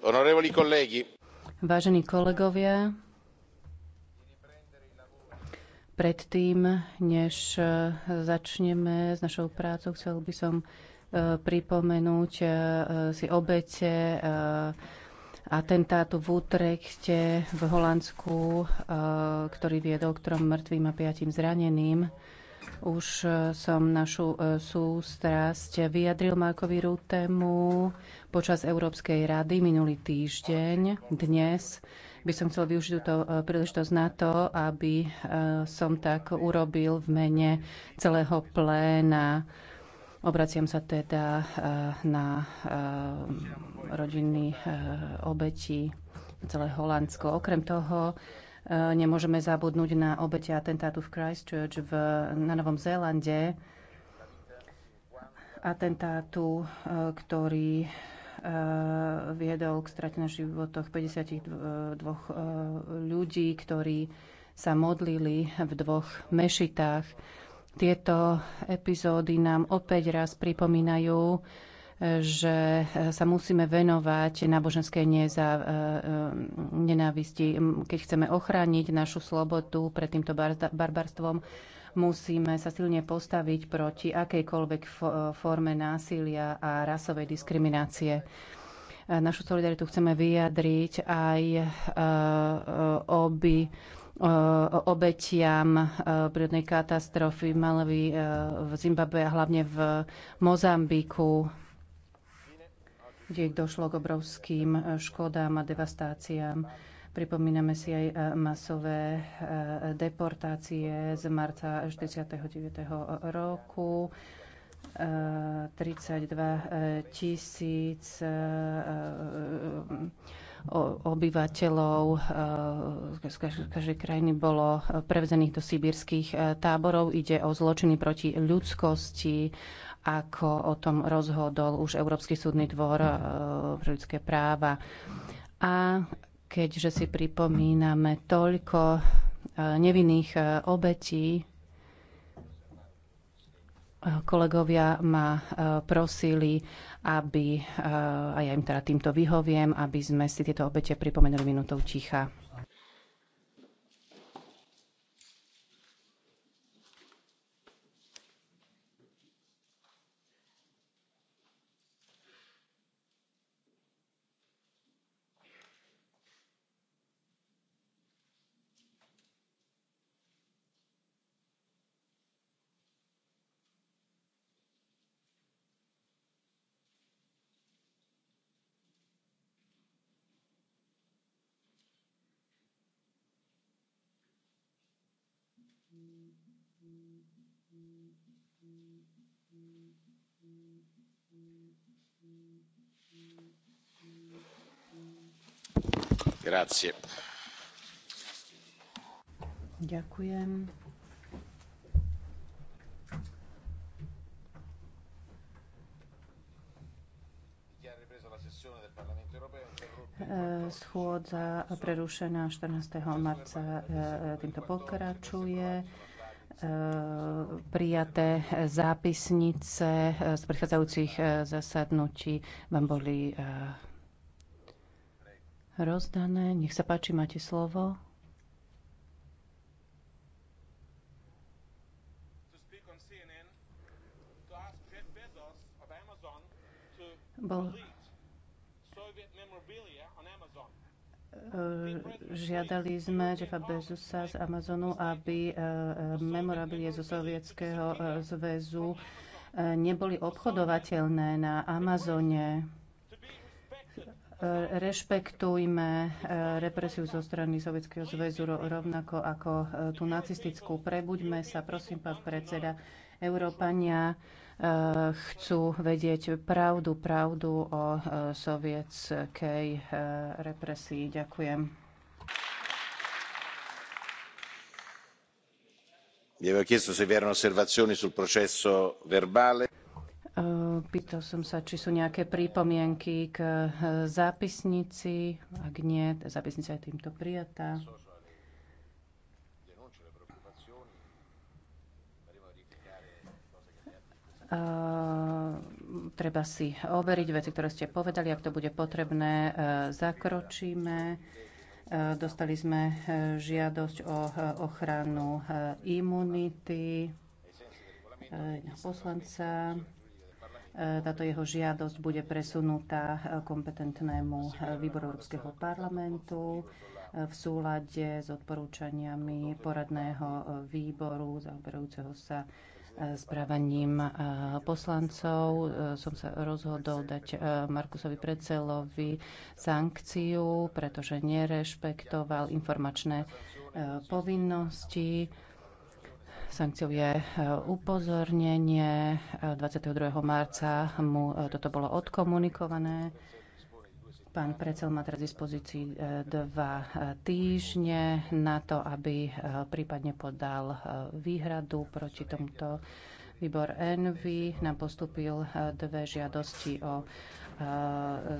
Onorevoli colleghi. Vážení kolegovia, predtým, než eh, začneme s našou prácou, chcel by som eh, pripomenúť eh, si obete atentátu v Utrechte v Holandsku, ktorý viedol k trom mŕtvým a piatim zraneným. Už e, som našu e, sústrasť vyjadril Markovi Rutemu počas Európskej rady minulý týždeň. Dnes by som chcel využiť túto e, príležitosť na to, aby som tak urobil v mene celého pléna. Obraciam sa teda na rodiny obetí celé Holandsko. Okrem toho Nemôžeme zabudnúť na obete atentátu v Christchurch v, na Novom Zélande, atentátu, e, ktorý e, viedol k strate na životoch 52 e, ľudí, ktorí sa modlili v dvoch mešitách. Tieto epizódy nám opäť raz pripomínajú, že e, sa musíme venovať náboženskej e, e, nenávisti. Keď chceme ochrániť našu slobodu pred týmto barbarstvom, musíme sa silne postaviť proti akejkoľvek forme násilia a rasovej diskriminácie. Našu solidaritu chceme vyjadriť aj oby obetiam prírodnej katastrofy v Malavi, v Zimbabwe a hlavne v Mozambiku kde došlo k obrovským e, škodám a devastáciám. Pripomíname si aj e, masové e, deportácie z marca 49. roku. 32 tisíc obyvateľov z každej krajiny bolo prevezených do sibírskych táborov. Ide o zločiny proti ľudskosti, ako o tom rozhodol už Európsky súdny dvor eh, pre ľudské práva. A keďže si pripomíname toľko eh, nevinných eh, obetí, kolegovia ma prosili, aby, a ja im teda týmto vyhoviem, aby sme si tieto obete pripomenuli minutou ticha. Grazie. Ďakujem. Eh, schôdza prerušená 14. marca eh, týmto pokračuje. E, prijaté zápisnice e, z predchádzajúcich e, zasadnutí vám boli rozdané. Nech sa páči, máte slovo. Bol E, žiadali sme Jeffa Bezusa z Amazonu, aby e, memorabilie zo Sovietskeho e, zväzu neboli obchodovateľné na Amazone. Rešpektujme represiu zo strany Sovietskeho zväzu rovnako ako tú nacistickú. Prebuďme sa, prosím, pán predseda. Európania chcú vedieť pravdu, pravdu o e, sovietskej e, represii. Ďakujem. chiesto se vi erano osservazioni sul processo verbale. E, pýtal som sa, či sú nejaké prípomienky k zápisnici. Ak nie, zápisnica je týmto prijatá. Ehm, treba si overiť veci, ktoré ste povedali. Ak to bude potrebné, ehm, zakročíme. Ehm, dostali sme žiadosť o ochranu imunity poslanca. Táto jeho žiadosť bude presunutá kompetentnému výboru Európskeho parlamentu v súlade s odporúčaniami poradného výboru zaoberajúceho sa správaním e, poslancov. E, som sa rozhodol dať e, Markusovi Precelovi sankciu, pretože nerešpektoval informačné povinnosti. Sankciou je upozornenie. 22. marca mu toto bolo odkomunikované Pán predsel má teraz dispozícii e, dva e, týždne na to, aby e, prípadne podal výhradu proti tomuto. Výbor Envy nám postupil dve žiadosti o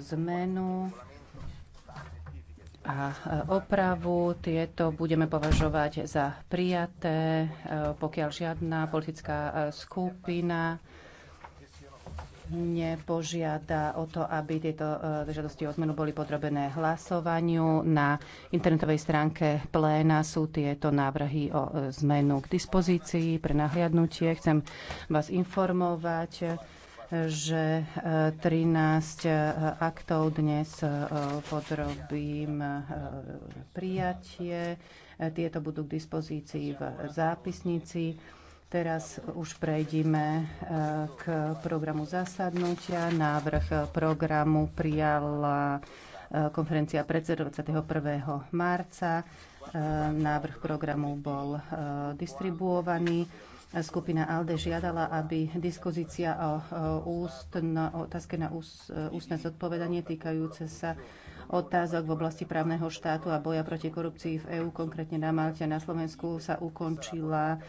zmenu a opravu. Tieto budeme považovať za prijaté, pokiaľ žiadna politická skupina nepožiada o to, aby tieto e, žiadosti o zmenu boli podrobené hlasovaniu. Na internetovej stránke pléna sú tieto návrhy o e, zmenu k dispozícii pre nahliadnutie. Chcem vás informovať, e, že 13 aktov dnes podrobím prijatie. Tieto budú k dispozícii v zápisnici. Teraz už prejdime e, k programu zasadnutia. Návrh programu prijala e, konferencia predsedov 21. marca. E, návrh programu bol distribuovaný. Skupina ALDE žiadala, aby diskuzícia o, o otázke na ústne zodpovedanie týkajúce sa otázok v oblasti právneho štátu a boja proti korupcii v EÚ, konkrétne na Malte a na Slovensku, sa ukončila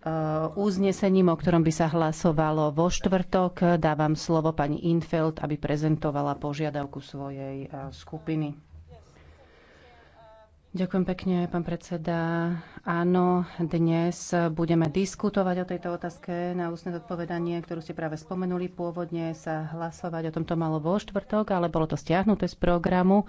Uh, uznesením, o ktorom by sa hlasovalo vo štvrtok. Dávam slovo pani Infeld, aby prezentovala požiadavku svojej uh, skupiny. Ďakujem pekne, pán predseda. Áno, dnes budeme diskutovať o tejto otázke na ústne zodpovedanie, ktorú ste práve spomenuli. Pôvodne sa hlasovať o tomto malo vo štvrtok, ale bolo to stiahnuté z programu.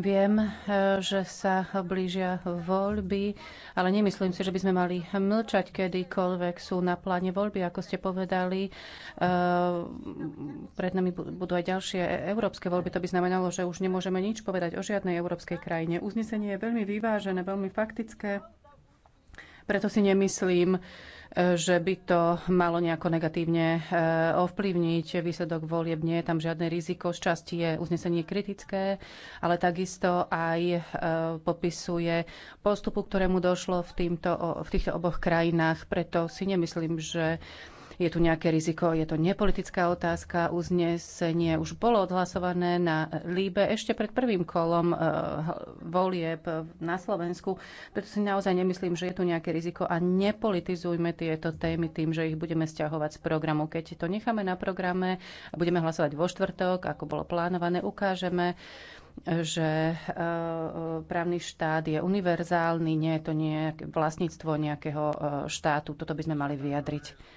Viem, eh, že sa blížia voľby, ale nemyslím si, že by sme mali mlčať kedykoľvek sú na pláne voľby. Ako ste povedali, eh, pred nami budú aj ďalšie európske voľby. To by znamenalo, že už nemôžeme nič povedať o žiadnej európskej krajine. Uznesenie je veľmi vyvážené, veľmi faktické. Preto si nemyslím, že by to malo nejako negatívne e, ovplyvniť výsledok volieb. Nie je tam žiadne riziko. Z časti je uznesenie kritické, ale takisto aj e, popisuje postupu, ktorému došlo v, týmto, v týchto oboch krajinách. Preto si nemyslím, že je tu nejaké riziko, je to nepolitická otázka, uznesenie už bolo odhlasované na Líbe ešte pred prvým kolom eh, volieb na Slovensku, preto si naozaj nemyslím, že je tu nejaké riziko a nepolitizujme tieto témy tým, že ich budeme stiahovať z programu. Keď to necháme na programe a budeme hlasovať vo štvrtok, ako bolo plánované, ukážeme, že eh, právny štát je univerzálny, nie je to nejaké vlastníctvo nejakého eh, štátu. Toto by sme mali vyjadriť.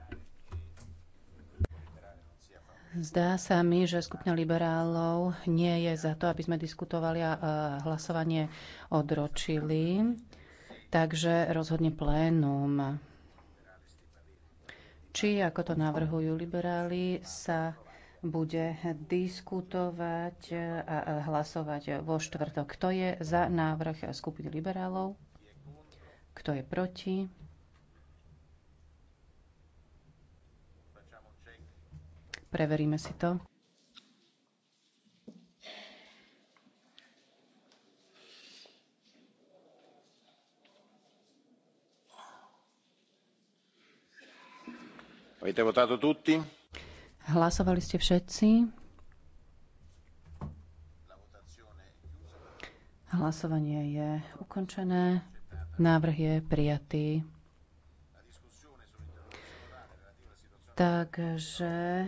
Zdá sa mi, že skupina liberálov nie je za to, aby sme diskutovali a hlasovanie odročili. Takže rozhodne plénum. Či, ako to navrhujú liberáli, sa bude diskutovať a hlasovať vo štvrtok. Kto je za návrh skupiny liberálov? Kto je proti? Preveríme si to. Avete votato tutti? Hlasovali ste všetci? Hlasovanie je ukončené. Návrh je prijatý. Takže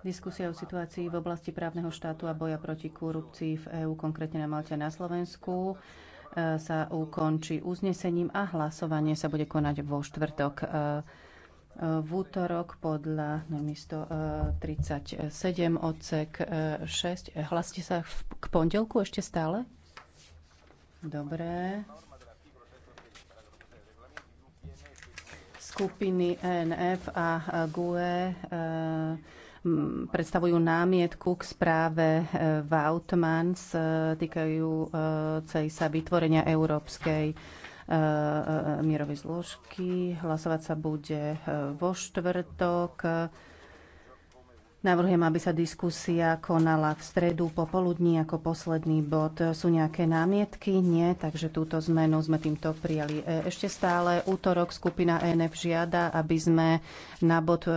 Diskusia o situácii v oblasti právneho štátu a boja proti korupcii v EÚ, konkrétne na Malte a na Slovensku, e, sa ukončí uznesením a hlasovanie sa bude konať vo štvrtok. E, e, v útorok podľa namiesto no, 37 odsek 6. Hlaste sa k pondelku ešte stále? Dobre. Skupiny ENF a GUE Mm, predstavujú námietku k správe e, Vautmans e, týkajú e, sa vytvorenia Európskej mierovej zložky. Hlasovať sa bude vo štvrtok. Navrhujem, aby sa diskusia konala v stredu popoludní ako posledný bod. Sú nejaké námietky? Nie, takže túto zmenu sme týmto prijali. E, ešte stále útorok skupina ENF žiada, aby sme na bod e,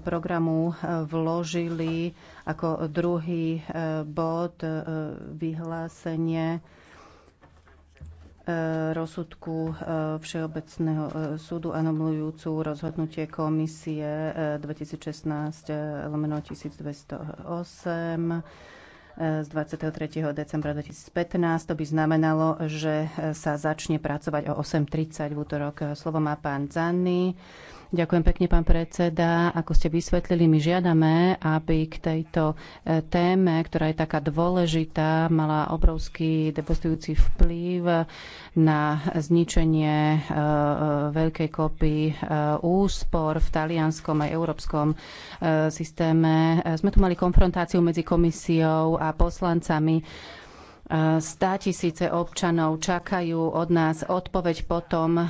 programu e, vložili ako druhý bod vyhlásenie Eh, rozsudku eh, Všeobecného eh, súdu anomlujúcu rozhodnutie komisie 2016 lomeno 1208 z 23. decembra 2015. To by znamenalo, že sa začne pracovať o 8.30 v útorok. Slovo má pán Zanny. Ďakujem pekne, pán predseda. Ako ste vysvetlili, my žiadame, aby k tejto e, téme, ktorá je taká dôležitá, mala obrovský depostujúci vplyv na zničenie e, e, veľkej kopy úspor v talianskom aj európskom systéme. Sme tu mali konfrontáciu medzi komisiou a poslancami Stá tisíce občanov čakajú od nás odpoveď po tom, e,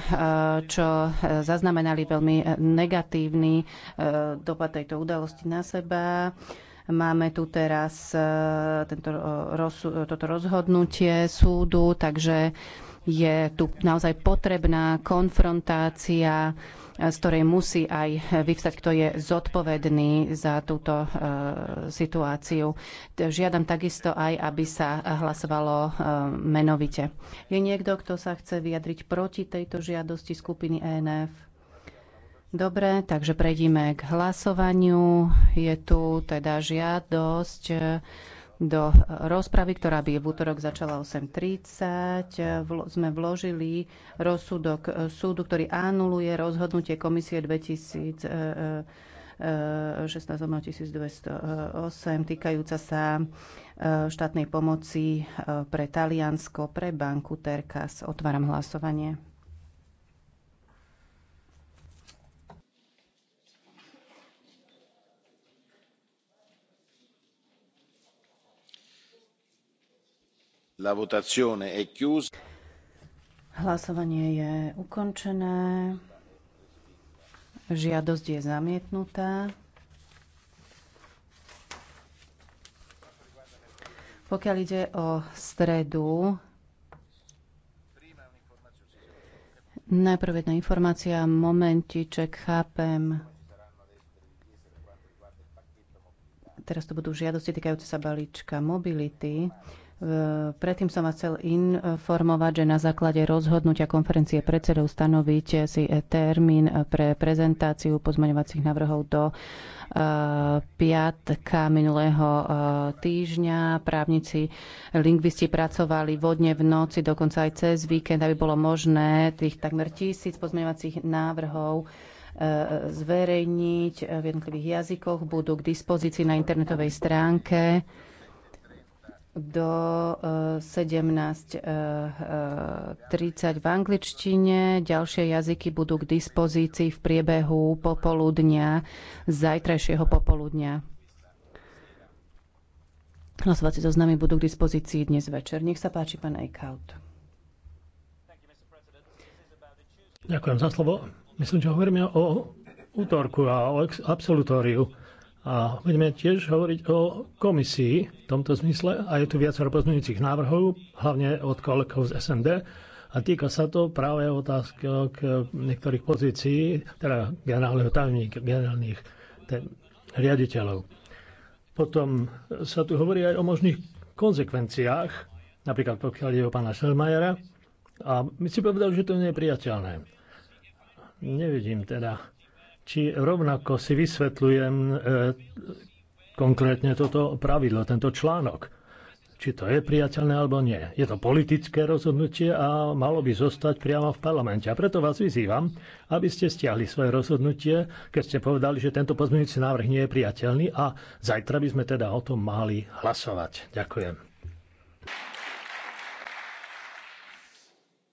čo e, zaznamenali veľmi e, negatívny dopad tejto udalosti na seba. Máme tu teraz tento, toto rozhodnutie súdu, takže je tu naozaj potrebná konfrontácia, z ktorej musí aj vyvstať, kto je zodpovedný za túto e, situáciu. Žiadam takisto aj, aby sa hlasovalo e, menovite. Je niekto, kto sa chce vyjadriť proti tejto žiadosti skupiny ENF? Dobre, takže prejdime k hlasovaniu. Je tu teda žiadosť do rozpravy, ktorá by v útorok začala 8.30. sme vložili rozsudok súdu, ktorý anuluje rozhodnutie komisie 2000 16.1208 eh, eh, týkajúca sa eh, štátnej pomoci pre Taliansko pre banku Terkas. Otváram hlasovanie. Hlasovanie je ukončené. Žiadosť je zamietnutá. Pokiaľ ide o stredu, najprv jedna informácia, momentiček, chápem. Teraz to budú žiadosti týkajúce sa balíčka mobility. E, predtým som vás chcel informovať, že na základe rozhodnutia konferencie predsedov stanovíte si termín pre prezentáciu pozmaňovacích návrhov do e, piatka minulého e, týždňa. Právnici, lingvisti pracovali vodne v noci, dokonca aj cez víkend, aby bolo možné tých takmer tisíc pozmaňovacích návrhov zverejniť v jednotlivých jazykoch. Budú k dispozícii na internetovej stránke do 17.30 eh, eh, v angličtine. Ďalšie jazyky budú k dispozícii v priebehu popoludnia, zajtrajšieho popoludnia. Hlasovací zoznamy budú k dispozícii dnes večer. Nech sa páči, pán Eichhout. Ďakujem za slovo. Myslím, že hovoríme o útorku a o absolutóriu. A budeme tiež hovoriť o komisii v tomto zmysle a je tu viacero pozmeňujúcich návrhov, hlavne od kolegov z SND a týka sa to práve otázky k niektorých pozícií, teda generálneho tajomníka, generálnych riaditeľov. Potom sa tu hovorí aj o možných konsekvenciách, napríklad pokiaľ je o pána Schellmajera. a my si povedali, že to nie je priateľné. Nevidím teda či rovnako si vysvetľujem e, konkrétne toto pravidlo, tento článok. Či to je priateľné alebo nie. Je to politické rozhodnutie a malo by zostať priamo v parlamente. A preto vás vyzývam, aby ste stiahli svoje rozhodnutie, keď ste povedali, že tento pozmeňujúci návrh nie je priateľný a zajtra by sme teda o tom mali hlasovať. Ďakujem.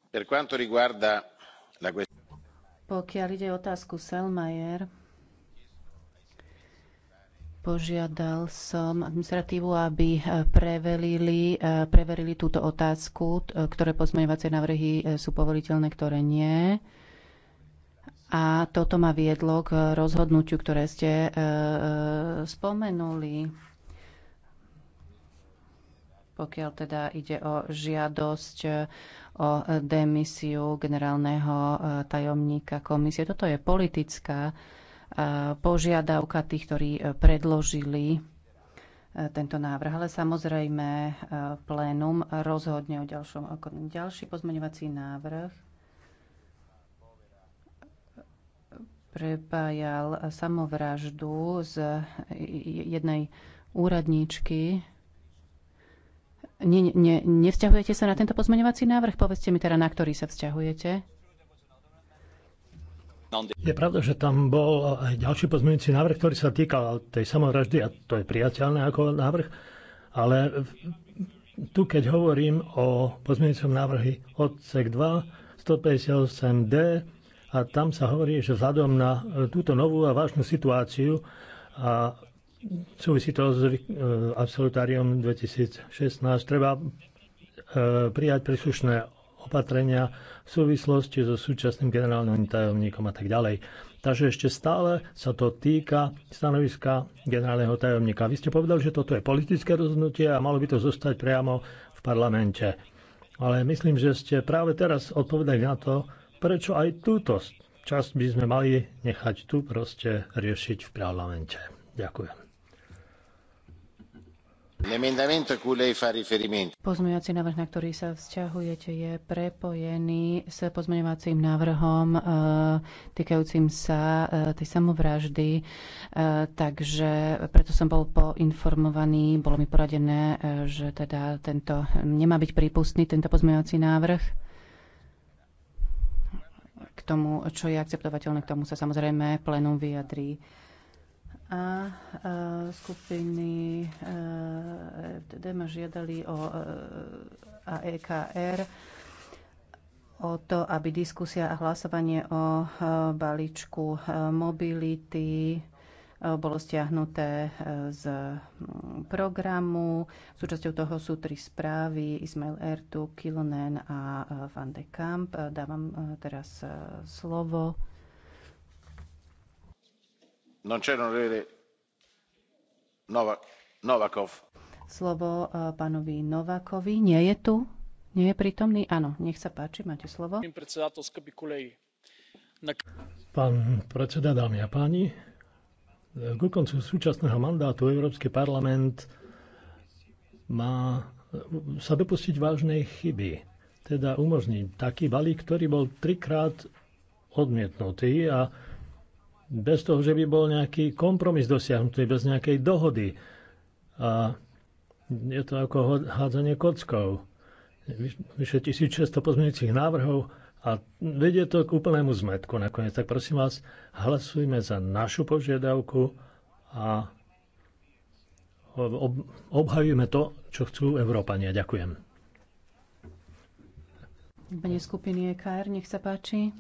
Per quanto riguarda pokiaľ ide o otázku Selmayer, požiadal som administratívu, aby eh, prevelili, eh, preverili túto otázku, eh, ktoré pozmeňovacie návrhy sú povoliteľné, ktoré nie. A toto ma viedlo k rozhodnutiu, ktoré ste spomenuli. Pokiaľ teda ide o žiadosť o demisiu generálneho e, tajomníka komisie. Toto je politická e, požiadavka tých, ktorí e, predložili tento návrh. Ale samozrejme plénum rozhodne o ďalšom Ďalší pozmeňovací návrh prepájal samovraždu z jednej úradníčky Ne, ne, nevzťahujete sa na tento pozmeňovací návrh? Povedzte mi teda, na ktorý sa vzťahujete. Je pravda, že tam bol aj ďalší pozmeňujúci návrh, ktorý sa týkal tej samovraždy a to je priateľné ako návrh, ale tu keď hovorím o pozmeňujúcom návrhy odsek 2, 158d a tam sa hovorí, že vzhľadom na túto novú a vážnu situáciu a Súvisí to s eh, absolutáriom 2016. Treba eh, prijať príslušné opatrenia v súvislosti so súčasným generálnym tajomníkom a tak ďalej. Takže ešte stále sa to týka stanoviska generálneho tajomníka. Vy ste povedali, že toto je politické rozhodnutie a malo by to zostať priamo v parlamente. Ale myslím, že ste práve teraz odpovedali na to, prečo aj túto časť by sme mali nechať tu proste riešiť v parlamente. Ďakujem. Pozmeňovací návrh, na ktorý sa vzťahujete, je prepojený s pozmeňovacím návrhom e, týkajúcim sa e, tej samovraždy, e, takže preto som bol poinformovaný, bolo mi poradené, že teda tento nemá byť prípustný, tento pozmeňovací návrh k tomu, čo je akceptovateľné, k tomu sa samozrejme plénum vyjadrí a e, skupiny FDD e, e, ma žiadali o AEKR o to, aby diskusia a hlasovanie o balíčku mobility bolo stiahnuté z programu. Súčasťou toho sú tri správy Ismail Ertu, Kilonen a Van de Kamp. Dávam teraz slovo. Novakov. Slovo eh, pánovi Novakovi. Nie je tu? Nie je prítomný? Áno, nech sa páči, máte slovo. Pán predseda, dámy a páni, k koncu súčasného mandátu Európsky parlament má eh, sa dopustiť vážnej chyby, teda umožniť taký balík, ktorý bol trikrát odmietnutý a bez toho, že by bol nejaký kompromis dosiahnutý, bez nejakej dohody. A je to ako hádzanie kockov. Vyše 1600 pozmeňujúcich návrhov a vedie to k úplnému zmetku nakoniec. Tak prosím vás, hlasujme za našu požiadavku a ob- obhajujme to, čo chcú Európania. Ďakujem. Mene skupiny EKR, nech sa páči.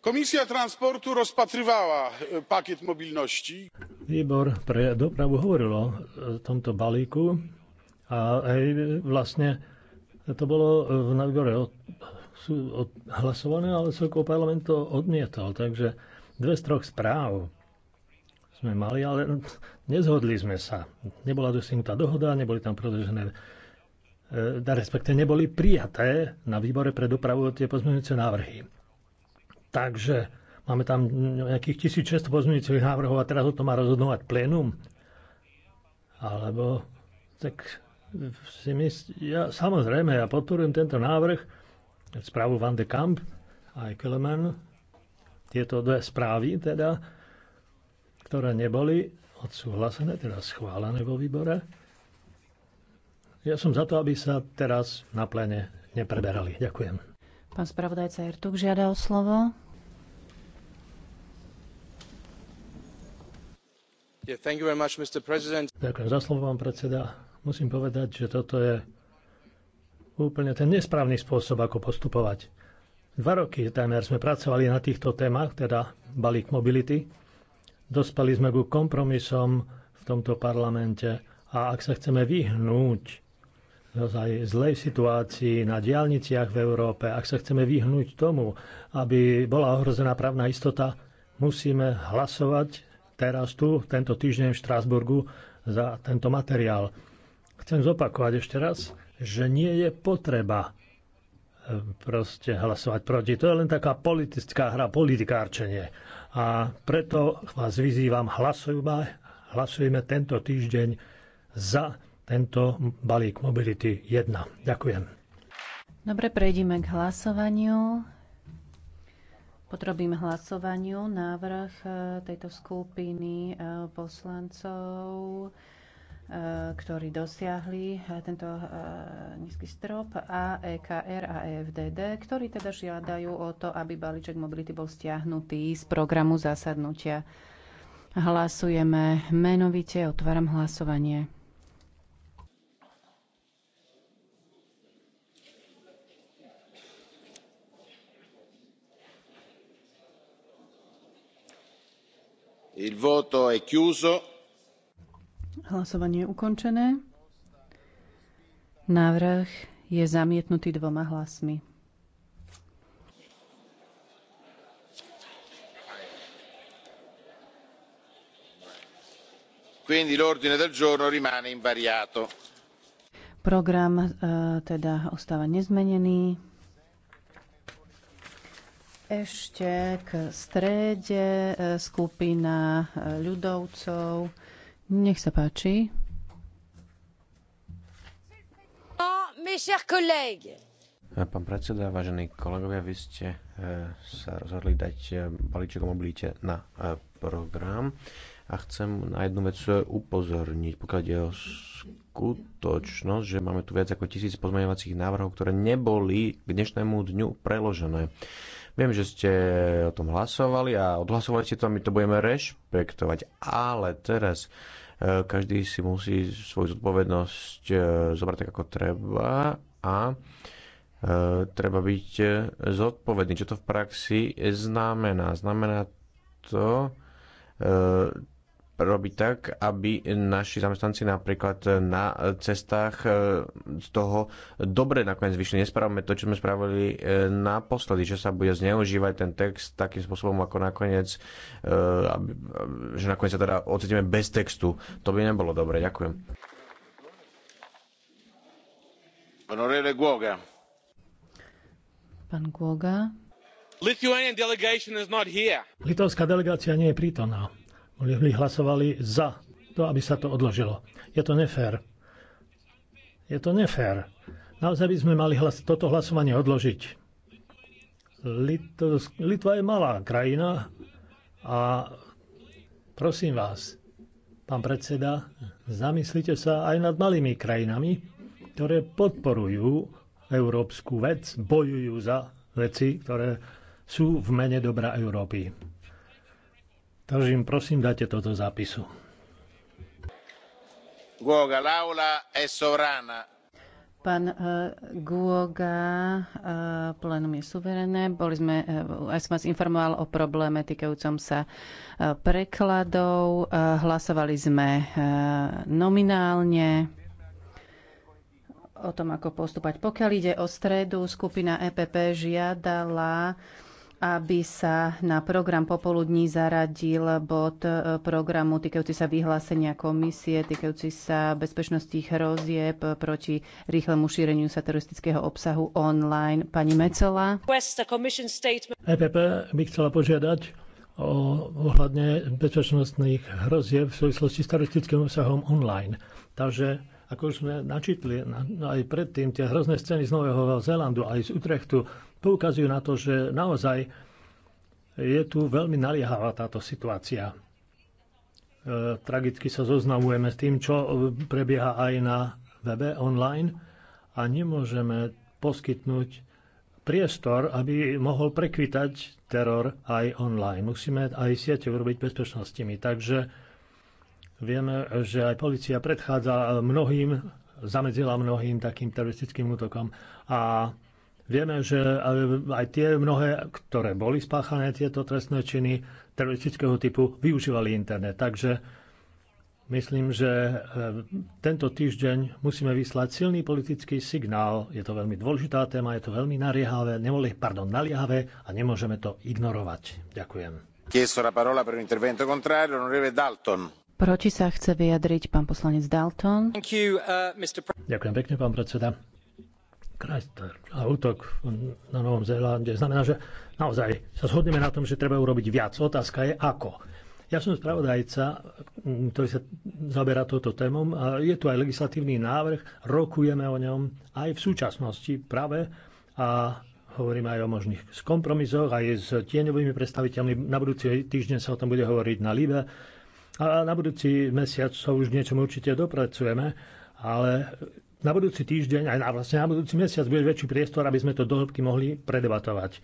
komisja transportu rozpatrywała e, pakiet mobilności výbor pre dopravu hovoril o e, tomto balíku a aj e, vlastne to bolo na výbore od, od, hlasované, ale celkovo parlament to odmietal. Takže dve z troch správ sme mali, ale nezhodli sme sa. Nebola dosiahnutá dohoda, neboli tam predložené respektive neboli prijaté na výbore pre dopravu tie pozmeňujúce návrhy. Takže máme tam nejakých 1600 pozmeňujúcich návrhov a teraz o tom má rozhodnúť plénum. Alebo tak si mysl... ja, samozrejme, ja podporujem tento návrh, správu Van de Kamp a Kelemen, tieto dve správy teda, ktoré neboli odsúhlasené, teda schválené vo výbore. Ja som za to, aby sa teraz na plene nepreberali. Ďakujem. Pán spravodajca Ertuk žiada o slovo. Yeah, much, Ďakujem za slovo, pán predseda. Musím povedať, že toto je úplne ten nesprávny spôsob, ako postupovať. Dva roky tajmer sme pracovali na týchto témach, teda balík mobility. Dospali sme ku kompromisom v tomto parlamente a ak sa chceme vyhnúť naozaj zlej situácii na diálniciach v Európe, ak sa chceme vyhnúť tomu, aby bola ohrozená právna istota, musíme hlasovať teraz tu, tento týždeň v Štrásburgu, za tento materiál. Chcem zopakovať ešte raz, že nie je potreba e, proste hlasovať proti. To je len taká politická hra, politikárčenie. A preto vás vyzývam, hlasujme, hlasujme tento týždeň za tento balík Mobility 1. Ďakujem. Dobre, prejdime k hlasovaniu. Potrobím hlasovaniu návrh e, tejto skupiny e, poslancov e, ktorí dosiahli tento nízky strop a EKR a EFDD, ktorí teda žiadajú o to, aby balíček mobility bol stiahnutý z programu zasadnutia. Hlasujeme menovite, otváram hlasovanie. Il voto è chiuso. Hlasovanie je ukončené. Návrh je zamietnutý dvoma hlasmi. Quindi l'ordine del giorno rimane invariato. Program eh, teda ostáva nezmenený. Ešte k strede e, skupina e, ľudovcov. Nech sa páči. No, e, pán predseda, vážení kolegovia, vy ste sa rozhodli dať balíček o mobilite na program a chcem na jednu vec upozorniť, pokiaľ ide o skutočnosť, že máme tu viac ako tisíc pozmeňovacích návrhov, ktoré neboli k dnešnému dňu preložené. Viem, že ste o tom hlasovali a odhlasovali ste to, my to budeme rešpektovať. Ale teraz eh, každý si musí svoju zodpovednosť eh, zobrať tak, ako treba a eh, treba byť zodpovedný. Čo to v praxi znamená? Znamená to robiť tak, aby naši zamestnanci napríklad na cestách e, z toho dobre nakoniec vyšli. Nespravme to, čo sme spravili e, naposledy, že sa bude zneužívať ten text takým spôsobom, ako nakoniec, e, že nakoniec sa teda ocitíme bez textu. To by nebolo dobre. Ďakujem. Pán Guoga. Litovská delegácia nie je prítomná boli hlasovali za to, aby sa to odložilo. Je to nefér. Je to nefér. Naozaj by sme mali hlas- toto hlasovanie odložiť. Litos- Litva je malá krajina a prosím vás, pán predseda, zamyslite sa aj nad malými krajinami, ktoré podporujú európsku vec, bojujú za veci, ktoré sú v mene dobra Európy. Takže im prosím, dajte toto zápisu. Guoga, l'aula è sovrana. Pán uh, Guoga, uh, plénum je suverené. Boli sme, uh, aj som vás informoval o probléme týkajúcom sa uh, prekladov. Uh, hlasovali sme uh, nominálne o tom, ako postupovať. Pokiaľ ide o stredu, skupina EPP žiadala uh, aby sa na program popoludní zaradil bod e, programu týkajúci sa vyhlásenia komisie, týkajúci sa bezpečnosti hrozieb proti rýchlemu šíreniu sa teroristického obsahu online. Pani Mecola. EPP e by chcela požiadať o ohľadne bezpečnostných hrozieb v súvislosti s teroristickým obsahom online. Takže ako už sme načítli no aj predtým, tie hrozné scény z Nového Zélandu, aj z Utrechtu, poukazujú na to, že naozaj je tu veľmi naliehavá táto situácia. E, tragicky sa zoznamujeme s tým, čo prebieha aj na webe online a nemôžeme poskytnúť priestor, aby mohol prekvitať teror aj online. Musíme aj siete urobiť bezpečnostimi. Takže vieme, že aj policia predchádza mnohým, zamedzila mnohým takým teroristickým útokom a Vieme, že aj tie mnohé, ktoré boli spáchané tieto trestné činy teroristického typu, využívali internet. Takže myslím, že e, tento týždeň musíme vyslať silný politický signál. Je to veľmi dôležitá téma, je to veľmi nariehavé, nemohli, pardon, naliehavé a nemôžeme to ignorovať. Ďakujem. Proti sa chce vyjadriť pán poslanec Dalton. Uh, Ďakujem pekne, pán predseda. Chrysler a útok na Novom Zélande. Znamená, že naozaj sa shodneme na tom, že treba urobiť viac. Otázka je ako. Ja som spravodajca, ktorý sa zaberá touto témom a je tu aj legislatívny návrh, rokujeme o ňom aj v súčasnosti práve a hovoríme aj o možných kompromisoch aj s tieňovými predstaviteľmi. Na budúci týždeň sa o tom bude hovoriť na Libe a na budúci mesiac sa už niečom určite dopracujeme, ale na budúci týždeň, aj na, vlastne na budúci mesiac bude väčší priestor, aby sme to dohlbky mohli predebatovať.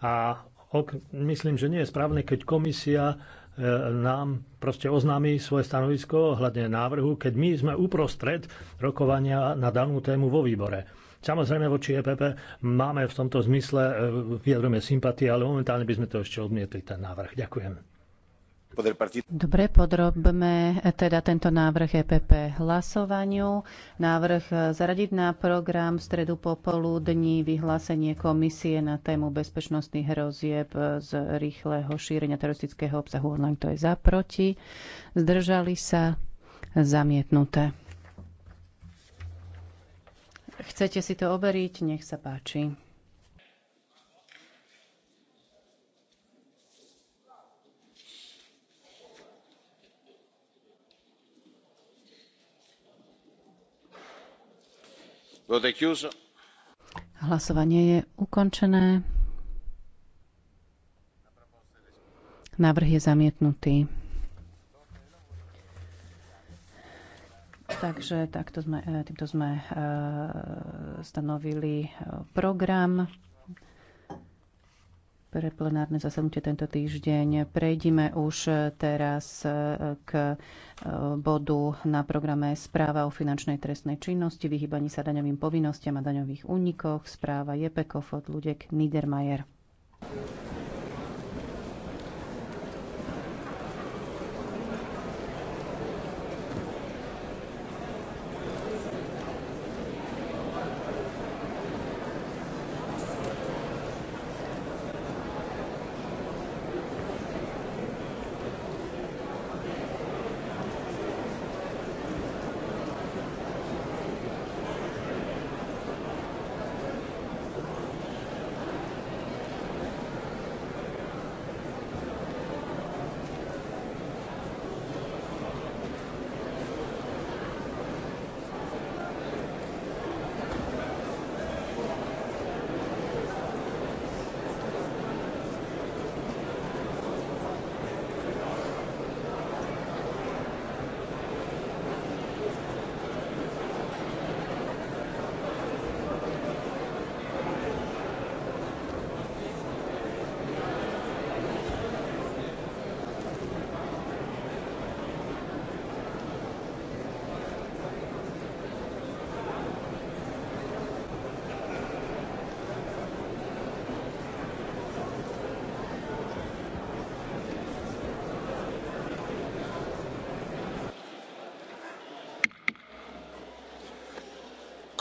A ok, myslím, že nie je správne, keď komisia e, nám proste oznámi svoje stanovisko ohľadne návrhu, keď my sme uprostred rokovania na danú tému vo výbore. Samozrejme voči EPP máme v tomto zmysle, e, vyjadrujeme sympatie, ale momentálne by sme to ešte odmietli, ten návrh. Ďakujem. Dobre, podrobme e, teda tento návrh EPP hlasovaniu. Návrh e, zaradiť na program v stredu popoludní vyhlásenie komisie na tému bezpečnostných hrozieb e, z rýchleho šírenia teroristického obsahu online. To je za, proti. Zdržali sa zamietnuté. Chcete si to overiť? Nech sa páči. Hlasovanie je ukončené. Návrh je zamietnutý. Takže takto sme, e, týmto sme e, stanovili e, program pre plenárne zasadnutie tento týždeň. Prejdime už teraz e, k e, bodu na programe Správa o finančnej trestnej činnosti, vyhýbaní sa daňovým povinnostiam a daňových únikoch. Správa Jepekov od Ludek Niedermayer.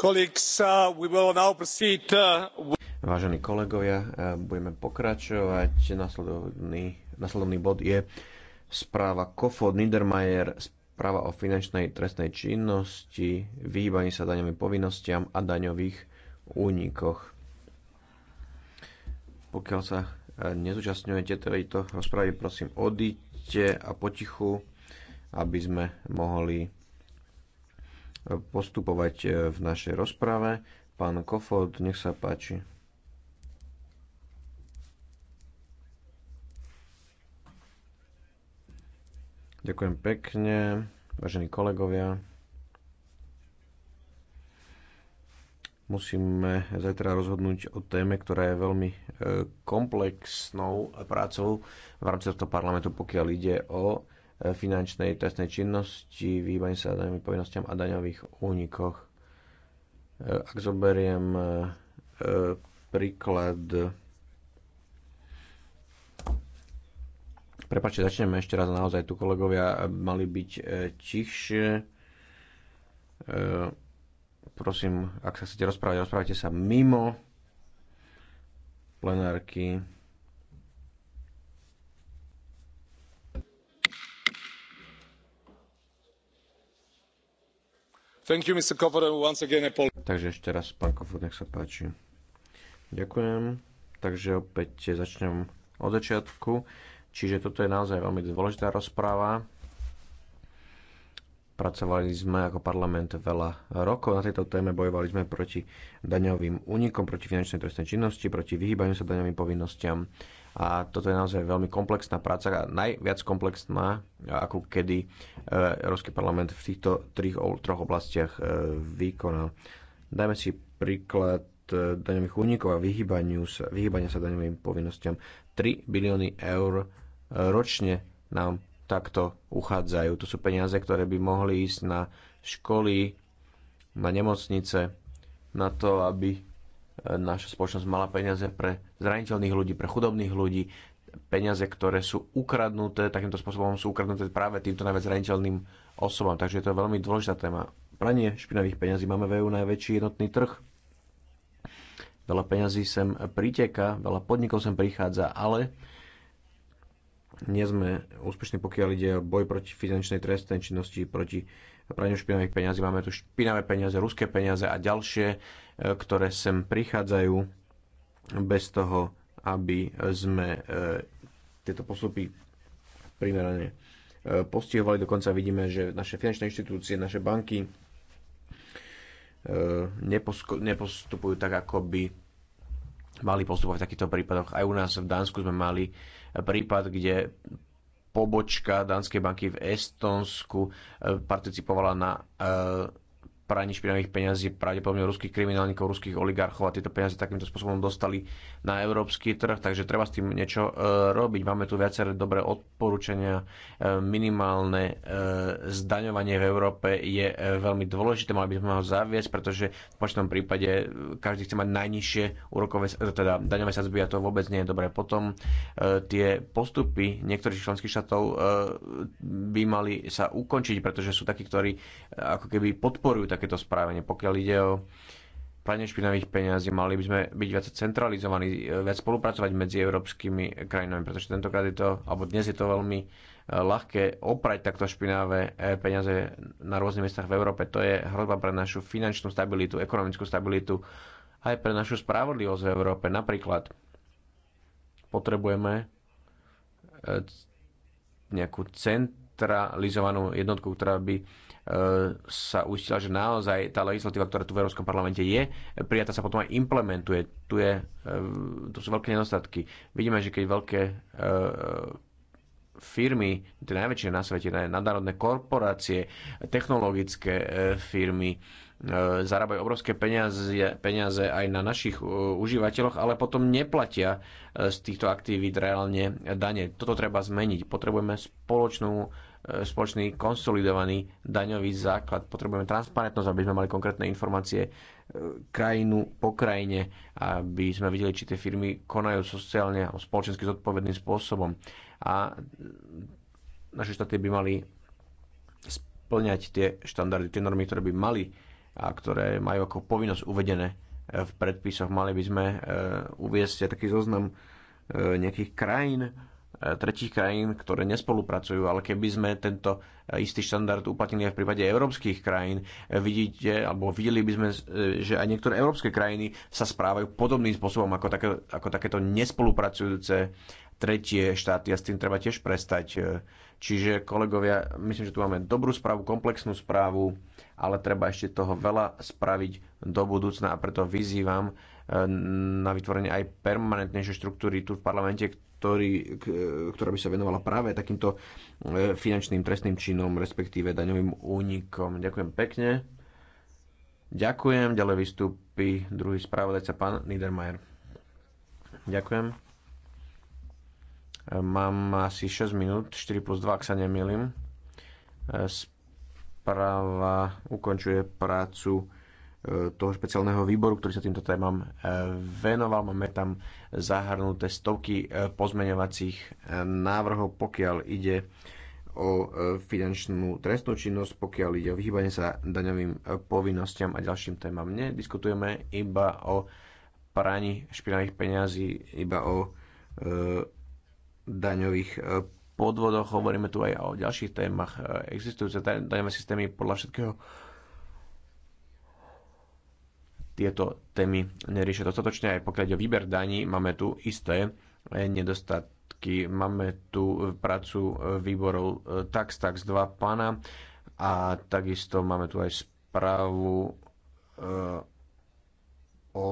Uh, uh, Vážení kolegovia, uh, budeme pokračovať. Nasledovný, nasledovný bod je správa Kofod Niedermayer, správa o finančnej trestnej činnosti, vyhýbaní sa daňovým povinnostiam a daňových únikoch. Pokiaľ sa nezúčastňujete tejto rozpravy, prosím, odíďte a potichu, aby sme mohli postupovať e, v našej rozprave. Pán Kofod, nech sa páči. Ďakujem pekne, vážení kolegovia. Musíme zajtra rozhodnúť o téme, ktorá je veľmi e, komplexnou prácou v rámci tohto parlamentu, pokiaľ ide o finančnej trestnej činnosti, výbaní sa daňovým povinnostiam a daňových únikoch. E, ak zoberiem e, e, príklad Prepačte, začneme ešte raz naozaj. Tu kolegovia mali byť tichšie. Prosím, ak sa chcete rozprávať, rozprávajte sa mimo plenárky. You, again, Takže ešte raz, pán Kofod, nech sa páči. Ďakujem. Takže opäť začnem od začiatku. Čiže toto je naozaj veľmi dôležitá rozpráva. Pracovali sme ako parlament veľa rokov na tejto téme, bojovali sme proti daňovým únikom, proti finančnej trestnej činnosti, proti vyhýbaniu sa daňovým povinnostiam a toto je naozaj veľmi komplexná práca, najviac komplexná, ako kedy e, Európsky parlament v týchto trich, troch oblastiach e, vykonal. Dajme si príklad e, daňových únikov a vyhýbania sa, vyhýbania sa daňovým povinnostiam. 3 bilióny eur ročne nám takto uchádzajú. To sú peniaze, ktoré by mohli ísť na školy, na nemocnice, na to, aby naša spoločnosť mala peniaze pre zraniteľných ľudí, pre chudobných ľudí. Peniaze, ktoré sú ukradnuté, takýmto spôsobom sú ukradnuté práve týmto najviac zraniteľným osobám. Takže je to veľmi dôležitá téma. Pranie špinavých peňazí máme v EU najväčší jednotný trh. Veľa peňazí sem priteka, veľa podnikov sem prichádza, ale nie sme úspešní, pokiaľ ide o boj proti finančnej trestnej činnosti, proti praniu špinavých peňazí. Máme tu špinavé peniaze, ruské peniaze a ďalšie, e, ktoré sem prichádzajú bez toho, aby sme e, tieto postupy primerane e, postihovali. Dokonca vidíme, že naše finančné inštitúcie, naše banky e, nepostupujú tak, ako by mali postupovať v takýchto prípadoch. Aj u nás v Dánsku sme mali prípad, kde pobočka Dánskej banky v Estonsku participovala na praní špinavých peňazí, pravdepodobne ruských kriminálnikov, ruských oligarchov a tieto peniaze takýmto spôsobom dostali na európsky trh, takže treba s tým niečo e, robiť. Máme tu viaceré dobré odporúčania. E, minimálne e, zdaňovanie v Európe je e, veľmi dôležité, mali by sme ho zaviesť, pretože v počnom prípade e, každý chce mať najnižšie úrokové, e, teda daňové sadzby a to vôbec nie je dobré. Potom e, tie postupy niektorých členských štátov e, by mali sa ukončiť, pretože sú takí, ktorí ako keby podporujú takéto správanie. Pokiaľ ide o pranie špinavých peňazí, mali by sme byť viac centralizovaní, e, viac spolupracovať medzi európskymi krajinami, pretože tentokrát je to, alebo dnes je to veľmi e, ľahké oprať takto špinavé e, peniaze na rôznych miestach v Európe. To je hrozba pre našu finančnú stabilitu, ekonomickú stabilitu, aj pre našu spravodlivosť v Európe. Napríklad potrebujeme nejakú centralizovanú jednotku, ktorá by E, sa uistila, že naozaj tá legislatíva, ktorá tu v Európskom parlamente je, prijata sa potom aj implementuje. Tu, je, e, tu sú veľké nedostatky. Vidíme, že keď veľké e, firmy, tie najväčšie na svete, nadárodné korporácie, technologické firmy, zarábajú obrovské peniaze, peniaze aj na našich užívateľoch, ale potom neplatia z týchto aktivít reálne dane. Toto treba zmeniť. Potrebujeme spoločnú spoločný konsolidovaný daňový základ. Potrebujeme transparentnosť, aby sme mali konkrétne informácie e, krajinu po krajine, aby sme videli, či tie firmy konajú sociálne a spoločensky zodpovedným spôsobom. A naše štáty by mali splňať tie štandardy, tie normy, ktoré by mali a ktoré majú ako povinnosť uvedené v predpisoch. Mali by sme e, uviesť taký zoznam e, nejakých krajín, tretích krajín, ktoré nespolupracujú, ale keby sme tento istý štandard uplatnili aj v prípade európskych krajín, vidíte, alebo videli by sme, že aj niektoré európske krajiny sa správajú podobným spôsobom ako, také, ako takéto nespolupracujúce tretie štáty a s tým treba tiež prestať. Čiže kolegovia, myslím, že tu máme dobrú správu, komplexnú správu, ale treba ešte toho veľa spraviť do budúcna a preto vyzývam eh, na vytvorenie aj permanentnejšej štruktúry tu v parlamente, ktorý, ktorá by sa venovala práve takýmto e, finančným trestným činom, respektíve daňovým únikom. Ďakujem pekne. Ďakujem. Ďalej vystúpi druhý správodajca, pán Niedermayer. Ďakujem. E, mám asi 6 minút, 4 plus 2, ak sa nemýlim. E, správa ukončuje prácu toho špeciálneho výboru, ktorý sa týmto témam e, venoval. Máme tam zahrnuté stovky e, pozmeňovacích e, návrhov, pokiaľ ide o finančnú trestnú činnosť, pokiaľ ide o vyhýbanie sa daňovým povinnostiam a ďalším témam. Nediskutujeme iba o praní špinavých peňazí, iba o e, daňových podvodoch. Hovoríme tu aj o ďalších témach. Existujúce daňové systémy podľa všetkého tieto témy neriešia dostatočne. Aj pokiaľ ide o výber daní, máme tu isté e, nedostatky. Máme tu prácu výborov e, Tax Tax 2 pána a takisto máme tu aj správu e, o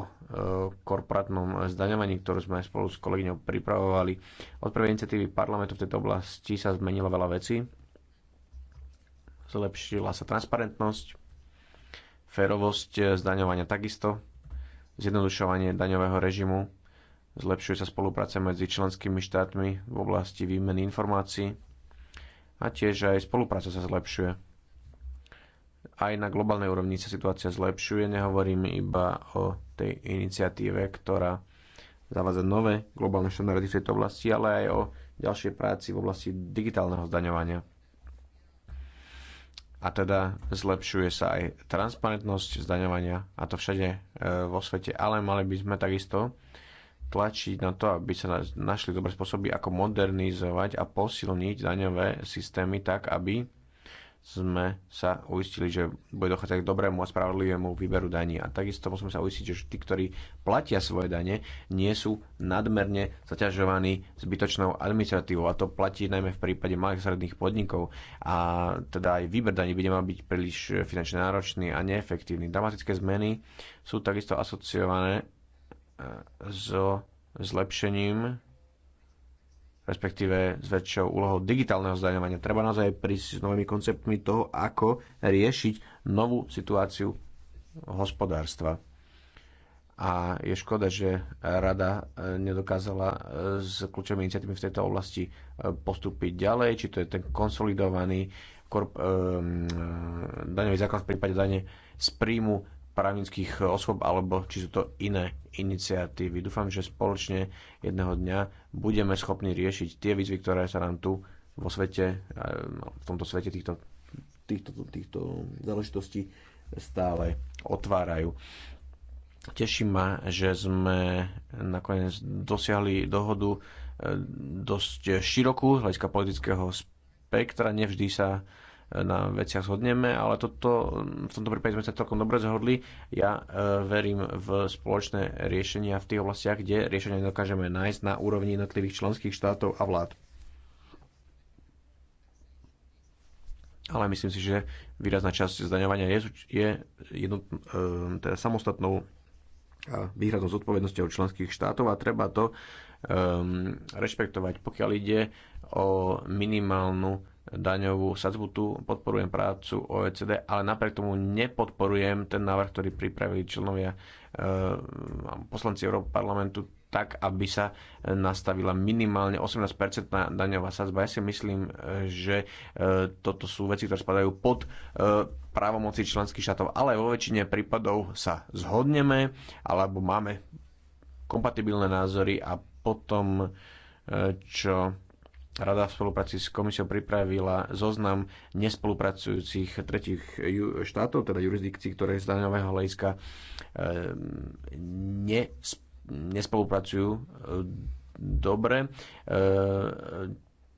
korporátnom zdaňovaní, ktorú sme spolu s kolegyňou pripravovali. Od prvej iniciatívy parlamentu v tejto oblasti sa zmenilo veľa vecí. Zlepšila sa transparentnosť, Férovosť eh, zdaňovania takisto, zjednodušovanie daňového režimu, zlepšuje sa spolupráca medzi členskými štátmi v oblasti výmeny informácií a tiež aj spolupráca sa zlepšuje. Aj na globálnej úrovni sa situácia zlepšuje, nehovorím iba o tej iniciatíve, ktorá zavádza nové globálne štandardy v tejto oblasti, ale aj o ďalšej práci v oblasti digitálneho zdaňovania a teda zlepšuje sa aj transparentnosť zdaňovania a to všade e, vo svete, ale mali by sme takisto tlačiť na to, aby sa našli dobré spôsoby, ako modernizovať a posilniť daňové systémy tak, aby sme sa uistili, že bude dochádzať k dobrému a spravodlivému výberu daní. A takisto musíme sa uistiť, že tí, ktorí platia svoje dane, nie sú nadmerne zaťažovaní zbytočnou administratívou. A to platí najmä v prípade malých a stredných podnikov. A teda aj výber daní by mal byť príliš finančne náročný a neefektívny. Dramatické zmeny sú takisto asociované e, so zlepšením respektíve s väčšou úlohou digitálneho zdaňovania. Treba naozaj prísť s novými konceptmi toho, ako riešiť novú situáciu hospodárstva. A je škoda, že rada e, nedokázala e, s kľúčovými iniciatívami v tejto oblasti e, postúpiť ďalej, či to je ten konsolidovaný korp, um, daňový zákon v prípade dane z príjmu právnických osôb, alebo či sú to iné iniciatívy. Dúfam, že spoločne jedného dňa budeme schopní riešiť tie výzvy, ktoré sa nám tu vo svete, eh, v tomto svete týchto, týchto, týchto záležitostí stále otvárajú. Teší ma, že sme nakoniec dosiahli dohodu eh, dosť širokú z hľadiska politického spektra. Nevždy sa na veciach zhodneme, ale toto, v tomto prípade sme sa celkom dobre zhodli. Ja e, verím v spoločné riešenia v tých oblastiach, kde riešenia dokážeme nájsť na úrovni jednotlivých členských štátov a vlád. Ale myslím si, že výrazná časť zdaňovania je, je jedno, e, teda samostatnou a e, výhradnou zodpovednosťou členských štátov a treba to um, rešpektovať, pokiaľ ide o minimálnu daňovú sadzbu. Tu podporujem prácu OECD, ale napriek tomu nepodporujem ten návrh, ktorý pripravili členovia e, poslanci parlamentu tak, aby sa nastavila minimálne 18 daňová sadzba. Ja si myslím, že e, toto sú veci, ktoré spadajú pod e, právomoci členských štátov, ale vo väčšine prípadov sa zhodneme alebo máme kompatibilné názory a potom, čo Rada v spolupráci s komisiou pripravila zoznam nespolupracujúcich tretich štátov, teda jurisdikcií, ktoré z daňového hľadiska ehm, nespolupracujú e, dobre. E,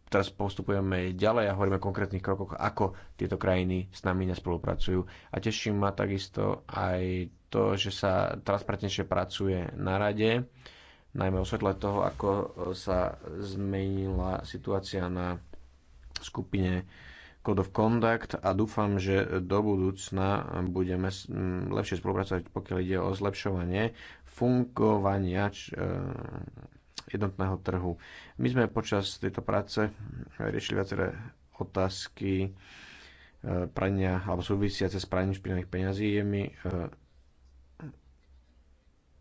teraz postupujeme ďalej a hovoríme o konkrétnych krokoch, ako tieto krajiny s nami nespolupracujú. A teším ma takisto aj to, že sa transparentnejšie pracuje na rade najmä o svetle toho, ako e, sa zmenila situácia na skupine Code of Conduct a dúfam, že do budúcna budeme lepšie spolupracovať, pokiaľ ide o zlepšovanie fungovania e, jednotného trhu. My sme počas tejto práce riešili viaceré otázky e, prania alebo súvisiace s praním špinavých peňazí. Je mi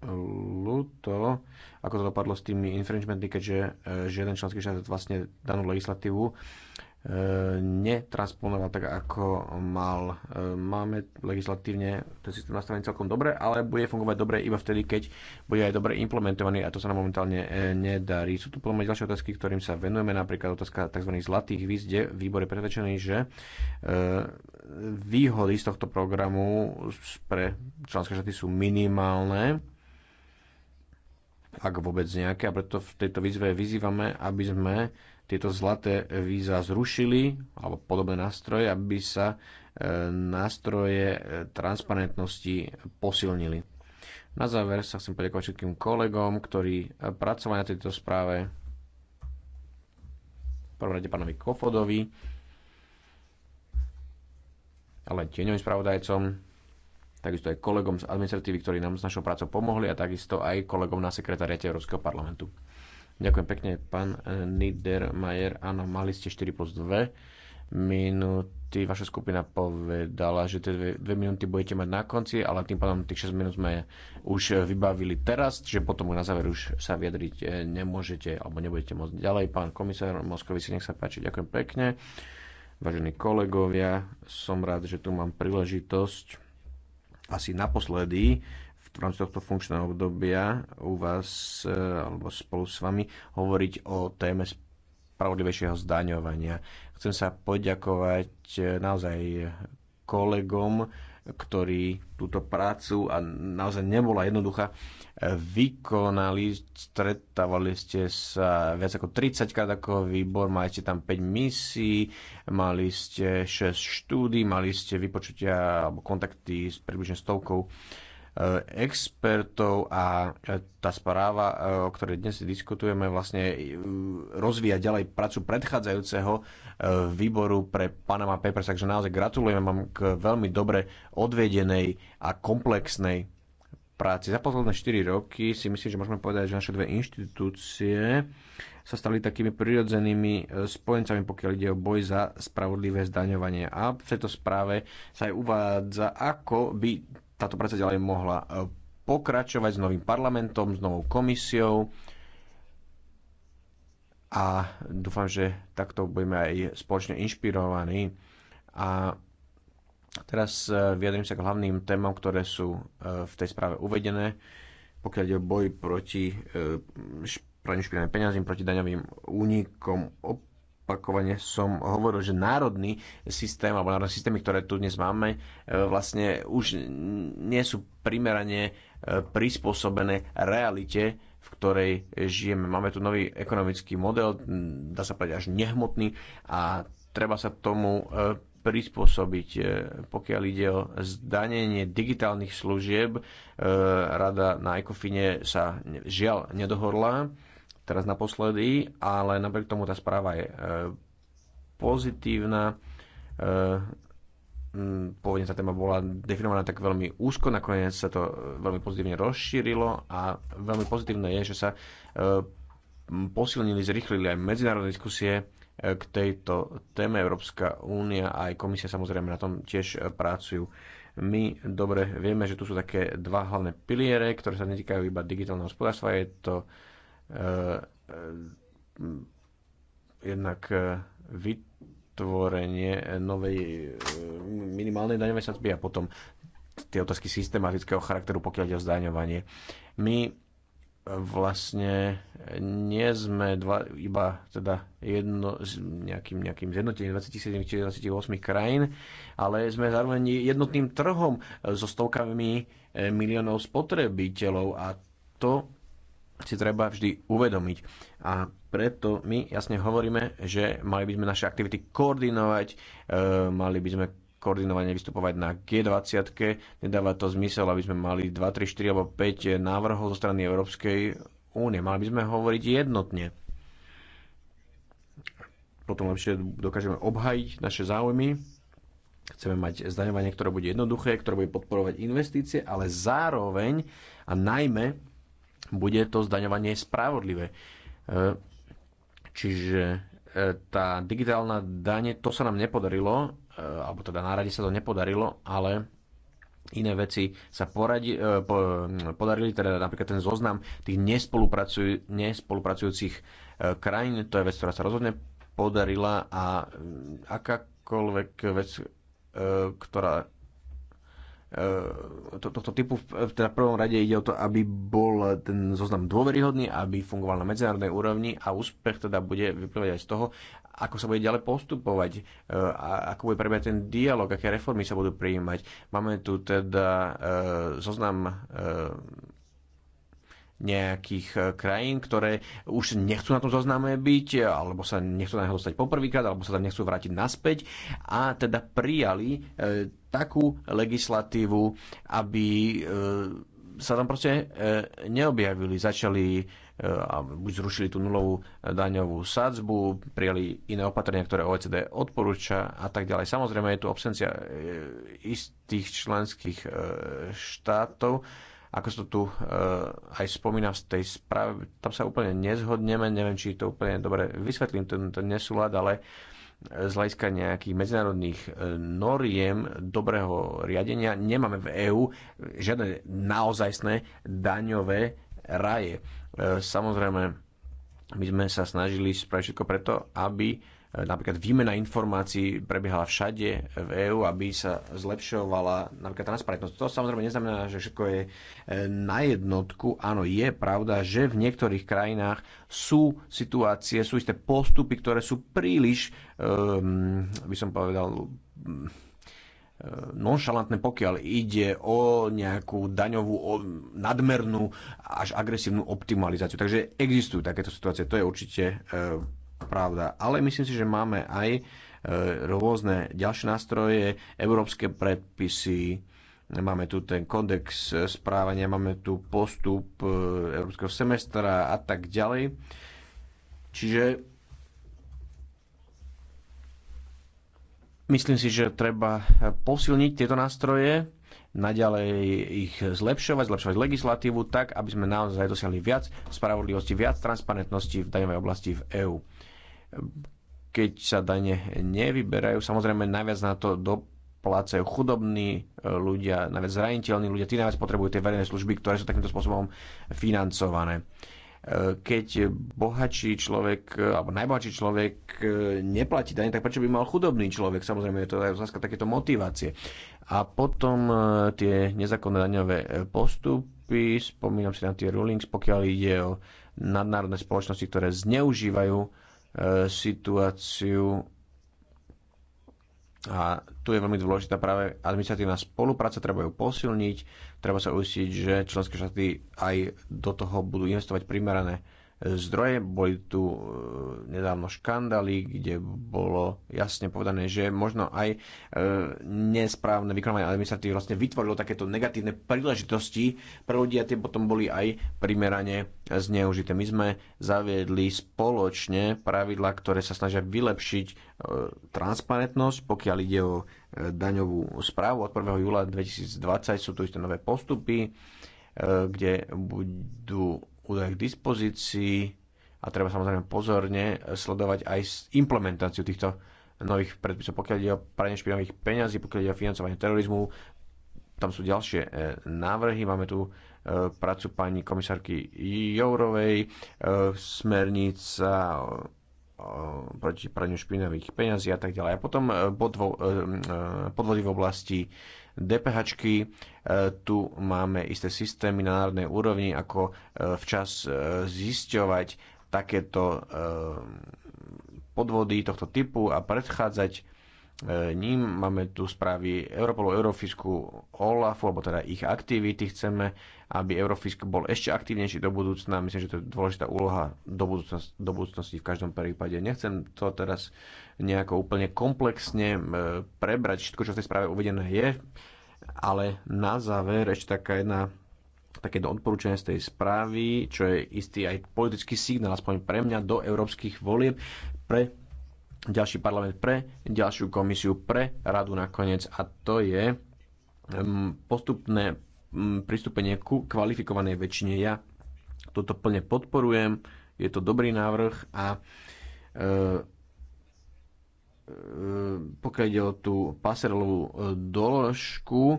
ľúto, ako to dopadlo s tými infringementy, keďže e, žiaden členský štát vlastne danú legislatívu e, netransponoval tak, ako mal. E, máme legislatívne ten systém nastavený celkom dobre, ale bude fungovať dobre iba vtedy, keď bude aj dobre implementovaný a to sa nám momentálne nedarí. Sú tu potom aj ďalšie otázky, ktorým sa venujeme, napríklad otázka tzv. zlatých víz, kde výbor je predvedčený, že výhody z tohto programu pre členské štáty sú minimálne ak vôbec nejaké. A preto v tejto výzve vyzývame, aby sme tieto zlaté víza zrušili, alebo podobné nástroje, aby sa e, nástroje e, transparentnosti posilnili. Na záver sa chcem poďakovať všetkým kolegom, ktorí e, pracovali na tejto správe. V prvom rade pánovi Kofodovi, ale tieňovým spravodajcom, takisto aj kolegom z administratívy, ktorí nám s našou prácou pomohli a takisto aj kolegom na sekretariate Európskeho parlamentu. Ďakujem pekne, pán eh, Niedermayer. Áno, mali ste 4 plus 2 minúty. Vaša skupina povedala, že tie 2 minúty budete mať na konci, ale tým pádom tých 6 minút sme už eh, vybavili teraz, čiže potom na záver už sa vyjadriť eh, nemôžete alebo nebudete môcť ďalej. Pán komisár Moskovici, nech sa páči. Ďakujem pekne. Vážení kolegovia, som rád, že tu mám príležitosť asi naposledy v rámci tohto funkčného obdobia u vás eh, alebo spolu s vami hovoriť o téme spravodlivejšieho zdaňovania. Chcem sa poďakovať eh, naozaj kolegom, ktorí túto prácu, a naozaj nebola jednoduchá, vykonali, stretávali ste sa viac ako 30 krát ako výbor, mali ste tam 5 misií, mali ste 6 štúdí, mali ste vypočutia alebo kontakty s približne stovkou Eh, expertov a eh, tá správa, eh, o ktorej dnes diskutujeme, vlastne rozvíja ďalej prácu predchádzajúceho výboru pre Panama Papers, takže naozaj gratulujeme vám k veľmi dobre odvedenej a komplexnej práci. Za posledné 4 roky si myslím, že môžeme povedať, že naše dve inštitúcie sa stali takými prirodzenými spojencami, pokiaľ ide o boj za spravodlivé zdaňovanie. A v tejto správe sa aj uvádza, ako by táto práca ďalej mohla e, pokračovať s novým parlamentom, s novou komisiou a dúfam, že takto budeme aj spoločne inšpirovaní. A teraz e, vyjadrím sa k hlavným témam, ktoré sú e, v tej správe uvedené, pokiaľ ide o boj proti praniu špinavým peniazím, proti daňovým únikom, opakovane som hovoril, že národný systém alebo národné systémy, ktoré tu dnes máme, e, vlastne už nie sú primerane e, prispôsobené realite, v ktorej žijeme. Máme tu nový ekonomický model, dá sa povedať až nehmotný a treba sa tomu e, prispôsobiť, pokiaľ ide o zdanenie digitálnych služieb. Rada na Ekofine sa žiaľ nedohodla teraz naposledy, ale napriek tomu tá správa je e, pozitívna. E, pôvodne tá téma bola definovaná tak veľmi úzko, nakoniec sa to e, veľmi pozitívne rozšírilo a veľmi pozitívne je, že sa posilnili, zrýchlili aj medzinárodné diskusie k tejto téme. Európska únia a aj komisia samozrejme na tom tiež pracujú. My dobre vieme, že tu sú také dva hlavné piliere, ktoré sa netýkajú iba digitálneho hospodárstva. Je to E, e, jednak e, vytvorenie novej minimálnej daňovej sadzby a potom tie otázky systematického charakteru, pokiaľ ide o zdaňovanie. My vlastne nie sme dva, iba teda jedno, nejakým, nejakým zjednotením 27 či 28 krajín, ale sme zároveň jednotným trhom so stovkami miliónov spotrebiteľov a to si treba vždy uvedomiť. A preto my jasne hovoríme, že mali by sme naše aktivity koordinovať, e, mali by sme koordinovane vystupovať na G20. Nedáva to zmysel, aby sme mali 2, 3, 4 alebo 5 návrhov zo strany Európskej únie. Mali by sme hovoriť jednotne. Potom lepšie dokážeme obhajiť naše záujmy. Chceme mať zdaňovanie, ktoré bude jednoduché, ktoré bude podporovať investície, ale zároveň a najmä bude to zdaňovanie spravodlivé. E, čiže e, tá digitálna daň to sa nám nepodarilo, e, alebo teda nárade sa to nepodarilo, ale iné veci sa poradi, po, podarili, teda napríklad ten zoznam tých nespolupracuj, nespolupracujúcich krajín, to je vec, ktorá sa rozhodne podarila a akákoľvek vec, ktorá E, to, tohto typu. V e, teda prvom rade ide o to, aby bol ten zoznam dôveryhodný, aby fungoval na medzinárodnej úrovni a úspech teda bude vyplývať aj z toho, ako sa bude ďalej postupovať, e, a ako bude prebiehať ten dialog, aké reformy sa budú prijímať. Máme tu teda zoznam nejakých e, krajín, ktoré už nechcú na tom zozname byť, alebo sa nechcú na neho dostať poprvýkrát, alebo sa tam nechcú vrátiť naspäť a teda prijali e, takú legislatívu, aby e, sa tam proste neobjavili, začali a buď zrušili tú nulovú daňovú sadzbu, prijali iné opatrenia, ktoré OECD odporúča a tak ďalej. Samozrejme je tu absencia istých členských štátov, ako sa to tu eh, aj spomína z tej správe, tam sa úplne nezhodneme, neviem, či to úplne dobre vysvetlím, ten, ten nesúlad, ale eh, z hľadiska nejakých medzinárodných eh, noriem dobrého riadenia nemáme v EÚ žiadne naozajstné daňové raje. Samozrejme, my sme sa snažili spraviť všetko preto, aby E, napríklad výmena informácií prebiehala všade v EÚ, aby sa zlepšovala napríklad transparentnosť. To samozrejme neznamená, že všetko je e, na jednotku. Áno, je pravda, že v niektorých krajinách sú situácie, sú isté postupy, ktoré sú príliš, um, by som povedal, e, nonšalantné, pokiaľ ide o nejakú daňovú o nadmernú až agresívnu optimalizáciu. Takže existujú takéto situácie, to je určite pravda. Ale myslím si, že máme aj e, rôzne ďalšie nástroje, európske predpisy, máme tu ten kodex správania, máme tu postup e, európskeho semestra a tak ďalej. Čiže myslím si, že treba posilniť tieto nástroje, naďalej ich zlepšovať, zlepšovať legislatívu tak, aby sme naozaj dosiahli viac spravodlivosti, viac transparentnosti v daňovej oblasti v EÚ keď sa dane nevyberajú. Samozrejme, najviac na to doplácajú chudobní e, ľudia, najviac zraniteľní ľudia, tí najviac potrebujú tie verejné služby, ktoré sú takýmto spôsobom financované. E, keď bohatší človek, e, alebo najbohatší človek neplatí dane, tak prečo by mal chudobný človek? Samozrejme, je to aj otázka takéto motivácie. A potom tie nezákonné daňové postupy, spomínam si na tie rulings, pokiaľ ide o nadnárodné spoločnosti, ktoré zneužívajú E, situáciu a tu je veľmi dôležitá práve administratívna spolupráca, treba ju posilniť, treba sa uistiť, že členské štáty aj do toho budú investovať primerané zdroje. Boli tu e, nedávno škandály, kde bolo jasne povedané, že možno aj e, nesprávne vykonávanie administratívy vlastne vytvorilo takéto negatívne príležitosti pre ľudí a tie potom boli aj primerane zneužité. My sme zaviedli spoločne pravidla, ktoré sa snažia vylepšiť e, transparentnosť, pokiaľ ide o daňovú správu. Od 1. júla 2020 sú tu isté nové postupy, kde budú údaje k dispozícii a treba samozrejme pozorne sledovať aj implementáciu týchto nových predpisov. Pokiaľ ide o pranie špinavých peňazí, pokiaľ ide o financovanie terorizmu, tam sú ďalšie e, návrhy. Máme tu e, prácu pani komisárky Jourovej, e, smernica proti praniu špinavých peňazí a tak ďalej. A potom podvody v oblasti DPH. E, tu máme isté systémy na národnej úrovni, ako e, včas e, zisťovať takéto podvody tohto typu a predchádzať ním. Máme tu správy Europolu, Eurofisku, OLAFu, alebo teda ich aktivity. Chceme, aby Eurofisk bol ešte aktívnejší do budúcna. Myslím, že to je dôležitá úloha do, budúcnosti, do budúcnosti v každom prípade. Nechcem to teraz nejako úplne komplexne e, prebrať všetko, čo v tej správe uvedené je, ale na záver ešte taká jedna také odporúčanie z tej správy, čo je istý aj politický signál, aspoň pre mňa, do európskych volieb, pre ďalší parlament, pre ďalšiu komisiu, pre radu nakoniec. A to je postupné pristúpenie ku kvalifikovanej väčšine. Ja toto plne podporujem, je to dobrý návrh a e, E, pokiaľ ide o tú paserlovú e, doložku, e,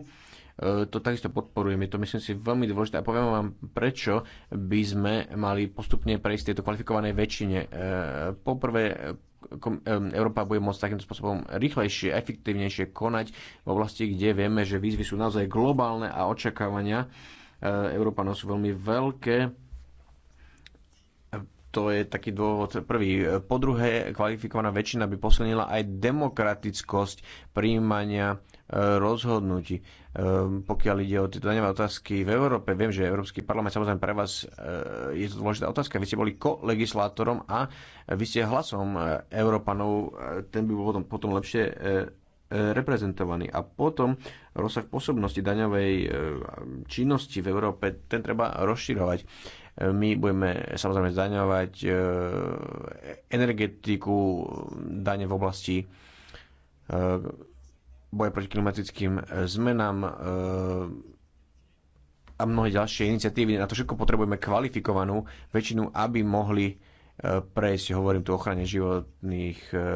to takisto podporujem. Je to myslím si veľmi dôležité a poviem vám, prečo by sme mali postupne prejsť tieto kvalifikovanej väčšine. Poprvé, Európa bude môcť takýmto spôsobom rýchlejšie, efektívnejšie konať v oblasti, kde vieme, že výzvy sú naozaj globálne a očakávania Európanov sú veľmi veľké to je taký dôvod prvý. Po druhé, kvalifikovaná väčšina by posilnila aj demokratickosť príjmania e, rozhodnutí. E, pokiaľ ide o tieto daňové otázky v Európe, viem, že Európsky parlament samozrejme pre vás e, je to dôležitá otázka. Vy ste boli kolegislátorom a vy ste hlasom Európanov, ten by bol potom, potom lepšie reprezentovaný. A potom rozsah pôsobnosti daňovej činnosti v Európe, ten treba rozširovať my budeme samozrejme zdaňovať e, energetiku, dane v oblasti e, boja proti klimatickým e, zmenám a mnohé ďalšie iniciatívy. Na to všetko potrebujeme kvalifikovanú väčšinu, aby mohli prejsť, hovorím tu o ochrane životných, e,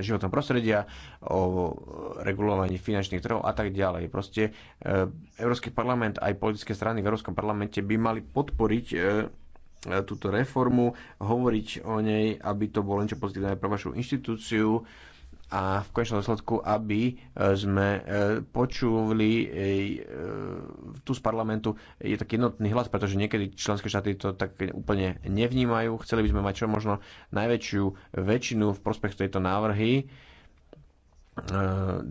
životného prostredia, o regulovaní finančných trhov a tak ďalej. Proste e, Európsky parlament aj politické strany v Európskom parlamente by mali podporiť e, túto reformu, hovoriť o nej, aby to bolo niečo pozitívne aj pre vašu inštitúciu, a v konečnom dôsledku, aby e, sme e, počuli e, tu z parlamentu je taký jednotný hlas, pretože niekedy členské štáty to tak úplne nevnímajú. Chceli by sme mať čo možno najväčšiu väčšinu v prospech tejto návrhy.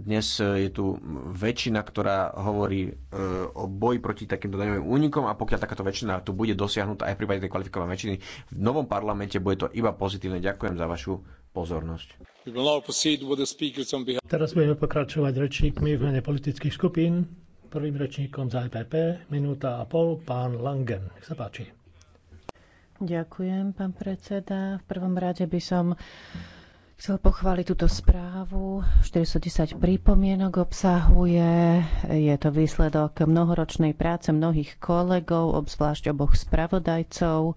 Dnes je tu väčšina, ktorá hovorí o boji proti takýmto daňovým únikom a pokiaľ takáto väčšina tu bude dosiahnutá aj v prípade tej kvalifikovanej väčšiny v novom parlamente, bude to iba pozitívne. Ďakujem za vašu pozornosť. Teraz budeme pokračovať rečníkmi v mene politických skupín. Prvým rečníkom za EPP, minúta a pol, pán Langen. Nech sa páči. Ďakujem, pán predseda. V prvom rade by som chcel pochváliť túto správu. 410 prípomienok obsahuje. Je to výsledok mnohoročnej práce mnohých kolegov, obzvlášť oboch spravodajcov.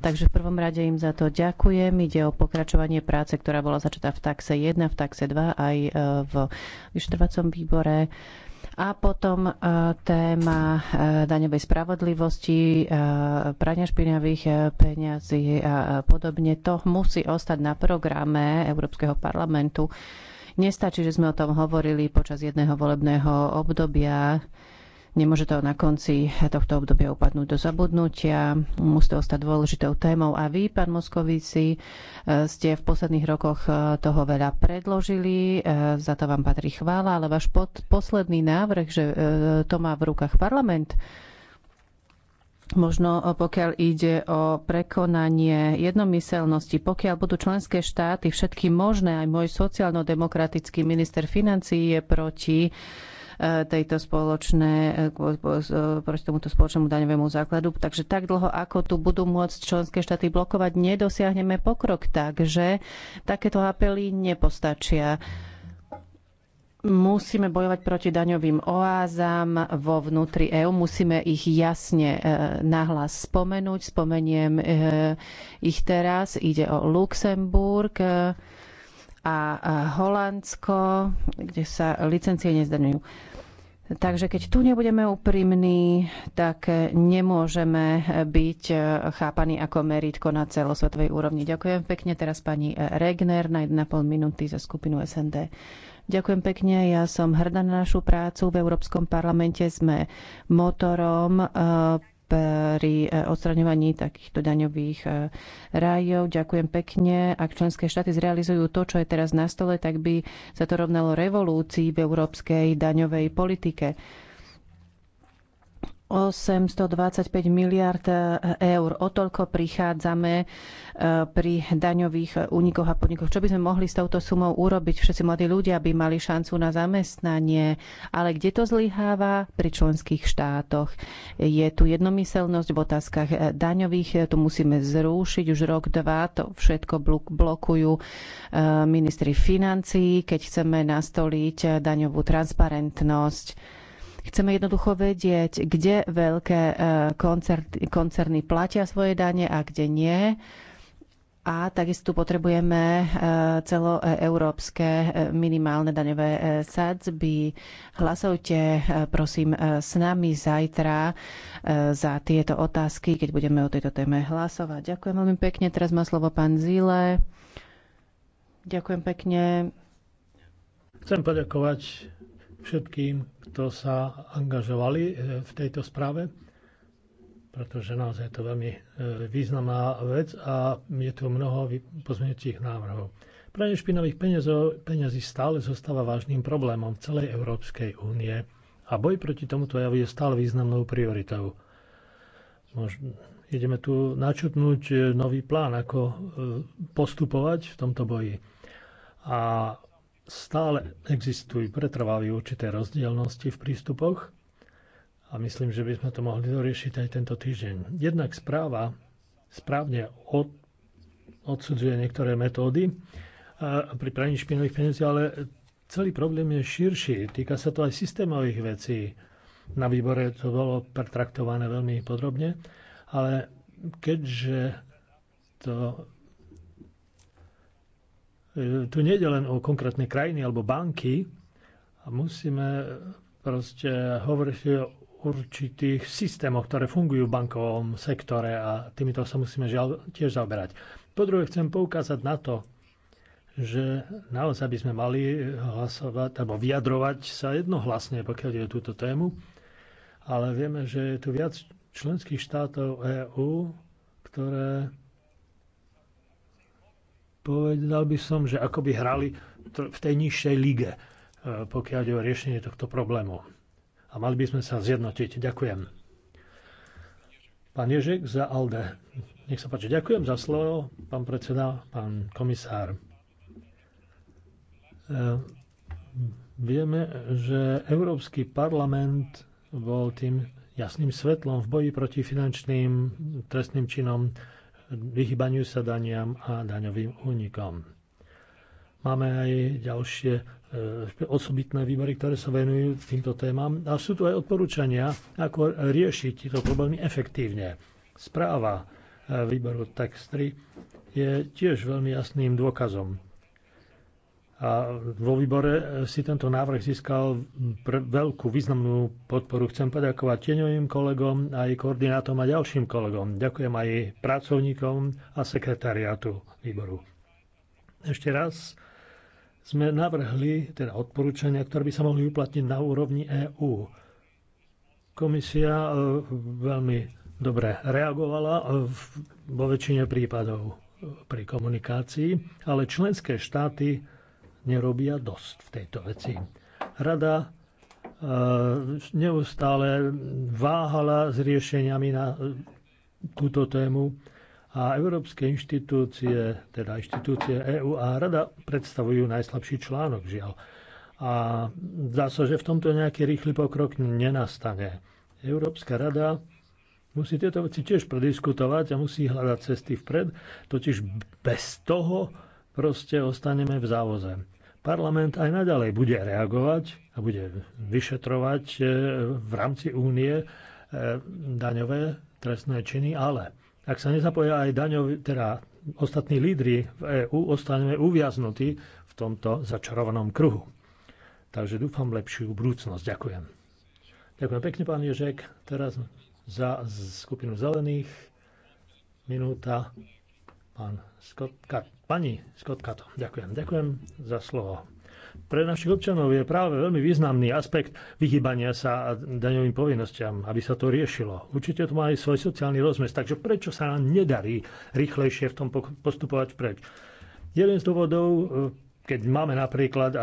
Takže v prvom rade im za to ďakujem. Ide o pokračovanie práce, ktorá bola začatá v taxe 1, v taxe 2 aj e, v vyšetrovacom výbore. A potom e, téma e, daňovej spravodlivosti, prania špinavých peňazí a podobne. To musí ostať na programe Európskeho parlamentu. Nestačí, že sme o tom hovorili počas jedného volebného obdobia Nemôže to na konci tohto obdobia upadnúť do zabudnutia. Musí to ostať dôležitou témou. A vy, pán Moskovici, e, ste v posledných rokoch e, toho veľa predložili. E, za to vám patrí chvála, ale váš pod, posledný návrh, že to má v rukách parlament, Možno pokiaľ ide o prekonanie jednomyselnosti, pokiaľ budú členské štáty všetky možné, aj môj sociálno-demokratický minister financií je proti tejto spoločné, proti tomuto spoločnému daňovému základu. Takže tak dlho, ako tu budú môcť členské štáty blokovať, nedosiahneme pokrok. Takže takéto apely nepostačia musíme bojovať proti daňovým oázam vo vnútri EÚ. Musíme ich jasne e, nahlas spomenúť. Spomeniem e, ich teraz. Ide o Luxemburg a Holandsko, kde sa licencie nezdaňujú. Takže keď tu nebudeme úprimní, tak nemôžeme byť chápaní ako meritko na celosvetovej úrovni. Ďakujem pekne teraz pani Regner na 1,5 minúty za skupinu SND. Ďakujem pekne, ja som hrdá na našu prácu. V Európskom parlamente sme motorom eh, pri e, odstraňovaní takýchto daňových e, rájov. Ďakujem pekne. Ak členské štáty zrealizujú to, čo je teraz na stole, tak by sa to rovnalo revolúcii v európskej daňovej politike. 825 miliard eh, eur. O toľko prichádzame eh, pri daňových eh, únikoch a podnikoch. Čo by sme mohli s touto sumou urobiť? Všetci mladí ľudia by mali šancu na zamestnanie. Ale kde to zlyháva? Pri členských štátoch. Je tu jednomyselnosť v otázkach daňových. Tu musíme zrušiť už rok, dva. To všetko blokujú ministri financií, keď chceme nastoliť daňovú transparentnosť Chceme jednoducho vedieť, kde veľké e, koncerny, koncerny platia svoje dane a kde nie. A takisto potrebujeme e, celoeurópske e, minimálne daňové sadzby. Hlasujte prosím s nami zajtra za tieto otázky, keď budeme o tejto téme hlasovať. Ďakujem veľmi pekne. Teraz má slovo pán Zile. Ďakujem pekne. Chcem poďakovať všetkým, kto sa angažovali e, v tejto správe, pretože naozaj je to veľmi e, významná vec a je tu mnoho pozmeňujúcich návrhov. Pranie špinavých peniazov, peniazí stále zostáva vážnym problémom v celej Európskej únie a boj proti tomuto javu je stále významnou prioritou. ideme tu načutnúť e, nový plán, ako postupovať v tomto boji. A stále existujú, pretrvávajú určité rozdielnosti v prístupoch a myslím, že by sme to mohli doriešiť aj tento týždeň. Jednak správa správne od, odsudzuje niektoré metódy a pri praní špinových peniazí, ale celý problém je širší. Týka sa to aj systémových vecí. Na výbore to bolo pretraktované veľmi podrobne, ale keďže to E, tu nie je len o konkrétne krajiny alebo banky. A musíme proste hovoriť o určitých systémoch, ktoré fungujú v bankovom sektore a týmito sa musíme žiaľ tiež zaoberať. Po druhé, chcem poukázať na to, že naozaj by sme mali hlasovať alebo vyjadrovať sa jednohlasne, pokiaľ je túto tému, ale vieme, že je tu viac členských štátov EÚ, ktoré Povedal by som, že ako by hrali v tej nižšej lige, e, pokiaľ ide o riešenie tohto problému. A mali by sme sa zjednotiť. Ďakujem. Pán Ježek za ALDE. Nech sa páči. Ďakujem za slovo, pán predseda, pán komisár. E, vieme, že Európsky parlament bol tým jasným svetlom v boji proti finančným trestným činom vyhybaniu sa daniam a daňovým únikom. Máme aj ďalšie e, osobitné výbory, ktoré sa venujú týmto témam a sú tu aj odporúčania, ako riešiť tieto problémy efektívne. Správa e, výboru Tax 3 je tiež veľmi jasným dôkazom a vo výbore e, si tento návrh získal veľkú významnú podporu. Chcem poďakovať tieňovým kolegom, aj koordinátom a ďalším kolegom. Ďakujem aj pracovníkom a sekretariátu výboru. Ešte raz sme navrhli teda odporúčania, ktoré by sa mohli uplatniť na úrovni EÚ. Komisia e, veľmi dobre reagovala e, vo väčšine prípadov pri komunikácii, ale členské štáty nerobia dosť v tejto veci. Rada e, neustále váhala s riešeniami na e, túto tému a európske inštitúcie, teda inštitúcie EÚ a Rada predstavujú najslabší článok, žiaľ. A zdá sa, že v tomto nejaký rýchly pokrok nenastane. Európska rada musí tieto veci tiež prediskutovať a musí hľadať cesty vpred, totiž bez toho proste ostaneme v závoze. Parlament aj naďalej bude reagovať a bude vyšetrovať e, v rámci únie e, daňové trestné činy, ale ak sa nezapoja aj daňový, teda ostatní lídry v EÚ, ostaneme uviaznutí v tomto začarovanom kruhu. Takže dúfam lepšiu budúcnosť. Ďakujem. Ďakujem pekne, pán Ježek. Teraz za skupinu zelených minúta Pán Skotka, pani Skotkato, ďakujem, ďakujem za slovo. Pre našich občanov je práve veľmi významný aspekt vyhybania sa daňovým povinnostiam, aby sa to riešilo. Určite to má aj svoj sociálny rozmer, takže prečo sa nám nedarí rýchlejšie v tom postupovať preč? Jeden z dôvodov, eh, keď máme napríklad eh,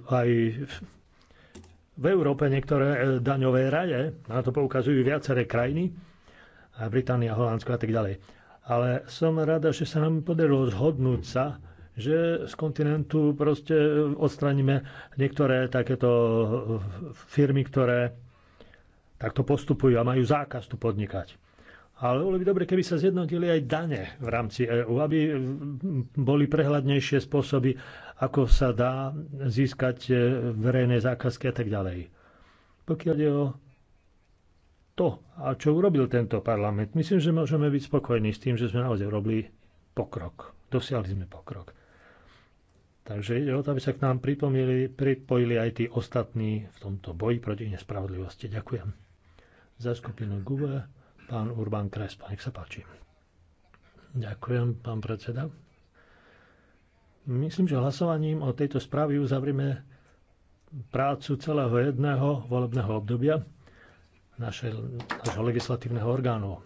aj v Európe niektoré eh, daňové raje, na to poukazujú viaceré krajiny, Británia, Holandsko a tak ďalej ale som rada, že sa nám podarilo zhodnúť sa, že z kontinentu proste odstraníme niektoré takéto eh, firmy, ktoré takto postupujú a majú zákaz tu podnikať. Ale bolo by dobre, keby sa zjednotili aj dane v rámci EÚ, aby hm, boli prehľadnejšie spôsoby, ako sa dá získať eh, verejné zákazky a tak ďalej. Pokiaľ je o to, čo urobil tento parlament. Myslím, že môžeme byť spokojní s tým, že sme naozaj robili pokrok. Dosiahli sme pokrok. Takže ide o to, aby sa k nám pripomili, pripojili aj tí ostatní v tomto boji proti nespravodlivosti. Ďakujem. Za skupinu GUE pán Urban Krespa, nech sa páči. Ďakujem, pán predseda. Myslím, že hlasovaním o tejto správy uzavrime prácu celého jedného volebného obdobia naše, našho legislatívneho orgánu.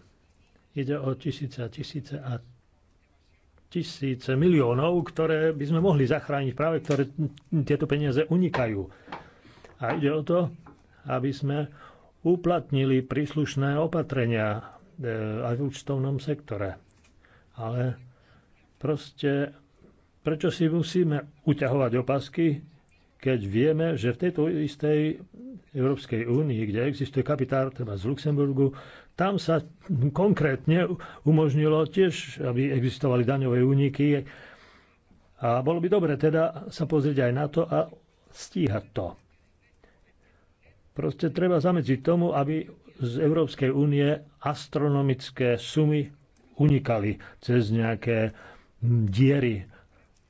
Ide o tisíce a tisíce a tisíce miliónov, ktoré by sme mohli zachrániť práve, ktoré tieto peniaze unikajú. A ide o to, aby sme uplatnili príslušné opatrenia e, aj v účtovnom sektore. Ale proste, prečo si musíme uťahovať opasky, keď vieme, že v tejto istej Európskej únii, kde existuje kapitál, treba z Luxemburgu, tam sa konkrétne umožnilo tiež, aby existovali daňové úniky. A bolo by dobre teda sa pozrieť aj na to a stíhať to. Proste treba zamedziť tomu, aby z Európskej únie astronomické sumy unikali cez nejaké diery,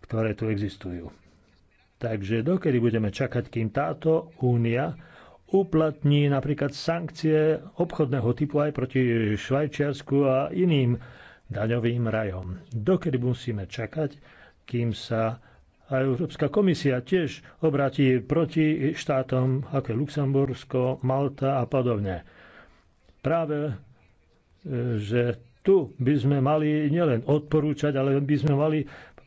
ktoré tu existujú. Takže dokedy budeme čakať, kým táto únia uplatní napríklad sankcie obchodného typu aj proti Švajčiarsku a iným daňovým rajom. Dokedy musíme čakať, kým sa a Európska komisia tiež obratí proti štátom ako je Luxembursko, Malta a podobne. Práve, e, že tu by sme mali nielen odporúčať, ale by sme mali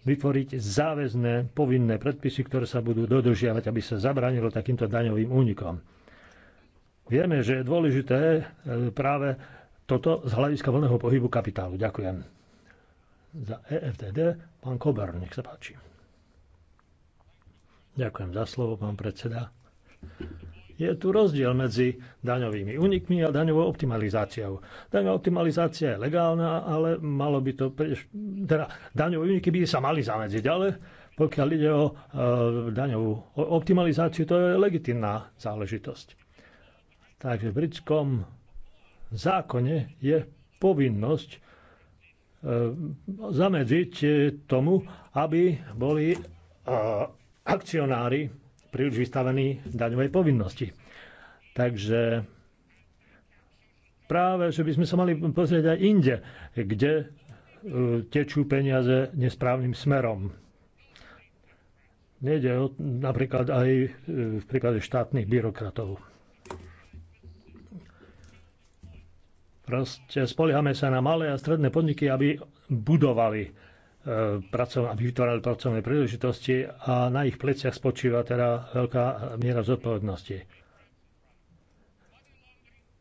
vytvoriť záväzné povinné predpisy, ktoré sa budú dodržiavať, aby sa zabránilo takýmto daňovým únikom. Vieme, že je dôležité e, práve toto z hľadiska voľného pohybu kapitálu. Ďakujem. Za EFTD pán Kober, nech sa páči. Ďakujem za slovo, pán predseda. Je tu rozdiel medzi daňovými únikmi a daňovou optimalizáciou. Daňová optimalizácia je legálna, ale malo by to... Teda daňové úniky by sa mali zamedziť, ale pokiaľ ide o e, daňovú optimalizáciu, to je legitimná záležitosť. Takže v britskom zákone je povinnosť e, zamedziť tomu, aby boli e, akcionári príliš vystavení daňovej povinnosti. Takže práve, že by sme sa mali pozrieť aj inde, kde e, tečú peniaze nesprávnym smerom. Nejde o, napríklad aj e, v prípade štátnych byrokratov. Proste spoliehame sa na malé a stredné podniky, aby budovali E, pracov, aby vytvárali pracovné príležitosti a na ich pleciach spočíva teda veľká miera zodpovednosti.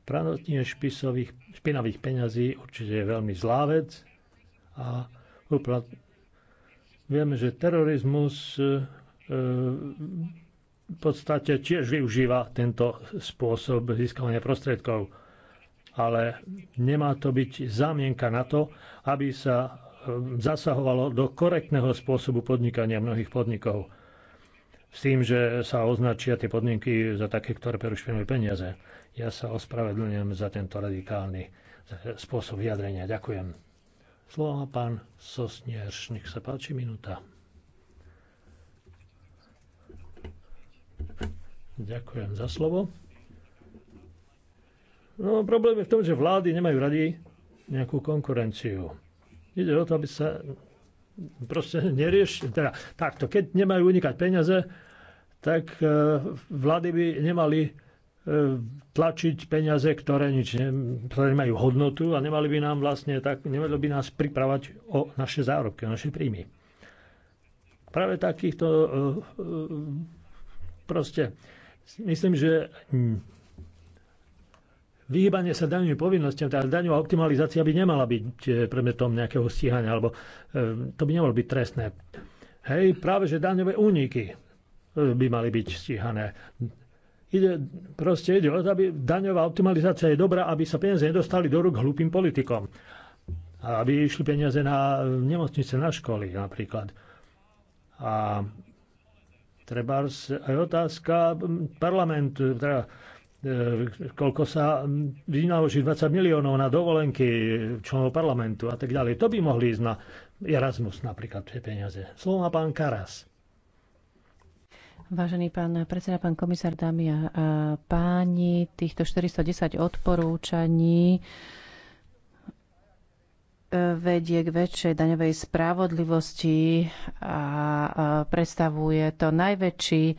Pranotnie špisových, špinavých peňazí určite je veľmi zlá vec a uplat... vieme, že terorizmus e, e, v podstate tiež využíva tento spôsob získavania prostriedkov. Ale nemá to byť zámienka na to, aby sa zasahovalo do korektného spôsobu podnikania mnohých podnikov. S tým, že sa označia tie podmienky za také, ktoré perušujú peniaze. Ja sa ospravedlňujem za tento radikálny spôsob vyjadrenia. Ďakujem. Slovo má pán Sosnierš. Nech sa páči, minúta. Ďakujem za slovo. No, problém je v tom, že vlády nemajú radi nejakú konkurenciu. Ide o to, aby sa proste neriešili. Teda, takto, keď nemajú unikať peniaze, tak e, vlády by nemali e, tlačiť peniaze, ktoré, nič ne, ktoré nemajú hodnotu a nemali by nám vlastne tak, nemali by nás pripravať o naše zárobky, o naše príjmy. Práve takýchto e, proste myslím, že vyhýbanie sa daňovým povinnostiam, tá teda daňová optimalizácia by nemala byť e, predmetom nejakého stíhania, alebo e, to by nemalo byť trestné. Hej, práve že daňové úniky e, by mali byť stíhané. Ide, proste ide o to, aby daňová optimalizácia je dobrá, aby sa peniaze nedostali do rúk hlúpým politikom. A aby išli peniaze na nemocnice, na školy napríklad. A treba aj otázka Parlamentu. teda E, koľko sa vynaloží 20 miliónov na dovolenky členov parlamentu a tak ďalej. To by mohli ísť na Erasmus napríklad tie peniaze. Slovo má pán Karas. Vážený pán predseda, pán komisár, dámy a páni, týchto 410 odporúčaní vedie k väčšej daňovej spravodlivosti a predstavuje to najväčší e,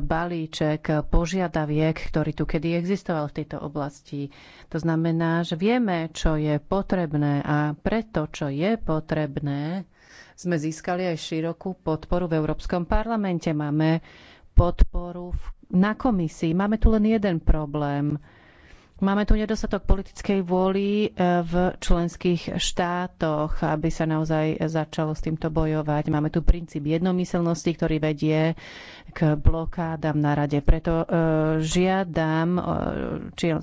balíček požiadaviek, ktorý tu kedy existoval v tejto oblasti. To znamená, že vieme, čo je potrebné a preto, čo je potrebné, sme získali aj širokú podporu v Európskom parlamente. Máme podporu na komisii. Máme tu len jeden problém – Máme tu nedostatok politickej vôly e, v členských štátoch, aby sa naozaj začalo s týmto bojovať. Máme tu princíp jednomyselnosti, ktorý vedie k blokádam na rade. Preto e, žiadam e,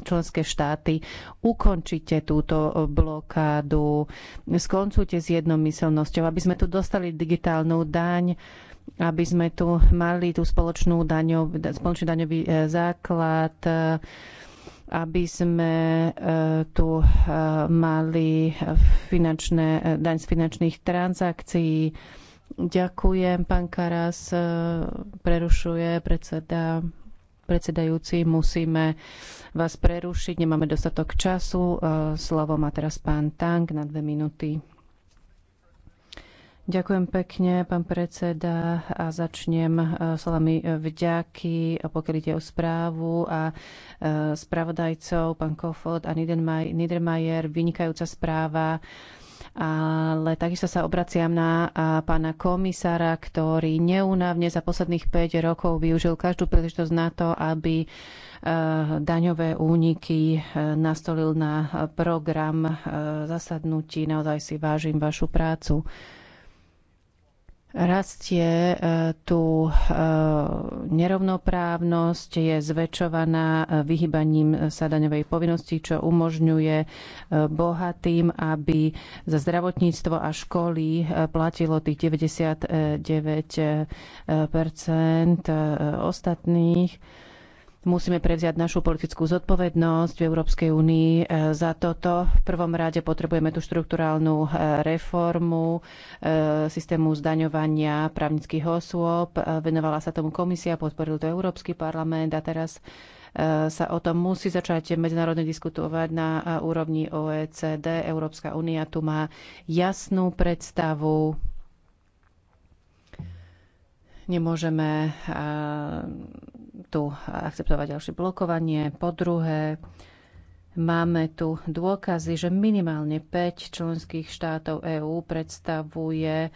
členské štáty, ukončite túto blokádu, skoncujte s jednomyselnosťou, aby sme tu dostali digitálnu daň, aby sme tu mali tú spoločnú daňov, spoločný daňový základ, aby sme eh, tu eh, mali finančné, eh, daň z finančných transakcií. Ďakujem, pán Karas. Prerušuje predseda predsedajúci, musíme vás prerušiť, nemáme dostatok času. Slovo má teraz pán Tank na dve minúty. Ďakujem pekne, pán predseda, a začnem e, vami e, vďaky, pokiaľ ide o správu a e, spravodajcov, pán Kofod a Niedermayer, vynikajúca správa ale takisto sa obraciam na pána komisára, ktorý neúnavne za posledných 5 rokov využil každú príležitosť na to, aby daňové úniky nastolil na program zasadnutí. Naozaj si vážim vašu prácu. Rastie e, tu e, nerovnoprávnosť, je zväčšovaná e, vyhybaním sa daňovej povinnosti, čo umožňuje bohatým, aby za zdravotníctvo a školy platilo tých 99 ostatných Musíme prevziať našu politickú zodpovednosť v Európskej únii e, za toto. V prvom rade potrebujeme tú štruktúrálnu e, reformu e, systému zdaňovania právnických osôb. Venovala sa tomu komisia, podporil to Európsky parlament a teraz sa o tom musí začať medzinárodne diskutovať na úrovni OECD. Európska únia tu má jasnú predstavu Nemôžeme eh, tu akceptovať ďalšie blokovanie. Po druhé, Máme tu dôkazy, že minimálne 5 členských štátov EÚ predstavuje eh,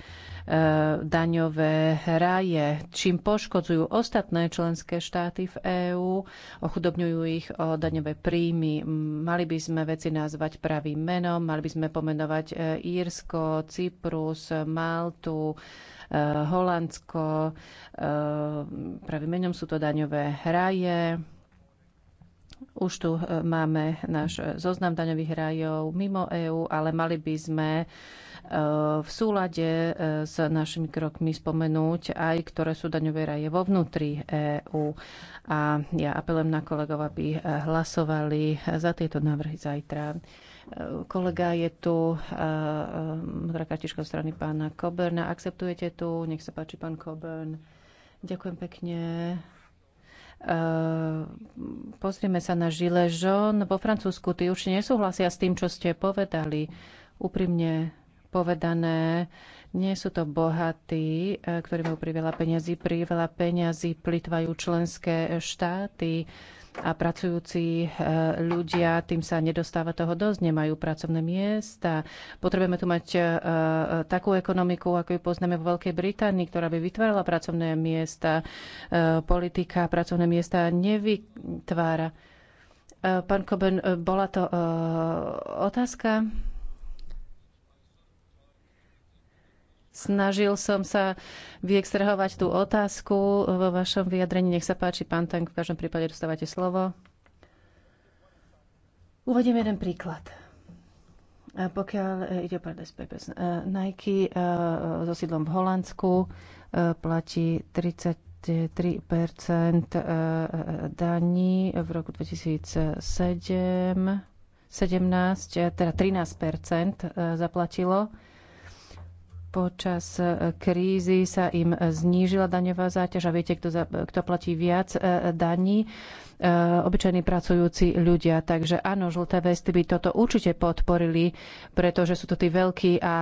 daňové raje, čím poškodzujú ostatné členské štáty v EÚ, ochudobňujú ich o daňové príjmy. Mali by sme veci nazvať pravým menom, mali by sme pomenovať eh, Írsko, Cyprus, Maltu, Eh, Holandsko, eh, pravým menom sú to daňové raje, už tu eh, máme náš zoznam daňových rajov mimo EÚ, ale mali by sme v súlade s našimi krokmi spomenúť aj, ktoré sú daňové raje vo vnútri EÚ. A ja apelujem na kolegov, aby hlasovali za tieto návrhy zajtra. Kolega je tu, eh, eh, modrá kartička strany pána Coburna. Akceptujete tu? Nech sa páči, pán Coburn. Ďakujem pekne. Uh, pozrieme sa na žile žon. Vo Francúzsku tí určite nesúhlasia s tým, čo ste povedali. Úprimne povedané, nie sú to bohatí, ktorí majú priveľa peňazí, priveľa peňazí plitvajú členské štáty. Uh, a pracujúci e, ľudia, tým sa nedostáva toho dosť, nemajú pracovné miesta. Potrebujeme tu mať e, e, takú ekonomiku, ako ju poznáme vo Veľkej Británii, ktorá by vytvárala pracovné miesta. Politika pracovné miesta nevytvára. Pán Koben, bola to otázka? Snažil som sa vyextrahovať tú otázku vo vašom vyjadrení. Nech sa páči, pán Tank, v každom prípade dostávate slovo. Uvediem jeden príklad. Pokiaľ e, ide o Paradise Papers, e, Nike e, so sídlom v Holandsku platí 33 daní v roku 2007 17, teda 13 zaplatilo Počas e, krízy sa im e, znížila daňová záťaž a viete, kto, za, e, kto platí viac daní? Obyčajní pracujúci ľudia. Takže áno, žlté vesty by toto určite podporili, pretože sú to tí veľkí a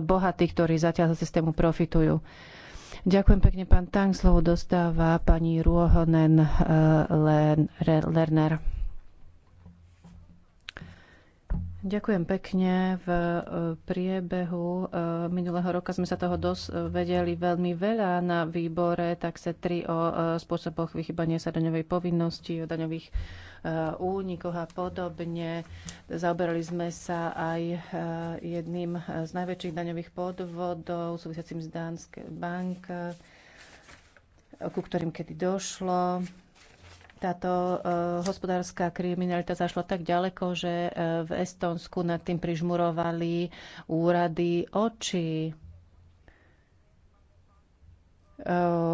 bohatí, ktorí zatiaľ za systému profitujú. Ďakujem pekne, pán Tang. Slovo dostáva pani Ruohonen Lerner. Ďakujem pekne. V e, priebehu e, minulého roka sme sa toho vedeli veľmi veľa na výbore, tak sa tri o e, spôsoboch vychybania sa daňovej povinnosti, o daňových únikoch a podobne. Zaoberali sme sa aj jedným z najväčších daňových podvodov súvisiacím z Dánskej Bank, ku ktorým kedy došlo táto e, hospodárska kriminalita zašla tak ďaleko, že e, v Estonsku nad tým prižmurovali úrady oči e,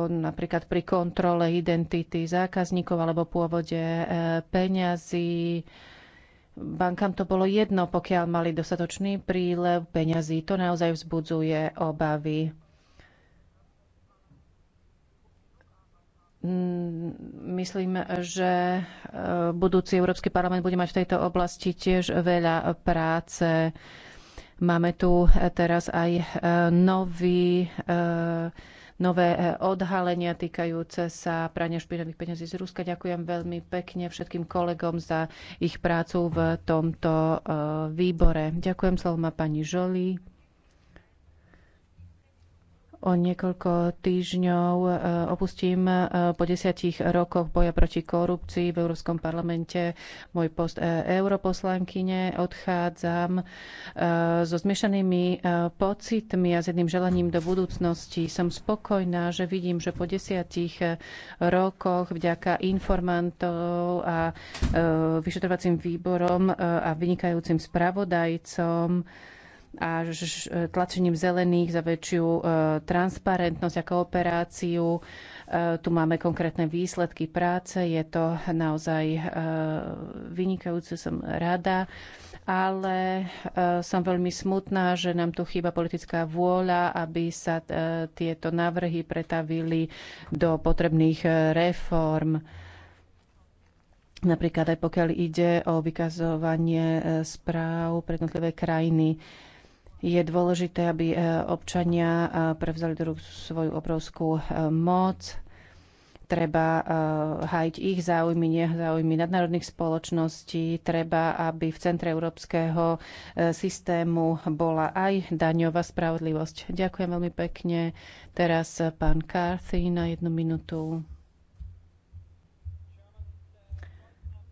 napríklad pri kontrole identity zákazníkov alebo pôvode peňazí. Bankám to bolo jedno, pokiaľ mali dostatočný prílev peňazí. To naozaj vzbudzuje obavy. Mm, myslím, že eh, budúci Európsky parlament bude mať v tejto oblasti tiež veľa práce. Máme tu eh, teraz aj eh, nový, nové odhalenia týkajúce sa prania špinavých peniazí z Ruska. Ďakujem veľmi pekne všetkým kolegom za ich prácu v tomto výbore. Ďakujem slovo má pani Žoli o niekoľko týždňov e, opustím e, po desiatich rokoch boja proti korupcii v Európskom parlamente môj post e, europoslankyne. Odchádzam so zmiešanými pocitmi a s jedným želaním do budúcnosti. Som spokojná, že vidím, že po desiatich rokoch vďaka informantov a vyšetrovacím výborom a vynikajúcim spravodajcom a tlačením zelených za väčšiu e, transparentnosť a kooperáciu. E, tu máme konkrétne výsledky práce, je to naozaj e, vynikajúce, som rada, ale som veľmi smutná, že nám tu chýba politická vôľa, aby sa tieto návrhy pretavili do potrebných reform. Napríklad aj pokiaľ ide o vykazovanie správ pre jednotlivé krajiny. Je dôležité, aby e, občania e, prevzali do rúk svoju obrovskú e, moc. Treba hájiť ich záujmy, nie záujmy nadnárodných spoločností. Treba, aby v centre európskeho systému bola aj daňová spravodlivosť. Ďakujem veľmi pekne. Teraz pán Carthy na jednu minútu.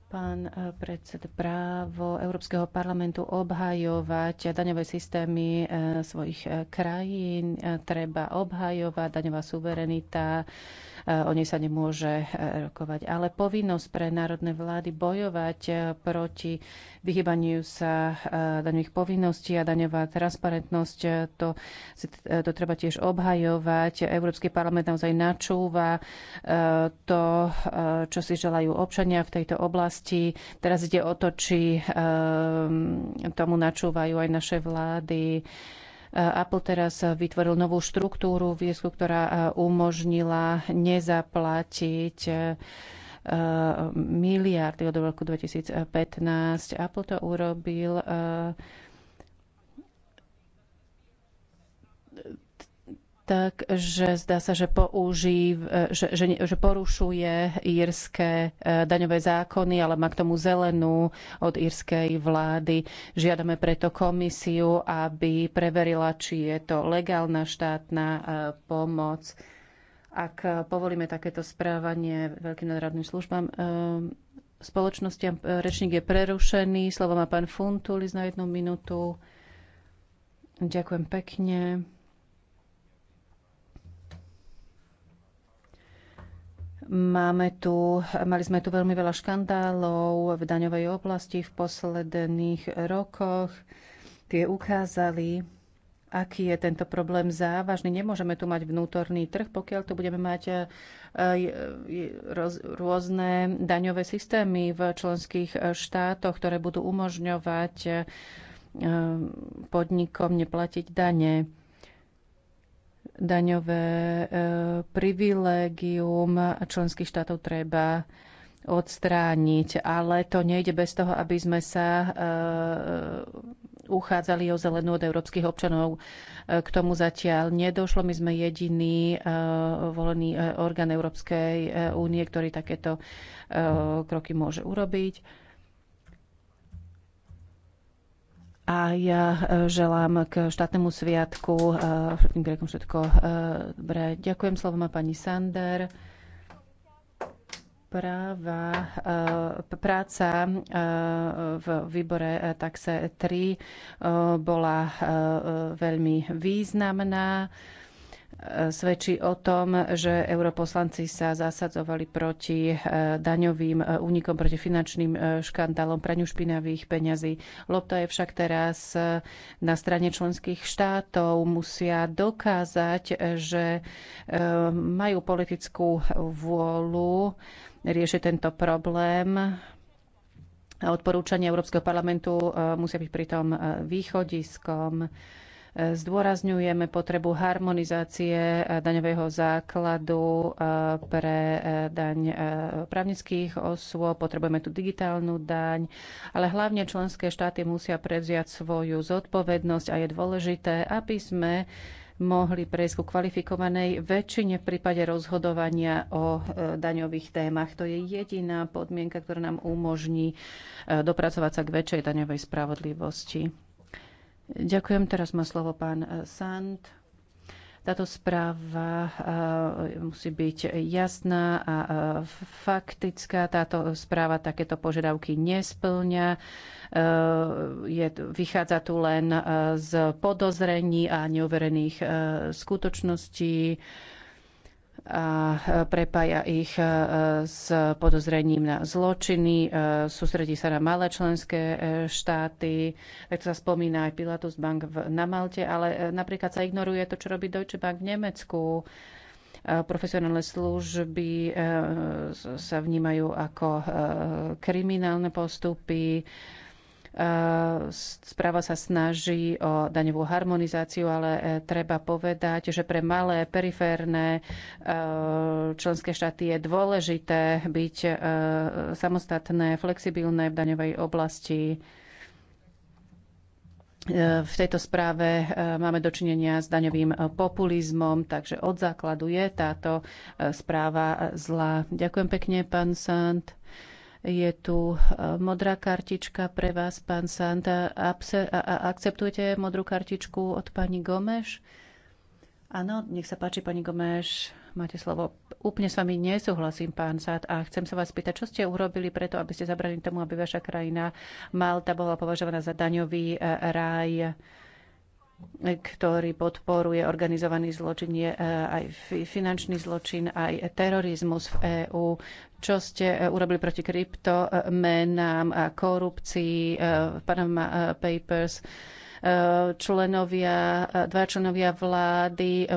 pán e, predsed právo Európskeho parlamentu obhajovať daňové systémy e, svojich e, krajín. Treba obhajovať daňová suverenita, E, o nej sa nemôže e, rokovať. Ale povinnosť pre národné vlády bojovať e, proti vyhybaniu sa daňových povinností a daňová transparentnosť, to, to treba tiež obhajovať. Európsky parlament naozaj načúva to, čo si želajú občania v tejto oblasti. Teraz ide o to, či tomu načúvajú aj naše vlády. Apple teraz vytvoril novú štruktúru v ktorá e, umožnila nezaplatiť e, e, miliardy od roku 2015. Apple to urobil tak, že zdá sa, že, použí, že, že, že porušuje írske e, daňové zákony, ale má k tomu zelenú od írskej vlády. Žiadame preto komisiu, aby preverila, či je to legálna štátna e, pomoc. Ak povolíme takéto správanie veľkým nadradným službám, e, spoločnostiam, rečník je prerušený. Slovo má pán Funtulis na jednu minútu. Ďakujem pekne. Máme tu, mali sme tu veľmi veľa škandálov v daňovej oblasti v posledných rokoch. Tie ukázali, aký je tento problém závažný. Nemôžeme tu mať vnútorný trh, pokiaľ tu budeme mať e, e, rôzne daňové systémy v členských štátoch, ktoré budú umožňovať e, podnikom neplatiť dane daňové e, privilégium členských štátov treba odstrániť, ale to nejde bez toho, aby sme sa e, uchádzali o zelenú od európskych občanov. E, k tomu zatiaľ nedošlo. My sme jediný volený orgán Európskej únie, ktorý takéto kroky môže urobiť. A ja e, želám k štátnemu sviatku e, všetkým Grekom všetko e, dobré. Ďakujem, slovo má pani Sander. Práva, práca v výbore taxe 3 bola veľmi významná svedčí o tom, že europoslanci sa zasadzovali proti e, daňovým e, únikom, proti finančným e, škandálom, praňu špinavých peňazí. Lopta je však teraz na strane členských štátov. Musia dokázať, že majú politickú vôľu riešiť tento problém. Odporúčania Európskeho parlamentu musia byť pritom východiskom Zdôrazňujeme potrebu harmonizácie eh, daňového základu eh, pre eh, daň právnických osôb, potrebujeme tu digitálnu daň, ale hlavne členské štáty musia prevziať svoju zodpovednosť a je dôležité, aby sme mohli prejsť ku kvalifikovanej väčšine v prípade rozhodovania o daňových témach. To je jediná podmienka, ktorá nám umožní dopracovať sa k väčšej daňovej spravodlivosti. Ďakujem. Teraz má slovo pán eh, Sand. Táto správa eh, musí byť jasná a eh, faktická. Táto správa takéto požiadavky nesplňa. Je, vychádza tu len z podozrení a neuverených skutočností a prepája ich s podozrením na zločiny, sústredí sa na malé členské e, štáty, tak sa spomína aj Pilatus Bank na Malte, ale e, napríklad sa ignoruje to, čo robí Deutsche Bank v Nemecku. Profesionálne služby e, sa vnímajú ako kriminálne postupy Ehm, správa sa snaží o daňovú harmonizáciu, ale e, treba povedať, že pre malé periférne e, členské štáty je dôležité byť e, samostatné, flexibilné v daňovej oblasti. V tejto správe máme dočinenia s daňovým populizmom, takže od základu je táto správa zlá. Ďakujem pekne, pán Sant. Je tu e, modrá kartička pre vás, pán Santa. Akceptujete modrú kartičku od pani Gomeš? Áno, nech sa páči, pani Gomeš, máte slovo. Úplne s vami nesúhlasím, pán Sát a chcem sa vás spýtať, čo ste urobili preto, aby ste zabrali tomu, aby vaša krajina Malta bola považovaná za daňový e, ráj e, ktorý podporuje organizovaný zločin, aj finančný zločin, aj terorizmus v EÚ čo ste e, urobili proti kryptomenám a korupcii, e, Panama e, Papers, členovia, dva členovia vlády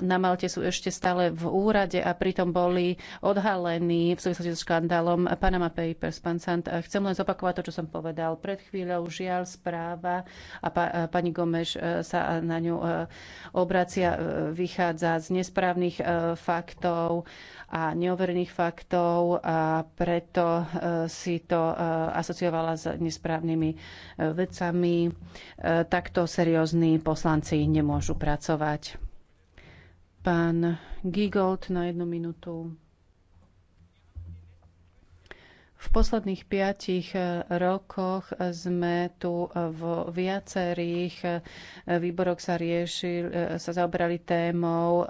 na Malte sú ešte stále v úrade a pritom boli odhalení v súvislosti so škandálom Panama Papers. Pán Sant, chcem len zopakovať to, čo som povedal. Pred chvíľou žiaľ správa a pani Gomeš sa na ňu obracia, vychádza z nesprávnych faktov a neoverených faktov a preto e, si to e, asociovala s nesprávnymi e, vecami. Takto seriózni poslanci nemôžu pracovať. Pán Gigold na jednu minútu. V posledných piatich eh, rokoch eh, sme tu eh, vo viacerých výboroch sa riešil, sa zaobrali témou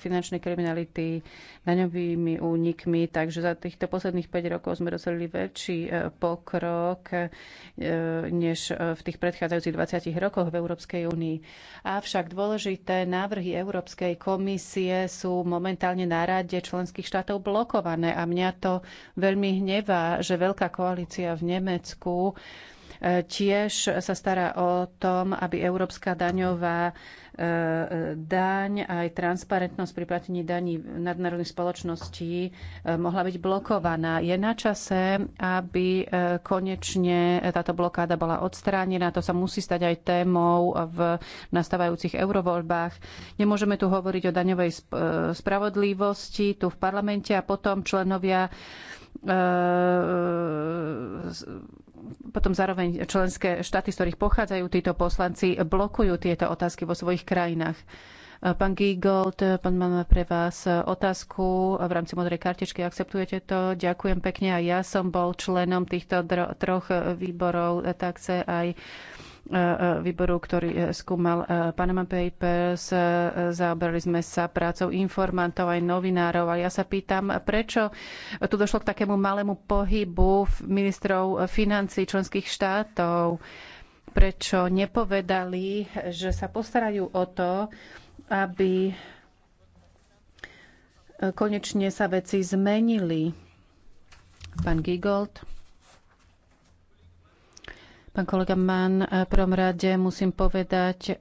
finančnej kriminality, daňovými únikmi, takže za týchto posledných 5 rokov sme dosadili väčší pokrok než v tých predchádzajúcich 20 rokoch v Európskej únii. Avšak dôležité návrhy Európskej komisie sú momentálne na rade členských štátov blokované a mňa to veľmi hnevá, že veľká koalícia v Nemecku e, tiež sa stará o tom, aby európska daňová e, daň aj transparentnosť pri platení daní nadnárodných spoločností e, mohla byť blokovaná. Je na čase, aby konečne táto blokáda bola odstránená. To sa musí stať aj témou v nastávajúcich eurovoľbách. Nemôžeme tu hovoriť o daňovej spravodlivosti tu v parlamente a potom členovia Ehm, potom zároveň členské štáty, z ktorých pochádzajú títo poslanci, blokujú tieto otázky vo svojich krajinách. Ehm, pán Giegold, pán máme pre vás otázku v rámci modrej kartičky. Akceptujete to? Ďakujem pekne. A ja som bol členom týchto troch výborov eh, tak sa aj E, e, výboru, ktorý e, skúmal Panama Papers. Zaoberali sme sa prácou informantov aj novinárov. A ja sa pýtam, prečo tu došlo k takému malému pohybu ministrov financí členských štátov? Prečo nepovedali, že sa postarajú o to, aby konečne sa veci zmenili? Pán Gigold. Pán kolega Mann, v prvom rade musím povedať,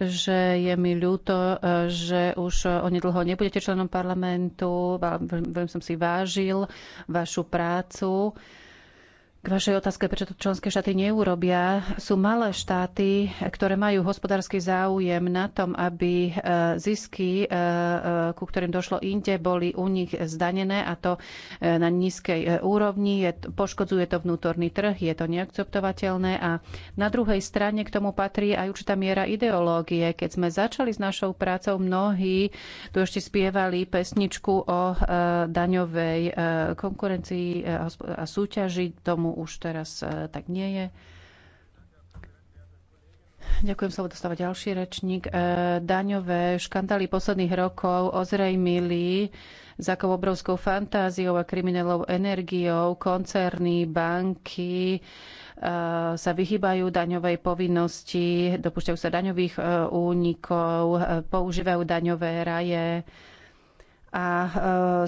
že je mi ľúto, že už onedlho nebudete členom parlamentu. Veľmi som si vážil vašu prácu k vašej otázke, prečo to členské štáty neurobia, sú malé štáty, ktoré majú hospodársky záujem na tom, aby e, zisky, e, e, ku ktorým došlo inde, boli u nich zdanené a to na nízkej úrovni. Je, poškodzuje to vnútorný trh, je to neakceptovateľné a na druhej strane k tomu patrí aj určitá miera ideológie. Keď sme začali s našou prácou, mnohí tu ešte spievali pesničku o daňovej konkurencii a súťaži tomu už teraz e, tak nie je. Ďakujem, slovo dostáva ďalší rečník. E, daňové škandály posledných rokov ozrejmili, s akou obrovskou fantáziou a kriminálnou energiou koncerny, banky e, sa vyhýbajú daňovej povinnosti, dopúšťajú sa daňových únikov, používajú daňové raje a e,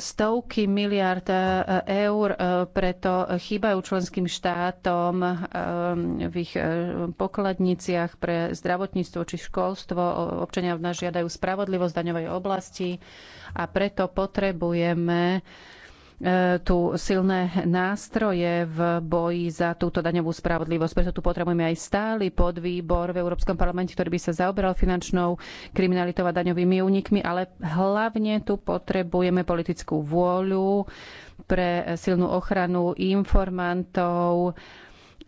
stovky miliard e, eur e, preto chýbajú členským štátom v ich pokladniciach pre zdravotníctvo či školstvo. Občania v nás žiadajú spravodlivosť daňovej oblasti a preto potrebujeme E, tu silné nástroje v boji za túto daňovú spravodlivosť. Preto tu potrebujeme aj stály podvýbor v Európskom parlamente, ktorý by sa zaoberal finančnou kriminalitou a daňovými únikmi, ale hlavne tu potrebujeme politickú vôľu pre silnú ochranu informantov,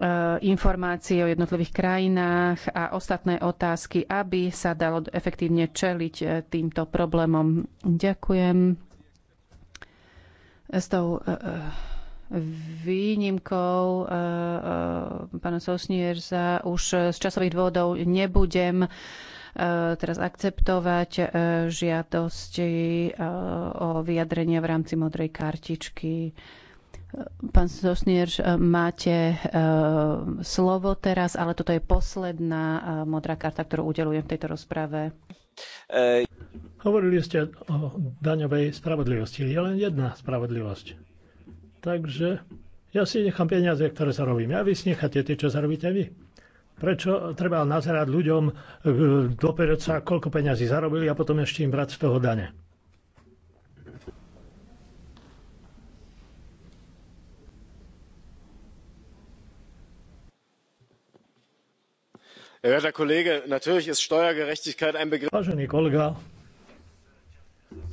e, informácie o jednotlivých krajinách a ostatné otázky, aby sa dalo efektívne čeliť e, týmto problémom. Ďakujem s tou e, e, výnimkou e, pána Sosnierza už z časových dôvodov nebudem teraz akceptovať žiadosti o vyjadrenie v rámci modrej kartičky. Pán Sosnierž, máte slovo teraz, ale toto je posledná modrá karta, ktorú udelujem v tejto rozprave. E, Hovorili ste o daňovej spravodlivosti. Je len jedna spravodlivosť. Takže ja si nechám peniaze, ktoré zarobím. Ja vy si necháte tie, čo zarobíte vy. Prečo treba nazerať ľuďom e, do sa, koľko peňazí zarobili a potom ešte im brať z toho dane? Vážený kolega,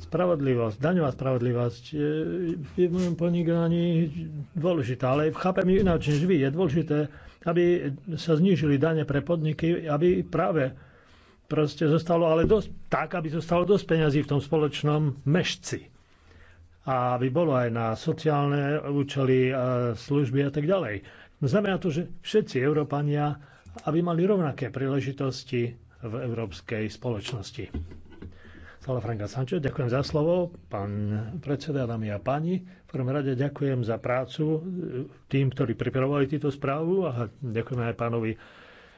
spravodlivosť, daňová spravodlivosť je, v mojom ponímaní dôležitá, ale chápem ju ináč než vy. Je dôležité, aby sa znížili dane pre podniky, aby práve proste zostalo ale dosť, tak, aby zostalo dosť peňazí v tom spoločnom mešci. A aby bolo aj na sociálne účely, služby a tak ďalej. Znamená to, že všetci Európania aby mali rovnaké príležitosti v európskej spoločnosti. Sala Franka Sančo, ďakujem za slovo. Pán predseda, dámy a páni, v prvom rade ďakujem za prácu tým, ktorí pripravovali túto správu a ďakujem aj pánovi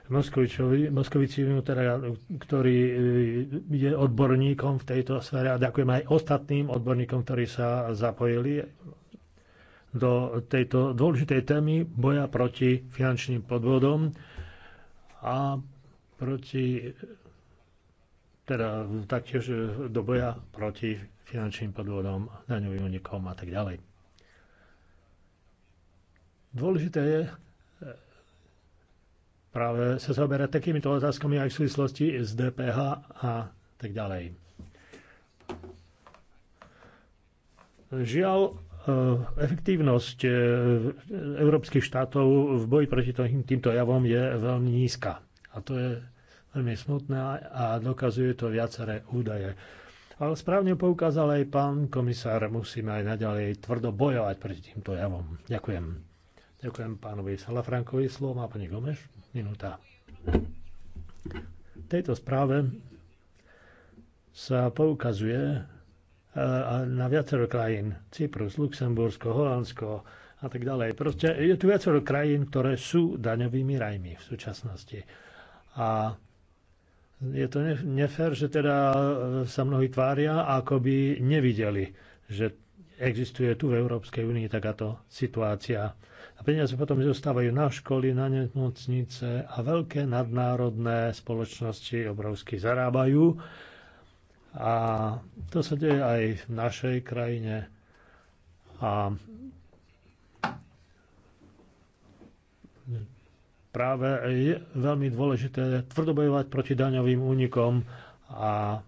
Moskovičovi, teda, ktorý e, je odborníkom v tejto sfére a ďakujem aj ostatným odborníkom, ktorí sa zapojili do tejto dôležitej témy boja proti finančným podvodom a proti teda taktiež do boja proti finančným podvodom, daňovým unikom a tak ďalej. Dôležité je eh, práve sa zaoberať takýmito otázkami aj v súvislosti s DPH a tak ďalej. Žiaľ, Eh, efektívnosť eh, európskych štátov v boji proti týmto javom je veľmi nízka. A to je veľmi smutné a dokazuje to viaceré údaje. Ale správne poukázal aj pán komisár, musíme aj naďalej tvrdo bojovať proti týmto javom. Ďakujem. Ďakujem pánovi Salafrankovi. Slovo má pani Gomeš. Minúta. V tejto správe sa poukazuje, na viacero krajín. Cyprus, Luxembursko, Holandsko a tak ďalej. Proste je tu viacero krajín, ktoré sú daňovými rajmi v súčasnosti. A je to nefér, že teda e, sa mnohí tvária, ako by nevideli, že existuje tu v Európskej únii takáto situácia. A peniaze potom zostávajú na školy, na nemocnice a veľké nadnárodné spoločnosti obrovsky zarábajú a to sa deje aj v našej krajine. A práve je veľmi dôležité tvrdobojovať proti daňovým únikom a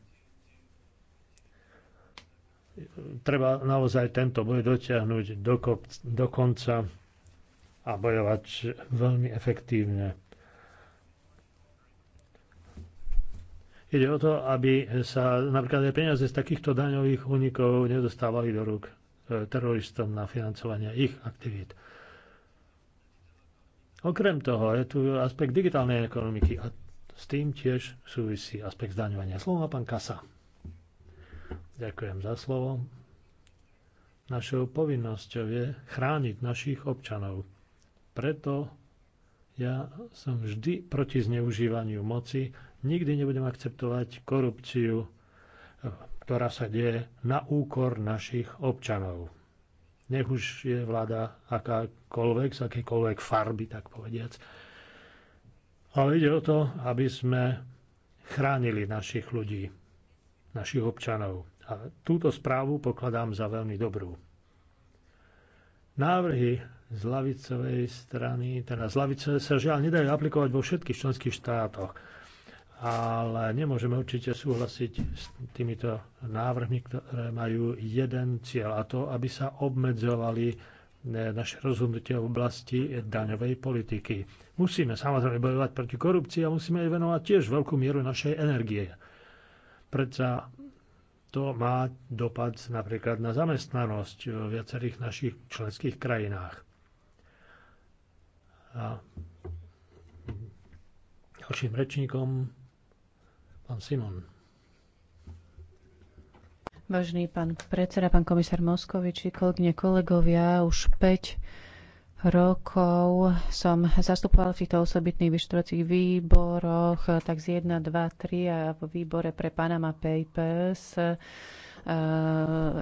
treba naozaj tento boj dotiahnuť do, do konca a bojovať veľmi efektívne. Ide o to, aby sa napríklad aj peniaze z takýchto daňových únikov nedostávali do rúk e, teroristom na financovanie ich aktivít. Okrem toho je tu aspekt digitálnej ekonomiky a s tým tiež súvisí aspekt zdaňovania. Slovo má pán Kasa. Ďakujem za slovo. Našou povinnosťou je chrániť našich občanov. Preto ja som vždy proti zneužívaniu moci Nikdy nebudem akceptovať korupciu, ktorá sa deje na úkor našich občanov. Nech už je vláda akákoľvek, z akékoľvek farby, tak povediac. Ale ide o to, aby sme chránili našich ľudí, našich občanov. A túto správu pokladám za veľmi dobrú. Návrhy z lavicovej strany, teda z lavice sa žiaľ nedajú aplikovať vo všetkých členských štátoch ale nemôžeme určite súhlasiť s týmito návrhmi, ktoré majú jeden cieľ, a to, aby sa obmedzovali e, naše rozhodnutia v oblasti daňovej politiky. Musíme samozrejme bojovať proti korupcii a musíme aj venovať tiež veľkú mieru našej energie. Predsa to má dopad napríklad na zamestnanosť v viacerých našich členských krajinách. A ďalším rečníkom Pán Simon. Vážený pán predseda, pán komisár Moskoviči, kolegyne, kolegovia, už 5 rokov som zastupoval v týchto osobitných vyšetrovacích výboroch, tak z 1, 2, 3 a v výbore pre Panama Papers eh,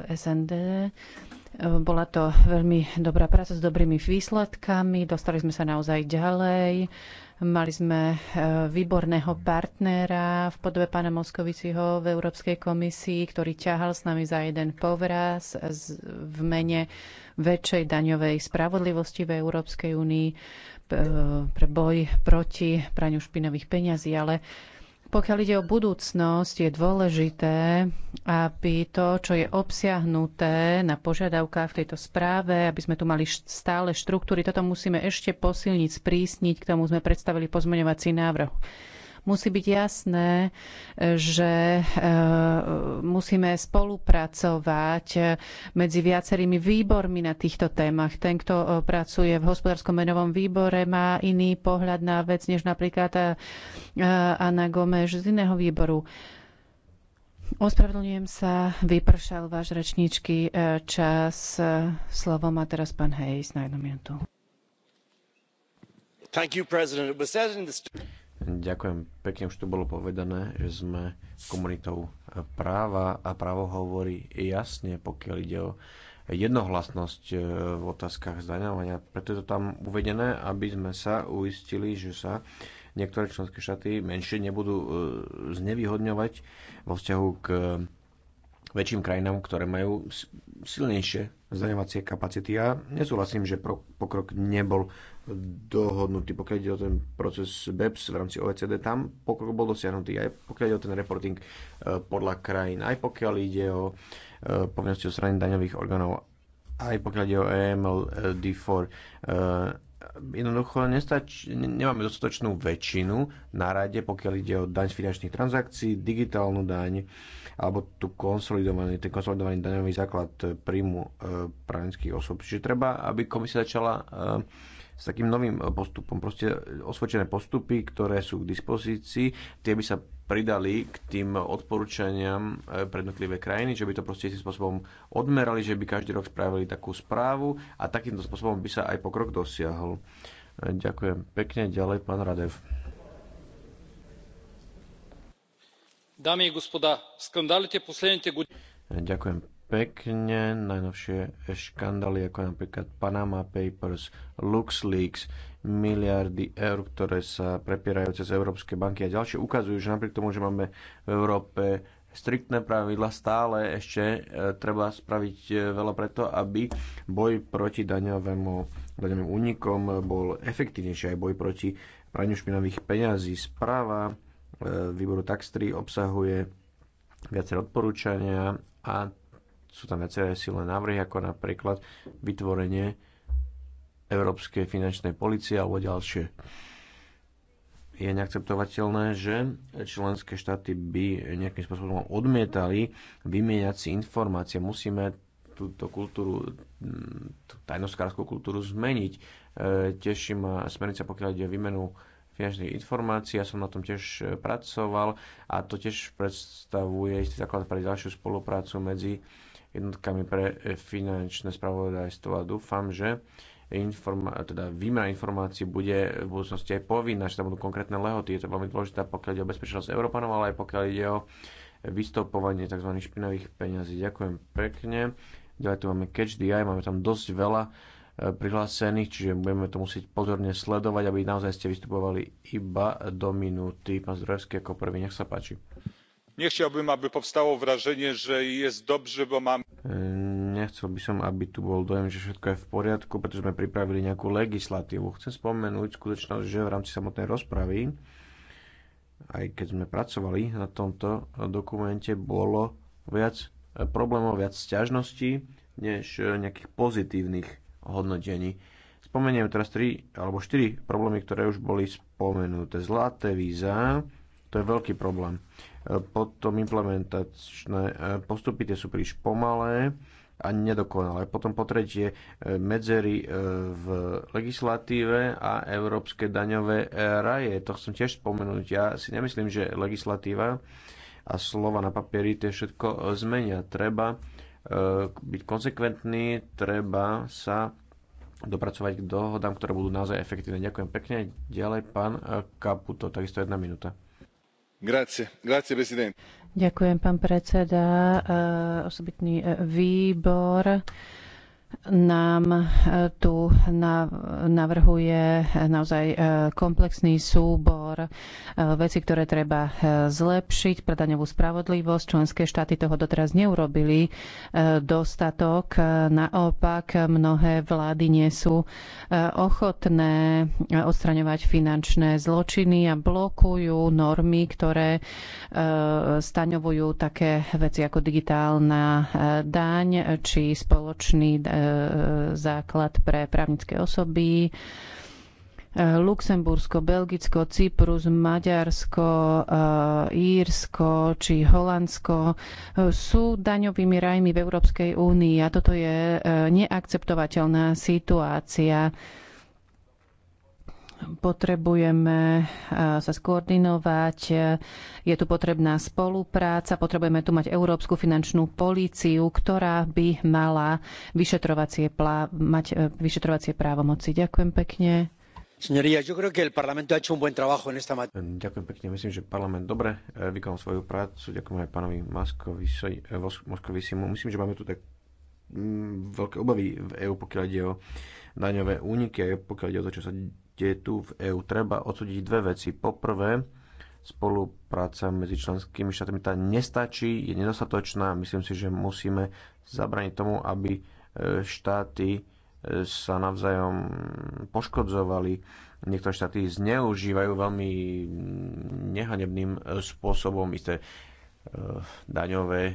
SND. Bola to veľmi dobrá práca s dobrými výsledkami, dostali sme sa naozaj ďalej. Mali sme e, výborného partnera v podobe pána Moskoviciho v Európskej komisii, ktorý ťahal s nami za jeden povraz v mene väčšej daňovej spravodlivosti v Európskej únii e, pre boj proti praniu špinavých peňazí, ale pokiaľ ide o budúcnosť, je dôležité, aby to, čo je obsiahnuté na požiadavkách v tejto správe, aby sme tu mali stále štruktúry, toto musíme ešte posilniť, sprísniť. K tomu sme predstavili pozmeňovací návrh. Musí byť jasné, že e, musíme spolupracovať e, medzi viacerými výbormi na týchto témach. Ten, kto e, pracuje v hospodárskom menovom výbore, má iný pohľad na vec, než napríklad Anna Gomez z iného výboru. Ospravedlňujem sa, vypršal váš rečníčky čas. Slovo má teraz pán Hayes na jednu minútu. Ďakujem pekne, už tu bolo povedané, že sme komunitou práva a právo hovorí jasne, pokiaľ ide o jednohlasnosť e, v otázkach zdaňovania. Preto je to tam uvedené, aby sme sa uistili, že sa niektoré členské štáty menšie nebudú e, znevýhodňovať vo vzťahu k väčším krajinám, ktoré majú silnejšie zdaňovacie kapacity. Ja nesúhlasím, že pokrok nebol dohodnutý. Pokiaľ ide o ten proces BEPS v rámci OECD, tam pokrok bol dosiahnutý aj pokiaľ ide o ten reporting e, podľa krajín, aj pokiaľ ide o e, povinnosti o strany daňových orgánov, aj pokiaľ ide o EML D4. E, jednoducho nestač, nemáme dostatočnú väčšinu na rade, pokiaľ ide o daň z finančných transakcií, digitálnu daň alebo tu konsolidovaný, ten konsolidovaný daňový základ príjmu e, právnických osôb. Čiže treba, aby komisia začala e, s takým novým eh, postupom. Proste eh, osvedčené postupy, ktoré sú k dispozícii, tie by sa pridali k tým odporúčaniam eh, pre jednotlivé krajiny, že by to proste tým spôsobom odmerali, že by každý rok spravili takú správu a takýmto spôsobom by sa aj pokrok dosiahol. Ďakujem pekne. Ďalej pán Radev. Dámy a gospoda, skandalite poslednite... Ďakujem pekne. Najnovšie škandály ako napríklad Panama Papers, LuxLeaks, miliardy eur, ktoré sa prepierajú cez európske banky a ďalšie ukazujú, že napriek tomu, že máme v Európe striktné pravidla, stále ešte e, treba spraviť e, veľa preto, aby boj proti daňovému, daňovým únikom bol efektívnejší aj boj proti praniu špinavých peňazí. Správa e, výboru Tax 3 obsahuje viaceré odporúčania a sú tam viaceré silné návrhy, ako napríklad vytvorenie Európskej finančnej policie alebo ďalšie. Je neakceptovateľné, že členské štáty by nejakým spôsobom odmietali vymieňať si informácie. Musíme túto kultúru, tú tajnoskárskú kultúru zmeniť. E, teším smernica, pokiaľ ide výmenu finančných informácií, ja som na tom tiež pracoval a to tiež predstavuje základ pre ďalšiu spoluprácu medzi jednotkami pre e, finančné spravodajstvo a dúfam, že informa- teda výmena informácií bude v budúcnosti aj povinná, že tam budú konkrétne lehoty. Je to veľmi dôležité, pokiaľ ide o bezpečnosť Európanov, ale aj pokiaľ ide o vystupovanie tzv. špinavých peňazí. Ďakujem pekne. Ďalej tu máme Catch the Eye, máme tam dosť veľa e, prihlásených, čiže budeme to musieť pozorne sledovať, aby naozaj ste vystupovali iba do minúty. Pán Zdrojevský ako prvý, nech sa páči nie chciałbym aby powstało wrażenie że jest dobrze bo mamy e, nechcel by som, aby tu bol dojem, že všetko je v poriadku, pretože sme pripravili nejakú legislatívu. Chcem spomenúť skutočnosť, že v rámci samotnej rozpravy, aj keď sme pracovali na tomto dokumente, bolo viac e, problémov, viac sťažností, než e, nejakých pozitívnych hodnotení. Spomeniem teraz 3 alebo 4 problémy, ktoré už boli spomenuté. Zlaté víza, to je veľký problém potom implementačné e, postupy tie sú príliš pomalé a nedokonalé. Potom po tretie e, medzery e, v legislatíve a európske daňové raje. To chcem tiež spomenúť. Ja si nemyslím, že legislatíva a slova na papieri tie všetko zmenia. Treba byť konsekventný, treba sa dopracovať k dohodám, ktoré budú naozaj efektívne. Ďakujem pekne. Ďalej pán Kaputo, takisto jedna minúta. Ďakujem, pán predseda. E, osobitný e, výbor nám e, tu navrhuje naozaj komplexný súbor skôr e, veci, ktoré treba e, zlepšiť pre daňovú spravodlivosť. Členské štáty toho doteraz neurobili e, dostatok. Naopak mnohé vlády nie sú ochotné odstraňovať finančné zločiny a blokujú normy, ktoré staňovujú také veci ako digitálna daň či spoločný základ pre právnické osoby Luxembursko, Belgicko, Cyprus, Maďarsko, eh, Írsko či Holandsko eh, sú daňovými rajmi v Európskej únii a toto je eh, neakceptovateľná situácia. Potrebujeme sa skoordinovať, je tu potrebná spolupráca, potrebujeme tu mať Európsku finančnú políciu, ktorá by mala vyšetrovacie plá- mať vyšetrovacie právomoci. Ďakujem pekne. Ďakujem pekne, myslím, že parlament dobre eh, vykonal svoju prácu. Ďakujem aj pánovi Simu. Eh, myslím, že máme tu tak mm, veľké obavy v EÚ, pokiaľ ide o daňové úniky, pokiaľ ide o to, čo sa deje tu v EÚ. Treba odsúdiť dve veci. Poprvé, spolupráca medzi členskými štátmi tá nestačí, je nedostatočná. Myslím si, že musíme zabraniť tomu, aby eh, štáty sa navzájom poškodzovali. Niektoré štáty zneužívajú veľmi nehanebným e, spôsobom isté e, daňové e,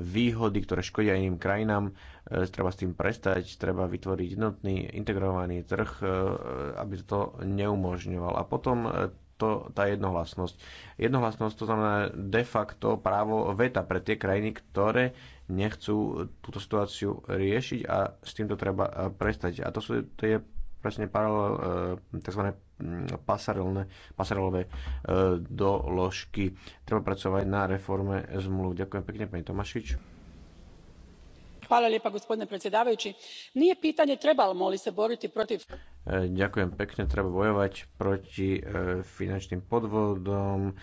výhody, ktoré škodia iným krajinám. Treba s tým prestať, treba vytvoriť jednotný integrovaný trh, aby to neumožňoval. A potom to, tá jednohlasnosť. Jednohlasnosť to znamená de facto právo veta pre tie krajiny, ktoré nechcú túto situáciu riešiť a s týmto treba e, prestať. A to, sú, to je presne paralel, e, tzv. Mm, pasarelné, pasarelové e, doložky. Treba pracovať na reforme zmluv. Ďakujem pekne, pani Tomašič gospodine predsjedavajući nije pitanje trebamo li se boriti protiv. E, ďakujem pekne treba bojovať proti e, finančným podvodom e,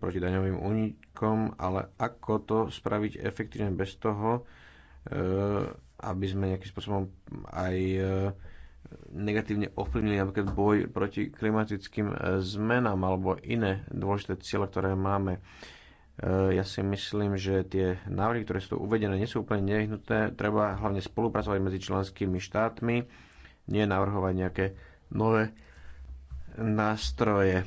proti daňovým únikom ale ako to spraviť efektívne bez toho aby sme nejakým spôsobom aj negatívne ovplyvnili napríklad boj proti klimatickým zmenám alebo iné dôležité ciele, ktoré máme. Ja si myslím, že tie návrhy, ktoré sú tu uvedené, nie sú úplne nevyhnutné. Treba hlavne spolupracovať medzi členskými štátmi, nie navrhovať nejaké nové nástroje. E,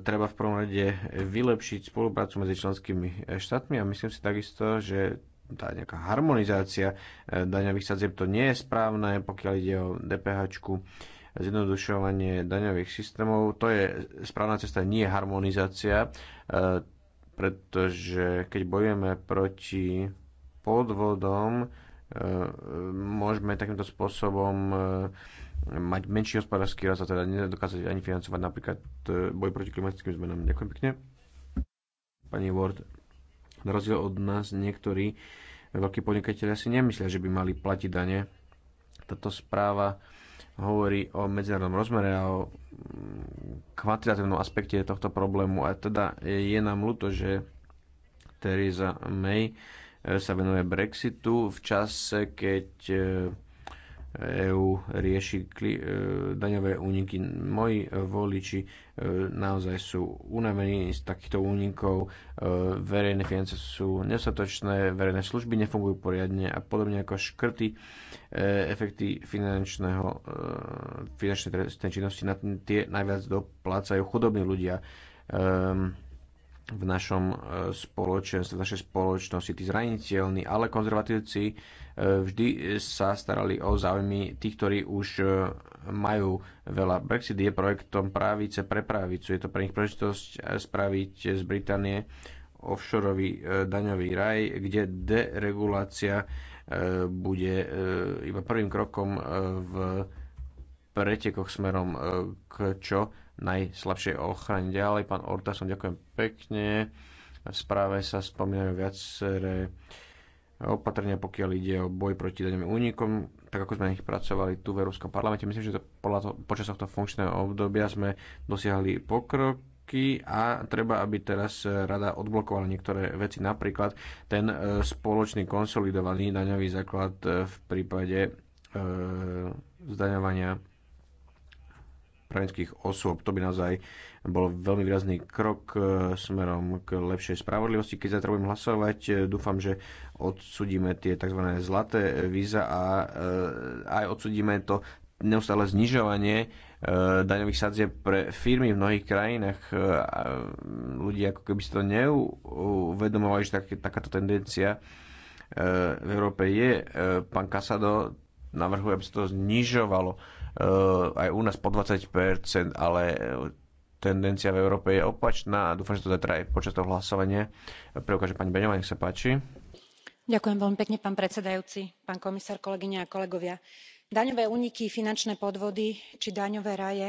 treba v prvom rade vylepšiť spoluprácu medzi členskými štátmi a myslím si takisto, že tá nejaká harmonizácia e, daňových sadzieb to nie je správne, pokiaľ ide o DPH, zjednodušovanie daňových systémov. To je správna cesta, nie harmonizácia e, pretože keď bojujeme proti podvodom, e, môžeme takýmto spôsobom e, mať menší hospodársky rast a teda nedokázať ani financovať napríklad e, boj proti klimatickým zmenám. Ďakujem pekne. Pani Ward, na rozdiel od nás niektorí veľkí podnikateľi si nemyslia, že by mali platiť dane. Táto správa hovorí o medzinárodnom rozmere a o mm, kvantitatívnom aspekte tohto problému. A teda je nám ľúto, že Theresa May e, sa venuje Brexitu v čase, keď e, EÚ rieši e, daňové úniky. Moji voliči e, naozaj sú unavení z takýchto únikov, e, verejné financie sú nesatočné, verejné služby nefungujú poriadne a podobne ako škrty efekty finančného, finančnej trestnej činnosti na tie najviac doplácajú chudobní ľudia. Um, v našom e, spoločenstve, v našej spoločnosti, tí zraniteľní, ale konzervatívci e, vždy sa starali o záujmy tých, ktorí už e, majú veľa. Brexit je projektom právice pre právicu. Je to pre nich príležitosť spraviť z Británie offshoreový daňový raj, kde deregulácia bude iba prvým krokom v pretekoch smerom k čo najslabšej ochrane. Ďalej, pán Ortason, ďakujem pekne. V správe sa spomínajú viaceré opatrenia, pokiaľ ide o boj proti daňovým únikom, tak ako sme ich pracovali tu v Európskom parlamente. Myslím, že to, podľa to, počas tohto funkčného obdobia sme dosiahli pokrok a treba, aby teraz rada odblokovala niektoré veci, napríklad ten e, spoločný konsolidovaný daňový základ e, v prípade e, zdaňovania právnických osôb. To by naozaj bol veľmi výrazný krok e, smerom k lepšej spravodlivosti. Keď sa budem hlasovať, e, dúfam, že odsudíme tie tzv. zlaté víza a e, aj odsudíme to neustále znižovanie daňových sadzie pre firmy v mnohých krajinách. Ľudia ako keby si to neuvedomovali, že tak, takáto tendencia v Európe je. Pán Kasado navrhuje, aby sa to znižovalo Eh, aj u nás po 20%, ale eh, tendencia v Európe je opačná a dúfam, že to zajtra aj počas toho hlasovania preukáže pani Beňová, nech sa páči. Ďakujem veľmi pekne, pán predsedajúci, pán komisár, kolegyne a kolegovia. Daňové úniky, finančné podvody či daňové raje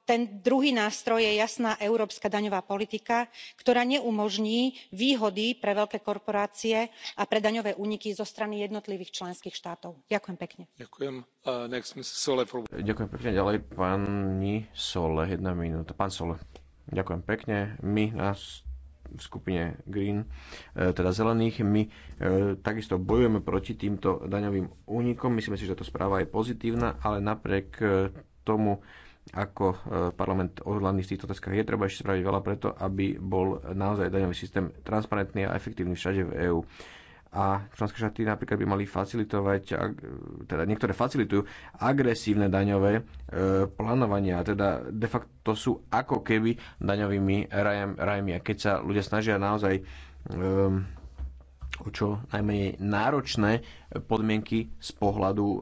ten druhý nástroj je jasná európska daňová politika ktorá neumožní výhody pre veľké korporácie a pre daňové úniky zo strany jednotlivých členských štátov. ďakujem pekne. ďakujem pekne ďalej pani sole jedna minúta pán sole ďakujem pekne my na v skupine Green, e, teda zelených. My e, takisto bojujeme proti týmto daňovým únikom. Myslíme si, že to správa je pozitívna, ale napriek e, tomu ako e, parlament odhodlaný v týchto otázkach je, treba ešte spraviť veľa preto, aby bol naozaj daňový systém transparentný a efektívny všade v EÚ. A členské štáty napríklad by mali facilitovať, teda niektoré facilitujú, agresívne daňové e, plánovania. Teda de facto sú ako keby daňovými rajami. A keď sa ľudia snažia naozaj e, o čo najmenej náročné podmienky z pohľadu e,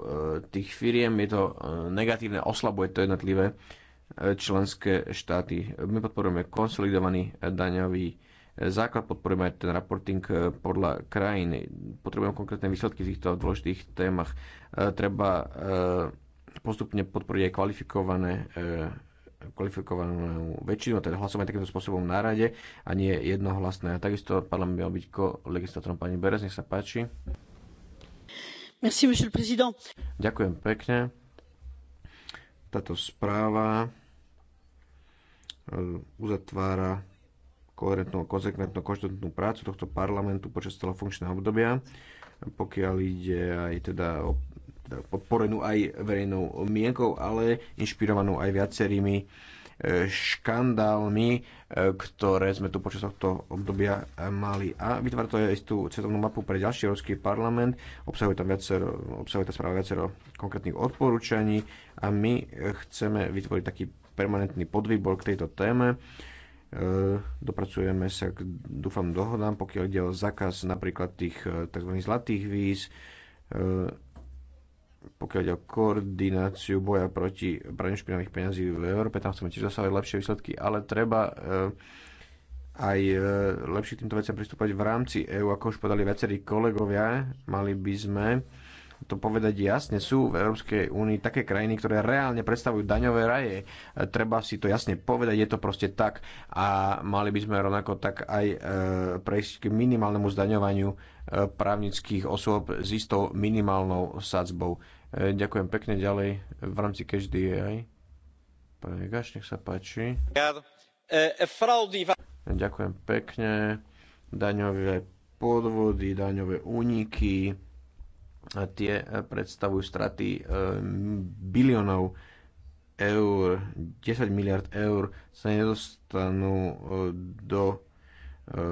tých firiem. Je to e, negatívne, oslabuje to jednotlivé e, členské štáty. My podporujeme konsolidovaný daňový základ, podporujeme aj ten reporting podľa krajiny. Potrebujeme konkrétne výsledky v týchto dôležitých témach. Treba postupne podporiť aj kvalifikované kvalifikovanú väčšinu, teda hlasovať takýmto spôsobom na rade a nie jednohlasné. takisto parlament by mal byť ko pani Berez, nech sa páči. Merci, monsieur le président. Ďakujem pekne. Táto správa e, uzatvára koherentnú a konsekventnú konštantnú prácu tohto parlamentu počas celého funkčného obdobia, pokiaľ ide aj teda o teda podporenú aj verejnou mienkou, ale inšpirovanú aj viacerými e, škandálmi, e, ktoré sme tu počas tohto obdobia mali. A vytvára to aj istú cestovnú mapu pre ďalší Európsky parlament, obsahuje tam viacero, obsahuje tá správa viacero konkrétnych odporúčaní a my chceme vytvoriť taký permanentný podvýbor k tejto téme. E, dopracujeme sa k, dúfam, dohodám, pokiaľ ide o zákaz napríklad tých tzv. zlatých víz, pokiaľ ide o koordináciu boja proti praniu špinavých peňazí v Európe, tam chceme tiež dosahovať lepšie výsledky, ale treba eh, aj eh, lepšie k týmto veciam pristúpať v rámci EÚ, ako už podali viacerí kolegovia, mali by sme to povedať jasne, sú v Európskej únii také krajiny, ktoré reálne predstavujú daňové raje. Eh, treba si to jasne povedať, je to proste tak a mali by sme rovnako tak aj prejsť k minimálnemu zdaňovaniu právnických osôb s istou minimálnou sadzbou. E, ďakujem pekne ďalej v rámci každý aj. Pán Vigaš, nech sa páči. Ďakujem pekne. Daňové podvody, daňové úniky, tie predstavujú straty e, biliónov eur, 10 miliard eur sa nedostanú e, do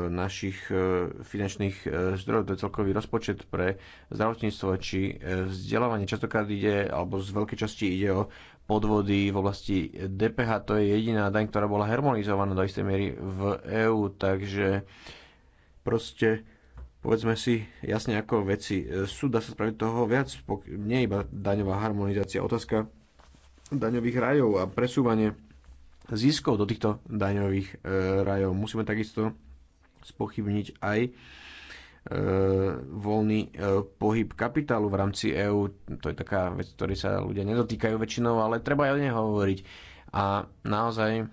našich e, finančných e, zdrojov, to je celkový rozpočet pre zdravotníctvo či e, vzdelávanie. Častokrát ide, alebo z veľkej časti ide o podvody v oblasti DPH. To je jediná daň, ktorá bola harmonizovaná do istej miery v EÚ, takže proste povedzme si jasne ako veci sú, dá sa spraviť toho viac, nie iba daňová harmonizácia, otázka daňových rajov a presúvanie ziskov do týchto daňových rajov. Musíme takisto spochybniť aj e, voľný e, pohyb kapitálu v rámci EÚ. To je taká vec, ktorý sa ľudia nedotýkajú väčšinou, ale treba aj o nej hovoriť. A naozaj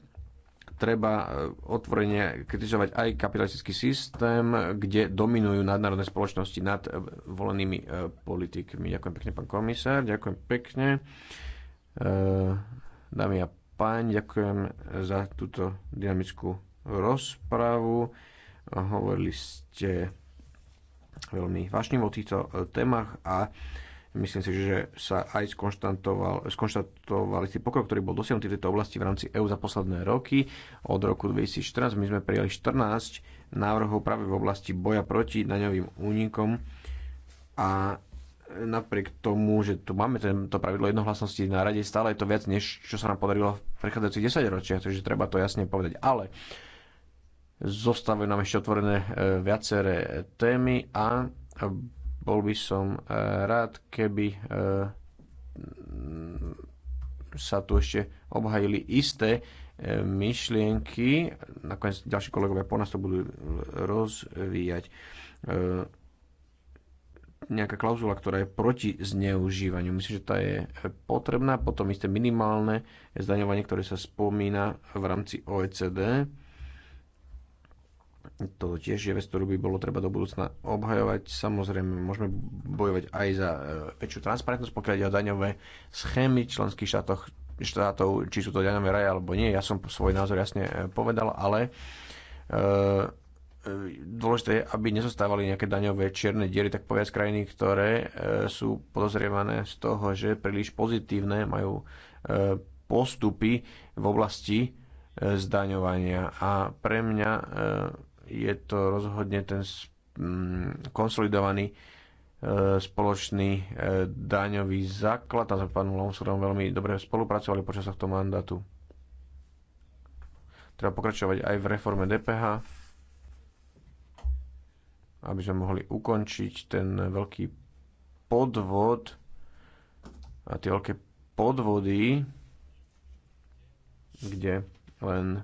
treba e, otvorene kritizovať aj kapitalistický systém, kde dominujú nadnárodné spoločnosti nad volenými politikmi. Ďakujem pekne, pán komisár, ďakujem pekne. Dámy a páni, ďakujem za túto dynamickú rozpravu. Hovorili ste veľmi vášne o týchto e, témach a myslím si, že sa aj skonštantoval, skonštatovali si pokrok, ktorý bol dosiahnutý v tejto oblasti v rámci EÚ za posledné roky. Od roku 2014 my sme prijali 14 návrhov práve v oblasti boja proti daňovým únikom a napriek tomu, že tu máme to pravidlo jednohlasnosti na rade, stále je to viac, než čo sa nám podarilo v prechádzajúcich 10 ročiach, takže treba to jasne povedať. Ale Zostávajú nám ešte otvorené e, viaceré témy a bol by som e, rád, keby e, sa tu ešte obhajili isté myšlienky, nakoniec ďalší kolegovia po nás to budú rozvíjať. Nejaká klauzula, ktorá je proti zneužívaniu. Myslím, že tá je potrebná. Potom isté minimálne zdaňovanie, ktoré sa spomína v rámci OECD to tiež je vec, ktorú by bolo treba do budúcna obhajovať. Samozrejme, môžeme bojovať aj za e, väčšiu transparentnosť, pokiaľ ide o daňové schémy členských štátoch, štátov, či sú to daňové raje alebo nie. Ja som svoj názor jasne e, povedal, ale e, e, dôležité je, aby nezostávali nejaké daňové čierne diery, tak povedať krajiny, ktoré sú podozrievané z toho, že príliš pozitívne majú postupy v oblasti zdaňovania. A pre mňa je to rozhodne ten mm, konsolidovaný e, spoločný e, daňový základ. a s pánom Lamsurom veľmi dobre spolupracovali počas tohto mandátu. Treba pokračovať aj v reforme DPH, aby sme mohli ukončiť ten veľký podvod a tie veľké podvody, kde len e,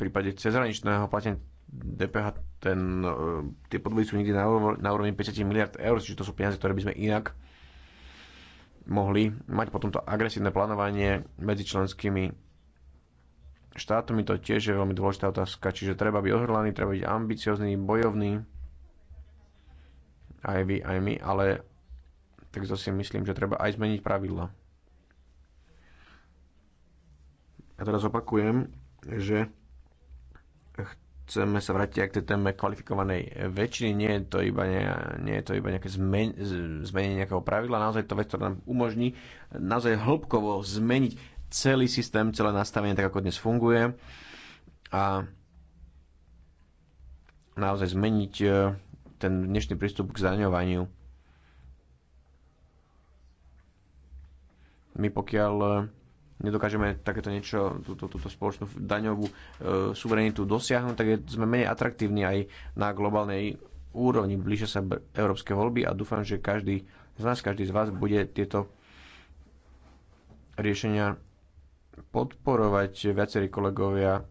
prípade cezhraničného platenia DPH ten, e, tie podvody sú nikdy na, úrovni 50 miliard eur, čiže to sú peniaze, ktoré by sme inak mohli mať potom to agresívne plánovanie medzi členskými štátmi. To tiež je veľmi dôležitá otázka, čiže treba byť odhodlaný, treba byť ambiciozný, bojovný, aj vy, aj my, ale tak si myslím, že treba aj zmeniť pravidla. Ja teraz opakujem, že chceme sa vrátiť k tej téme kvalifikovanej väčšiny. Nie je to iba, ne, nie je to iba nejaké zmen, zmenenie nejakého pravidla, naozaj to vec, ktorá nám umožní naozaj hĺbkovo zmeniť celý systém, celé nastavenie, tak ako dnes funguje a naozaj zmeniť e, ten dnešný prístup k zdaňovaniu. My pokiaľ e, nedokážeme takéto niečo, túto, túto spoločnú daňovú e, suverenitu dosiahnuť, tak je, sme menej atraktívni aj na globálnej úrovni. Blížia sa európske voľby a dúfam, že každý z nás, každý z vás bude tieto riešenia podporovať. Viacerí kolegovia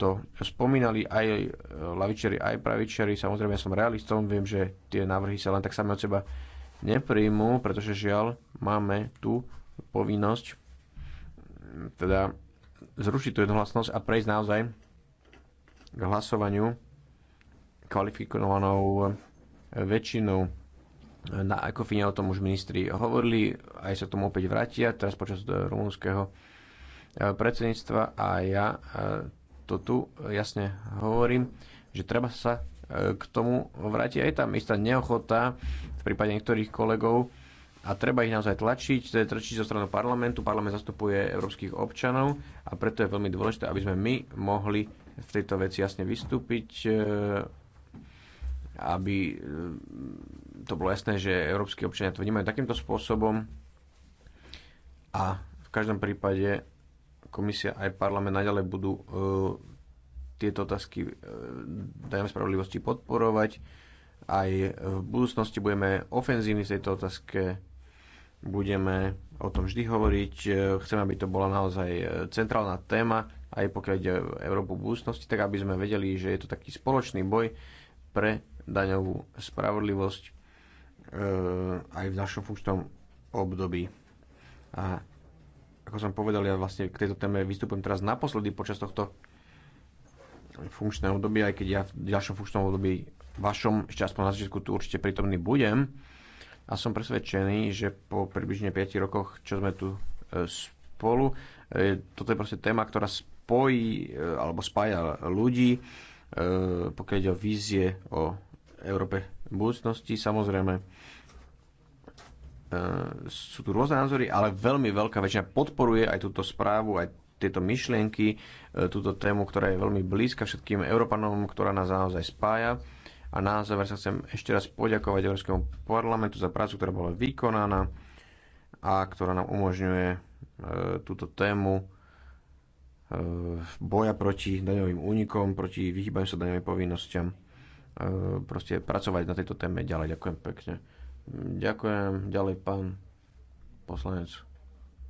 to spomínali aj lavičeri, aj pravičeri. Samozrejme, ja som realistom, viem, že tie návrhy sa len tak sami od seba nepríjmú, pretože žiaľ máme tu povinnosť teda zrušiť tú jednohlasnosť a prejsť naozaj k hlasovaniu kvalifikovanou väčšinou. Na Ekofine o tom už ministri hovorili, aj sa tomu opäť vrátia, teraz počas rumúnskeho e, predsedníctva a ja e, to tu jasne hovorím, že treba sa e, k tomu vrátiť. aj tam istá neochota v prípade niektorých kolegov a treba ich naozaj tlačiť, teda tlačiť zo strany parlamentu. Parlament zastupuje európskych občanov a preto je veľmi dôležité, aby sme my mohli v tejto veci jasne vystúpiť, eh, aby eh, to bolo jasné, že európsky občania to vnímajú takýmto spôsobom a v každom prípade komisia aj parlament naďalej budú eh, tieto otázky dajme spravodlivosti podporovať. Aj v budúcnosti budeme ofenzívni v tejto otázke budeme o tom vždy hovoriť. E, Chcem, aby to bola naozaj e, centrálna téma, aj pokiaľ ide o Európu budúcnosti, tak aby sme vedeli, že je to taký spoločný boj pre daňovú spravodlivosť e, aj v našom funkčnom období. A ako som povedal, ja vlastne k tejto téme vystupujem teraz naposledy počas tohto funkčného obdobia, aj keď ja v ďalšom funkčnom období vašom ešte aspoň na začiatku tu určite prítomný budem a som presvedčený, že po približne 5 rokoch, čo sme tu e, spolu, e, toto je proste téma, ktorá spojí e, alebo spája ľudí, pokiaľ ide o vízie o Európe budúcnosti. Samozrejme, sú tu rôzne názory, ale veľmi veľká väčšina podporuje aj túto správu, aj tieto myšlienky, túto tému, ktorá je veľmi blízka všetkým Európanom, ktorá nás naozaj spája a na záver sa chcem ešte raz poďakovať Európskemu parlamentu za prácu, ktorá bola vykonaná a ktorá nám umožňuje e, túto tému e, boja proti daňovým únikom, proti vyhýbaniu sa daňovým povinnosťam, e, proste pracovať na tejto téme ďalej. Ďakujem pekne. Ďakujem. Ďalej pán poslanec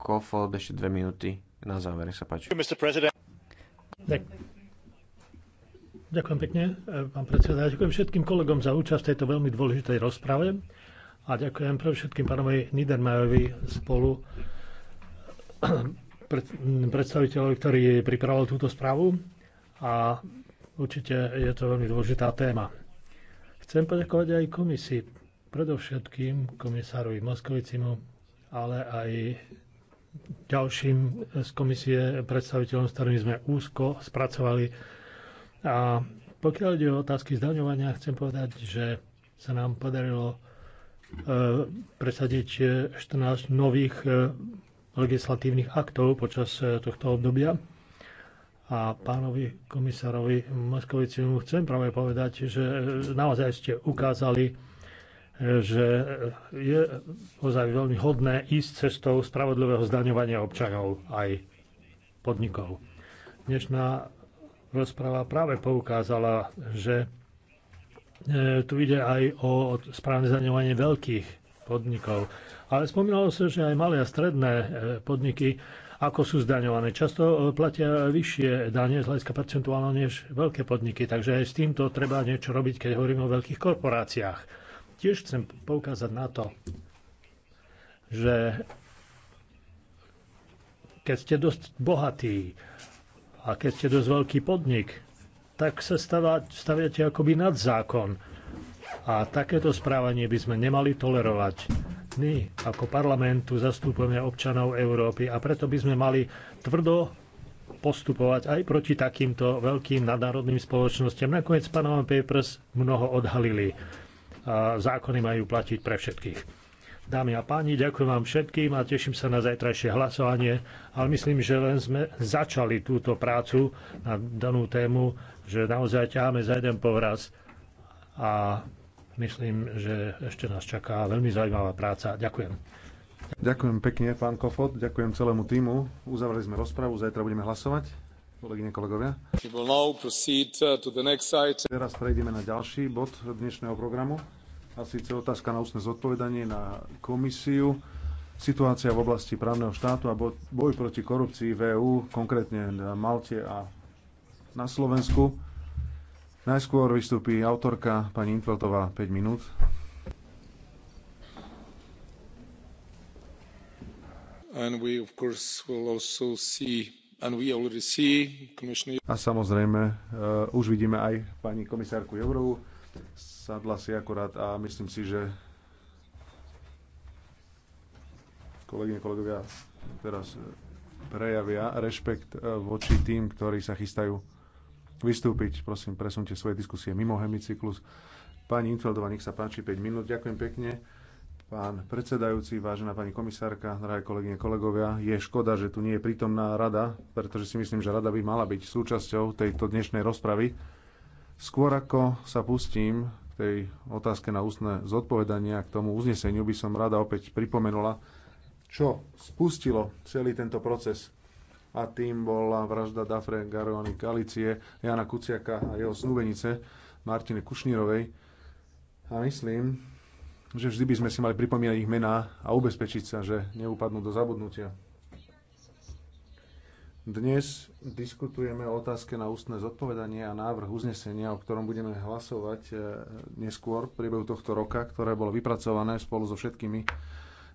Kofold, ešte dve minúty. Na záver, sa páči. Ďakujem, Ďakujem pekne, e, pán predseda. Ďakujem všetkým kolegom za účasť v tejto veľmi dôležitej rozprave a ďakujem pre všetkým pánovi Niedermajovi spolu predstaviteľovi, ktorý pripravil túto správu a určite je to veľmi dôležitá téma. Chcem poďakovať aj komisii, predovšetkým komisárovi Moskovicimu, ale aj ďalším z komisie predstaviteľom, s ktorými sme úzko spracovali a pokiaľ ide o otázky zdaňovania, chcem povedať, že sa nám podarilo e, presadiť 14 e, nových e, legislatívnych aktov počas tohto obdobia. A pánovi komisárovi mu chcem práve povedať, že naozaj ste ukázali, že je ozaj veľmi hodné ísť cestou spravodlivého zdaňovania občanov aj podnikov. Dnešná rozpráva práve poukázala, že e, tu ide aj o správne zaňovanie veľkých podnikov. Ale spomínalo sa, že aj malé a stredné e, podniky, ako sú zdaňované, často e, platia vyššie dane z hľadiska percentuálne než veľké podniky, takže aj s týmto treba niečo robiť, keď hovoríme o veľkých korporáciách. Tiež chcem poukázať na to, že keď ste dosť bohatí a keď ste dosť veľký podnik, tak sa stavá, staviate akoby nad zákon. A takéto správanie by sme nemali tolerovať. My ako parlamentu zastupujeme občanov Európy a preto by sme mali tvrdo postupovať aj proti takýmto veľkým nadnárodným spoločnostiam. Nakoniec Panama Papers mnoho odhalili. A zákony majú platiť pre všetkých. Dámy a páni, ďakujem vám všetkým a teším sa na zajtrajšie hlasovanie, ale myslím, že len sme začali túto prácu na danú tému, že naozaj ťaháme za jeden povraz a myslím, že ešte nás čaká veľmi zaujímavá práca. Ďakujem. Ďakujem pekne, pán Kofot, ďakujem celému týmu. Uzavreli sme rozpravu, zajtra budeme hlasovať. Kolegyne, kolegovia. Uh, Teraz prejdeme na ďalší bod dnešného programu. A síce otázka na ústne zodpovedanie na komisiu. Situácia v oblasti právneho štátu a boj proti korupcii v EU konkrétne na Malte a na Slovensku. Najskôr vystúpi autorka pani Intveltová 5 minút. And we of course will also see a samozrejme, uh, už vidíme aj pani komisárku Jourovú sadla si akorát a myslím si, že kolegyne, kolegovia teraz prejavia rešpekt eh, voči tým, ktorí sa chystajú vystúpiť. Prosím, presunte svoje diskusie mimo hemicyklus. Pani Infeldová, nech sa páči, 5 minút. Ďakujem pekne. Pán predsedajúci, vážená pani komisárka, drahé kolegyne, kolegovia, je škoda, že tu nie je prítomná rada, pretože si myslím, že rada by mala byť súčasťou tejto dnešnej rozpravy Skôr ako sa pustím k tej otázke na ústne zodpovedanie a k tomu uzneseniu, by som rada opäť pripomenula, čo spustilo celý tento proces. A tým bola vražda Dafre Garuany Kalicie, Jana Kuciaka a jeho snúbenice Martine Kušnírovej. A myslím, že vždy by sme si mali pripomínať ich mená a ubezpečiť sa, že neupadnú do zabudnutia. Dnes diskutujeme o otázke na ústne zodpovedanie a návrh uznesenia, o ktorom budeme hlasovať e, neskôr v priebehu tohto roka, ktoré bolo vypracované spolu so všetkými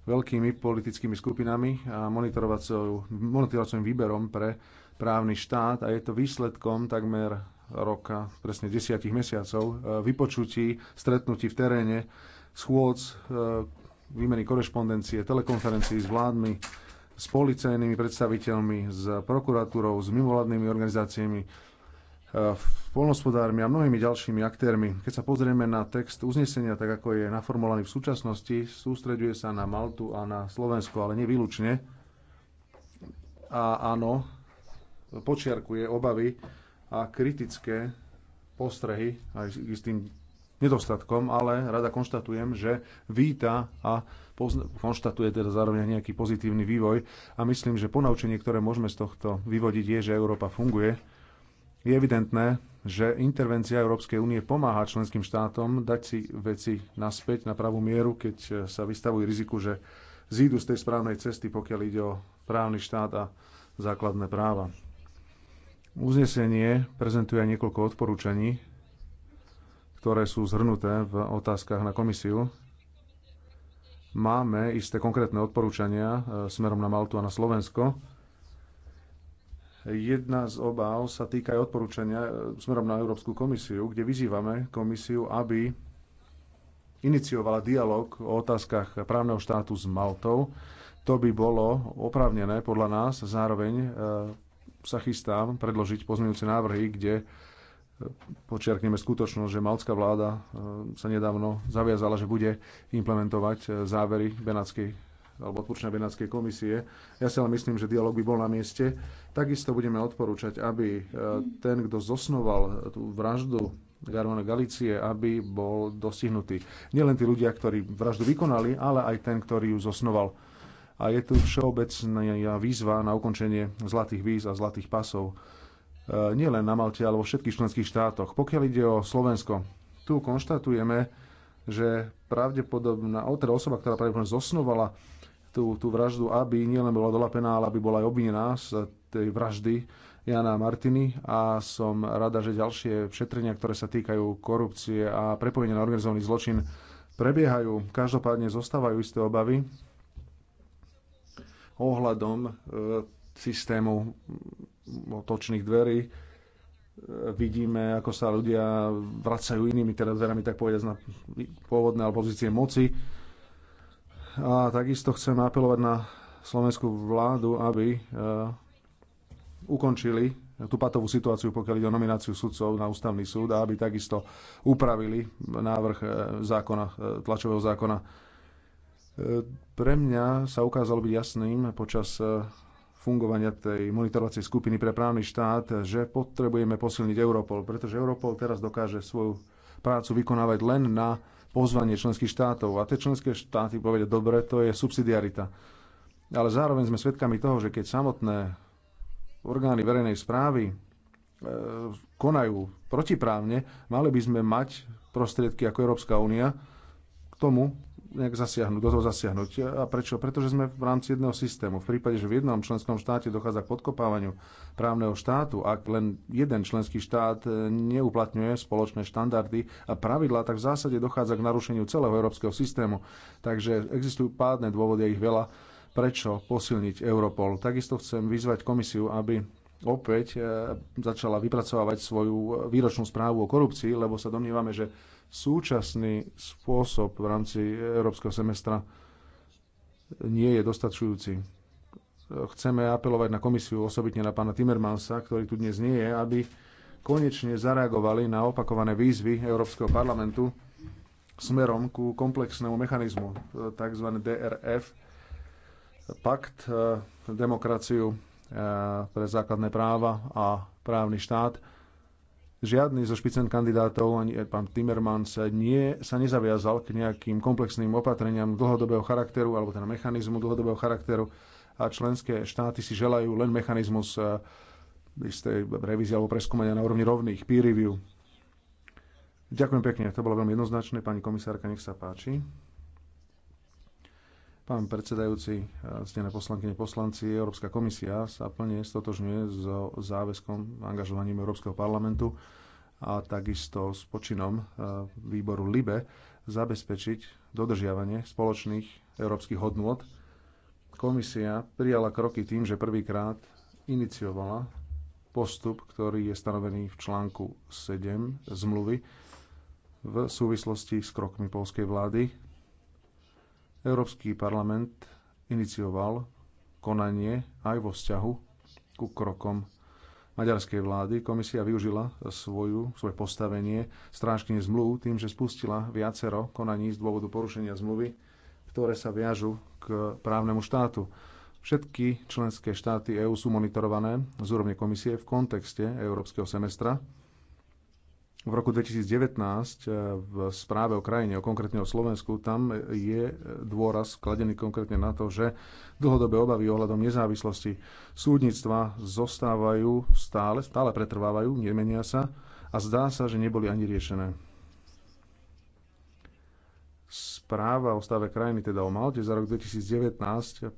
veľkými politickými skupinami a monitorovacím výberom pre právny štát a je to výsledkom takmer roka, presne desiatich mesiacov, e, vypočutí, stretnutí v teréne, schôdz, e, výmeny korešpondencie, telekonferencií s vládmi, s policajnými predstaviteľmi, s prokuratúrou, s mimovládnymi organizáciami, polnospodármi a mnohými ďalšími aktérmi. Keď sa pozrieme na text uznesenia, tak ako je naformulovaný v súčasnosti, sústreďuje sa na Maltu a na Slovensko, ale nevýlučne. A áno, počiarkuje obavy a kritické postrehy aj s tým nedostatkom, ale rada konštatujem, že víta a konštatuje teda zároveň nejaký pozitívny vývoj a myslím, že ponaučenie, ktoré môžeme z tohto vyvodiť, je, že Európa funguje. Je evidentné, že intervencia Európskej únie pomáha členským štátom dať si veci naspäť na pravú mieru, keď e, sa vystavujú riziku, že zídu z tej správnej cesty, pokiaľ ide o právny štát a základné práva. Uznesenie prezentuje niekoľko odporúčaní, ktoré sú zhrnuté v otázkach na komisiu. Máme isté konkrétne odporúčania e, smerom na Maltu a na Slovensko. Jedna z obáv sa týka aj odporúčania e, smerom na Európsku komisiu, kde vyzývame komisiu, aby iniciovala dialog o otázkach právneho štátu s Maltou. To by bolo oprávnené podľa nás. Zároveň e, sa chystám predložiť pozmeňujúce návrhy, kde počiarkneme skutočnosť, že malcká vláda e, sa nedávno zaviazala, že bude implementovať e, závery Benátskej alebo odporúčania Benátskej komisie. Ja si ale myslím, že dialog by bol na mieste. Takisto budeme odporúčať, aby e, ten, kto zosnoval tú vraždu Garvana Galície, aby bol dosiahnutý. Nielen tí ľudia, ktorí vraždu vykonali, ale aj ten, ktorý ju zosnoval. A je tu všeobecná výzva na ukončenie zlatých víz a zlatých pasov E, nielen na Malte, ale vo všetkých členských štátoch. Pokiaľ ide o Slovensko, tu konštatujeme, že pravdepodobná, teda osoba, ktorá pravdepodobne zosnovala tú, tú vraždu, aby nielen bola dolapená, ale aby bola aj obvinená z tej vraždy Jana Martiny a som rada, že ďalšie šetrenia, ktoré sa týkajú korupcie a prepojenia na organizovaný zločin, prebiehajú. Každopádne zostávajú isté obavy ohľadom e, systému otočných dverí. Vidíme, ako sa ľudia vracajú inými teda dverami, tak povedať, na pôvodné alebo pozície moci. A takisto chcem apelovať na slovenskú vládu, aby e, ukončili tú patovú situáciu, pokiaľ ide o nomináciu sudcov na ústavný súd a aby takisto upravili návrh e, zákona, e, tlačového zákona. Pre mňa sa ukázalo byť jasným počas fungovania tej monitorovacej skupiny pre právny štát, že potrebujeme posilniť Europol, pretože Europol teraz dokáže svoju prácu vykonávať len na pozvanie členských štátov. A tie členské štáty povedia, dobre, to je subsidiarita. Ale zároveň sme svedkami toho, že keď samotné orgány verejnej správy e, konajú protiprávne, mali by sme mať prostriedky ako Európska únia k tomu, nejak zasiahnuť, do toho zasiahnuť. A prečo? Pretože sme v rámci jedného systému. V prípade, že v jednom členskom štáte dochádza k podkopávaniu právneho štátu, ak len jeden členský štát e, neuplatňuje spoločné štandardy a pravidlá, tak v zásade dochádza k narušeniu celého európskeho systému. Takže existujú pádne dôvody, a ich veľa, prečo posilniť Europol. Takisto chcem vyzvať komisiu, aby opäť e, začala vypracovávať svoju e, výročnú správu o korupcii, lebo sa domnívame, že súčasný spôsob v rámci európskeho semestra nie je dostačujúci. Chceme apelovať na komisiu, osobitne na pána Timmermansa, ktorý tu dnes nie je, aby konečne zareagovali na opakované výzvy Európskeho parlamentu smerom ku komplexnému mechanizmu, tzv. DRF, pakt eh, demokraciu eh, pre základné práva a právny štát Žiadny zo špicen kandidátov, ani pán Timmermans, nie, sa nezaviazal k nejakým komplexným opatreniam dlhodobého charakteru alebo teda mechanizmu dlhodobého charakteru a členské štáty si želajú len mechanizmus eh, istej revízie alebo preskúmania na úrovni rovných, peer review. Ďakujem pekne, to bolo veľmi jednoznačné. Pani komisárka, nech sa páči. Pán predsedajúci, eh, ctené poslankyne poslanci, Európska komisia sa plne stotožňuje so záväzkom angažovaním Európskeho parlamentu a takisto s počinom eh, výboru LIBE zabezpečiť dodržiavanie spoločných európskych hodnôt. Komisia prijala kroky tým, že prvýkrát iniciovala postup, ktorý je stanovený v článku 7 zmluvy v súvislosti s krokmi polskej vlády Európsky parlament inicioval konanie aj vo vzťahu ku krokom maďarskej vlády. Komisia využila svoju, svoje postavenie strážkyne zmluv tým, že spustila viacero konaní z dôvodu porušenia zmluvy, ktoré sa viažu k právnemu štátu. Všetky členské štáty EÚ sú monitorované z úrovne komisie v kontexte európskeho semestra v roku 2019 e, v správe o krajine, o konkrétne o Slovensku, tam je dôraz kladený konkrétne na to, že dlhodobé obavy ohľadom nezávislosti súdnictva zostávajú stále, stále pretrvávajú, nemenia sa a zdá sa, že neboli ani riešené. Správa o stave krajiny, teda o Malte za rok 2019,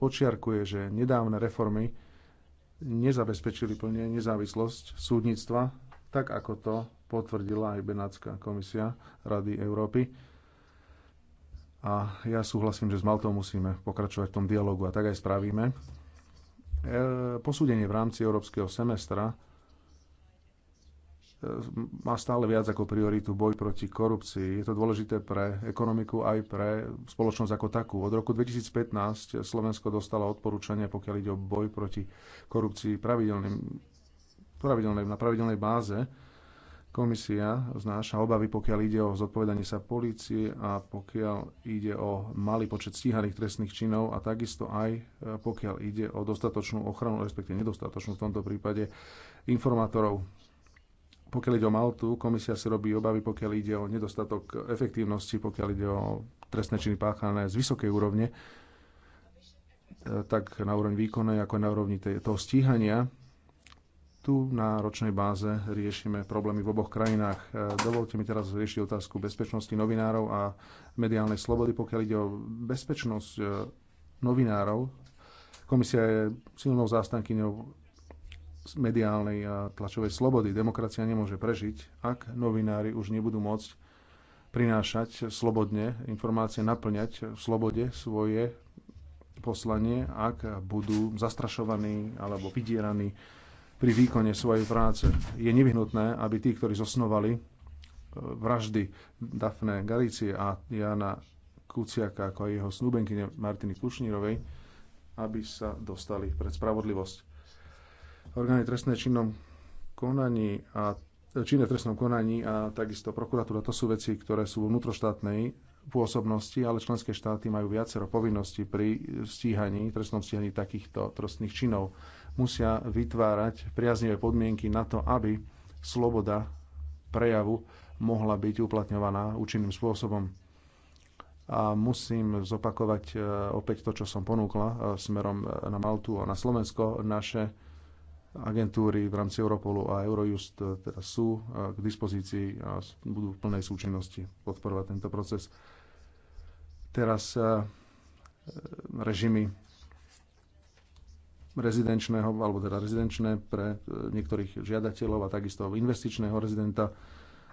počiarkuje, že nedávne reformy nezabezpečili plne nezávislosť súdnictva, tak ako to potvrdila aj Benátska komisia Rady Európy. A ja súhlasím, že s Maltou musíme pokračovať v tom dialogu a tak aj spravíme. E, posúdenie v rámci európskeho semestra e, má stále viac ako prioritu boj proti korupcii. Je to dôležité pre ekonomiku aj pre spoločnosť ako takú. Od roku 2015 Slovensko dostalo odporúčanie, pokiaľ ide o boj proti korupcii pravidelným, pravidelným, na pravidelnej báze Komisia znáša obavy, pokiaľ ide o zodpovedanie sa polície a pokiaľ ide o malý počet stíhaných trestných činov a takisto aj e, pokiaľ ide o dostatočnú ochranu, respektíve nedostatočnú v tomto prípade informátorov. Pokiaľ ide o Maltu, komisia si robí obavy, pokiaľ ide o nedostatok efektívnosti, pokiaľ ide o trestné činy páchané z vysokej úrovne, e, tak na úroveň výkonnej, ako aj na úrovni toho stíhania tu na ročnej báze riešime problémy v oboch krajinách. E, dovolte mi teraz riešiť otázku bezpečnosti novinárov a mediálnej slobody. Pokiaľ ide o bezpečnosť e, novinárov, komisia je silnou zástankyňou mediálnej a tlačovej slobody. Demokracia nemôže prežiť, ak novinári už nebudú môcť prinášať slobodne informácie, naplňať v slobode svoje poslanie, ak budú zastrašovaní alebo vydieraní pri výkone svojej práce. Je nevyhnutné, aby tí, ktorí zosnovali e, vraždy Dafne Galície a Jana Kuciaka ako aj jeho snúbenkyne Martiny Kušnírovej, aby sa dostali pred spravodlivosť. Orgány trestné činnom konaní a e, činné trestnom konaní a takisto prokuratúra, to sú veci, ktoré sú vnútroštátnej pôsobnosti, ale členské štáty majú viacero povinností pri stíhaní, trestnom stíhaní takýchto trestných činov musia vytvárať priaznivé podmienky na to, aby sloboda prejavu mohla byť uplatňovaná účinným spôsobom. A musím zopakovať e, opäť to, čo som ponúkla e, smerom e, na Maltu a na Slovensko. Naše agentúry v rámci Europolu a Eurojust teda sú k dispozícii a budú v plnej súčinnosti podporovať tento proces. Teraz režimy rezidenčného, alebo teda rezidenčné pre e, niektorých žiadateľov a takisto investičného rezidenta.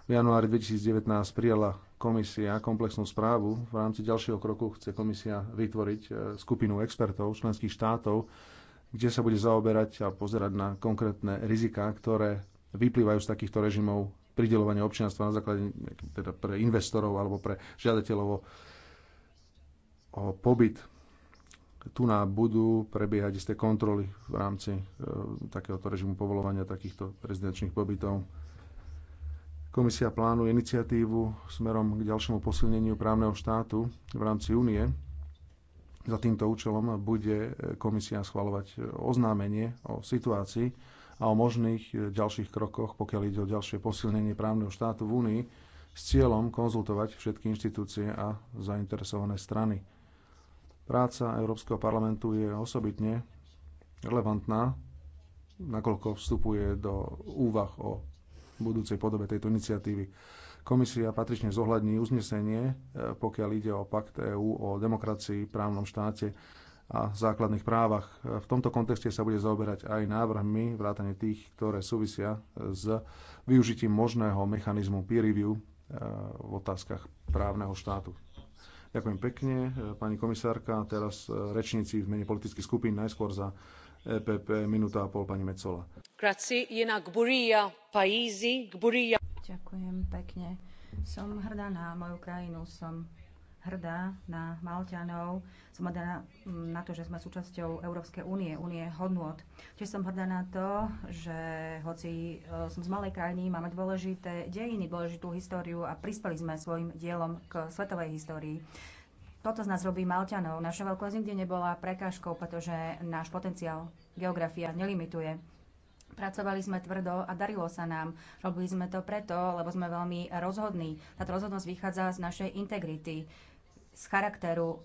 V januári 2019 prijala komisia komplexnú správu. V rámci ďalšieho kroku chce komisia vytvoriť e, skupinu expertov členských štátov, kde sa bude zaoberať a pozerať na konkrétne rizika, ktoré vyplývajú z takýchto režimov pridelovania občianstva na základe teda pre investorov alebo pre žiadateľov o pobyt tu na budú prebiehať isté kontroly v rámci e, takéhoto režimu povolovania takýchto rezidenčných pobytov. Komisia plánuje iniciatívu smerom k ďalšiemu posilneniu právneho štátu v rámci únie. Za týmto účelom bude komisia schvalovať oznámenie o situácii a o možných ďalších krokoch, pokiaľ ide o ďalšie posilnenie právneho štátu v únii, s cieľom konzultovať všetky inštitúcie a zainteresované strany Práca Európskeho parlamentu je osobitne relevantná, nakoľko vstupuje do úvah o budúcej podobe tejto iniciatívy. Komisia patrične zohľadní uznesenie, e, pokiaľ ide o pakt EÚ o demokracii, právnom štáte a základných právach. E, v tomto kontexte sa bude zaoberať aj návrhmi, vrátane tých, ktoré súvisia s využitím možného mechanizmu peer review e, v otázkach právneho štátu. Ďakujem pekne, pani komisárka. Teraz e, rečníci v mene politických skupín najskôr za EPP minúta a pol pani Mecola. Ďakujem pekne. Som hrdá na moju krajinu, som hrdá na Malťanov, som hrdá na, na to, že sme súčasťou Európskej únie, únie hodnot. Tiež som hrdá na to, že hoci e, som z malej krajiny, máme dôležité dejiny, dôležitú históriu a prispeli sme svojim dielom k svetovej histórii. Toto z nás robí Malťanov. Naša veľkosť nikdy nebola prekážkou, pretože náš potenciál geografia nelimituje. Pracovali sme tvrdo a darilo sa nám. Robili sme to preto, lebo sme veľmi rozhodní. Táto rozhodnosť vychádza z našej integrity z charakteru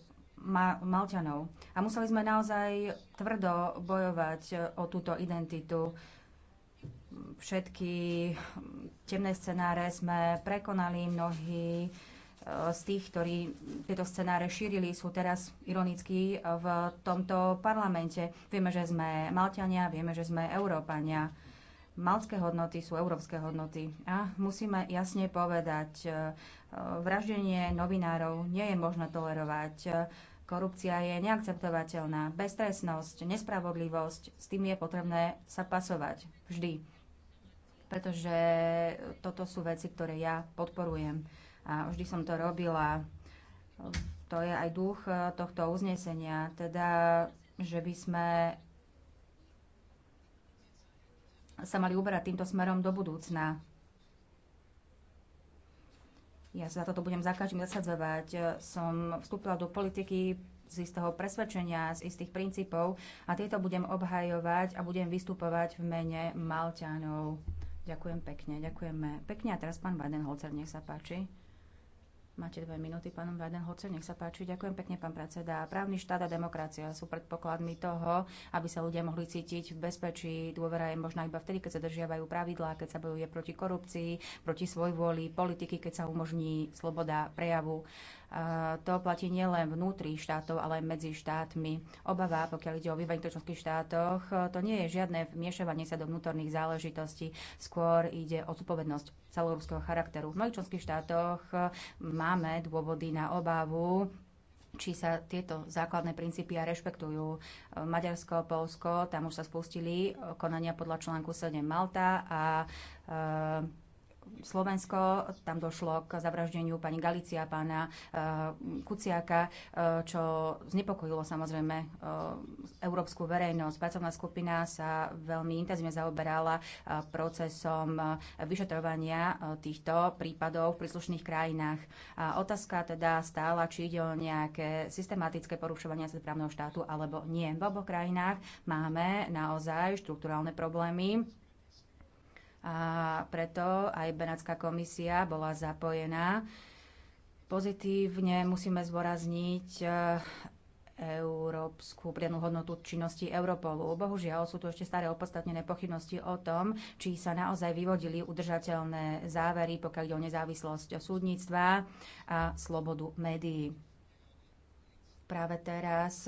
Ma- Malťanov. A museli sme naozaj tvrdo bojovať e, o túto identitu. Všetky mm, temné scenáre sme prekonali, mnohí e, z tých, ktorí tieto scenáre šírili, sú teraz ironicky v tomto parlamente. Vieme, že sme Malťania, vieme, že sme Európania malské hodnoty sú európske hodnoty. A musíme jasne povedať, e, vraždenie novinárov nie je možné tolerovať. E, korupcia je neakceptovateľná, beztresnosť, nespravodlivosť, s tým je potrebné sa pasovať vždy. Pretože toto sú veci, ktoré ja podporujem. A vždy som to robila. To je aj duch e, tohto uznesenia, teda, že by sme sa mali uberať týmto smerom do budúcna. Ja sa za toto budem za každým zasadzovať. Som vstúpila do politiky z istého presvedčenia, z istých princípov a tieto budem obhajovať a budem vystupovať v mene Malťanov. Ďakujem pekne, ďakujeme pekne. A teraz pán Baden Holcer, nech sa páči. Máte dve minúty, pán hoce, nech sa páči. Ďakujem pekne, pán predseda. Právny štát a demokracia sú predpokladmi toho, aby sa ľudia mohli cítiť v bezpečí. Dôvera je možná iba vtedy, keď sa držiavajú pravidlá, keď sa bojuje proti korupcii, proti svojvôli, politiky, keď sa umožní sloboda prejavu to platí nielen vnútri štátov, ale aj medzi štátmi. Obava, pokiaľ ide o bývanie v členských štátoch, to nie je žiadne vmiešavanie sa do vnútorných záležitostí, skôr ide o zodpovednosť celorúského charakteru. V mnohých členských štátoch e, máme dôvody na obavu, či sa tieto základné princípy rešpektujú. E, Maďarsko, Polsko, tam už sa spustili konania podľa článku 7 Malta a e, Slovensko. Tam došlo k zavraždeniu pani Galicia, pána eh, Kuciaka, eh, čo znepokojilo samozrejme eh, európsku verejnosť. Pracovná skupina sa veľmi intenzívne zaoberala procesom vyšetrovania týchto prípadov v príslušných krajinách. A otázka teda stála, či ide o nejaké systematické porušovania sa právneho štátu alebo nie. V oboch krajinách máme naozaj štruktúrálne problémy a preto aj Benátska komisia bola zapojená. Pozitívne musíme zvorazniť e, európsku pridanú hodnotu činnosti Europolu. Bohužiaľ sú tu ešte staré opodstatnené pochybnosti o tom, či sa naozaj vyvodili udržateľné závery, pokiaľ ide o nezávislosť súdnictva a slobodu médií. Práve teraz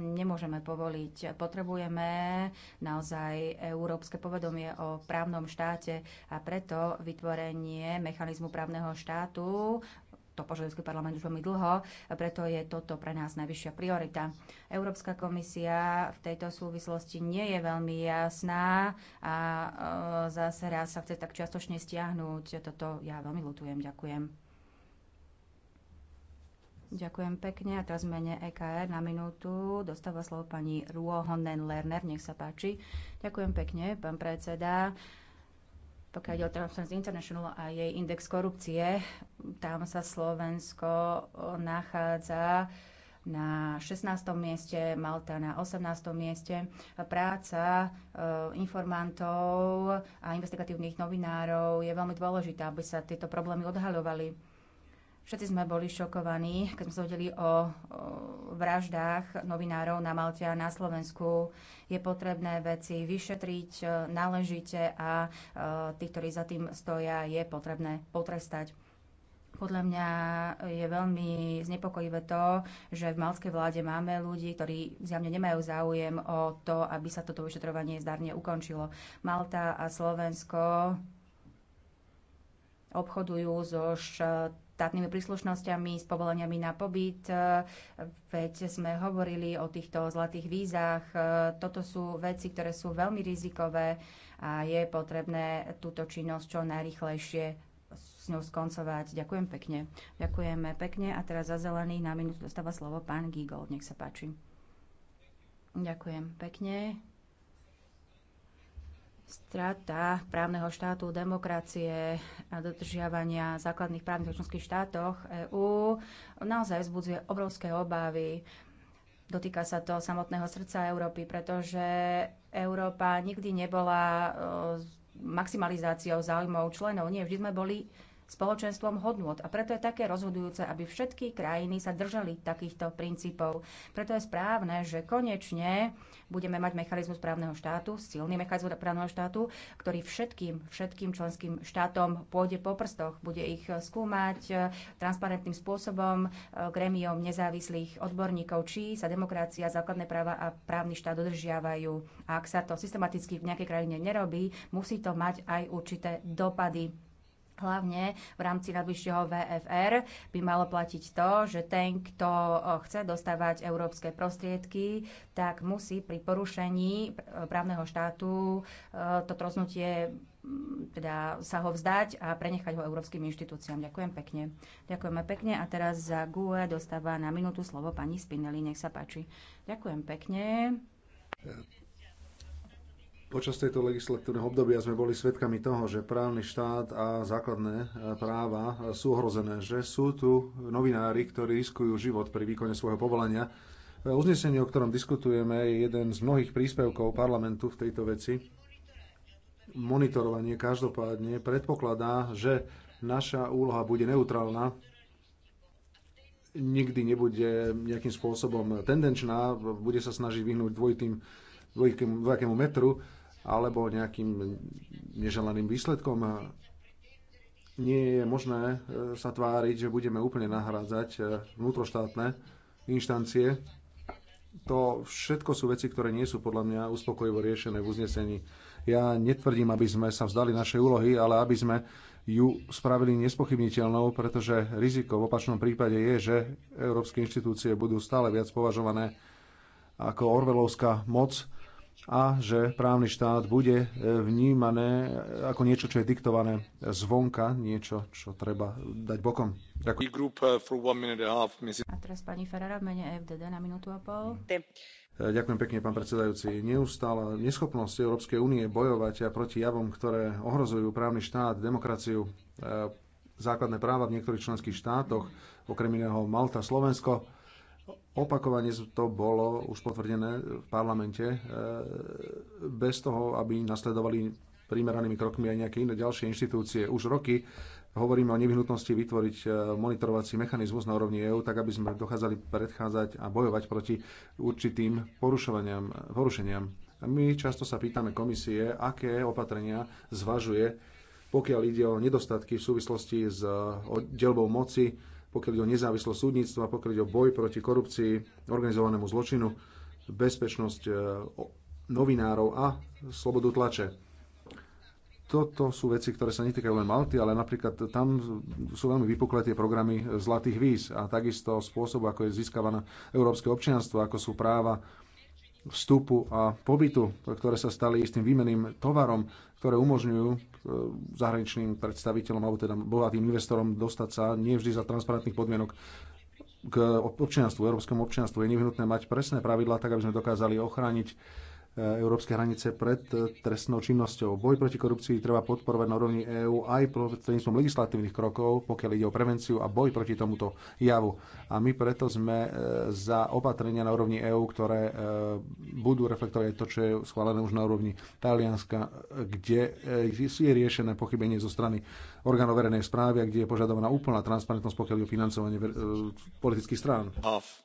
nemôžeme povoliť. Potrebujeme naozaj európske povedomie o právnom štáte a preto vytvorenie mechanizmu právneho štátu to požaduje parlament už veľmi dlho, preto je toto pre nás najvyššia priorita. Európska komisia v tejto súvislosti nie je veľmi jasná a e, zase raz sa chce tak čiastočne stiahnuť. Toto ja veľmi lutujem. Ďakujem. Ďakujem pekne. A teraz mene EKR na minútu dostáva slovo pani Ruohonen Lerner. Nech sa páči. Ďakujem pekne, pán predseda. Pokiaľ ide o Transparency International a jej index korupcie, tam sa Slovensko nachádza na 16. mieste, Malta na 18. mieste. Práca eh, informantov a investigatívnych novinárov je veľmi dôležitá, aby sa tieto problémy odhaľovali Všetci sme boli šokovaní, keď sme zhodili o, o vraždách novinárov na Malte a na Slovensku. Je potrebné veci vyšetriť e, náležite a e, tých, ktorí za tým stoja, je potrebné potrestať. Podľa mňa je veľmi znepokojivé to, že v malskej vláde máme ľudí, ktorí zjavne nemajú záujem o to, aby sa toto vyšetrovanie zdarne ukončilo. Malta a Slovensko obchodujú so št- štátnymi príslušnosťami, s povoleniami na pobyt. E, veď sme hovorili o týchto zlatých vízach. E, toto sú veci, ktoré sú veľmi rizikové a je potrebné túto činnosť čo najrychlejšie s ňou skoncovať. Ďakujem pekne. Ďakujeme pekne. A teraz za zelený na minútu dostáva slovo pán Gigol. Nech sa páči. Ďakujem pekne strata právneho štátu, demokracie a dodržiavania základných právnych členských štátoch EÚ naozaj vzbudzuje obrovské obavy. Dotýka sa to samotného srdca Európy, pretože Európa nikdy nebola e, maximalizáciou záujmov členov. Nie, vždy sme boli spoločenstvom hodnôt. A preto je také rozhodujúce, aby všetky krajiny sa držali takýchto princípov. Preto je správne, že konečne budeme mať mechanizmus právneho štátu, silný mechanizmus právneho štátu, ktorý všetkým, všetkým členským štátom pôjde po prstoch, bude ich skúmať eh, transparentným spôsobom, eh, gremiom nezávislých odborníkov, či sa demokracia, základné práva a právny štát dodržiavajú. A ak sa to systematicky v nejakej krajine nerobí, musí to mať aj určité dopady hlavne v rámci najbližšieho VFR by malo platiť to, že ten, kto eh, chce dostávať európske prostriedky, tak musí pri porušení eh, právneho štátu toto eh, roznutie mm, teda sa ho vzdať a prenechať ho európskym inštitúciám. Ďakujem pekne. Ďakujeme pekne a teraz za GUE dostáva na minútu slovo pani Spinelli. Nech sa páči. Ďakujem pekne. Počas tejto legislatívneho obdobia sme boli svedkami toho, že právny štát a základné e, práva e, sú ohrozené, že sú tu novinári, ktorí riskujú život pri výkone svojho povolania. E, uznesenie, o ktorom diskutujeme, je jeden z mnohých príspevkov parlamentu v tejto veci. Monitorovanie každopádne predpokladá, že naša úloha bude neutrálna, nikdy nebude nejakým spôsobom tendenčná, bude sa snažiť vyhnúť dvojitým dvojakému metru alebo nejakým neželaným výsledkom. Nie je možné e, sa tváriť, že budeme úplne nahrádzať e, vnútroštátne inštancie. To všetko sú veci, ktoré nie sú podľa mňa uspokojivo riešené v uznesení. Ja netvrdím, aby sme sa vzdali našej úlohy, ale aby sme ju spravili nespochybniteľnou, pretože riziko v opačnom prípade je, že európske inštitúcie budú stále viac považované ako orvelovská moc, a že právny štát bude e, vnímané e, ako niečo, čo je diktované zvonka, niečo, čo treba dať bokom. Ďakujem. E, a teraz pani Ferrara v mene EFDD na minútu a pol. Ďakujem pekne, pán predsedajúci. Neustála neschopnosť Európskej únie bojovať a proti javom, ktoré ohrozujú právny štát, demokraciu, základné práva v niektorých členských štátoch, okrem iného Malta, Slovensko, Opakovane to bolo už potvrdené v parlamente e, bez toho, aby nasledovali primeranými krokmi aj nejaké iné ďalšie inštitúcie. Už roky hovoríme o nevyhnutnosti vytvoriť e, monitorovací mechanizmus na úrovni EÚ, tak aby sme dochádzali predchádzať a bojovať proti určitým porušovaniam, porušeniam. My často sa pýtame komisie, aké opatrenia zvažuje, pokiaľ ide o nedostatky v súvislosti s e, delbou moci, pokiaľ ide o nezávislosť súdnictva, pokiaľ ide o boj proti korupcii, organizovanému zločinu, bezpečnosť e, novinárov a slobodu tlače. Toto sú veci, ktoré sa netýkajú len Malty, ale napríklad tam sú veľmi vypuklé tie programy zlatých víz a takisto spôsob, ako je získavané európske občianstvo, ako sú práva vstupu a pobytu, ktoré sa stali istým výmeným tovarom, ktoré umožňujú E, zahraničným predstaviteľom alebo teda bohatým investorom dostať sa nie vždy za transparentných podmienok k občianstvu, európskemu občianstvu. Je nevyhnutné mať presné pravidlá, tak aby sme dokázali ochrániť európske hranice pred eh, trestnou činnosťou. Boj proti korupcii treba podporovať na úrovni EÚ aj prostredníctvom legislatívnych krokov, pokiaľ ide o prevenciu a boj proti tomuto javu. A my preto sme eh, za opatrenia na úrovni EÚ, ktoré eh, budú reflektovať to, čo je schválené už na úrovni Talianska, kde je riešené pochybenie zo strany orgánov verejnej správy a kde je požadovaná úplná transparentnosť, pokiaľ ide o financovanie politických strán. Off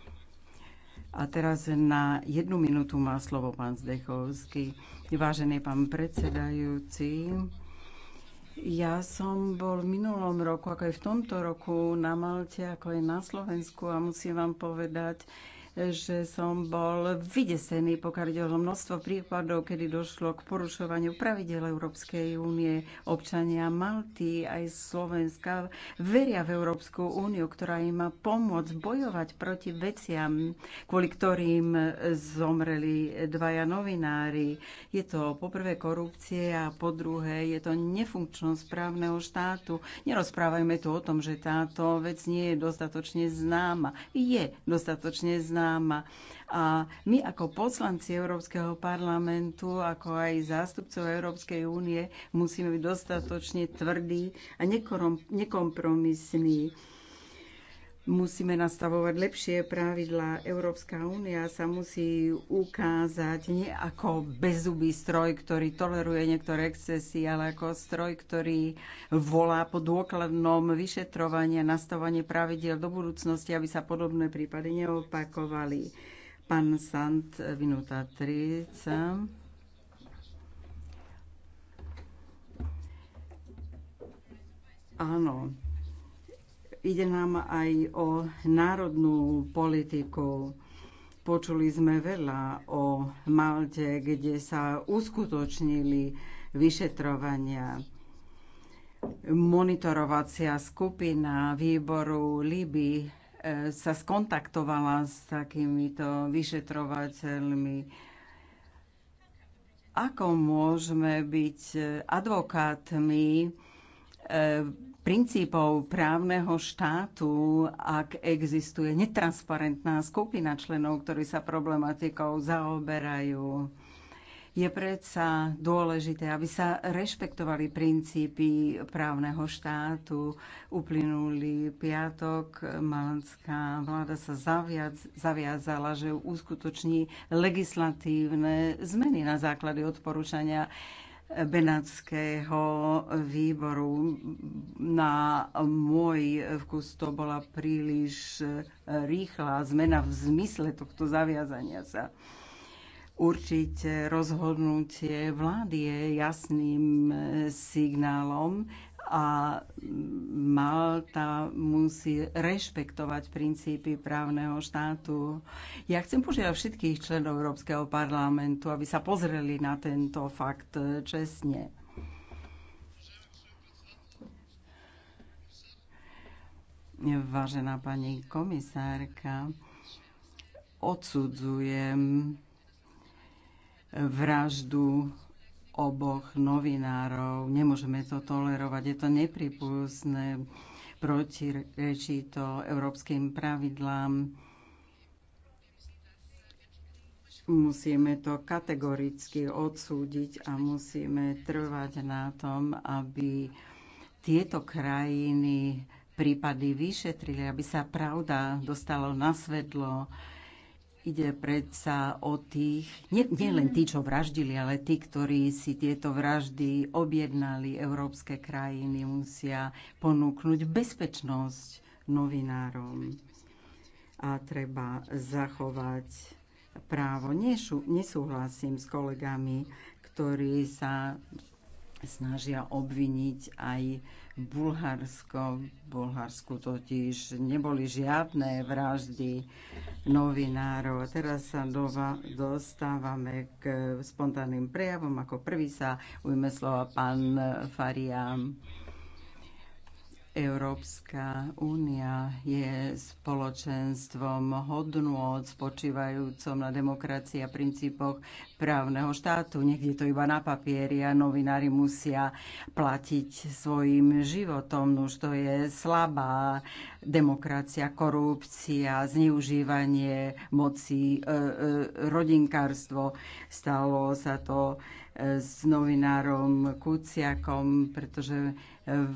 A teraz na jednu minútu má slovo pán Zdechovský. Vážený pán predsedajúci, ja som bol v minulom roku, ako aj v tomto roku na Malte, ako aj na Slovensku a musím vám povedať, že som bol vydesený, pokiaľ ide o množstvo prípadov, kedy došlo k porušovaniu pravidel Európskej únie. Občania Malty aj Slovenska veria v Európsku úniu, ktorá im má pomôcť bojovať proti veciam, kvôli ktorým zomreli dvaja novinári. Je to poprvé korupcie a po druhé je to nefunkčnosť právneho štátu. Nerozprávajme tu o tom, že táto vec nie je dostatočne známa. Je dostatočne známa známa. A my ako poslanci Európskeho parlamentu, ako aj zástupcov Európskej únie, musíme byť dostatočne tvrdí a nekompromisní musíme nastavovať lepšie pravidlá. Európska únia sa musí ukázať nie ako bezubý stroj, ktorý toleruje niektoré excesy, ale ako stroj, ktorý volá po dôkladnom vyšetrovaní a nastavovaní pravidiel do budúcnosti, aby sa podobné prípady neopakovali. Pán Sant, minúta 30. Áno, ide nám aj o národnú politiku. Počuli sme veľa o Malte, kde sa uskutočnili vyšetrovania. Monitorovacia skupina výboru LIBY, e, sa skontaktovala s takýmito vyšetrovateľmi. Ako môžeme byť advokátmi E, princípov právneho štátu, ak existuje netransparentná skupina členov, ktorí sa problematikou zaoberajú. Je predsa dôležité, aby sa rešpektovali princípy právneho štátu. Uplynulý piatok malanská vláda sa zaviac, zaviazala, že uskutoční legislatívne zmeny na základe odporúčania Benátskeho výboru. Na môj vkus to bola príliš e, rýchla zmena v zmysle tohto zaviazania sa. Určite rozhodnutie vlády je jasným e, signálom a Malta musí rešpektovať princípy právneho štátu. Ja chcem požiadať všetkých členov Európskeho parlamentu, aby sa pozreli na tento fakt eh, čestne. Vážená pani komisárka, odsudzujem vraždu oboch novinárov. Nemôžeme to tolerovať, je to nepripustné, protirečí to európskym pravidlám. Musíme to kategoricky odsúdiť a musíme trvať na tom, aby tieto krajiny prípady vyšetrili, aby sa pravda dostala na svetlo Ide predsa o tých, nie, nie len tí, čo vraždili, ale tí, ktorí si tieto vraždy objednali, európske krajiny musia ponúknuť bezpečnosť novinárom a treba zachovať právo. Nešu, nesúhlasím s kolegami, ktorí sa snažia obviniť aj Bulharsko. V Bulharsku totiž neboli žiadne vraždy novinárov. Teraz sa dova, dostávame k spontánnym prejavom. Ako prvý sa ujme slova pán Fariam. Európska únia je spoločenstvom hodnôt spočívajúcom na demokracii a princípoch právneho štátu. Niekde to iba na papieri a novinári musia platiť svojim životom. Už to je slabá demokracia, korupcia, zneužívanie moci, e, e, rodinkárstvo. Stalo sa to s novinárom Kuciakom, pretože e,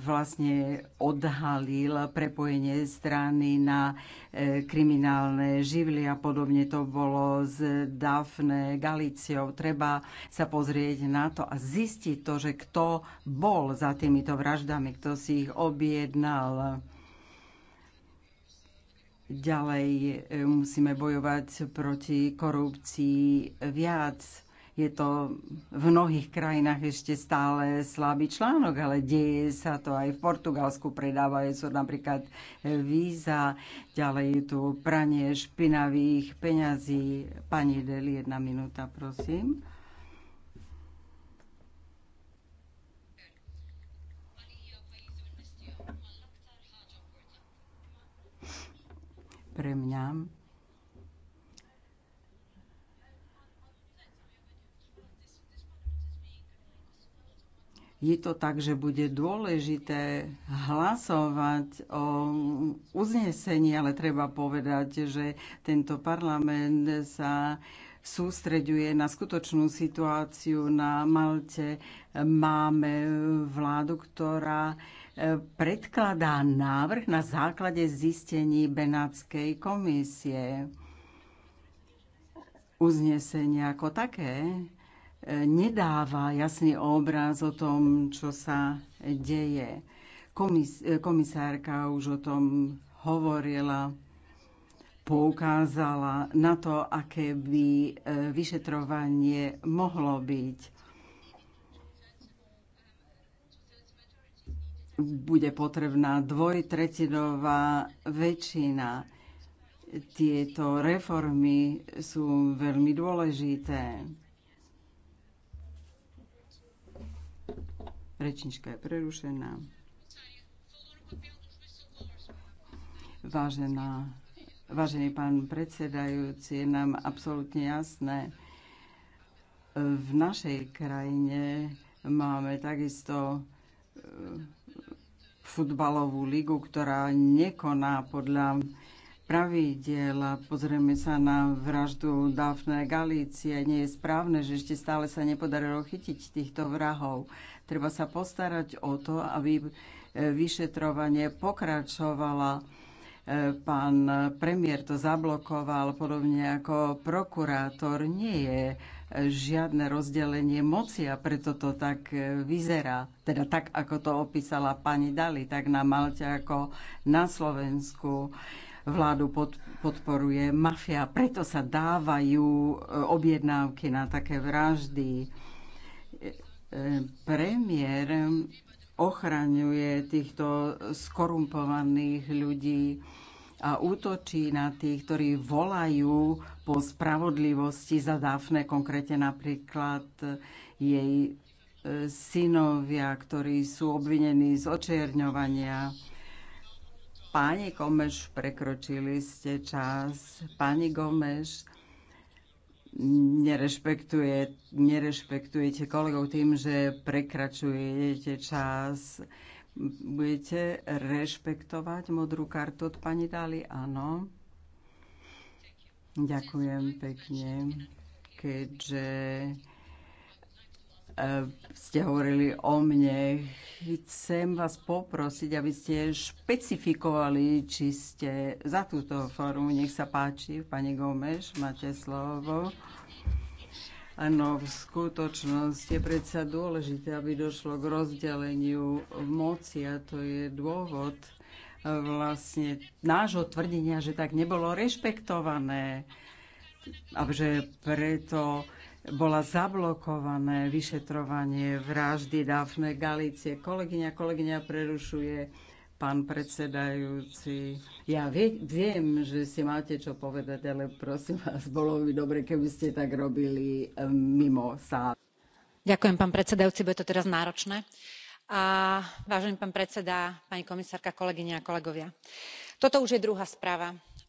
vlastne odhalil prepojenie strany na e, kriminálne živly a podobne to bolo s Dafne Galiciou. Treba sa pozrieť na to a zistiť to, že kto bol za týmito vraždami, kto si ich objednal. Ďalej e, musíme bojovať proti korupcii viac je to v mnohých krajinách ešte stále slabý článok, ale deje sa to aj v Portugalsku. Predávajú sa napríklad víza, ďalej je tu pranie špinavých peňazí. Pani Deli, jedna minúta, prosím. pre mňa Je to tak, že bude dôležité hlasovať o uznesení, ale treba povedať, že tento parlament sa sústreďuje na skutočnú situáciu na Malte. Máme vládu, ktorá e, predkladá návrh na základe zistení Benátskej komisie. Uznesenie ako také nedáva jasný obraz o tom, čo sa deje. Komis- komisárka už o tom hovorila, poukázala na to, aké by e, vyšetrovanie mohlo byť. Bude potrebná dvojtretinová väčšina tieto reformy sú veľmi dôležité. Rečnička je prerušená. Vážená, vážený pán predsedajúci, je nám absolútne jasné, v našej krajine máme takisto e, futbalovú ligu, ktorá nekoná podľa pravidiel a pozrieme sa na vraždu Dafne Galície. Nie je správne, že ešte stále sa nepodarilo chytiť týchto vrahov. Treba sa postarať o to, aby e, vyšetrovanie pokračovala. E, pán premiér to zablokoval, podobne ako prokurátor. Nie je e, žiadne rozdelenie moci a preto to tak vyzerá. Teda tak, ako to opísala pani Dali, tak na Malte ako na Slovensku vládu pod, podporuje mafia, preto sa dávajú e, objednávky na také vraždy. E, e, premiér ochraňuje týchto skorumpovaných ľudí a útočí na tých, ktorí volajú po spravodlivosti za Dafne, konkrétne napríklad jej synovia, ktorí sú obvinení z očierňovania Pani Gomeš, prekročili ste čas. Pani Gomeš, nerešpektuje, nerešpektujete kolegov tým, že prekračujete čas. Budete rešpektovať modrú kartu od pani Dali? Áno. Ďakujem pekne, keďže E, ste hovorili o mne. Chcem vás poprosiť, aby ste špecifikovali, či ste za túto formu. Nech sa páči, pani Gomeš, máte slovo. Áno, v skutočnosti je predsa dôležité, aby došlo k rozdeleniu moci a to je dôvod e, vlastne nášho tvrdenia, že tak nebolo rešpektované a že preto bola zablokované vyšetrovanie vraždy Dafne Galície. Kolegyňa, kolegyňa prerušuje pán predsedajúci. Ja vie, viem, že si máte čo povedať, ale prosím vás, bolo by dobre, keby ste tak robili eh, mimo sa. Ďakujem, pán predsedajúci, bude to teraz náročné. A vážený pán predseda, pani komisárka, kolegyňa a kolegovia. Toto už je druhá správa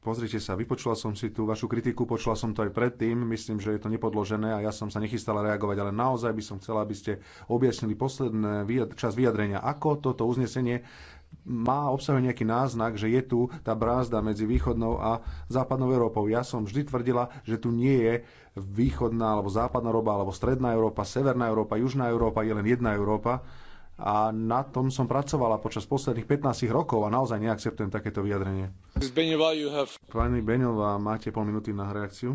Pozrite sa, vypočula som si tú vašu kritiku, počula som to aj predtým, myslím, že je to nepodložené a ja som sa nechystala reagovať, ale naozaj by som chcela, aby ste objasnili posledné čas vyjadrenia, ako toto uznesenie má obsahuje nejaký náznak, že je tu tá brázda medzi východnou a západnou Európou. Ja som vždy tvrdila, že tu nie je východná alebo západná Európa, alebo stredná Európa, severná Európa, južná Európa, je len jedna Európa a na tom som pracovala počas posledných 15 rokov a naozaj neakceptujem takéto vyjadrenie. Pani Beňová, máte pol minúty na reakciu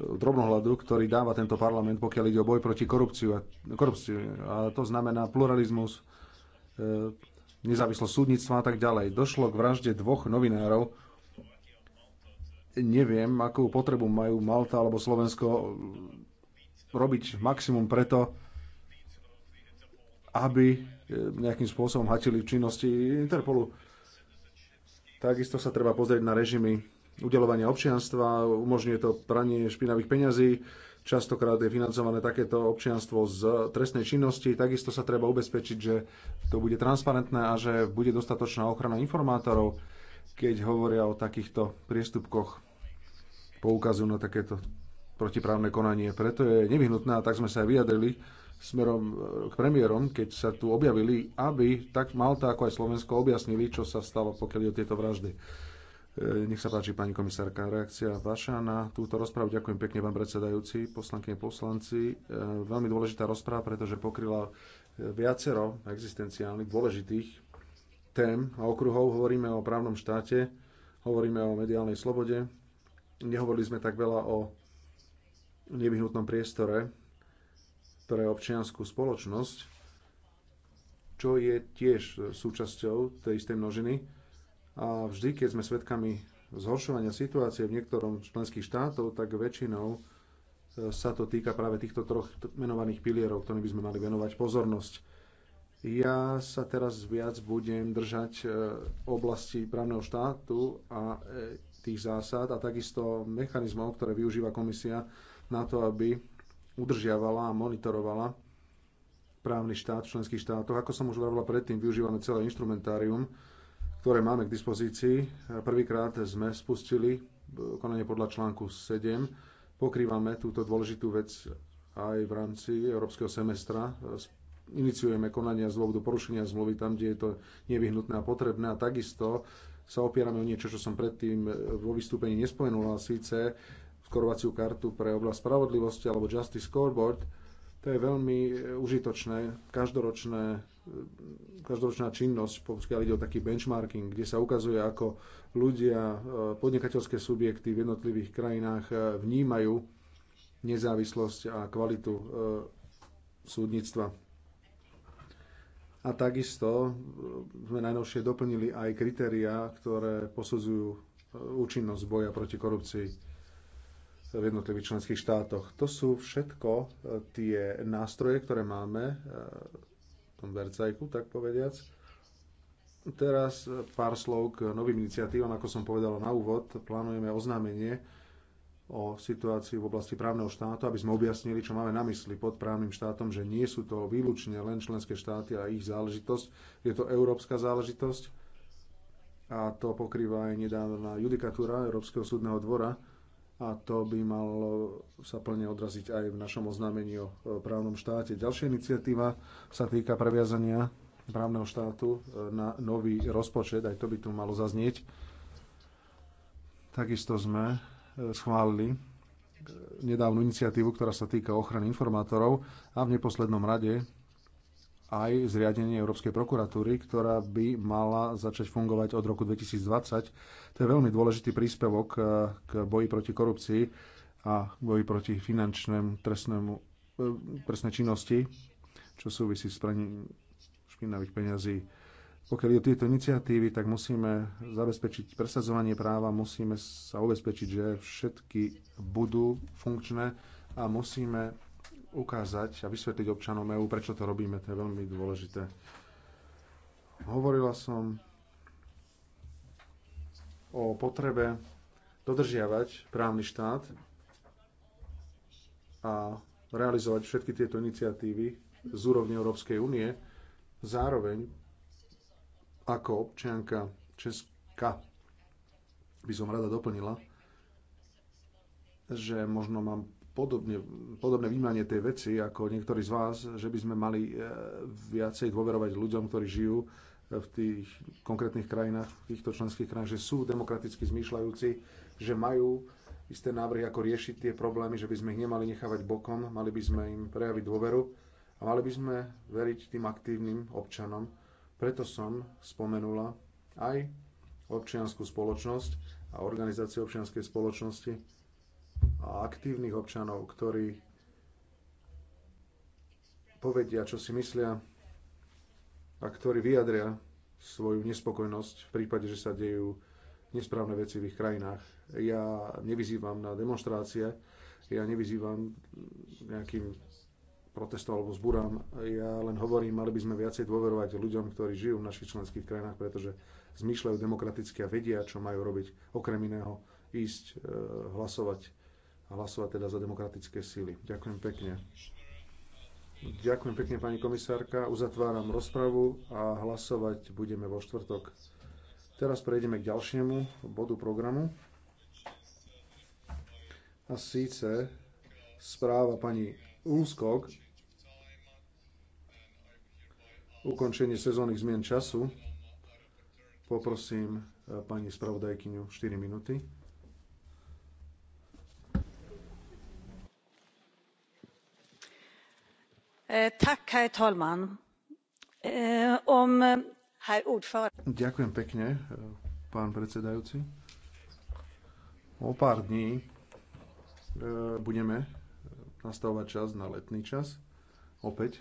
drobnohľadu, ktorý dáva tento parlament, pokiaľ ide o boj proti korupciu a, korupciu. a to znamená pluralizmus, e, nezávislosť súdnictva a tak ďalej. Došlo k vražde dvoch novinárov. Neviem, akú potrebu majú Malta alebo Slovensko robiť maximum preto, aby e, nejakým spôsobom hatili činnosti Interpolu. Takisto sa treba pozrieť na režimy udelovania občianstva, umožňuje to pranie špinavých peňazí, častokrát je financované takéto občianstvo z trestnej činnosti. Takisto sa treba ubezpečiť, že to bude transparentné a že bude dostatočná ochrana informátorov, keď hovoria o takýchto priestupkoch, poukazujú na takéto protiprávne konanie. Preto je nevyhnutné, a tak sme sa aj vyjadrili, smerom e, k premiérom, keď sa tu objavili, aby tak Malta ako aj Slovensko objasnili, čo sa stalo, pokiaľ je o tieto vraždy. E, nech sa páči, pani komisárka, reakcia vaša na túto rozprávu. Ďakujem pekne, pán predsedajúci, poslankyne, poslanci. E, veľmi dôležitá rozpráva, pretože pokryla e, viacero existenciálnych, dôležitých tém a okruhov. Hovoríme o právnom štáte, hovoríme o mediálnej slobode. Nehovorili sme tak veľa o nevyhnutnom priestore pre občianskú spoločnosť, čo je tiež súčasťou tej istej množiny a vždy, keď sme svedkami zhoršovania situácie v niektorom členských štátov, tak väčšinou e, sa to týka práve týchto troch menovaných pilierov, ktorým by sme mali venovať pozornosť. Ja sa teraz viac budem držať e, oblasti právneho štátu a e, tých zásad a takisto mechanizmov, ktoré využíva komisia na to, aby udržiavala a monitorovala právny štát v členských štátoch. Ako som už hovorila predtým, využívame celé instrumentárium, ktoré máme k dispozícii. Prvýkrát sme spustili eh, konanie podľa článku 7. Pokrývame túto dôležitú vec aj v rámci európskeho semestra. Eh, Iniciujeme konania z dôvodu porušenia zmluvy tam, kde je to nevyhnutné a potrebné. A takisto sa opierame o niečo, čo som predtým eh, vo vystúpení nespomenul, a síce skorovaciu kartu pre oblasť spravodlivosti alebo Justice Scoreboard. To je veľmi užitočné každoročné každoročná činnosť, pokiaľ ide o taký benchmarking, kde sa ukazuje, ako ľudia, e, podnikateľské subjekty v jednotlivých krajinách e, vnímajú nezávislosť a kvalitu e, súdnictva. A takisto sme najnovšie doplnili aj kritériá, ktoré posudzujú účinnosť boja proti korupcii v jednotlivých členských štátoch. To sú všetko tie nástroje, ktoré máme vercajku, tak povediac. Teraz pár slov k novým iniciatívam. Ako som povedal, na úvod, plánujeme oznámenie o situácii v oblasti právneho štátu, aby sme objasnili, čo máme na mysli pod právnym štátom, že nie sú to výlučne len členské štáty a ich záležitosť, je to európska záležitosť a to pokrýva aj nedávna judikatúra Európskeho súdneho dvora, a to by malo sa plne odraziť aj v našom oznámení o právnom štáte. Ďalšia iniciatíva sa týka previazania právneho štátu e, na nový rozpočet, aj to by tu malo zaznieť. Takisto sme e, schválili e, nedávnu iniciatívu, ktorá sa týka ochrany informátorov a v neposlednom rade aj zriadenie Európskej prokuratúry, ktorá by mala začať fungovať od roku 2020. To je veľmi dôležitý príspevok eh, k boji proti korupcii a boji proti finančnému trestnému, eh, trestnej činnosti, čo súvisí s praním špinavých peňazí. Pokiaľ je tieto iniciatívy, tak musíme zabezpečiť presadzovanie práva, musíme sa ubezpečiť, že všetky budú funkčné a musíme ukázať a vysvetliť občanom EÚ, prečo to robíme. To je veľmi dôležité. Hovorila som o potrebe dodržiavať právny štát a realizovať všetky tieto iniciatívy z úrovne Európskej únie. Zároveň ako občianka Česka by som rada doplnila, že možno mám podobne, podobné vnímanie tej veci ako niektorí z vás, že by sme mali e, viacej dôverovať ľuďom, ktorí žijú e, v tých konkrétnych krajinách, v týchto členských krajinách, že sú demokraticky zmýšľajúci, že majú isté návrhy, ako riešiť tie problémy, že by sme ich nemali nechávať bokom, mali by sme im prejaviť dôveru a mali by sme veriť tým aktívnym občanom. Preto som spomenula aj občianskú spoločnosť a organizáciu občianskej spoločnosti, a aktívnych občanov, ktorí povedia, čo si myslia a ktorí vyjadria svoju nespokojnosť v prípade, že sa dejú nesprávne veci v ich krajinách. Ja nevyzývam na demonstrácie, ja nevyzývam nejakým protestom alebo zbúram. Ja len hovorím, mali by sme viacej dôverovať ľuďom, ktorí žijú v našich členských krajinách, pretože zmýšľajú demokraticky a vedia, čo majú robiť. Okrem iného ísť e, hlasovať hlasovať teda za demokratické síly. Ďakujem pekne. Ďakujem pekne, pani komisárka. Uzatváram rozpravu a hlasovať budeme vo štvrtok. Teraz prejdeme k ďalšiemu bodu programu. A síce správa pani Úskok, ukončenie sezónnych zmien času. Poprosím eh, pani spravodajkyňu 4 minúty. Eh, eh, eh, Ďakujem pekne, pán predsedajúci. O pár dní budeme nastavovať čas na letný čas. Opäť.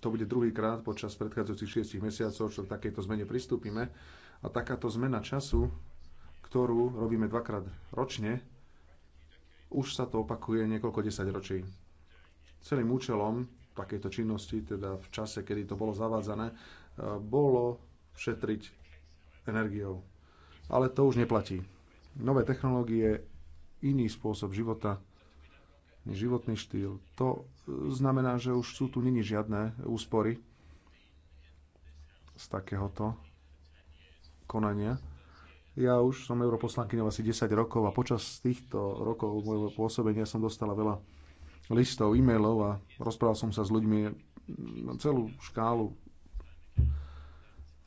To bude druhýkrát počas predchádzajúcich šiestich mesiacov, čo k takejto zmene pristúpime. A takáto zmena času, ktorú robíme dvakrát ročne, už sa to opakuje niekoľko desaťročí. ročí Celým účelom takejto činnosti, teda v čase, kedy to bolo zavádzané, e, bolo šetriť energiou. Ale to už neplatí. Nové technológie, iný spôsob života, životný štýl. To e, znamená, že už sú tu neni žiadne úspory z takéhoto konania. Ja už som europoslankyňou asi 10 rokov a počas týchto rokov môjho pôsobenia som dostala veľa listov, e-mailov a rozprával som sa s ľuďmi na celú škálu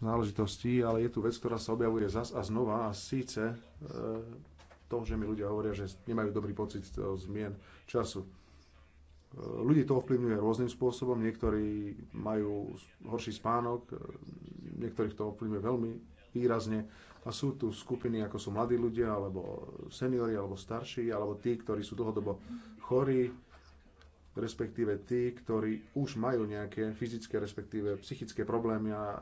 záležitostí, ale je tu vec, ktorá sa objavuje zas a znova a síce e, to, že mi ľudia hovoria, že nemajú dobrý pocit zmien času. E, ľudí to ovplyvňuje rôznym spôsobom, niektorí majú horší spánok, e, niektorých to ovplyvňuje veľmi výrazne a sú tu skupiny, ako sú mladí ľudia, alebo seniori, alebo starší, alebo tí, ktorí sú dlhodobo chorí, respektíve tí, ktorí už majú nejaké fyzické, respektíve psychické problémy a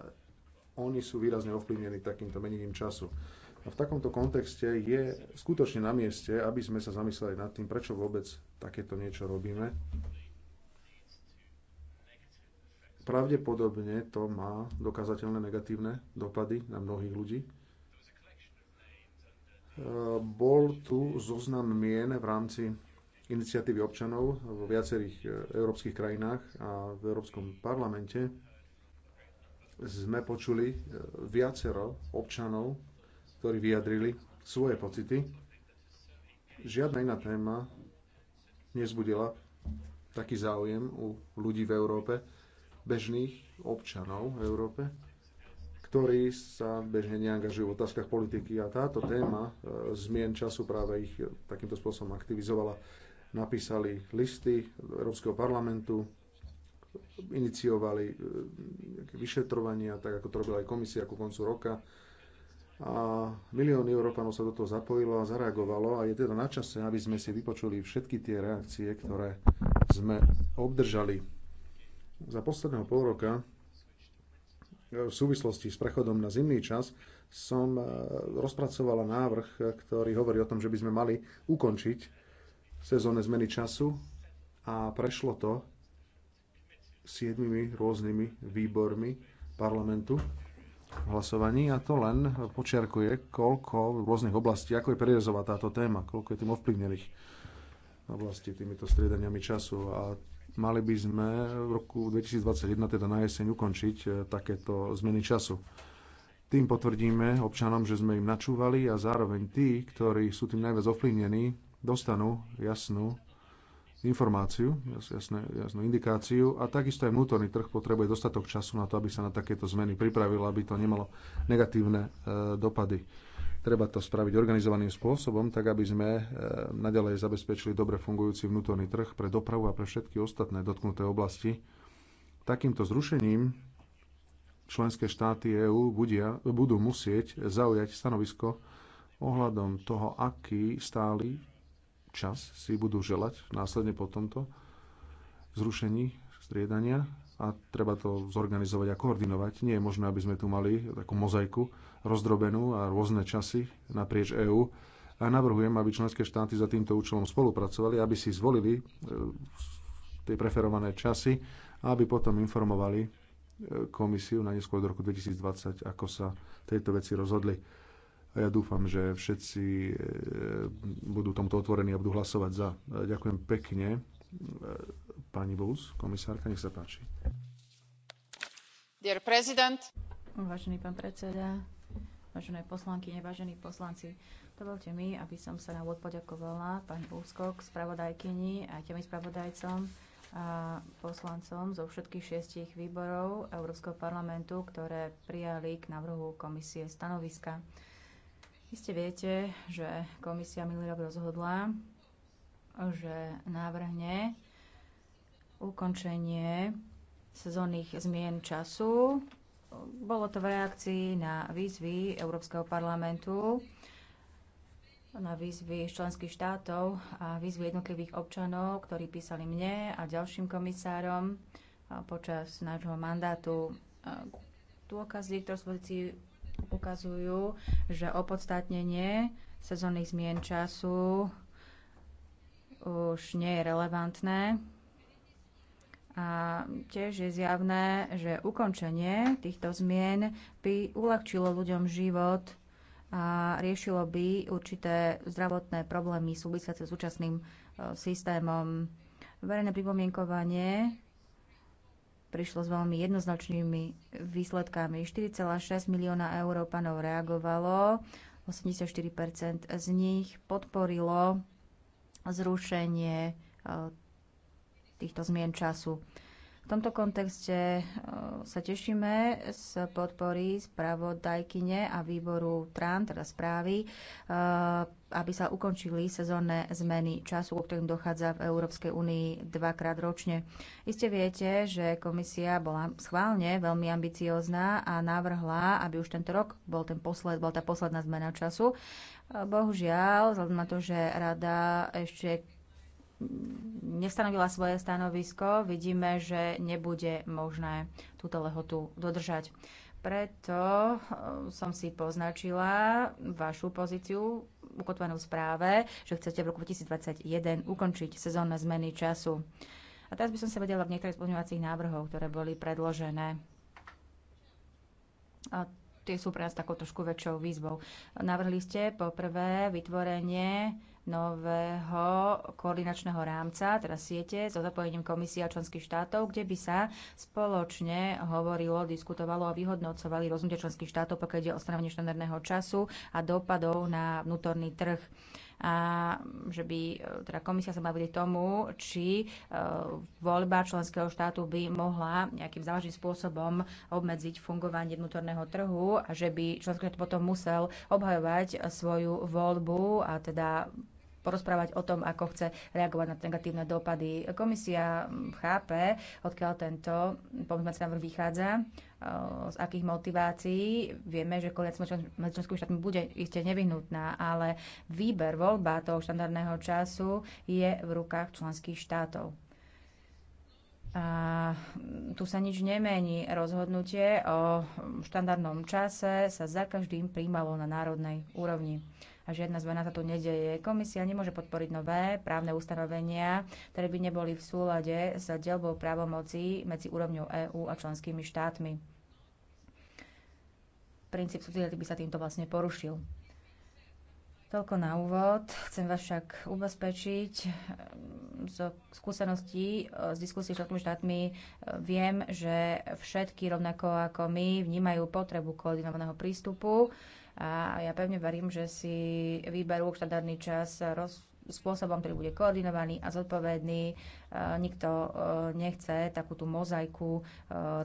oni sú výrazne ovplyvnení takýmto menením času. A v takomto kontexte je skutočne na mieste, aby sme sa zamysleli nad tým, prečo vôbec takéto niečo robíme. Pravdepodobne to má dokázateľné negatívne dopady na mnohých ľudí. Ehm, bol tu zoznam mien v rámci iniciatívy občanov vo viacerých e, európskych krajinách a v Európskom parlamente sme počuli e, viacero občanov, ktorí vyjadrili svoje pocity. Žiadna iná téma nezbudila taký záujem u ľudí v Európe, bežných občanov v Európe, ktorí sa bežne neangažujú v otázkach politiky a táto téma e, zmien času práve ich takýmto spôsobom aktivizovala napísali listy Európskeho parlamentu, iniciovali e, vyšetrovania, tak ako to robila aj komisia ku koncu roka. A milióny Európanov sa do toho zapojilo a zareagovalo a je teda na čase, aby sme si vypočuli všetky tie reakcie, ktoré sme obdržali. Za posledného pol roka e, v súvislosti s prechodom na zimný čas som e, rozpracovala návrh, ktorý hovorí o tom, že by sme mali ukončiť sezónne zmeny času a prešlo to siedmimi rôznymi výbormi parlamentu v hlasovaní a to len počiarkuje, koľko v rôznych oblastí, ako je prierezová táto téma, koľko je tým ovplyvnených oblasti týmito striedaniami času a mali by sme v roku 2021, teda na jeseň, ukončiť e, takéto zmeny času. Tým potvrdíme občanom, že sme im načúvali a zároveň tí, ktorí sú tým najviac ovplyvnení, dostanú jasnú informáciu, jasnú, jasnú indikáciu a takisto aj vnútorný trh potrebuje dostatok času na to, aby sa na takéto zmeny pripravil, aby to nemalo negatívne e, dopady. Treba to spraviť organizovaným spôsobom, tak aby sme e, nadalej zabezpečili dobre fungujúci vnútorný trh pre dopravu a pre všetky ostatné dotknuté oblasti. Takýmto zrušením členské štáty EÚ budú musieť zaujať stanovisko ohľadom toho, aký stály čas si budú želať následne po tomto zrušení striedania a treba to zorganizovať a koordinovať. Nie je možné, aby sme tu mali takú mozaiku rozdrobenú a rôzne časy naprieč EÚ. A navrhujem, aby členské štáty za týmto účelom spolupracovali, aby si zvolili e, tie preferované časy a aby potom informovali e, komisiu na neskôr do roku 2020, ako sa tejto veci rozhodli a ja dúfam, že všetci eh, budú tomto otvorení a budú hlasovať za. Eh, ďakujem pekne. Eh, pani Bulls, komisárka, nech sa páči. Dear president. Vážený pán predseda, vážené poslanky, vážení poslanci, dovolte mi, aby som sa na úvod poďakovala pani Úskok, spravodajkyni a tým spravodajcom a poslancom zo všetkých šiestich výborov Európskeho parlamentu, ktoré prijali k návrhu komisie stanoviska. Iste viete, že komisia minulý rok rozhodla, že návrhne ukončenie sezónnych zmien času. Bolo to v reakcii na výzvy Európskeho parlamentu, na výzvy členských štátov a výzvy jednotlivých občanov, ktorí písali mne a ďalším komisárom počas nášho mandátu. Dôkazy, ktoré sú ukazujú, že opodstatnenie sezónnych zmien času už nie je relevantné. A tiež je zjavné, že ukončenie týchto zmien by uľahčilo ľuďom život a riešilo by určité zdravotné problémy súvisiace s súčasným e, systémom. Verejné pripomienkovanie prišlo s veľmi jednoznačnými výsledkami. 4,6 milióna Európanov reagovalo, 84% z nich podporilo zrušenie eh, týchto zmien času. V tomto kontexte e, sa tešíme z podpory spravodajkyne a výboru TRAN, teda správy, e, aby sa ukončili sezónne zmeny času, o ktorým dochádza v Európskej únii dvakrát ročne. Iste viete, že komisia bola schválne veľmi ambiciózna a navrhla, aby už tento rok bol ten posled, bola tá posledná zmena času. E, bohužiaľ, vzhľadom na to, že rada ešte nestanovila svoje stanovisko, vidíme, že nebude možné túto lehotu dodržať. Preto eh, som si poznačila vašu pozíciu ukotvenú správe, že chcete v roku 2021 ukončiť sezónne zmeny času. A teraz by som sa vedela v niektorých spolňovacích návrhov, ktoré boli predložené. A tie sú pre nás takou trošku väčšou výzvou. Navrhli ste poprvé vytvorenie nového koordinačného rámca, teda siete, so zapojením komisie a členských štátov, kde by sa spoločne hovorilo, diskutovalo a vyhodnocovali rozhodnutia členských štátov, pokiaľ ide o stanovenie štandardného času a dopadov na vnútorný trh a že by e, teda komisia sa bavili tomu, či e, voľba členského štátu by mohla nejakým závažným spôsobom obmedziť fungovanie vnútorného trhu a že by členský štát potom musel obhajovať svoju voľbu a teda porozprávať o tom, ako chce reagovať na negatívne dopady. Komisia chápe, odkiaľ tento pomocný návrh vychádza, e, z akých motivácií. Vieme, že koliac medzi členskými štátmi bude iste nevyhnutná, ale výber, voľba toho štandardného času je v rukách členských štátov. A tu sa nič nemení. Rozhodnutie o štandardnom čase sa za každým príjmalo na národnej úrovni a žiadna zmena sa tu nedeje. Komisia nemôže podporiť nové právne ustanovenia, ktoré by neboli v súlade s delbou právomocí medzi úrovňou EÚ a členskými štátmi. Princíp subsidiarity by sa týmto vlastne porušil. Toľko na úvod. Chcem vás však ubezpečiť ehm, zo skúseností e, z diskusie s členskými štátmi. E, viem, že všetky rovnako ako my vnímajú potrebu koordinovaného prístupu a ja pevne verím, že si vyberú štandardný čas roz, spôsobom, ktorý bude koordinovaný a zodpovedný. E, nikto e, nechce takú tú mozaiku e,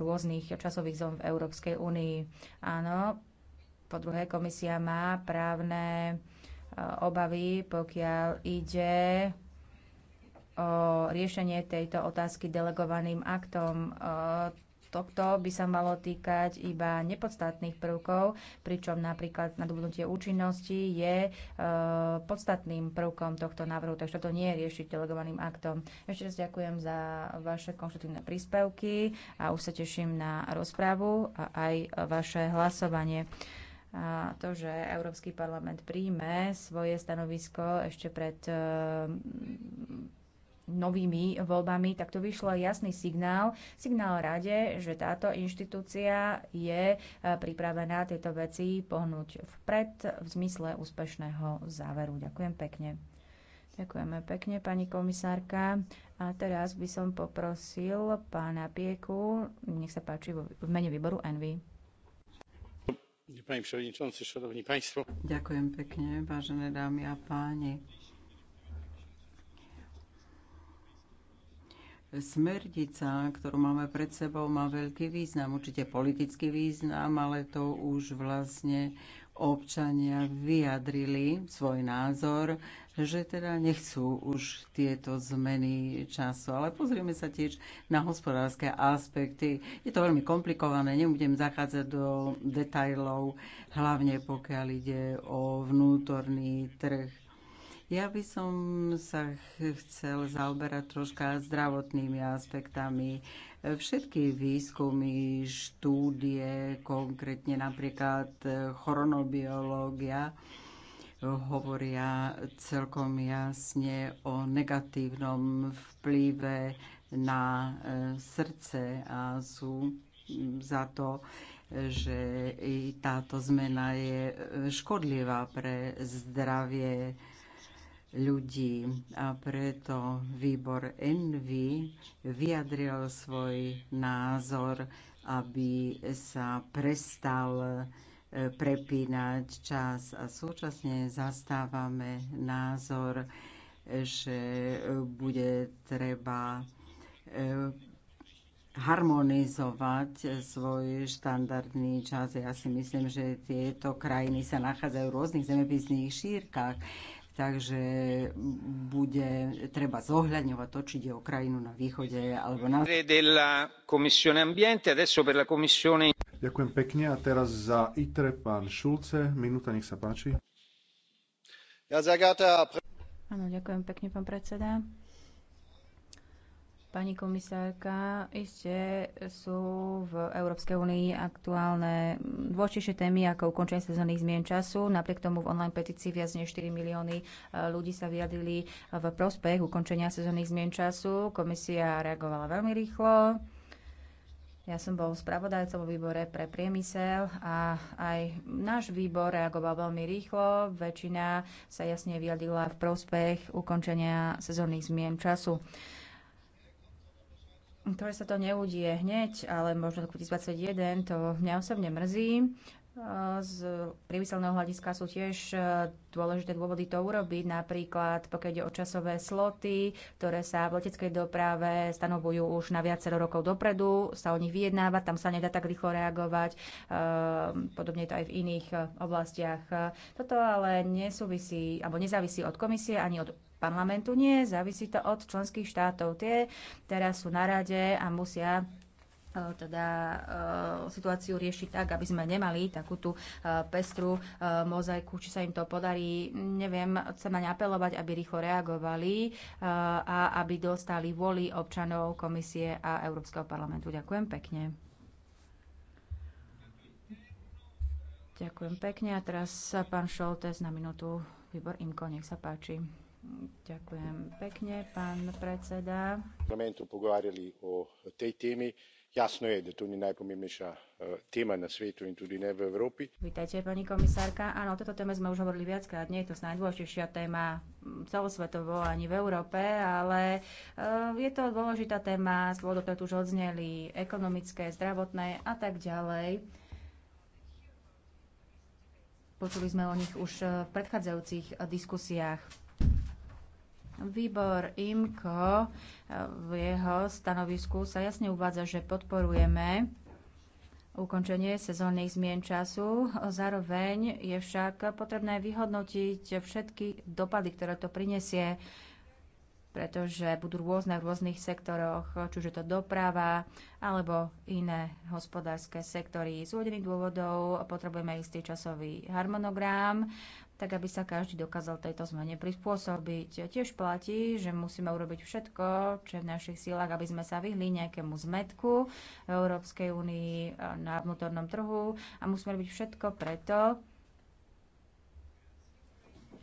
rôznych časových zón v Európskej únii. Áno, po druhé, komisia má právne obavy, pokiaľ ide o riešenie tejto otázky delegovaným aktom tohto by sa malo týkať iba nepodstatných prvkov, pričom napríklad nadobudnutie účinnosti je e, podstatným prvkom tohto návrhu, takže toto nie je riešiť delegovaným aktom. Ešte raz ďakujem za vaše konštruktívne príspevky a už sa teším na rozprávu a aj vaše hlasovanie. A to, že Európsky parlament príjme svoje stanovisko ešte pred e, novými voľbami, tak to vyšlo jasný signál, signál rade, že táto inštitúcia je e, pripravená tieto veci pohnúť vpred v zmysle úspešného záveru. Ďakujem pekne. Ďakujeme pekne, pani komisárka. A teraz by som poprosil pána Pieku, nech sa páči v mene výboru Envy. Ďakujem pekne, vážené dámy a páni. Smernica, ktorú máme pred sebou, má veľký význam, určite politický význam, ale to už vlastne občania vyjadrili svoj názor, že teda nechcú už tieto zmeny času. Ale pozrieme sa tiež na hospodárske aspekty. Je to veľmi komplikované, nebudem zachádzať do detajlov, hlavne pokiaľ ide o vnútorný trh ja by som sa chcel zaoberať troška zdravotnými aspektami. Všetky výskumy, štúdie, konkrétne napríklad e, chronobiológia, hovoria celkom jasne o negatívnom vplyve na e, srdce a sú za to že i táto zmena je e, škodlivá pre zdravie ľudí a preto výbor Envy vyjadril svoj názor, aby sa prestal e, prepínať čas a súčasne zastávame názor, že bude treba e, harmonizovať svoj štandardný čas. Ja si myslím, že tieto krajiny sa nachádzajú v rôznych zemepisných šírkach takže bude treba zohľadňovať to, či ide o krajinu na východe alebo na... Ďakujem pekne a teraz za ITRE pán Šulce. Minúta, nech sa páči. Áno, ďakujem pekne, pán predseda. Pani komisárka, iste sú v Európskej únii aktuálne dôležitejšie témy ako ukončenie sezónnych zmien času. Napriek tomu v online petícii viac než 4 milióny e, ľudí sa vyjadrili v prospech ukončenia sezónnych zmien času. Komisia reagovala veľmi rýchlo. Ja som bol spravodajcom vo výbore pre priemysel a aj náš výbor reagoval veľmi rýchlo. Väčšina sa jasne vyjadrila v prospech ukončenia sezónnych zmien času. To sa to neudie hneď, ale možno roku 2021 to mňa osobne mrzí. E, z priemyselného hľadiska sú tiež e, dôležité dôvody to urobiť, napríklad pokiaľ ide o časové sloty, ktoré sa v leteckej doprave stanovujú už na viacero rokov dopredu, sa o nich vyjednáva, tam sa nedá tak rýchlo reagovať, e, podobne to aj v iných oblastiach. Toto ale nesúvisí, alebo nezávisí od komisie ani od parlamentu. Nie, závisí to od členských štátov. Tie teraz sú na rade a musia e, teda e, situáciu riešiť tak, aby sme nemali takú tú e, pestru mozaiku, či sa im to podarí, neviem, chcem ani apelovať, aby rýchlo reagovali a aby dostali voli občanov Komisie a Európskeho parlamentu. Ďakujem pekne. Ďakujem pekne a teraz pán Šoltes na minútu. Výbor Imko, nech sa páči. Ďakujem pekne, pán predseda. parlamentu pogovarjali o tej téme. Jasno je, da to ni najpomembnejša e, téma na svetu in tudi ne v Evropi. Vítajte, pani komisárka. Áno, o tejto téme sme už hovorili viackrát. Nie je to najdôležitejšia téma celosvetovo ani v Európe, ale e, je to dôležitá téma z dôvodov, ktoré už odzneli, ekonomické, zdravotné a tak ďalej. Počuli sme o nich už e, v predchádzajúcich diskusiách. Výbor Imko v jeho stanovisku sa jasne uvádza, že podporujeme ukončenie sezónnych zmien času. Zároveň je však potrebné vyhodnotiť všetky dopady, ktoré to prinesie, pretože budú rôzne v rôznych sektoroch, či je to doprava alebo iné hospodárske sektory. Z úvodených dôvodov potrebujeme istý časový harmonogram tak aby sa každý dokázal tejto zmene prispôsobiť. Tiež platí, že musíme urobiť všetko, čo je v našich sílach, aby sme sa vyhli nejakému zmetku v Európskej únii na vnútornom trhu a musíme robiť všetko preto,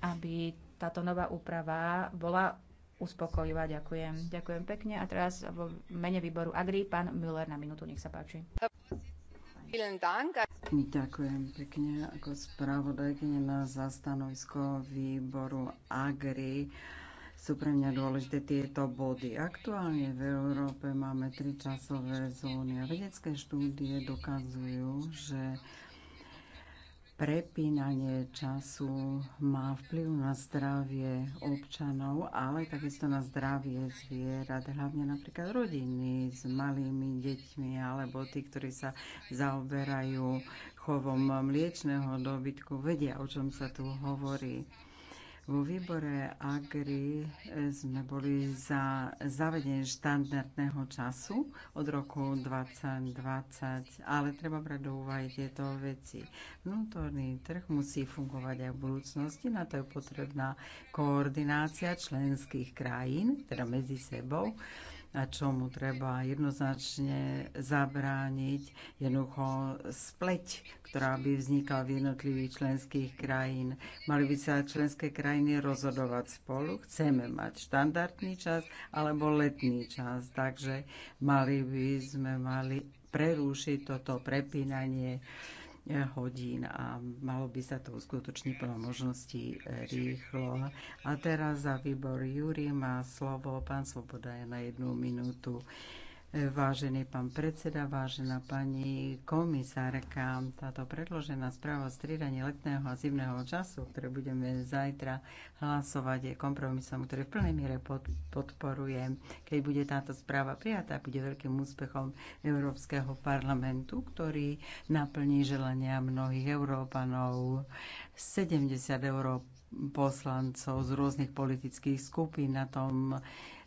aby táto nová úprava bola uspokojivá. Ďakujem. Ďakujem pekne. A teraz v mene výboru Agri, pán Müller na minútu, nech sa páči. Ďakujem pekne ako spravodajkyne za stanovisko výboru Agri. Sú pre mňa dôležité tieto body. Aktuálne v Európe máme tri časové zóny a vedecké štúdie dokazujú, že prepínanie času má vplyv na zdravie občanov, ale takisto na zdravie zvierat, hlavne napríklad rodiny s malými deťmi alebo tí, ktorí sa zaoberajú chovom mliečného dobytku, vedia, o čom sa tu hovorí. Vo výbore Agri eh, sme boli za zavedenie štandardného času od roku 2020, ale treba brať do úvahy tieto veci. Vnútorný trh musí fungovať aj v budúcnosti, na to je potrebná koordinácia členských krajín, teda medzi sebou a čomu treba jednoznačne zabrániť, jednoducho spleť, ktorá by vznikala v jednotlivých členských krajín. Mali by sa členské krajiny rozhodovať spolu, chceme mať štandardný čas alebo letný čas, takže mali by sme mali prerušiť toto prepínanie hodín a malo by sa to uskutočniť podľa možnosti eh, rýchlo. A teraz za výbor Júri má slovo pán Svoboda je na jednu minútu. Vážený pán predseda, vážená pani komisárka, táto predložená správa o striedaní letného a zimného času, ktoré budeme zajtra hlasovať, je kompromisom, ktorý v plnej miere pod, podporujem. Keď bude táto správa prijatá, bude veľkým úspechom Európskeho parlamentu, ktorý naplní želania mnohých Európanov. 70 európ poslancov z rôznych politických skupín na tom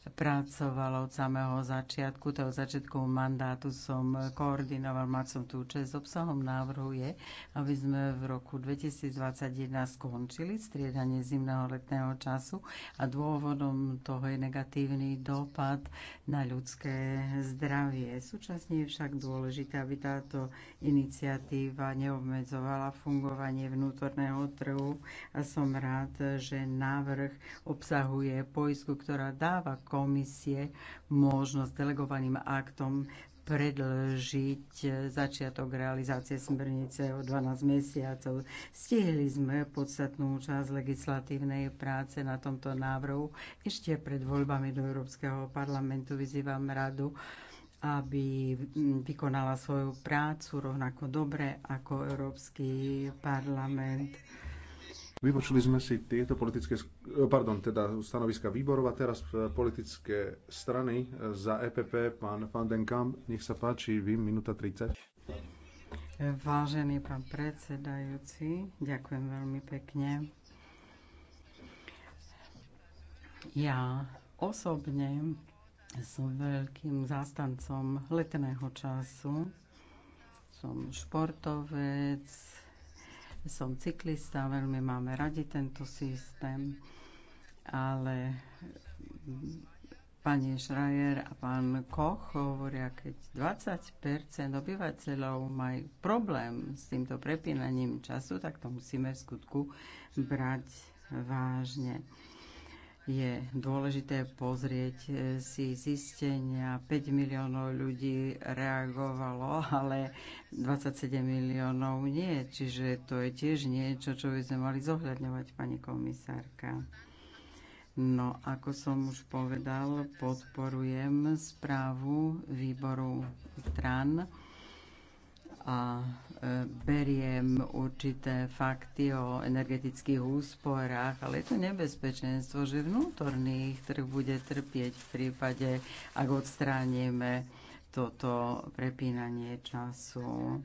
pracovala od samého začiatku, toho začiatku mandátu som koordinoval, mal som tú čest. Obsahom návrhu je, aby sme v roku 2021 skončili striedanie zimného letného času a dôvodom toho je negatívny dopad na ľudské zdravie. Súčasne je však dôležité, aby táto iniciatíva neobmedzovala fungovanie vnútorného trhu a som rád, že návrh obsahuje poisku, ktorá dáva kom komisie možnosť delegovaným aktom predlžiť začiatok realizácie smernice o 12 mesiacov. Stihli sme podstatnú časť legislatívnej práce na tomto návrhu. Ešte pred voľbami do Európskeho parlamentu vyzývam radu, aby vykonala svoju prácu rovnako dobre ako Európsky parlament Vypočuli sme si tieto politické, e, pardon, teda stanoviska výborov a teraz e, politické strany e, za EPP, pán Van den Kamp, nech sa páči, vy, minúta 30. Vážený pán predsedajúci, ďakujem veľmi pekne. Ja osobne som veľkým zástancom letného času. Som športovec, som cyklista, veľmi máme radi tento systém, ale pani Schreier a pán Koch hovoria, keď 20 obyvateľov majú problém s týmto prepínaním času, tak to musíme v skutku brať vážne je dôležité pozrieť e, si zistenia. 5 miliónov ľudí reagovalo, ale 27 miliónov nie. Čiže to je tiež niečo, čo by sme mali zohľadňovať, pani komisárka. No, ako som už povedal, podporujem správu výboru TRAN a beriem určité fakty o energetických úsporách, ale je to nebezpečenstvo, že vnútorný trh bude trpieť v prípade, ak odstránime toto prepínanie času.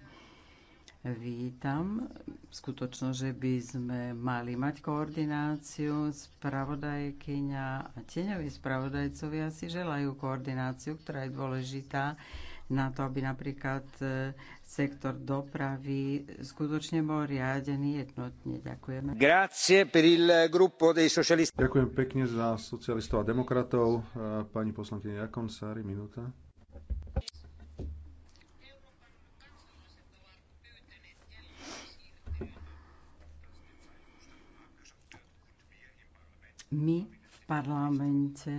Vítam skutočno, že by sme mali mať koordináciu. Spravodajkyňa a tieňoví spravodajcovia si želajú koordináciu, ktorá je dôležitá na to, aby napríklad sektor dopravy skutočne bol riadený jednotne. Ďakujeme. Grazie per il gruppo dei socialisti. Ďakujem pekne za socialistov a demokratov. Eh, pani poslankyňa Jakoncári, minúta. My v parlamente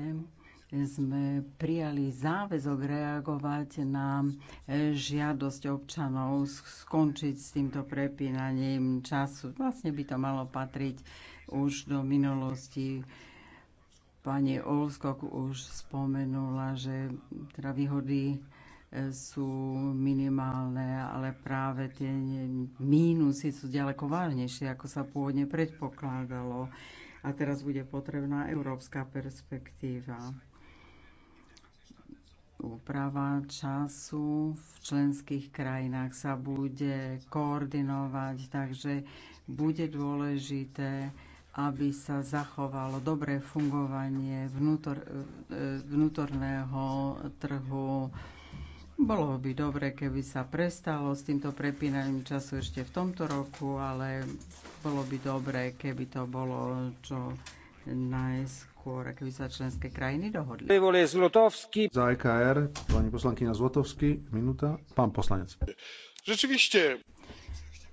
sme prijali záväzok reagovať na e, žiadosť občanov skončiť s týmto prepínaním času. Vlastne by to malo patriť už do minulosti. Pani Olskok už spomenula, že teda výhody e, sú minimálne, ale práve tie mínusy sú ďaleko vážnejšie, ako sa pôvodne predpokladalo. A teraz bude potrebná európska perspektíva úprava času v členských krajinách sa bude koordinovať, takže bude dôležité, aby sa zachovalo dobré fungovanie vnútor, vnútorného trhu. Bolo by dobre, keby sa prestalo s týmto prepínaním času ešte v tomto roku, ale bolo by dobre, keby to bolo čo najskôr skôr, ak by sa členské krajiny dohodli. Zlotovský. Za EKR, pani poslankyňa Zlotovský, minúta, pán poslanec. Rzeczywiście.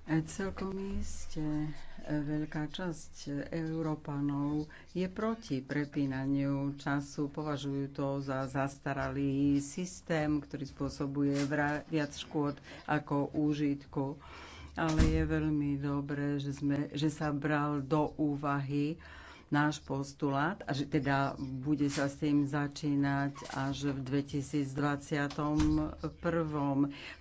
E, celkom iste e, veľká časť Európanov je proti prepínaniu času. Považujú to za zastaralý systém, ktorý spôsobuje viac škôd ako úžitku. Ale je veľmi dobré, že, sme, že sa bral do úvahy náš postulát, a že teda bude sa s tým začínať až v 2021.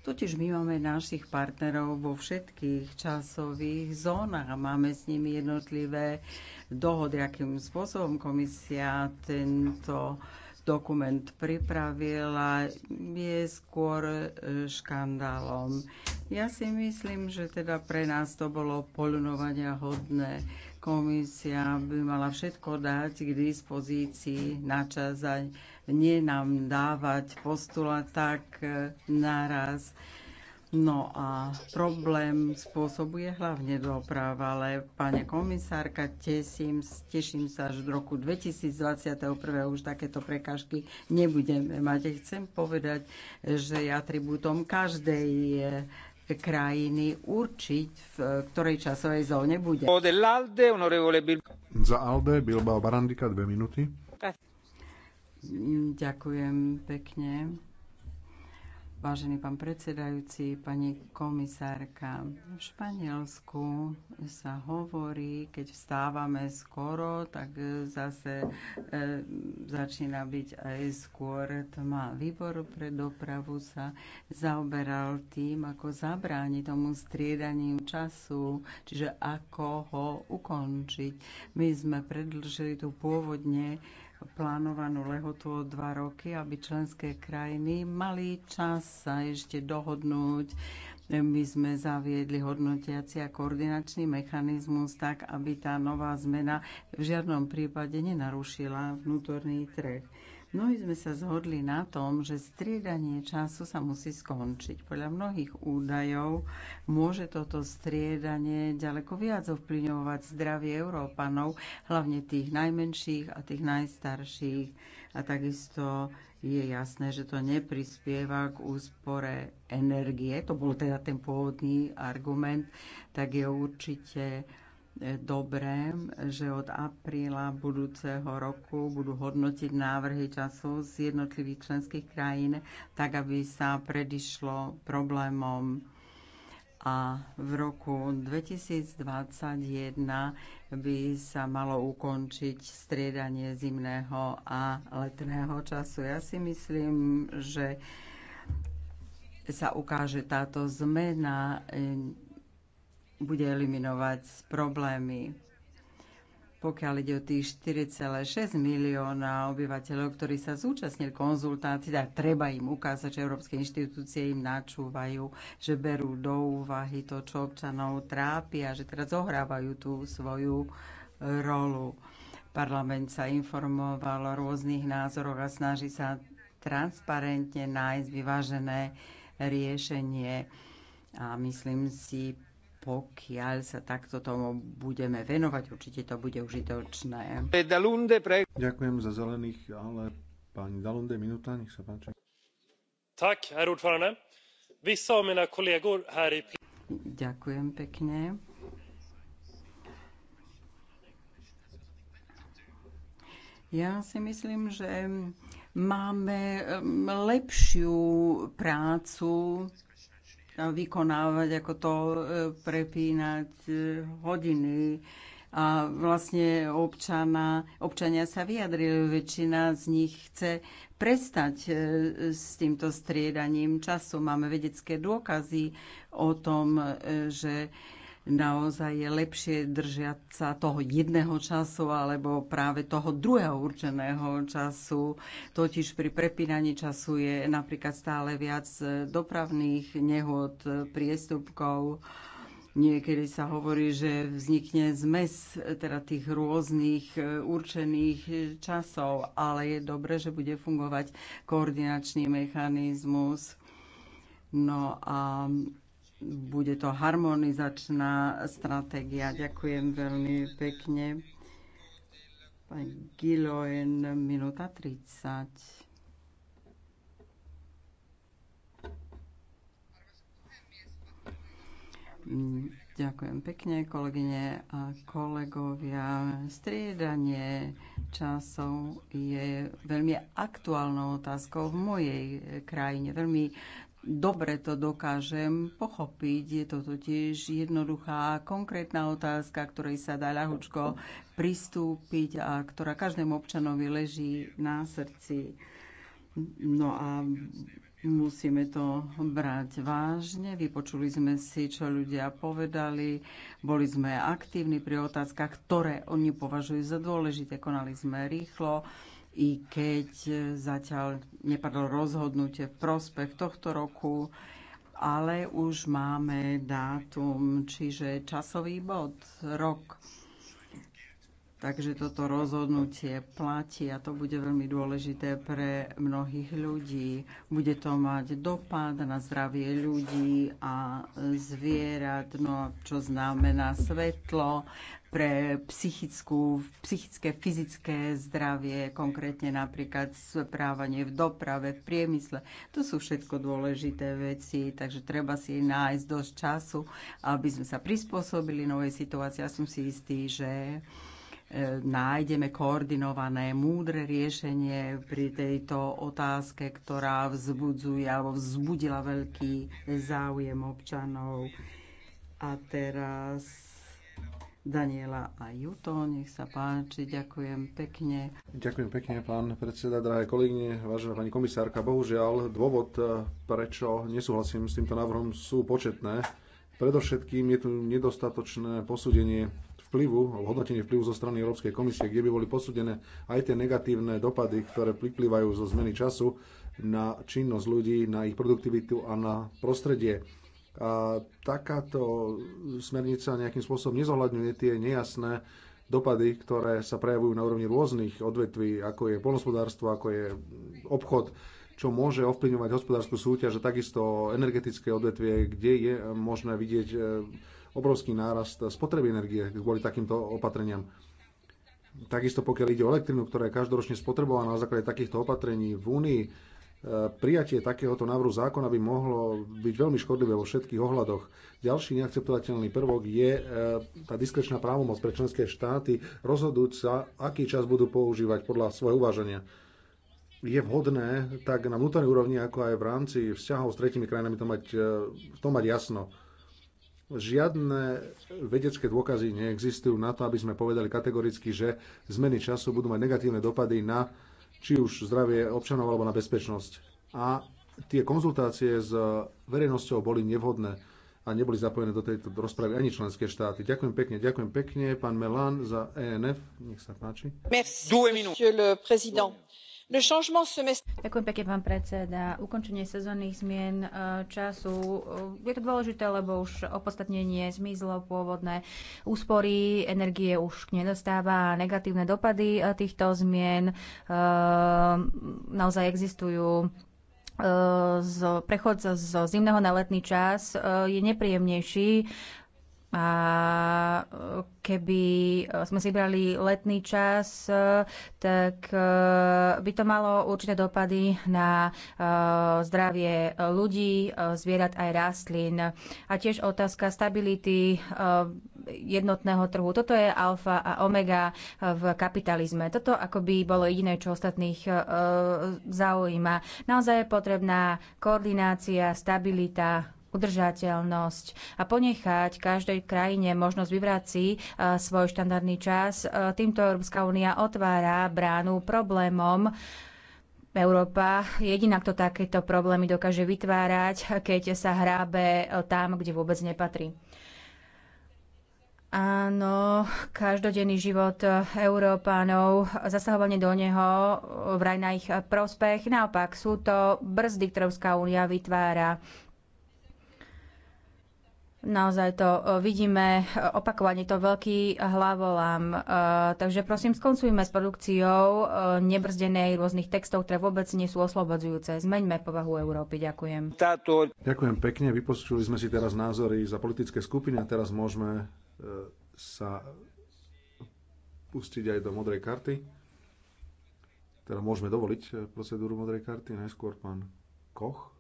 Totiž my máme našich partnerov vo všetkých časových zónach a máme s nimi jednotlivé dohody, akým spôsobom komisia tento dokument pripravila, je skôr e, škandálom. Ja si myslím, že teda pre nás to bolo polunovania hodné. Komisia by mala všetko dať k dispozícii na čas a nie nám dávať postula tak e, naraz. No a problém spôsobuje hlavne doprava, ale pani komisárka, teším, teším sa, že v roku 2021 už takéto prekážky nebudeme mať. Chcem povedať, že je atribútom každej krajiny určiť, v ktorej časovej zóne bude. Za Alde Bilbao Barandika dve minúty. Ďakujem pekne. Vážený pán predsedajúci, pani komisárka, v Španielsku sa hovorí, keď vstávame skoro, tak zase e, začína byť aj skôr tma. Výbor pre dopravu sa zaoberal tým, ako zabrániť tomu striedaniu času, čiže ako ho ukončiť. My sme predlžili tu pôvodne plánovanú lehotu o dva roky, aby členské krajiny mali čas sa ešte dohodnúť. My sme zaviedli hodnotiaci a koordinačný mechanizmus tak, aby tá nová zmena v žiadnom prípade nenarušila vnútorný trh. Mnohí sme sa zhodli na tom, že striedanie času sa musí skončiť. Podľa mnohých údajov môže toto striedanie ďaleko viac ovplyvňovať zdravie Európanov, hlavne tých najmenších a tých najstarších. A takisto je jasné, že to neprispieva k úspore energie. To bol teda ten pôvodný argument. Tak je určite dobré, že od apríla budúceho roku budú hodnotiť návrhy času z jednotlivých členských krajín, tak aby sa predišlo problémom a v roku 2021 by sa malo ukončiť striedanie zimného a letného času. Ja si myslím, že sa ukáže táto zmena bude eliminovať problémy. Pokiaľ ide o tých 4,6 milióna obyvateľov, ktorí sa zúčastnili konzultácií, tak treba im ukázať, že európske inštitúcie im načúvajú, že berú do úvahy to, čo občanov trápia, že teraz zohrávajú tú svoju rolu. Parlament sa informoval o rôznych názoroch a snaží sa transparentne nájsť vyvážené riešenie. A myslím si, pokiaľ sa takto tomu budeme venovať, určite to bude užitočné. Ďakujem za zelených, ale pani Dalunde, minúta, nech sa páči. Tak, ordförande. Vissa av mina kollegor här i... Ďakujem pekne. Ja si myslím, že máme hm, lepšiu prácu tam vykonávať, ako to e, prepínať e, hodiny. A vlastne občana, občania sa vyjadrili, väčšina z nich chce prestať e, s týmto striedaním času. Máme vedecké dôkazy o tom, že naozaj je lepšie držiať sa toho jedného času alebo práve toho druhého určeného času. Totiž pri prepínaní času je napríklad stále viac e, dopravných nehod, e, priestupkov. Niekedy sa hovorí, že vznikne zmes e, teda tých rôznych určených časov, ale je dobre, že bude fungovať koordinačný mechanizmus. No a bude to harmonizačná stratégia. Ďakujem veľmi pekne. Pani Giloen, minúta 30. Ďakujem pekne, kolegyne a kolegovia. Striedanie časov je veľmi aktuálnou otázkou v mojej krajine. Veľmi Dobre to dokážem pochopiť. Je to totiž jednoduchá, konkrétna otázka, ktorej sa dá ľahučko pristúpiť a ktorá každému občanovi leží na srdci. No a musíme to brať vážne. Vypočuli sme si, čo ľudia povedali. Boli sme aktívni pri otázkach, ktoré oni považujú za dôležité. Konali sme rýchlo i keď zatiaľ nepadlo rozhodnutie v prospech tohto roku, ale už máme dátum, čiže časový bod, rok. Takže toto rozhodnutie platí a to bude veľmi dôležité pre mnohých ľudí. Bude to mať dopad na zdravie ľudí a zvierat, no čo znamená svetlo, pre psychickú, psychické, fyzické zdravie, konkrétne napríklad správanie v doprave, v priemysle. To sú všetko dôležité veci, takže treba si nájsť dosť času, aby sme sa prispôsobili novej situácii. Ja som si istý, že e, nájdeme koordinované, múdre riešenie pri tejto otázke, ktorá vzbudzuje alebo vzbudila veľký záujem občanov. A teraz Daniela a Juto. Nech sa páči, ďakujem pekne. Ďakujem pekne, pán predseda, drahé kolegyne, vážená pani komisárka. Bohužiaľ, dôvod, eh, prečo nesúhlasím s týmto návrhom, sú početné. Predovšetkým je tu nedostatočné posúdenie vplyvu, hodnotenie vplyvu zo strany Európskej komisie, kde by boli posúdené aj tie negatívne dopady, ktoré priplývajú zo zmeny času na činnosť ľudí, na ich produktivitu a na prostredie a takáto smernica nejakým spôsobom nezohľadňuje tie nejasné dopady, ktoré sa prejavujú na úrovni rôznych odvetví, ako je polnospodárstvo, ako je obchod, čo môže ovplyvňovať hospodárskú súťaž a takisto energetické odvetvie, kde je možné vidieť e, obrovský nárast spotreby energie kvôli takýmto opatreniam. Takisto pokiaľ ide o elektrinu, ktorá je každoročne spotrebovaná na základe takýchto opatrení v Únii, prijatie takéhoto návrhu zákona by mohlo byť veľmi škodlivé vo všetkých ohľadoch. Ďalší neakceptovateľný prvok je e, tá diskrečná právomoc pre členské štáty rozhodnúť sa, aký čas budú používať podľa svojho uvaženia. Je vhodné tak na vnútornej úrovni, ako aj v rámci vzťahov s tretimi krajinami to mať, e, to mať jasno. Žiadne vedecké dôkazy neexistujú na to, aby sme povedali kategoricky, že zmeny času budú mať negatívne dopady na či už zdravie občanov alebo na bezpečnosť. A tie konzultácie s verejnosťou boli nevhodné a neboli zapojené do tejto rozpravy ani členské štáty. Ďakujem pekne, ďakujem pekne, pán Melan za ENF. Nech sa páči. Merci, Ďakujem pekne, pán predseda. Ukončenie sezónnych zmien e, času e, je to dôležité, lebo už opodstatnenie zmizlo pôvodné úspory, energie už nedostáva a negatívne dopady e, týchto zmien naozaj existujú z, prechod zo zimného na letný čas je nepríjemnejší a e, keby e, sme si brali letný čas, e, tak by to malo určité dopady na zdravie ľudí, zvierat aj rastlín. A tiež otázka stability jednotného trhu. Toto je alfa a omega v kapitalizme. Toto akoby bolo jediné, čo ostatných zaujíma. Naozaj je potrebná koordinácia, stabilita, udržateľnosť a ponechať každej krajine možnosť vybrať si e, svoj štandardný čas. E, týmto Európska únia otvára bránu problémom, Európa jediná, kto takéto problémy dokáže vytvárať, keď sa hrábe tam, kde vôbec nepatrí. Áno, každodenný život Európánov, zasahovanie do neho vraj na ich prospech. Naopak sú to brzdy, ktoré Európska únia vytvára Naozaj to e, vidíme, e, opakovane to veľký e, hlavolám. Takže prosím, skoncujme s produkciou nebrzdenej rôznych textov, ktoré vôbec nie sú oslobodzujúce. Zmeňme povahu Európy. Ďakujem. Táto... Ďakujem pekne. Vypočuli sme si teraz názory za politické skupiny a teraz môžeme sa pustiť aj do modrej karty. Teda môžeme dovoliť procedúru modrej karty. Najskôr pán Koch.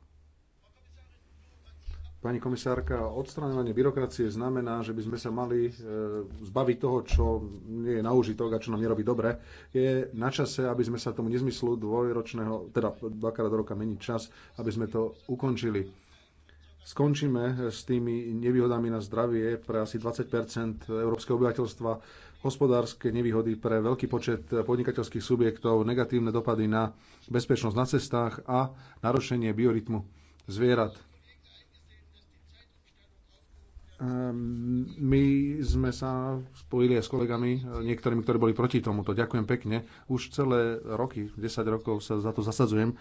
Pani komisárka, odstraňovanie byrokracie znamená, že by sme sa mali e, zbaviť toho, čo nie je na užitok a čo nám nerobí dobre. Je na čase, aby sme sa tomu nezmyslu dvojročného, teda dvakrát do roka meniť čas, aby sme to ukončili. Skončíme s tými nevýhodami na zdravie pre asi 20 európskeho obyvateľstva, hospodárske nevýhody pre veľký počet podnikateľských subjektov, negatívne dopady na bezpečnosť na cestách a narušenie biorytmu zvierat Ehm, my sme sa spojili aj s kolegami, e, niektorými, ktorí boli proti tomuto. Ďakujem pekne. Už celé roky, 10 rokov sa za to zasadzujem.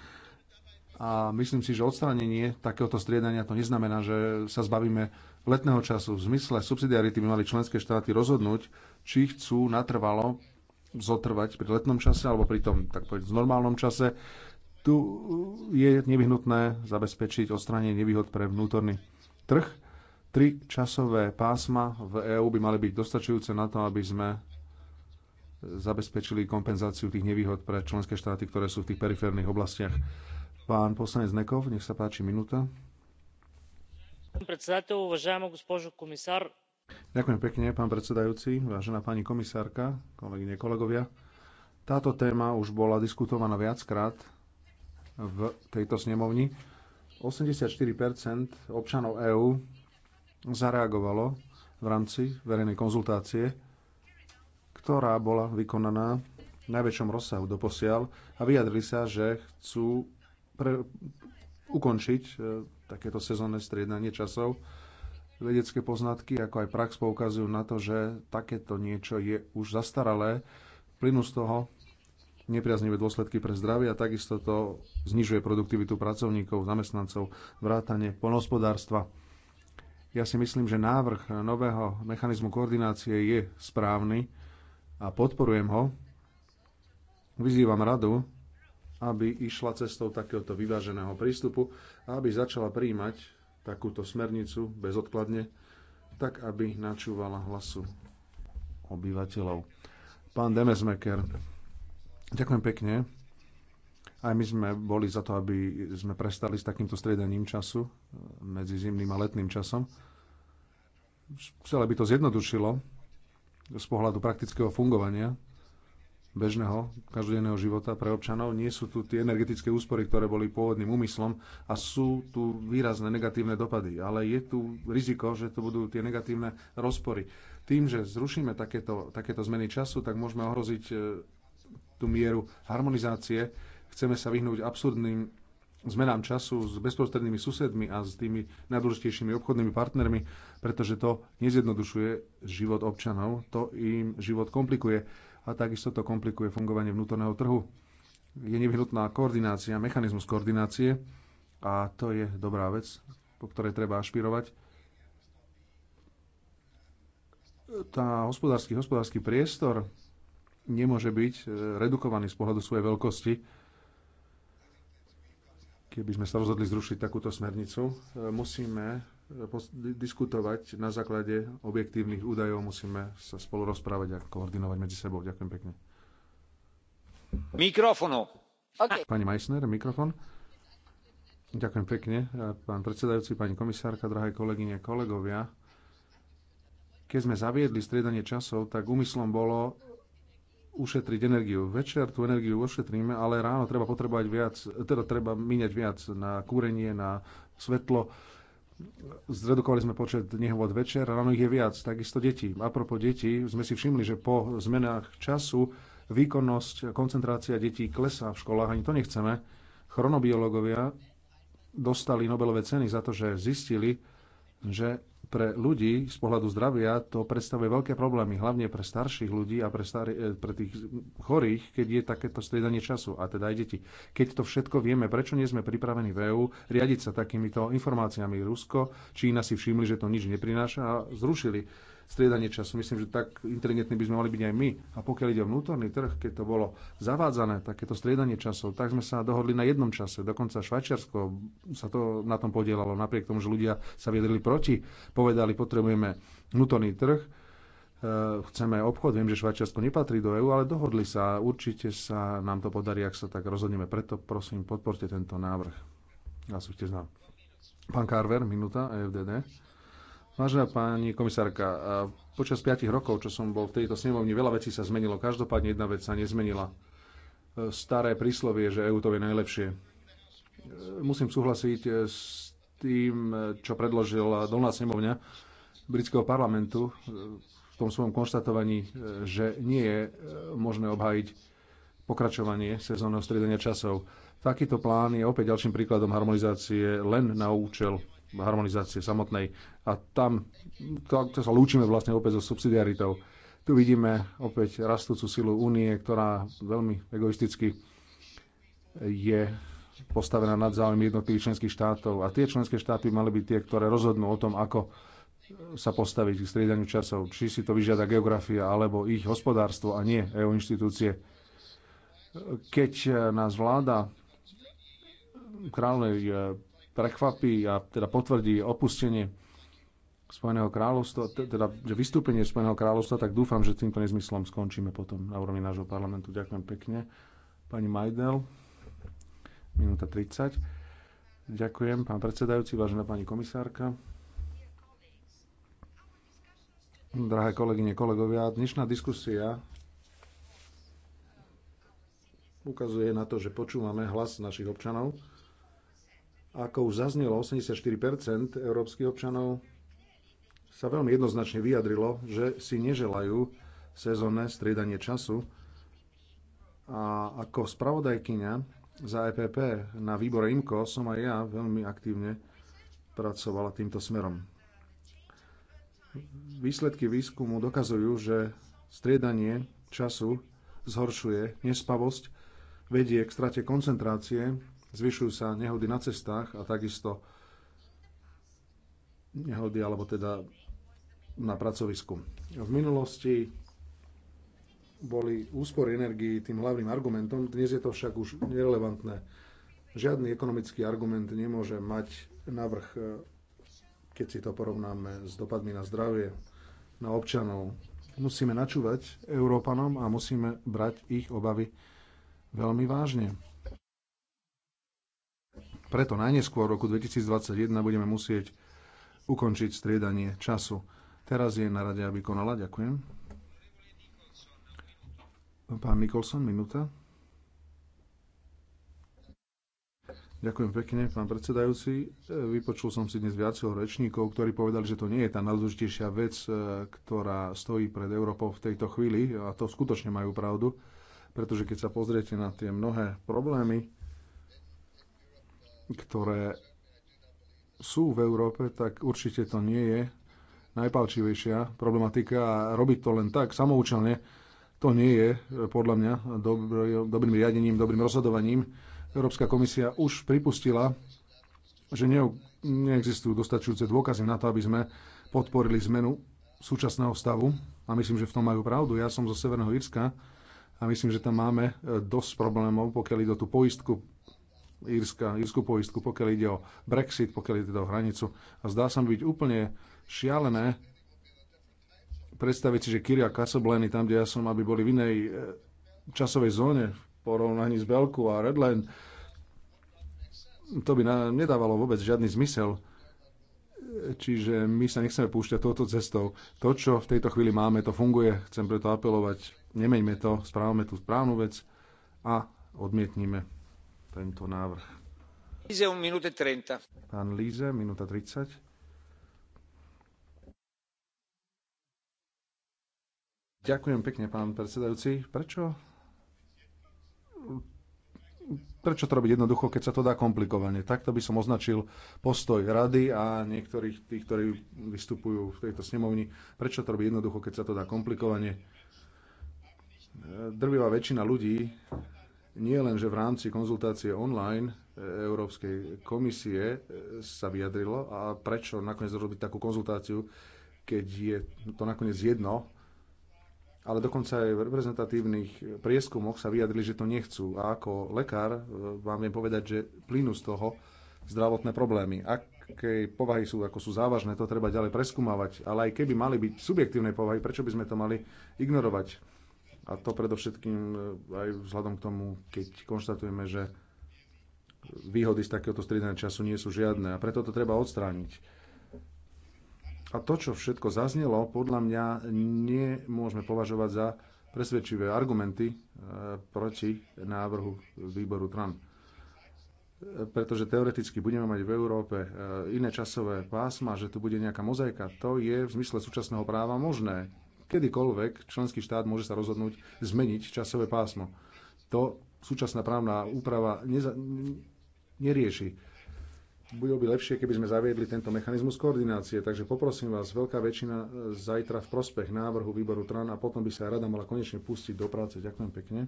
A myslím si, že odstranenie takéhoto striedania to neznamená, že sa zbavíme letného času. V zmysle subsidiarity by mali členské štáty rozhodnúť, či chcú natrvalo zotrvať pri letnom čase alebo pri tom, tak povedať, v normálnom čase. Tu je nevyhnutné zabezpečiť odstranenie nevýhod pre vnútorný trh Tri časové pásma v EÚ by mali byť dostačujúce na to, aby sme zabezpečili kompenzáciu tých nevýhod pre členské štáty, ktoré sú v tých periférnych oblastiach. Pán poslanec Nekov, nech sa páči, minúta. Ďakujem pekne, pán predsedajúci, vážená pani komisárka, kolegyne, kolegovia. Táto téma už bola diskutovaná viackrát v tejto snemovni. 84 občanov EÚ zareagovalo v rámci verejnej konzultácie, ktorá bola vykonaná v najväčšom rozsahu doposiaľ a vyjadrili sa, že chcú pre, ukončiť e, takéto sezónne striedanie časov. Vedecké poznatky, ako aj prax, poukazujú na to, že takéto niečo je už zastaralé. Plynú z toho nepriaznivé dôsledky pre zdravie a takisto to znižuje produktivitu pracovníkov, zamestnancov, vrátanie polnospodárstva. Ja si myslím, že návrh nového mechanizmu koordinácie je správny a podporujem ho. Vyzývam radu, aby išla cestou takéhoto vyváženého prístupu a aby začala príjmať takúto smernicu bezodkladne, tak aby načúvala hlasu obyvateľov. Pán Demesmeker, ďakujem pekne. Aj my sme boli za to, aby sme prestali s takýmto striedaním času e, medzi zimným a letným časom. Celé by to zjednodušilo z pohľadu praktického fungovania bežného každodenného života pre občanov. Nie sú tu tie energetické úspory, ktoré boli pôvodným úmyslom a sú tu výrazné negatívne dopady. Ale je tu riziko, že to budú tie negatívne rozpory. Tým, že zrušíme takéto, takéto zmeny času, tak môžeme ohroziť e, tú mieru harmonizácie Chceme sa vyhnúť absurdným zmenám času s bezprostrednými susedmi a s tými najdôležitejšími obchodnými partnermi, pretože to nezjednodušuje život občanov, to im život komplikuje a takisto to komplikuje fungovanie vnútorného trhu. Je nevyhnutná koordinácia, mechanizmus koordinácie a to je dobrá vec, po ktorej treba ašpirovať. Tá hospodársky, hospodársky priestor nemôže byť eh, redukovaný z pohľadu svojej veľkosti keby sme sa rozhodli zrušiť takúto smernicu, e, musíme e, diskutovať na základe objektívnych údajov, musíme sa spolu rozprávať a koordinovať medzi sebou. Ďakujem pekne. Mikrofonu. Okay. Pani Meissner, mikrofon. Ďakujem pekne, e, pán predsedajúci, pani komisárka, drahé kolegyne, kolegovia. Keď sme zaviedli striedanie časov, tak úmyslom bolo ušetriť energiu. Večer tú energiu ušetríme, ale ráno treba potrebovať viac, teda treba míňať viac na kúrenie, na svetlo. Zredukovali sme počet nehôd večer, ráno ich je viac, takisto deti. A propos detí, sme si všimli, že po zmenách času výkonnosť, koncentrácia detí klesá v školách, ani to nechceme. Chronobiológovia dostali Nobelové ceny za to, že zistili, že pre ľudí z pohľadu zdravia to predstavuje veľké problémy, hlavne pre starších ľudí a pre, starý, e, pre tých chorých, keď je takéto striedanie času, a teda aj deti. Keď to všetko vieme, prečo nie sme pripravení v EÚ riadiť sa takýmito informáciami? Rusko, Čína si všimli, že to nič neprináša a zrušili striedanie času. Myslím, že tak inteligentní by sme mali byť aj my. A pokiaľ ide o vnútorný trh, keď to bolo zavádzané, takéto striedanie časov, tak sme sa dohodli na jednom čase. Dokonca Švajčiarsko sa to na tom podielalo, napriek tomu, že ľudia sa viedrili proti, povedali, potrebujeme vnútorný trh, eh, chceme obchod. Viem, že Švajčiarsko nepatrí do EÚ, ale dohodli sa. a Určite sa nám to podarí, ak sa tak rozhodneme. Preto prosím, podporte tento návrh. Hlasujte za. Pán Carver, minúta, EFDD. Vážená pani komisárka, počas 5 rokov, čo som bol v tejto snemovni, veľa vecí sa zmenilo. Každopádne jedna vec sa nezmenila. E, staré príslovie, že EU to je najlepšie. E, musím súhlasiť e, s tým, čo predložila dolná snemovňa britského parlamentu v tom svojom konštatovaní, že nie je možné obhájiť pokračovanie sezónneho striedania časov. Takýto plán je opäť ďalším príkladom harmonizácie len na účel harmonizácie samotnej. A tam to, to sa lúčime vlastne opäť so subsidiaritou. Tu vidíme opäť rastúcu silu únie, ktorá veľmi egoisticky je postavená nad záujmy jednotlivých členských štátov. A tie členské štáty mali byť tie, ktoré rozhodnú o tom, ako sa postaviť k striedaniu časov. Či si to vyžiada geografia alebo ich hospodárstvo a nie EU inštitúcie. Keď nás vláda kráľovnej prekvapí a teda potvrdí opustenie Spojeného kráľovstva, teda že vystúpenie Spojeného kráľovstva, tak dúfam, že týmto nezmyslom skončíme potom na úrovni nášho parlamentu. Ďakujem pekne. Pani Majdel, minúta 30. Ďakujem, pán predsedajúci, vážená pani komisárka. Drahé kolegyne, kolegovia, dnešná diskusia ukazuje na to, že počúvame hlas našich občanov ako už zaznelo, 84% európskych občanov sa veľmi jednoznačne vyjadrilo, že si neželajú sezónne striedanie času. A ako spravodajkyňa za EPP na výbore IMKO som aj ja veľmi aktívne pracovala týmto smerom. Výsledky výskumu dokazujú, že striedanie času zhoršuje nespavosť, vedie k strate koncentrácie, zvyšujú sa nehody na cestách a takisto nehody alebo teda na pracovisku. V minulosti boli úspory energii tým hlavným argumentom, dnes je to však už nerelevantné. Žiadny ekonomický argument nemôže mať navrh, keď si to porovnáme s dopadmi na zdravie, na občanov. Musíme načúvať Európanom a musíme brať ich obavy veľmi vážne. Preto najneskôr v roku 2021 budeme musieť ukončiť striedanie času. Teraz je na rade, aby konala. Ďakujem. Pán Mikolson, minúta. Ďakujem pekne, pán predsedajúci. Vypočul som si dnes viacero rečníkov, ktorí povedali, že to nie je tá najdôležitejšia vec, e, ktorá stojí pred Európou v tejto chvíli a to skutočne majú pravdu, pretože keď sa pozriete na tie mnohé problémy, ktoré sú v Európe, tak určite to nie je najpalčivejšia problematika a robiť to len tak samoučelne, to nie je podľa mňa dobrý, dobrým riadením, dobrým rozhodovaním. Európska komisia už pripustila, že ne, neexistujú dostačujúce dôkazy na to, aby sme podporili zmenu súčasného stavu a myslím, že v tom majú pravdu. Ja som zo Severného Írska a myslím, že tam máme eh, dosť problémov, pokiaľ ide o tú poistku Írska, írsku poistku, pokiaľ ide o Brexit, pokiaľ ide o hranicu. A zdá sa byť úplne šialené predstaviť si, že Kyria Kasobleny, tam, kde ja som, aby boli v inej e, časovej zóne v porovnaní s Belku a Redland, to by nám nedávalo vôbec žiadny zmysel. E, čiže my sa nechceme púšťať touto cestou. To, čo v tejto chvíli máme, to funguje. Chcem preto apelovať, nemeňme to, správame tú správnu vec a odmietnime tento návrh. Um e pán Líze, minúta 30. Ďakujem pekne, pán predsedajúci. Prečo? Prečo to robiť jednoducho, keď sa to dá komplikovane? Takto by som označil postoj rady a niektorých tých, ktorí vystupujú v tejto snemovni. Prečo to robiť jednoducho, keď sa to dá komplikovane? Drvivá väčšina ľudí nie len, že v rámci konzultácie online e, Európskej komisie e, sa vyjadrilo a prečo nakoniec robiť takú konzultáciu, keď je to nakoniec jedno, ale dokonca aj v reprezentatívnych prieskumoch sa vyjadrili, že to nechcú. A ako lekár e, vám viem povedať, že plynú z toho zdravotné problémy. Akej povahy sú, ako sú závažné, to treba ďalej preskúmavať. Ale aj keby mali byť subjektívne povahy, prečo by sme to mali ignorovať? A to predovšetkým e, aj vzhľadom k tomu, keď konštatujeme, že výhody z takéhoto stredného času nie sú žiadne a preto to treba odstrániť. A to, čo všetko zaznelo, podľa mňa nemôžeme považovať za presvedčivé argumenty e, proti návrhu výboru Trump. E, pretože teoreticky budeme mať v Európe iné časové pásma, že tu bude nejaká mozaika, to je v zmysle súčasného práva možné kedykoľvek členský štát môže sa rozhodnúť zmeniť časové pásmo. To súčasná právna úprava neza, nerieši. Bolo by lepšie, keby sme zaviedli tento mechanizmus koordinácie, takže poprosím vás, veľká väčšina zajtra v prospech návrhu výboru TRAN a potom by sa rada mala konečne pustiť do práce. Ďakujem pekne.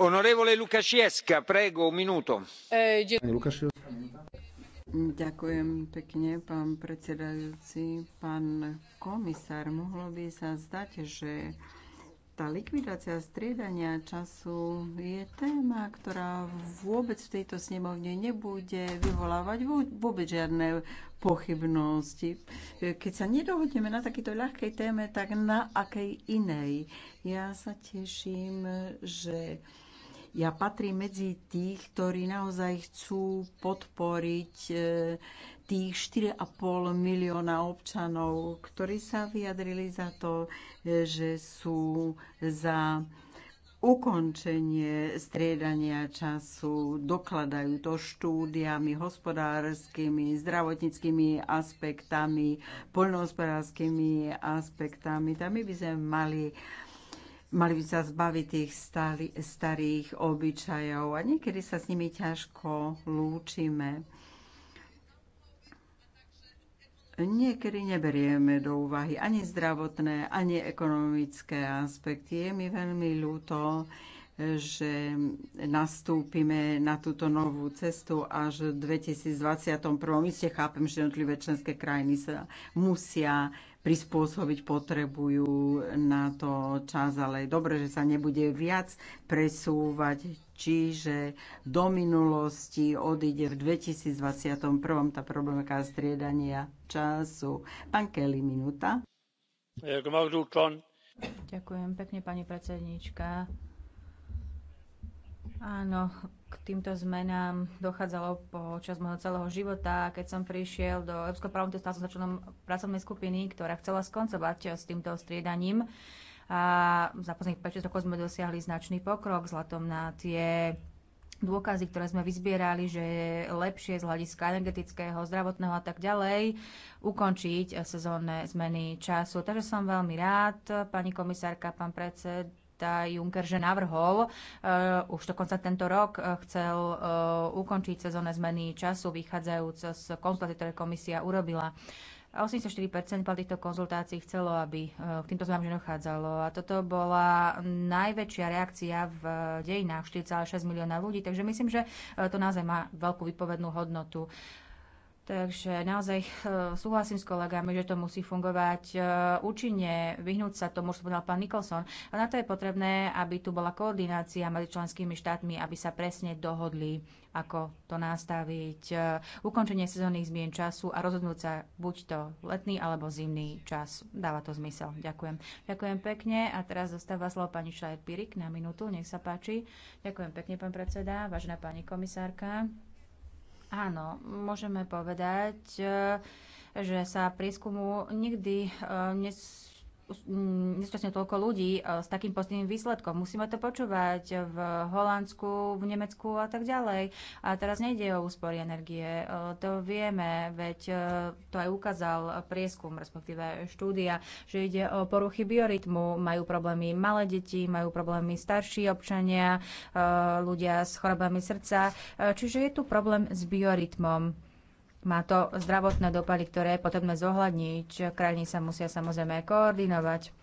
Honorevole Lukašieska, prego, minúto. E, Mm, ďakujem pekne, pán predsedajúci. Pán komisár, mohlo by sa zdať, že tá likvidácia striedania času je téma, ktorá vôbec v tejto snemovne nebude vyvolávať vôbec žiadne pochybnosti. Keď sa nedohodneme na takýto ľahkej téme, tak na akej inej. Ja sa teším, že ja patrím medzi tých, ktorí naozaj chcú podporiť e, tých 4,5 milióna občanov, ktorí sa vyjadrili za to, e, že sú za ukončenie striedania času dokladajú to štúdiami, hospodárskymi, zdravotníckými aspektami, poľnohospodárskymi aspektami. Tam by sme mali Mali by sa zbaviť tých stali, starých obyčajov a niekedy sa s nimi ťažko lúčime. Niekedy neberieme do úvahy ani zdravotné, ani ekonomické aspekty. Je mi veľmi ľúto, že nastúpime na túto novú cestu až v 2021. ste chápem, že jednotlivé členské krajiny sa musia prispôsobiť potrebujú na to čas, ale je dobre, že sa nebude viac presúvať, čiže do minulosti odíde v 2021. tá problémka striedania času. Pán Kelly, minúta. Ďakujem pekne, pani predsedníčka Áno, k týmto zmenám dochádzalo počas môjho celého života. Keď som prišiel do Európskeho parlamentu, stal som sa členom pracovnej skupiny, ktorá chcela skoncovať eh, s týmto striedaním. A za posledných 5 rokov sme dosiahli značný pokrok vzhľadom na tie dôkazy, ktoré sme vyzbierali, že je lepšie z hľadiska energetického, zdravotného a tak ďalej ukončiť eh, sezónne zmeny času. Takže som veľmi rád, pani komisárka, pán predseda, tá Juncker, že navrhol, uh, už dokonca tento rok e, chcel uh, ukončiť sezónne zmeny času, vychádzajúc z konzultácií, ktoré komisia urobila. 84% týchto konzultácií chcelo, aby k týmto zmenám nedochádzalo. A toto bola najväčšia reakcia v dejinách 4,6 milióna ľudí, takže myslím, že to naozaj má veľkú vypovednú hodnotu. Uh, Takže naozaj eh, súhlasím s kolegami, že to musí fungovať eh, účinne, vyhnúť sa tomu, čo povedal pán Nicholson, A na to je potrebné, aby tu bola koordinácia medzi členskými štátmi, aby sa presne dohodli, ako to nastaviť. Eh, ukončenie sezónnych zmien času a rozhodnúť sa buď to letný alebo zimný čas. Dáva to zmysel. Ďakujem. Ďakujem pekne. A teraz zostáva slovo pani Šajer Pirik na minútu. Nech sa páči. Ďakujem pekne, pán predseda, vážená pani komisárka. Áno, môžeme povedať, eh, že sa prieskumu nikdy eh, nes nesúčasne toľko ľudí e, s takým pozitívnym výsledkom. Musíme to počúvať v Holandsku, v Nemecku a tak ďalej. A teraz nejde o úspory energie. E, to vieme, veď e, to aj ukázal prieskum, respektíve štúdia, že ide o poruchy biorytmu. Majú problémy malé deti, majú problémy starší občania, ľudia s chorobami srdca. Čiže je tu problém s biorytmom. Má to zdravotné dopady, ktoré je potrebné zohľadniť. Krajiny sa musia samozrejme koordinovať.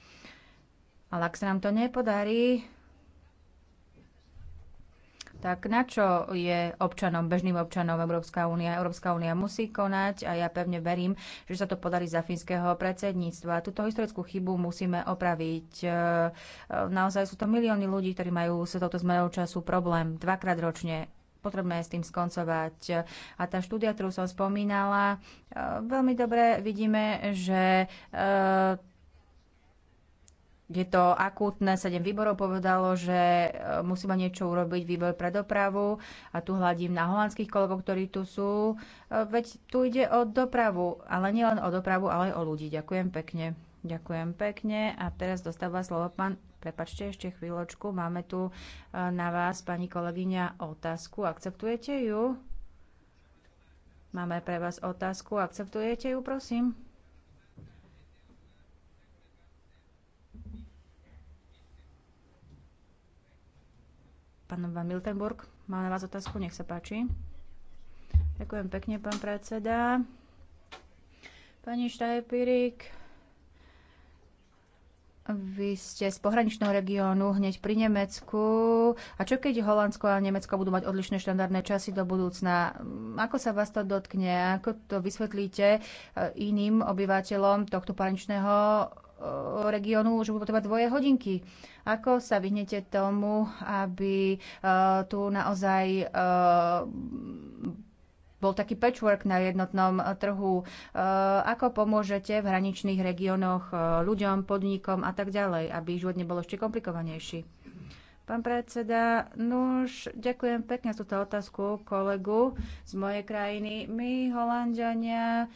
Ale ak sa nám to nepodarí, tak na čo je občanom, bežným občanom Európska únia? Európska únia musí konať a ja pevne verím, že sa to podarí za fínskeho predsedníctva. Túto historickú chybu musíme opraviť. E, e, naozaj sú to milióny ľudí, ktorí majú s touto zmenou času problém dvakrát ročne potrebné s tým skoncovať. A tá štúdia, ktorú som spomínala, e, veľmi dobre vidíme, že e, je to akútne, sedem výborov povedalo, že e, musíme niečo urobiť výbor pre dopravu a tu hľadím na holandských kolegov, ktorí tu sú. Veď tu ide o dopravu, ale nielen o dopravu, ale aj o ľudí. Ďakujem pekne. Ďakujem pekne a teraz dostáva slovo pán Prepačte ešte chvíľočku, máme tu e, na vás, pani kolegyňa, otázku. Akceptujete ju? Máme pre vás otázku. Akceptujete ju, prosím? Pán Van Miltenburg, máme na vás otázku, nech sa páči. Ďakujem pekne, pán predseda. Pani Štajpirik, vy ste z pohraničného regiónu hneď pri Nemecku. A čo keď Holandsko a Nemecko budú mať odlišné štandardné časy do budúcna? Ako sa vás to dotkne? Ako to vysvetlíte e, iným obyvateľom tohto pohraničného e, regiónu, že budú potrebovať dvoje hodinky? Ako sa vyhnete tomu, aby e, tu naozaj bol taký patchwork na jednotnom eh, trhu. Eh, ako pomôžete v hraničných regiónoch eh, ľuďom, podnikom a tak ďalej, aby život nebol ešte komplikovanejší? Pán predseda, nuž, ďakujem pekne za túto otázku kolegu z mojej krajiny. My, Holandiania,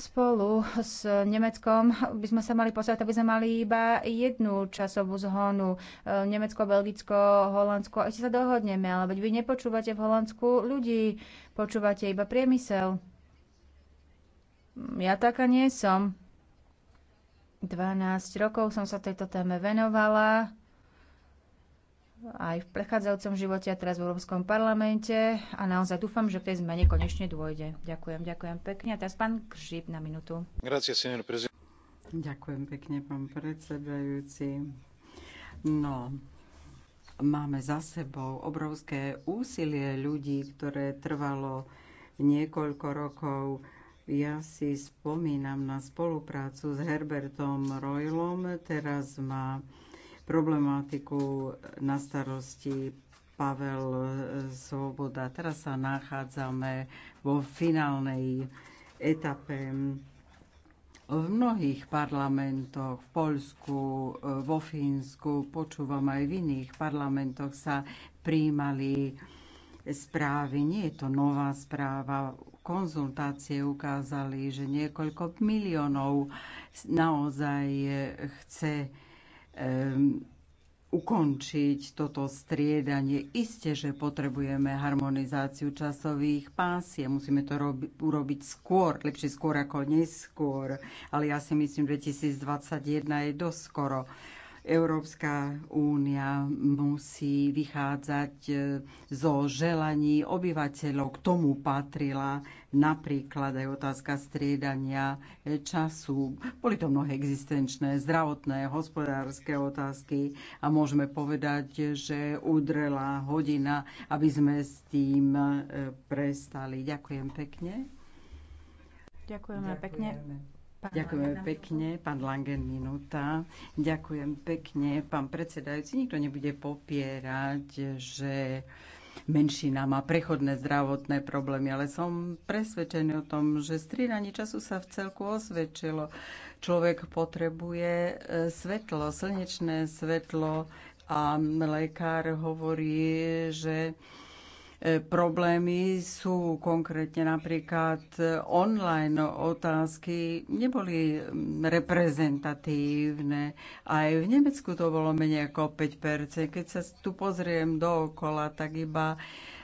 Spolu s Nemeckom by sme sa mali pozerať, aby sme mali iba jednu časovú zhonu. E, Nemecko, Belgicko, Holandsko. a Ešte sa dohodneme, ale veď vy nepočúvate v Holandsku ľudí, počúvate iba priemysel. Ja taká nie som. 12 rokov som sa tejto téme venovala aj v prechádzajúcom živote a teraz v Európskom parlamente a naozaj dúfam, že k tej zmene konečne dôjde. Ďakujem, ďakujem pekne. A teraz pán Kžip na minútu. Grazie, Ďakujem pekne, pán predsedajúci. No, máme za sebou obrovské úsilie ľudí, ktoré trvalo niekoľko rokov. Ja si spomínam na spoluprácu s Herbertom Roylom, teraz má problematiku na starosti Pavel Svoboda. Teraz sa nachádzame vo finálnej etape v mnohých parlamentoch, v Polsku, vo Fínsku, počúvam aj v iných parlamentoch sa príjmali správy. Nie je to nová správa. Konzultácie ukázali, že niekoľko miliónov naozaj chce ukončiť toto striedanie. Isté, že potrebujeme harmonizáciu časových pásie. Musíme to robi- urobiť skôr, lepšie skôr ako neskôr. Ale ja si myslím, 2021 je doskoro. Európska únia musí vychádzať e, zo želaní obyvateľov. K tomu patrila napríklad aj otázka striedania e, času. Boli to mnohé existenčné, zdravotné, hospodárske otázky a môžeme povedať, že udrela hodina, aby sme s tým e, prestali. Ďakujem pekne. Ďakujeme, Ďakujeme. pekne. Ďakujem pekne, pán Langen, minúta. Ďakujem pekne, pán predsedajúci. Nikto nebude popierať, že menšina má prechodné zdravotné problémy, ale som presvedčený o tom, že striedanie času sa v celku osvedčilo. Človek potrebuje e, svetlo, slnečné svetlo a lekár hovorí, že E, problémy sú konkrétne napríklad e, online otázky neboli mm, reprezentatívne. Aj v Nemecku to bolo menej ako 5%. Keď sa tu pozriem dookola, tak iba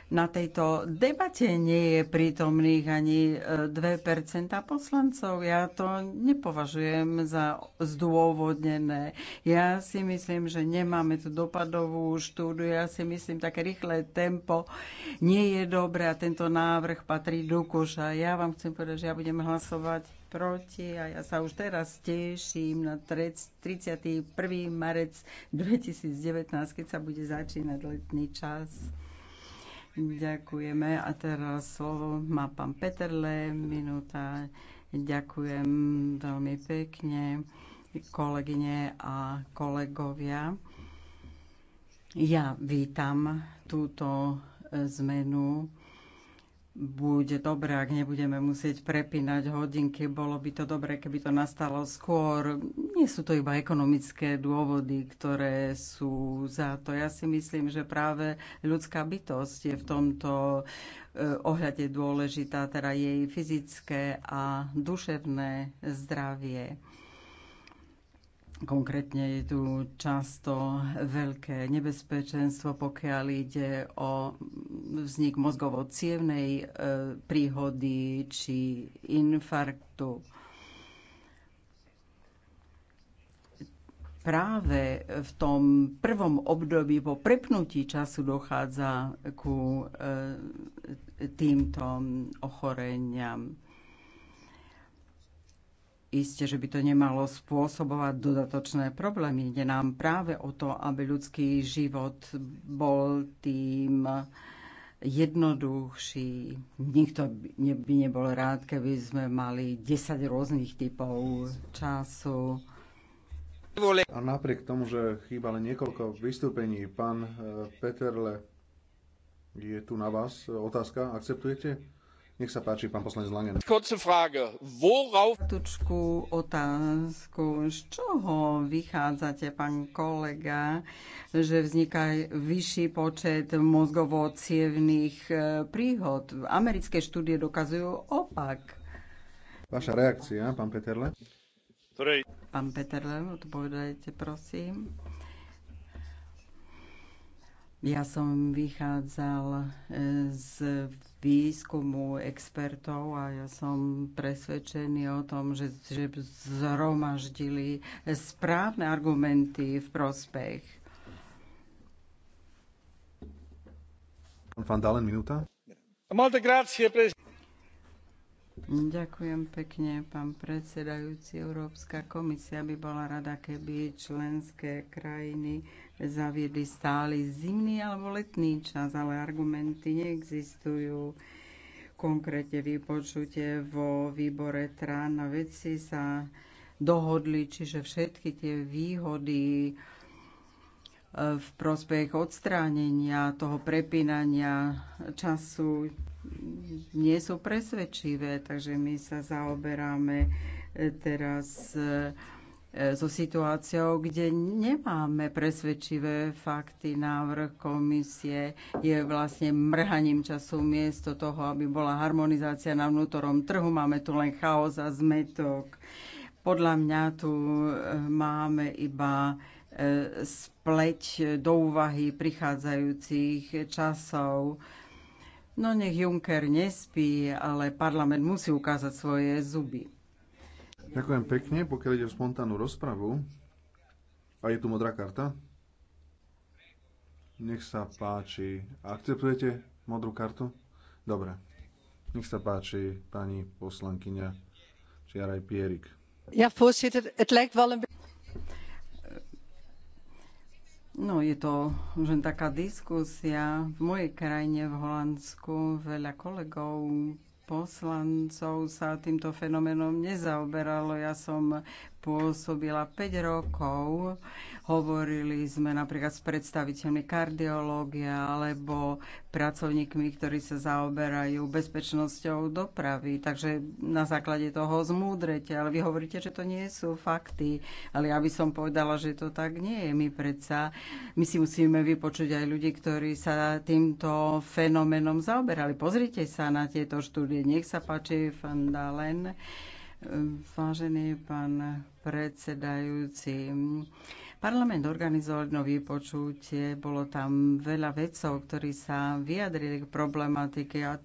na tejto debate nie je prítomných ani 2% e, poslancov. Ja to nepovažujem za zdôvodnené. Ja si myslím, že nemáme tu dopadovú štúdiu. Ja si myslím, také rýchle tempo nie je dobré a tento návrh patrí do koša. Ja vám chcem povedať, že ja budem hlasovať proti a ja sa už teraz teším na 31. marec 2019, keď sa bude začínať letný čas. Ďakujeme. A teraz slovo má pán Peterle, minúta. Ďakujem veľmi pekne, kolegyne a kolegovia. Ja vítam túto zmenu bude dobré, ak nebudeme musieť prepínať hodinky. Bolo by to dobré, keby to nastalo skôr. Nie sú to iba ekonomické dôvody, ktoré sú za to. Ja si myslím, že práve ľudská bytosť je v tomto e, ohľade dôležitá, teda jej fyzické a duševné zdravie. Konkrétne je tu často veľké nebezpečenstvo, pokiaľ ide o vznik mozgovo-cievnej e, príhody či infarktu. Práve v tom prvom období po prepnutí času dochádza ku e, týmto ochoreniam Isté, že by to nemalo spôsobovať dodatočné problémy. Ide nám práve o to, aby ľudský život bol tým jednoduchší. Nikto by nebol rád, keby sme mali 10 rôznych typov času. A napriek tomu, že chýbali niekoľko vystúpení, pán eh, Peterle, je tu na vás otázka. Akceptujete? Nech sa páči, pán poslanec Langen. Kratučku otázku. Z čoho vychádzate, pán kolega, že vzniká vyšší počet mozgovo e, príhod? Americké štúdie dokazujú opak. Vaša reakcia, pán Peterle? Ktorej... Pán Peterle, odpovedajte, prosím. Ja som vychádzal e, z výskumu expertov a ja som presvedčený o tom, že, že zhromaždili správne argumenty v prospech. Pán Dalen, minúta. Ďakujem pekne, pán predsedajúci. Európska komisia by bola rada, keby členské krajiny zaviedli stály zimný alebo letný čas, ale argumenty neexistujú. Konkrétne vypočutie vo výbore trán na veci sa dohodli, čiže všetky tie výhody eh, v prospech odstránenia toho prepínania času nie sú presvedčivé, takže my sa zaoberáme eh, teraz eh, E, so situáciou, kde nemáme presvedčivé fakty. Návrh komisie je vlastne mrhaním času miesto toho, aby bola harmonizácia na vnútorom trhu. Máme tu len chaos a zmetok. Podľa mňa tu e, máme iba e, spleť do úvahy prichádzajúcich časov. No nech Juncker nespí, ale parlament musí ukázať svoje zuby. Ďakujem pekne, pokiaľ ide o spontánnu rozpravu. A je tu modrá karta. Nech sa páči. Akceptujete modrú kartu? Dobre. Nech sa páči, pani poslankyňa Čiaraj Pierik. Ja, voorzitter, het lijkt wel een... No, je to už taká diskusia. V mojej krajine, v Holandsku, veľa kolegov poslancov sa týmto fenoménom nezaoberalo. Ja som pôsobila 5 rokov. Hovorili sme napríklad s predstaviteľmi kardiológie alebo pracovníkmi, ktorí sa zaoberajú bezpečnosťou dopravy. Takže na základe toho zmúdrete, ale vy hovoríte, že to nie sú fakty. Ale ja by som povedala, že to tak nie je. My predsa, my si musíme vypočuť aj ľudí, ktorí sa týmto fenoménom zaoberali. Pozrite sa na tieto štúdie. Nech sa páči, Fandalen. Vážený pán predsedajúci, parlament organizoval jedno vypočutie, bolo tam veľa vedcov, ktorí sa vyjadrili k problematike a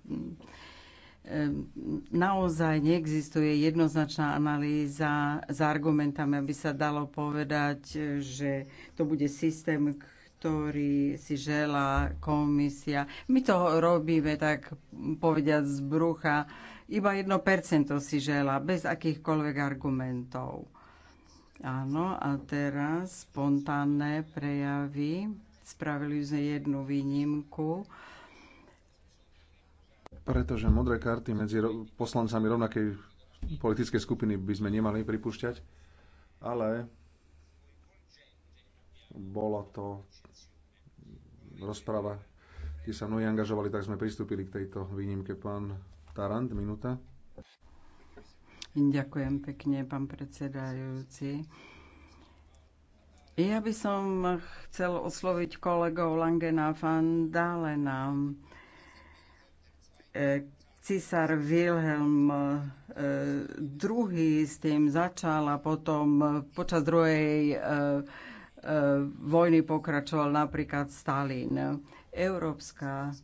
naozaj neexistuje jednoznačná analýza s argumentami, aby sa dalo povedať, že to bude systém, ktorý si želá komisia. My to robíme tak povediať z brucha iba 1% si žela, bez akýchkoľvek argumentov. Áno, a teraz spontánne prejavy. Spravili sme jednu výnimku. Pretože modré karty medzi poslancami rovnakej politickej skupiny by sme nemali pripúšťať, ale bola to rozpráva, kde sa mnohí angažovali, tak sme pristúpili k tejto výnimke. Pán Tarant, minúta. Ďakujem pekne, pán predsedajúci. Ja by som chcel osloviť kolegov Langena van Dalena. E, císar Wilhelm II. E, s tým začal a potom počas druhej e, vojny pokračoval napríklad Stalin. Európska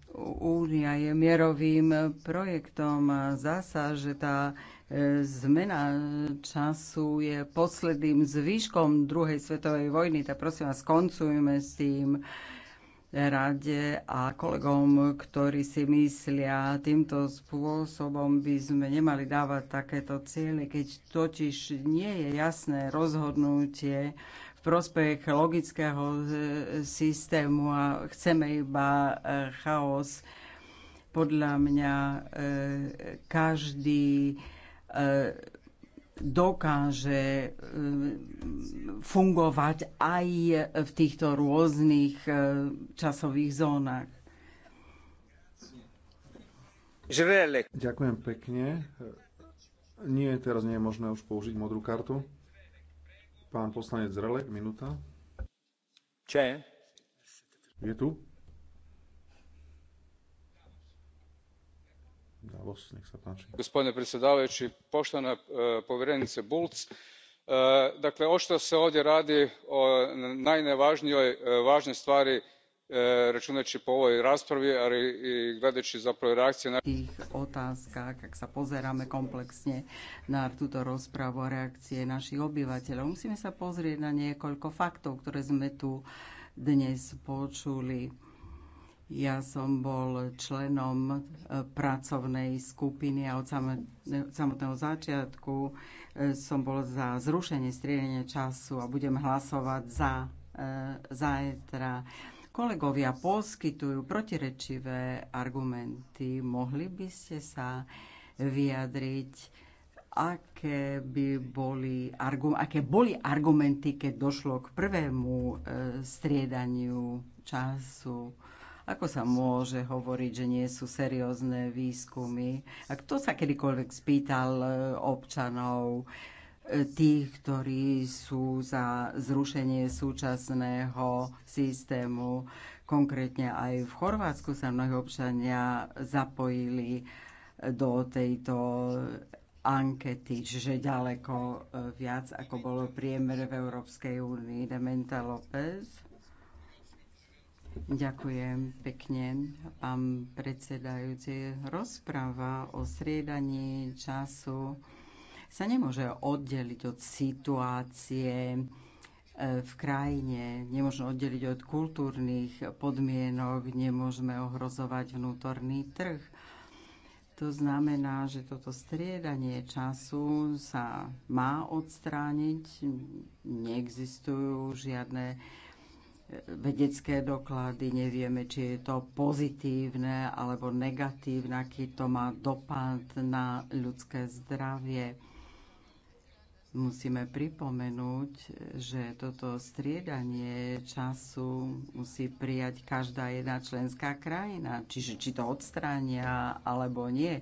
únia je mierovým projektom. Zdá sa, že tá e, zmena času je posledným zvýškom druhej svetovej vojny. Tak prosím vás, skoncujme s tým rade a kolegom, ktorí si myslia, týmto spôsobom by sme nemali dávať takéto cieľe, keď totiž nie je jasné rozhodnutie, v prospech logického e, systému a chceme iba e, chaos. Podľa mňa e, každý dokáže fungovať aj v týchto rôznych časových zónach. Ďakujem pekne. Nie, teraz nie je možné už použiť modrú kartu. Pán poslanec Zrelek, minúta. Če? Je tu? Davos, nech sa páči. Gospodine predsjedavajući, poštovana e, povjerenice Bulc, e, dakle, ošto se ovdje radi o najnevažnijoj e, važnoj stvari E, po ovoj i zapravo na... ...tých otázkach, ak sa pozeráme komplexne na túto rozprávu a reakcie našich obyvateľov, musíme sa pozrieť na niekoľko faktov, ktoré sme tu dnes počuli. Ja som bol členom e, pracovnej skupiny a od samotného začiatku e, som bol za zrušenie striedenia času a budem hlasovať za zajtra. Kolegovia poskytujú protirečivé argumenty. Mohli by ste sa vyjadriť, aké, by boli, aké boli argumenty, keď došlo k prvému e, striedaniu času. Ako sa môže hovoriť, že nie sú seriózne výskumy? A kto sa kedykoľvek spýtal e, občanov, tých, ktorí sú za zrušenie súčasného systému. Konkrétne aj v Chorvátsku sa mnohí občania zapojili do tejto ankety, čiže ďaleko e, viac, ako bolo priemer v Európskej únii. Dementa López. Ďakujem pekne, pán predsedajúci. Rozpráva o striedaní času sa nemôže oddeliť od situácie e, v krajine, nemôžeme oddeliť od kultúrnych podmienok, nemôžeme ohrozovať vnútorný trh. To znamená, že toto striedanie času sa má odstrániť. Neexistujú žiadne e, vedecké doklady, nevieme, či je to pozitívne alebo negatívne, aký to má dopad na ľudské zdravie Musíme pripomenúť, že toto striedanie času musí prijať každá jedna členská krajina. Čiže či to odstránia alebo nie,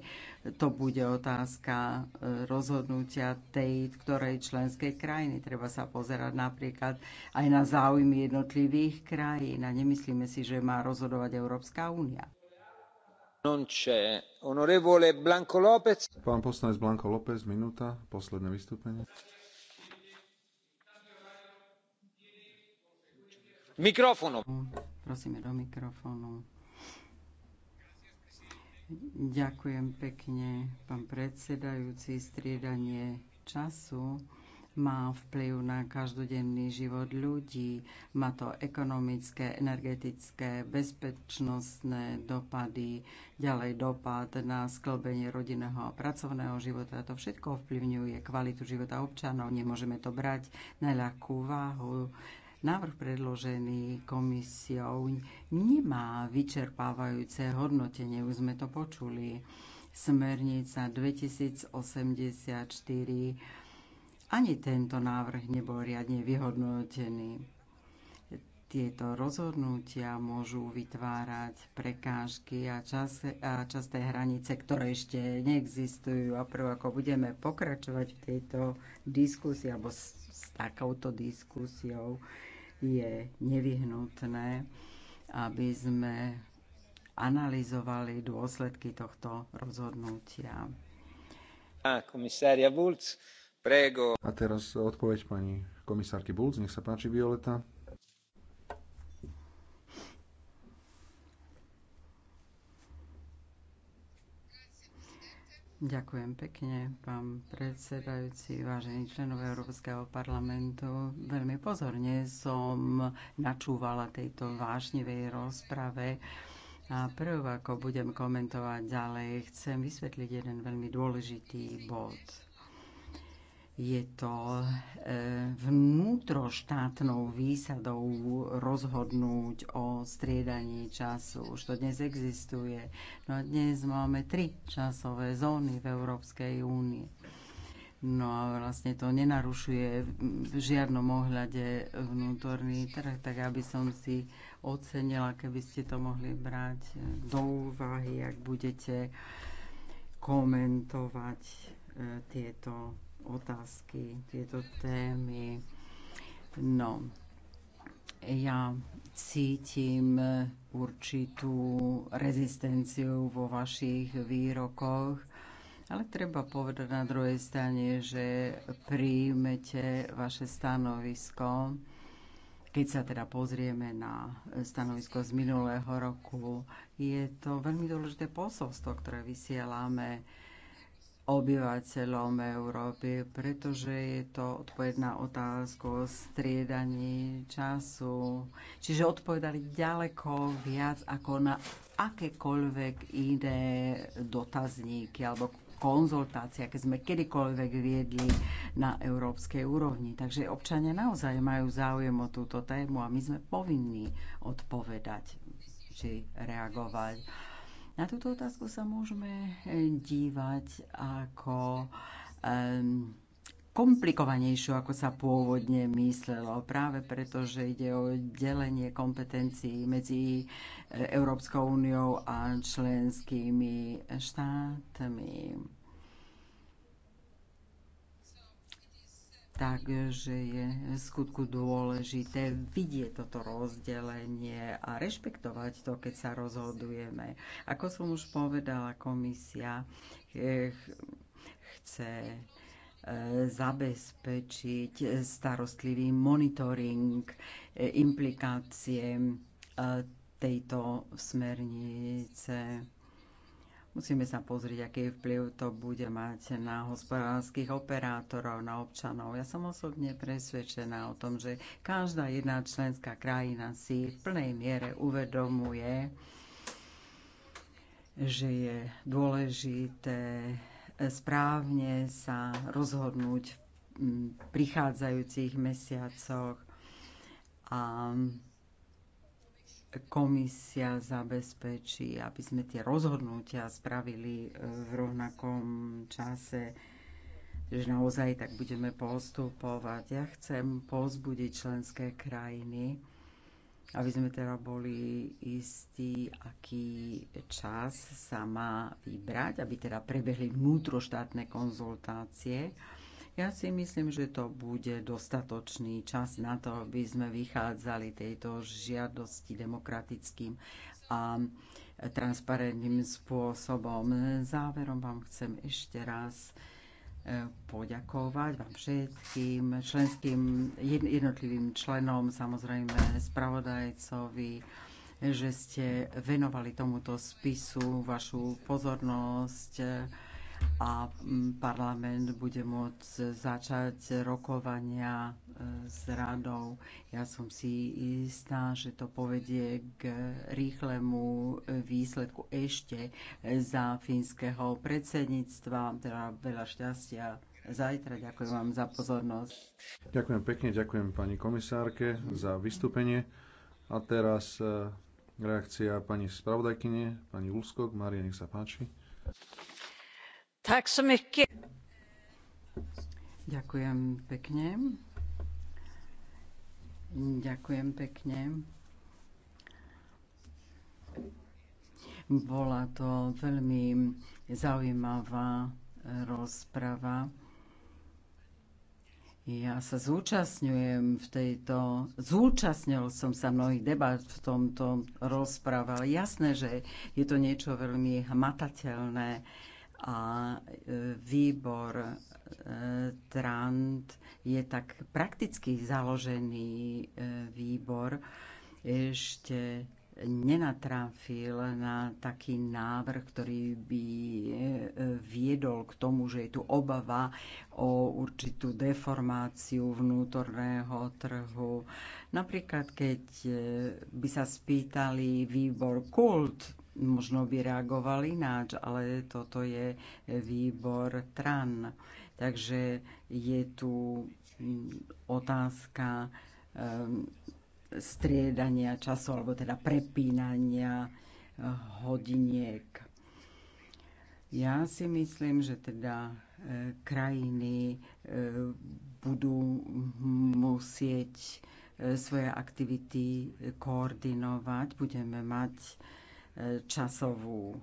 to bude otázka e, rozhodnutia tej, ktorej členskej krajiny. Treba sa pozerať napríklad aj na záujmy jednotlivých krajín a nemyslíme si, že má rozhodovať Európska únia. Pán poslanec Blanko López, minúta, posledné vystúpenie. Ďakujem pekne, pán predsedajúci, striedanie času má vplyv na každodenný život ľudí, má to ekonomické, energetické, bezpečnostné dopady, ďalej dopad na sklbenie rodinného a pracovného života. To všetko ovplyvňuje kvalitu života občanov, nemôžeme to brať na ľahkú váhu. Návrh predložený komisiou nemá vyčerpávajúce hodnotenie, už sme to počuli. Smernica 2084 ani tento návrh nebol riadne vyhodnotený. Tieto rozhodnutia môžu vytvárať prekážky a, čas, a časté hranice, ktoré ešte neexistujú. A prv, ako budeme pokračovať v tejto diskusii alebo s, s takouto diskusiou, je nevyhnutné, aby sme analyzovali dôsledky tohto rozhodnutia. A komisária Vulc, Prego. A teraz odpoveď pani komisárky Bulc. Nech sa páči, Violeta. Ďakujem pekne, pán predsedajúci, vážení členové Európskeho parlamentu. Veľmi pozorne som načúvala tejto vážnevej rozprave. A prv, ako budem komentovať ďalej, chcem vysvetliť jeden veľmi dôležitý bod. Je to e, vnútroštátnou výsadou rozhodnúť o striedaní času. Už to dnes existuje. No dnes máme tri časové zóny v Európskej únii. No a vlastne to nenarušuje v žiadnom ohľade vnútorný trh, tak aby som si ocenila, keby ste to mohli brať do úvahy, ak budete komentovať e, tieto otázky, tieto témy. No, ja cítim určitú rezistenciu vo vašich výrokoch, ale treba povedať na druhej strane, že príjmete vaše stanovisko, keď sa teda pozrieme na stanovisko z minulého roku, je to veľmi dôležité posolstvo, ktoré vysielame obyvateľom Európy, pretože je to odpoveď na otázku o striedaní času. Čiže odpovedali ďaleko viac ako na akékoľvek iné dotazníky alebo konzultácie, aké sme kedykoľvek viedli na európskej úrovni. Takže občania naozaj majú záujem o túto tému a my sme povinní odpovedať či reagovať. Na túto otázku sa môžeme eh, dívať ako um, komplikovanejšiu, ako sa pôvodne myslelo, práve preto, že ide o delenie kompetencií medzi eh, Európskou úniou a členskými štátmi Takže je v skutku dôležité vidieť toto rozdelenie a rešpektovať to, keď sa rozhodujeme. Ako som už povedala, komisia eh, chce eh, zabezpečiť starostlivý monitoring eh, implikácie tejto smernice Musíme sa pozrieť, aký vplyv to bude mať na hospodárskych operátorov, na občanov. Ja som osobne presvedčená o tom, že každá jedna členská krajina si v plnej miere uvedomuje, že je dôležité správne sa rozhodnúť v prichádzajúcich mesiacoch a komisia zabezpečí, aby sme tie rozhodnutia spravili e, v rovnakom čase, že naozaj tak budeme postupovať. Ja chcem pozbudiť členské krajiny, aby sme teda boli istí, aký čas sa má vybrať, aby teda prebehli vnútroštátne konzultácie ja si myslím, že to bude dostatočný čas na to, aby sme vychádzali tejto žiadosti demokratickým a transparentným spôsobom. Záverom vám chcem ešte raz e, poďakovať vám všetkým členským, jednotlivým členom, samozrejme spravodajcovi, že ste venovali tomuto spisu vašu pozornosť a mm, parlament bude môcť začať rokovania e, s radou. Ja som si istá, že to povedie k rýchlemu e, výsledku ešte za fínskeho predsedníctva. Teda veľa šťastia zajtra. Ďakujem vám za pozornosť. Ďakujem pekne, ďakujem pani komisárke za vystúpenie. A teraz e, reakcia pani spravodajkyne, pani Ulskok. Mária, nech sa páči. Ďakujem pekne. Ďakujem pekne. Bola to veľmi zaujímavá rozprava. Ja sa zúčastňujem v tejto, zúčastnil som sa mnohých debat v tomto rozprave, ale jasné, že je to niečo veľmi hmatateľné a e, výbor e, Trant je tak prakticky založený e, výbor, ešte nenatrafil na taký návrh, ktorý by viedol k tomu, že je tu obava o určitú deformáciu vnútorného trhu. Napríklad, keď by sa spýtali výbor kult, možno by reagoval ináč, ale toto je výbor TRAN. Takže je tu mm, otázka ehm, striedania času, alebo teda prepínania eh, hodiniek. Ja si myslím, že teda eh, krajiny eh, budú musieť svoje aktivity koordinovať. Budeme mať časovú e,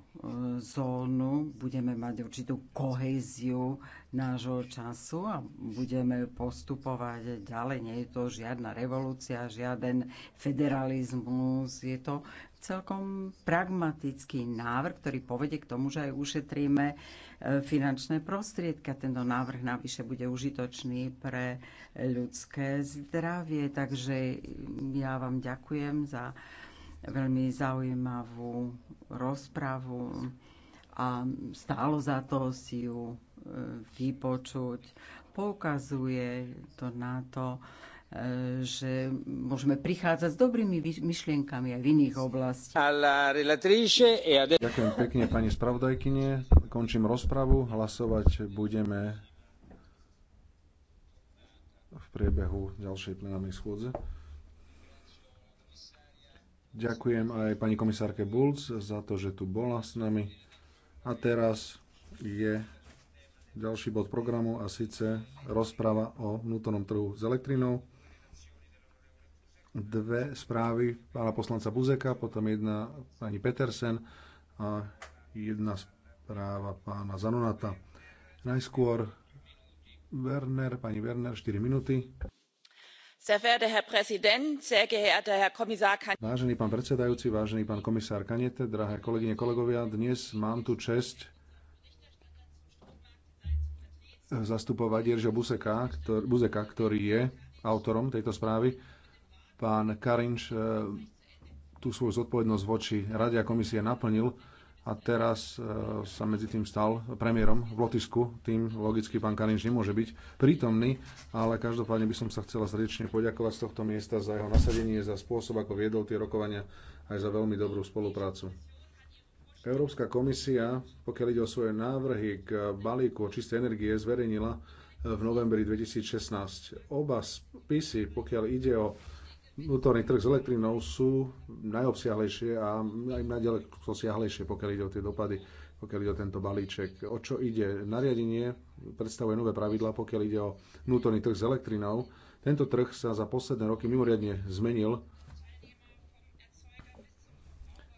zónu, budeme mať určitú kohéziu nášho času a budeme postupovať ďalej. Nie je to žiadna revolúcia, žiaden federalizmus. Je to celkom pragmatický návrh, ktorý povedie k tomu, že aj ušetríme e, finančné prostriedka. Tento návrh navyše bude užitočný pre ľudské zdravie. Takže ja vám ďakujem za veľmi zaujímavú rozpravu a stálo za to si ju e, vypočuť. Poukazuje to na to, e, že môžeme prichádzať s dobrými myšlienkami aj v iných oblastiach. E Ďakujem pekne pani spravodajkyne. Končím rozpravu. Hlasovať budeme v priebehu ďalšej plenárnej schôdze. Ďakujem aj pani komisárke Bulc za to, že tu bola s nami. A teraz je ďalší bod programu a síce rozpráva o vnútornom trhu s elektrinou. Dve správy pána poslanca Buzeka, potom jedna pani Petersen a jedna správa pána Zanonata. Najskôr Werner, pani Werner, 4 minúty. Vážený pán predsedajúci, vážený pán komisár Kanete, drahé kolegyne, kolegovia, dnes mám tu česť zastupovať Jerža Buseka, ktorý, Buzeka, ktorý je autorom tejto správy. Pán kari eh, tú svoju zodpovednosť voči Rade a komisii naplnil a teraz e, sa medzi tým stal premiérom v Lotisku, tým logicky pán Karinč nemôže byť prítomný, ale každopádne by som sa chcela srdečne poďakovať z tohto miesta za jeho nasadenie, za spôsob, ako viedol tie rokovania, aj za veľmi dobrú spoluprácu. Európska komisia, pokiaľ ide o svoje návrhy k balíku o čistej energie, zverejnila v novembri 2016. Oba spisy, pokiaľ ide o vnútorný trh s elektrinou sú najobsiahlejšie a aj najďaleko siahlejšie, pokiaľ ide o tie dopady, pokiaľ ide o tento balíček. O čo ide? Nariadenie predstavuje nové pravidlá, pokiaľ ide o vnútorný trh s elektrinou. Tento trh sa za posledné roky mimoriadne zmenil.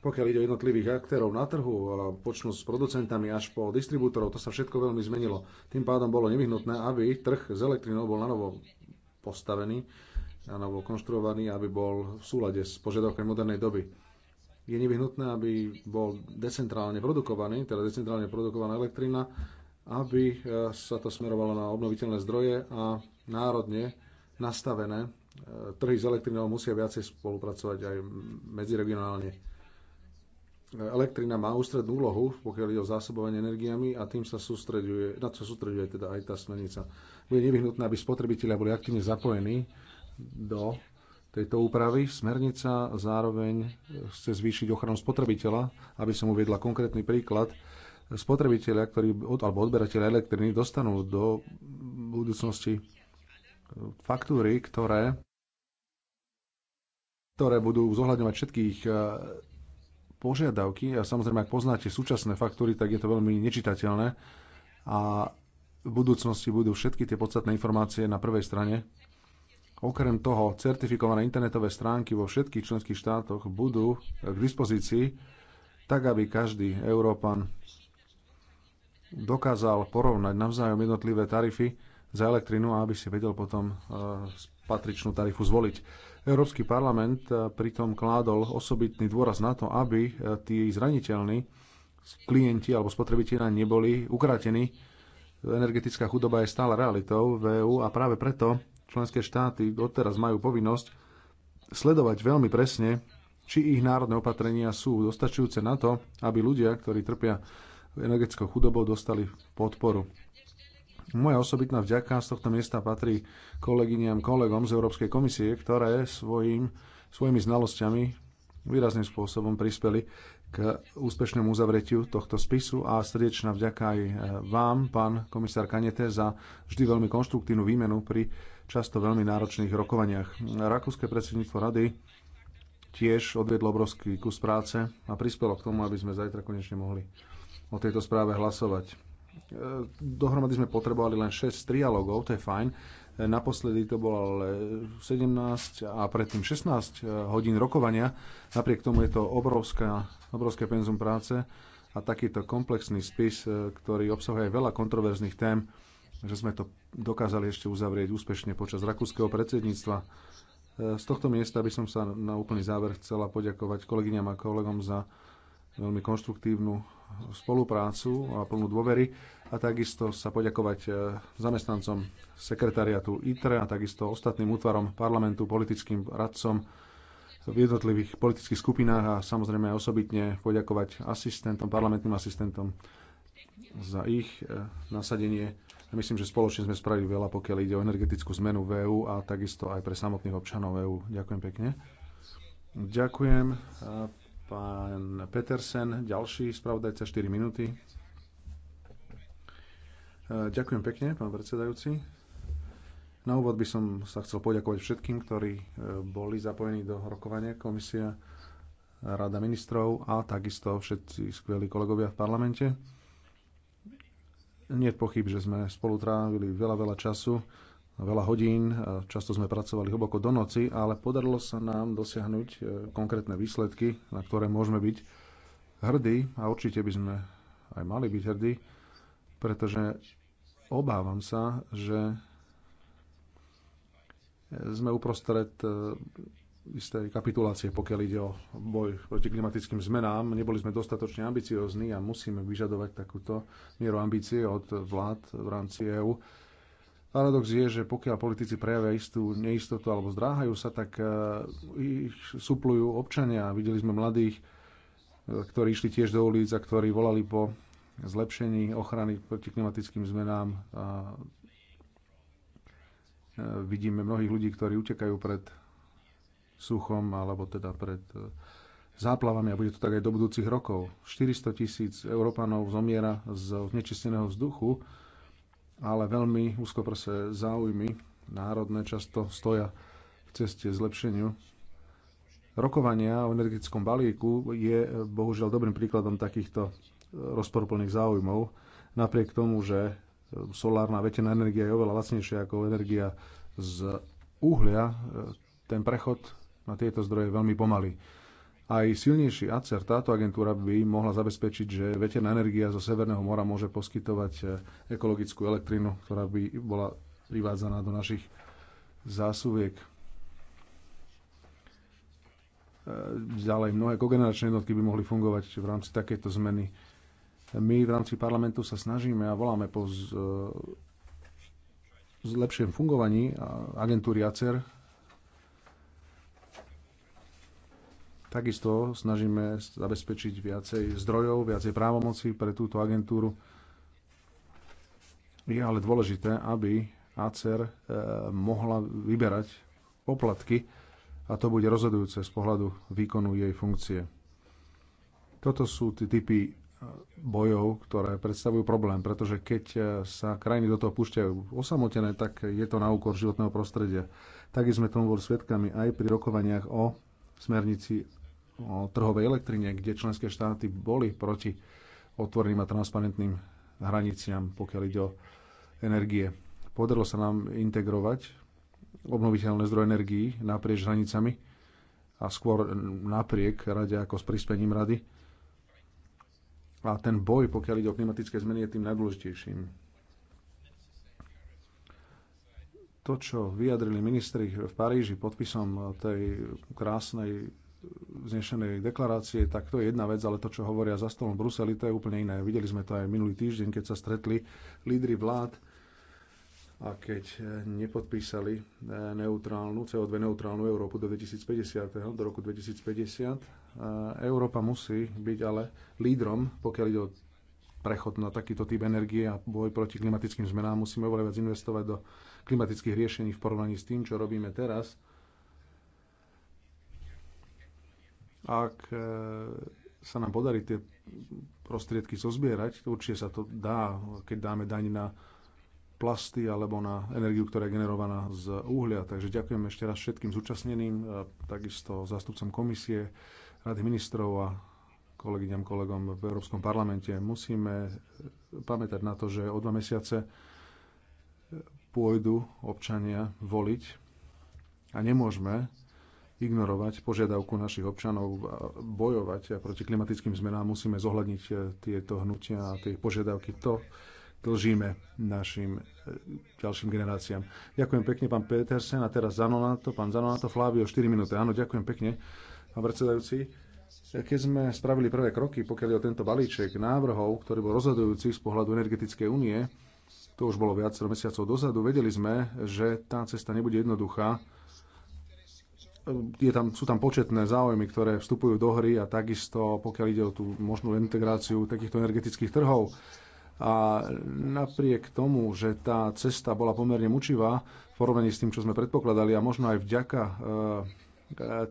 Pokiaľ ide o jednotlivých aktérov na trhu, počnú s producentami až po distribútorov, to sa všetko veľmi zmenilo. Tým pádom bolo nevyhnutné, aby trh s elektrinou bol na novo postavený na novo konštruovaný, aby bol v súlade s požiadavkami modernej doby. Je nevyhnutné, aby bol decentrálne produkovaný, teda decentrálne produkovaná elektrina, aby e, sa to smerovalo na obnoviteľné zdroje a národne nastavené e, trhy s elektrinou musia viacej spolupracovať aj medziregionálne. E, elektrina má ústrednú úlohu, pokiaľ ide o zásobovanie energiami a tým sa sústreduje, na čo sústreduje teda aj tá smernica. Bude nevyhnutné, aby spotrebitelia boli aktívne zapojení do tejto úpravy. Smernica zároveň chce zvýšiť ochranu spotrebiteľa, aby som uviedla konkrétny príklad. Spotrebitelia, ktorí, alebo odberatelia elektriny dostanú do budúcnosti faktúry, ktoré, ktoré budú zohľadňovať všetkých eh, požiadavky a samozrejme, ak poznáte súčasné faktúry, tak je to veľmi nečitateľné a v budúcnosti budú všetky tie podstatné informácie na prvej strane Okrem toho, certifikované internetové stránky vo všetkých členských štátoch budú k dispozícii, tak aby každý Európan dokázal porovnať navzájom jednotlivé tarify za elektrinu a aby si vedel potom eh, patričnú tarifu zvoliť. Európsky parlament eh, pritom kládol osobitný dôraz na to, aby eh, tí zraniteľní klienti alebo spotrebitelia neboli ukratení. Energetická chudoba je stále realitou v EÚ a práve preto členské štáty doteraz majú povinnosť sledovať veľmi presne, či ich národné opatrenia sú dostačujúce na to, aby ľudia, ktorí trpia energetickou chudobou, dostali podporu. Moja osobitná vďaka z tohto miesta patrí kolegyniam, kolegom z Európskej komisie, ktoré svojim, svojimi znalosťami výrazným spôsobom prispeli k úspešnému uzavretiu tohto spisu a srdečná vďaka aj vám, pán komisár Kanete, za vždy veľmi konštruktívnu výmenu pri často veľmi náročných rokovaniach. Rakúske predsedníctvo rady tiež odviedlo obrovský kus práce a prispelo k tomu, aby sme zajtra konečne mohli o tejto správe hlasovať. E, dohromady sme potrebovali len 6 trialogov, to je fajn. E, naposledy to bolo 17 a predtým 16 e, hodín rokovania. Napriek tomu je to obrovská, obrovské penzum práce a takýto komplexný spis, ktorý obsahuje veľa kontroverzných tém, že sme to dokázali ešte uzavrieť úspešne počas rakúskeho predsedníctva. E, z tohto miesta by som sa na úplný záver chcela poďakovať kolegyňam a kolegom za veľmi konštruktívnu spoluprácu a plnú dôvery a takisto sa poďakovať e, zamestnancom sekretariatu ITRE a takisto ostatným útvarom parlamentu, politickým radcom v jednotlivých politických skupinách a samozrejme aj osobitne poďakovať asistentom, parlamentným asistentom za ich e, nasadenie Myslím, že spoločne sme spravili veľa, pokiaľ ide o energetickú zmenu v EU a takisto aj pre samotných občanov EÚ. Ďakujem pekne. Ďakujem. Pán Petersen, ďalší spravodajca, 4 minúty. Ďakujem pekne, pán predsedajúci. Na úvod by som sa chcel poďakovať všetkým, ktorí e, boli zapojení do rokovania komisia, rada ministrov a takisto všetci skvelí kolegovia v parlamente. Nie je pochyb, že sme spolu trávili veľa, veľa času, veľa hodín, často sme pracovali hlboko do noci, ale podarilo sa nám dosiahnuť e, konkrétne výsledky, na ktoré môžeme byť hrdí a určite by sme aj mali byť hrdí, pretože obávam sa, že sme uprostred e, isté kapitulácie, pokiaľ ide o boj proti klimatickým zmenám. Neboli sme dostatočne ambiciozni a musíme vyžadovať takúto mieru ambície od vlád v rámci EÚ. Paradox je, že pokiaľ politici prejavia istú neistotu alebo zdráhajú sa, tak e, ich suplujú občania. Videli sme mladých, e, ktorí išli tiež do ulic a ktorí volali po zlepšení ochrany proti klimatickým zmenám. A e, vidíme mnohých ľudí, ktorí utekajú pred suchom alebo teda pred e, záplavami a bude to tak aj do budúcich rokov. 400 tisíc Európanov zomiera z nečisteného vzduchu, ale veľmi úzkoprse záujmy národné často stoja v ceste zlepšeniu. Rokovania o energetickom balíku je e, bohužiaľ dobrým príkladom takýchto e, rozporplných záujmov. Napriek tomu, že solárna vetená energia je oveľa lacnejšia ako energia z uhlia, ten prechod na tieto zdroje veľmi pomaly. Aj silnejší ACER, táto agentúra by mohla zabezpečiť, že veterná energia zo Severného mora môže poskytovať e, ekologickú elektrínu, ktorá by bola privádzaná do našich zásuviek. E, ďalej mnohé kogeneračné jednotky by mohli fungovať v rámci takejto zmeny. My v rámci parlamentu sa snažíme a voláme po z, e, lepšiem fungovaní agentúry ACER Takisto snažíme zabezpečiť viacej zdrojov, viacej právomocí pre túto agentúru. Je ale dôležité, aby ACER e, mohla vyberať poplatky a to bude rozhodujúce z pohľadu výkonu jej funkcie. Toto sú tie typy e, bojov, ktoré predstavujú problém, pretože keď e, sa krajiny do toho púšťajú osamotené, tak je to na úkor životného prostredia. Taky sme tomu boli svedkami aj pri rokovaniach o smernici o trhovej elektrine, kde členské štáty boli proti otvoreným a transparentným hraniciam, pokiaľ ide o energie. Podarilo sa nám integrovať obnoviteľné zdroje energií naprieč hranicami a skôr napriek rade ako s prispením rady. A ten boj, pokiaľ ide o klimatické zmeny, je tým najdôležitejším. To, čo vyjadrili ministri v Paríži podpisom tej krásnej znešenej deklarácie, tak to je jedna vec, ale to, čo hovoria za stolom Bruseli, to je úplne iné. Videli sme to aj minulý týždeň, keď sa stretli lídry vlád a keď nepodpísali eh, neutrálnu, CO2 neutrálnu Európu do 2050, do roku 2050. Eh, Európa musí byť ale lídrom, pokiaľ ide o prechod na takýto typ energie a boj proti klimatickým zmenám. Musíme oveľa viac investovať do klimatických riešení v porovnaní s tým, čo robíme teraz Ak e, sa nám podarí tie prostriedky zozbierať, určite sa to dá, keď dáme daň na plasty alebo na energiu, ktorá je generovaná z uhlia. Takže ďakujem ešte raz všetkým zúčastneným, e, takisto zástupcom komisie, rady ministrov a kolegyňam, kolegom v Európskom parlamente. Musíme pamätať na to, že o dva mesiace pôjdu občania voliť a nemôžeme ignorovať požiadavku našich občanov bojovať proti klimatickým zmenám. Musíme zohľadniť eh, tieto hnutia a tie požiadavky. To dlžíme našim eh, ďalším generáciám. Ďakujem pekne, pán Petersen. A teraz Zanonato, pán Zanonato, Flávio, 4 minúty. Áno, ďakujem pekne, pán predsedajúci. Eh, keď sme spravili prvé kroky, pokiaľ je o tento balíček návrhov, ktorý bol rozhodujúci z pohľadu energetickej únie, to už bolo viacero mesiacov dozadu, vedeli sme, že tá cesta nebude jednoduchá je tam, sú tam početné záujmy, ktoré vstupujú do hry a takisto, pokiaľ ide o tú možnú integráciu takýchto energetických trhov. A napriek tomu, že tá cesta bola pomerne mučivá v porovnaní s tým, čo sme predpokladali a možno aj vďaka e,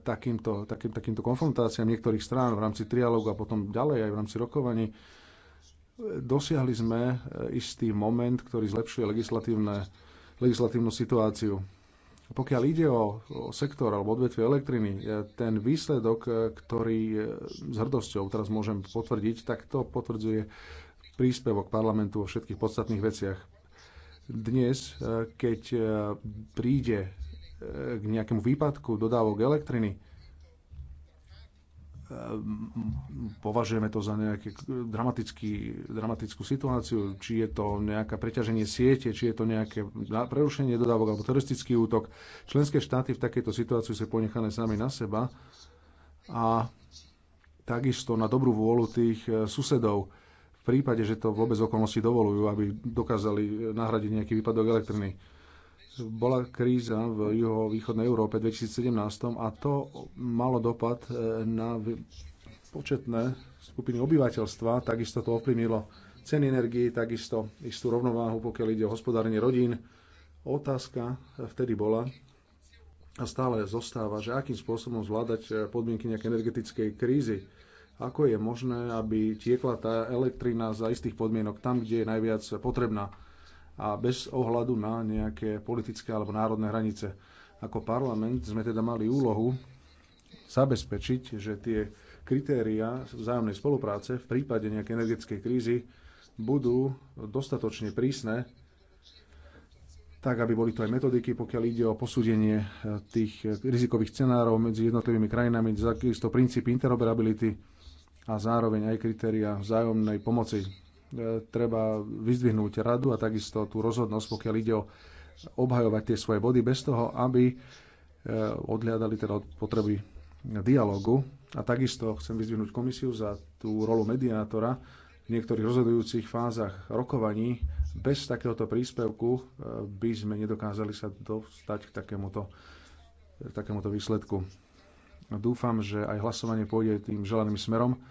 takýmto, takým, takýmto konfrontáciám niektorých strán v rámci trialógu a potom ďalej aj v rámci rokovaní, dosiahli sme e, istý moment, ktorý zlepšuje legislatívnu situáciu pokiaľ ide o, o sektor alebo odvetvie elektriny, e, ten výsledok, e, ktorý e, s hrdosťou teraz môžem potvrdiť, tak to potvrdzuje príspevok parlamentu vo všetkých podstatných veciach. Dnes, keď príde k nejakému výpadku dodávok elektriny, Ehm, považujeme to za nejakú dramatickú situáciu, či je to nejaké preťaženie siete, či je to nejaké prerušenie dodávok alebo teroristický útok. Členské štáty v takejto situácii sú ponechané sami na seba a takisto na dobrú vôľu tých e, susedov v prípade, že to vôbec okolnosti dovolujú, aby dokázali nahradiť nejaký výpadok elektriny bola kríza v juhovýchodnej Európe v 2017 a to malo dopad e, na početné skupiny obyvateľstva, takisto to ovplyvnilo ceny energii, takisto istú rovnováhu, pokiaľ ide o hospodárenie rodín. Otázka e, vtedy bola a stále zostáva, že akým spôsobom zvládať e, podmienky nejakej energetickej krízy. Ako je možné, aby tiekla tá elektrina za istých podmienok tam, kde je najviac potrebná a bez ohľadu na nejaké politické alebo národné hranice. Ako parlament sme teda mali úlohu zabezpečiť, že tie kritéria vzájomnej spolupráce v prípade nejakej energetickej krízy budú dostatočne prísne, tak aby boli to aj metodiky, pokiaľ ide o posúdenie eh, tých eh, rizikových scenárov medzi jednotlivými krajinami, takisto princípy interoperability a zároveň aj kritéria vzájomnej pomoci E, treba vyzdvihnúť radu a takisto tú rozhodnosť, pokiaľ ide o obhajovať tie svoje body bez toho, aby e, odhľadali teda od potreby dialogu. A takisto chcem vyzdvihnúť komisiu za tú rolu mediátora v niektorých rozhodujúcich fázach rokovaní. Bez takéhoto príspevku e, by sme nedokázali sa dostať k takémuto, k takémuto výsledku. Dúfam, že aj hlasovanie pôjde tým želaným smerom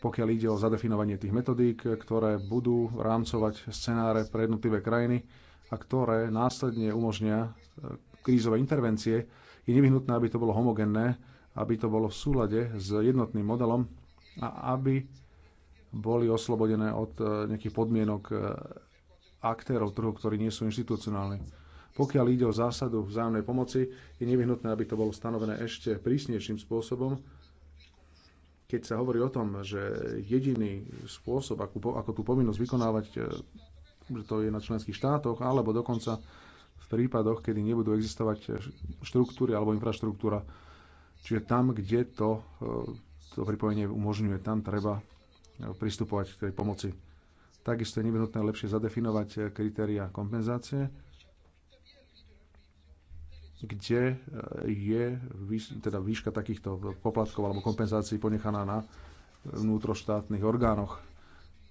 pokiaľ ide o zadefinovanie tých metodík, ktoré budú rámcovať scenáre pre jednotlivé krajiny a ktoré následne umožnia e, krízové intervencie, je nevyhnutné, aby to bolo homogenné, aby to bolo v súlade s jednotným modelom a aby boli oslobodené od e, nejakých podmienok e, aktérov trhu, ktorí nie sú inštitucionálni. Pokiaľ ide o zásadu vzájomnej pomoci, je nevyhnutné, aby to bolo stanovené ešte prísnejším spôsobom, keď sa hovorí o tom, že jediný spôsob, ako, ako tú povinnosť vykonávať, e, že to je na členských štátoch, alebo dokonca v prípadoch, kedy nebudú existovať e, štruktúry alebo infraštruktúra, čiže tam, kde to, e, to pripojenie umožňuje, tam treba pristupovať k tej pomoci. Takisto je nevyhnutné lepšie zadefinovať kritéria kompenzácie, kde e, je teda výška takýchto poplatkov alebo kompenzácií ponechaná na vnútroštátnych orgánoch.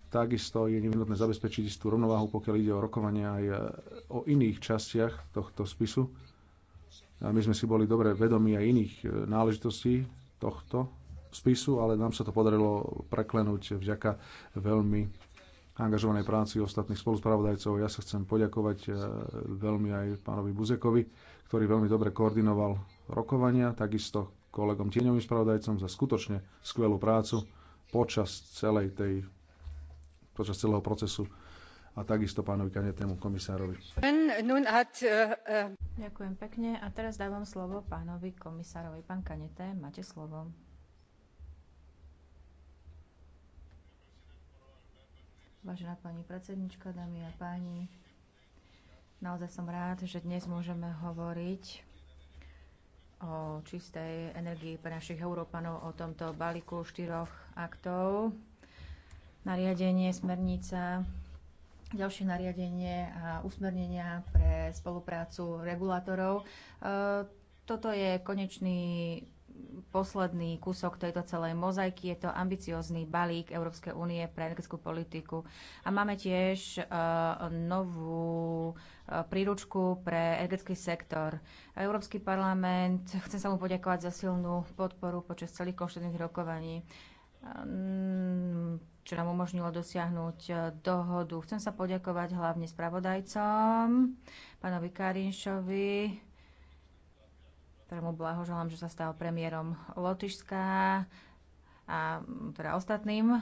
Takisto je nevyhnutné zabezpečiť istú rovnováhu, pokiaľ ide o rokovania aj e, o iných častiach tohto spisu. A my sme si boli dobre vedomi aj iných e, náležitostí tohto spisu, ale nám sa to podarilo preklenúť vďaka veľmi angažovanej práci ostatných spoluspravodajcov. Ja sa chcem poďakovať veľmi aj pánovi Buzekovi ktorý veľmi dobre koordinoval rokovania, takisto kolegom tieňovým spravodajcom za skutočne skvelú prácu počas celej tej počas celého procesu a takisto pánovi kanetému komisárovi. Eh, eh. Ďakujem pekne a teraz dávam slovo pánovi komisárovi. Pán Kanete, máte slovo. Vážená pani predsednička, dámy a páni, Naozaj som rád, že dnes môžeme hovoriť o čistej energii pre našich Európanov, o tomto balíku štyroch aktov. Nariadenie, smernica, ďalšie nariadenie a usmernenia pre spoluprácu regulátorov. E, toto je konečný posledný kúsok tejto celej mozaiky. Je to ambiciózny balík Európskej únie pre energetickú politiku. A máme tiež e, novú e, príručku pre energetický sektor. Európsky parlament, chcem sa mu poďakovať za silnú podporu počas celých konštitutívnych rokovaní e, čo nám umožnilo dosiahnuť dohodu. Chcem sa poďakovať hlavne spravodajcom, pánovi Karinšovi, ktorému blahoželám, že sa stal premiérom Lotyšska a teda ostatným uh,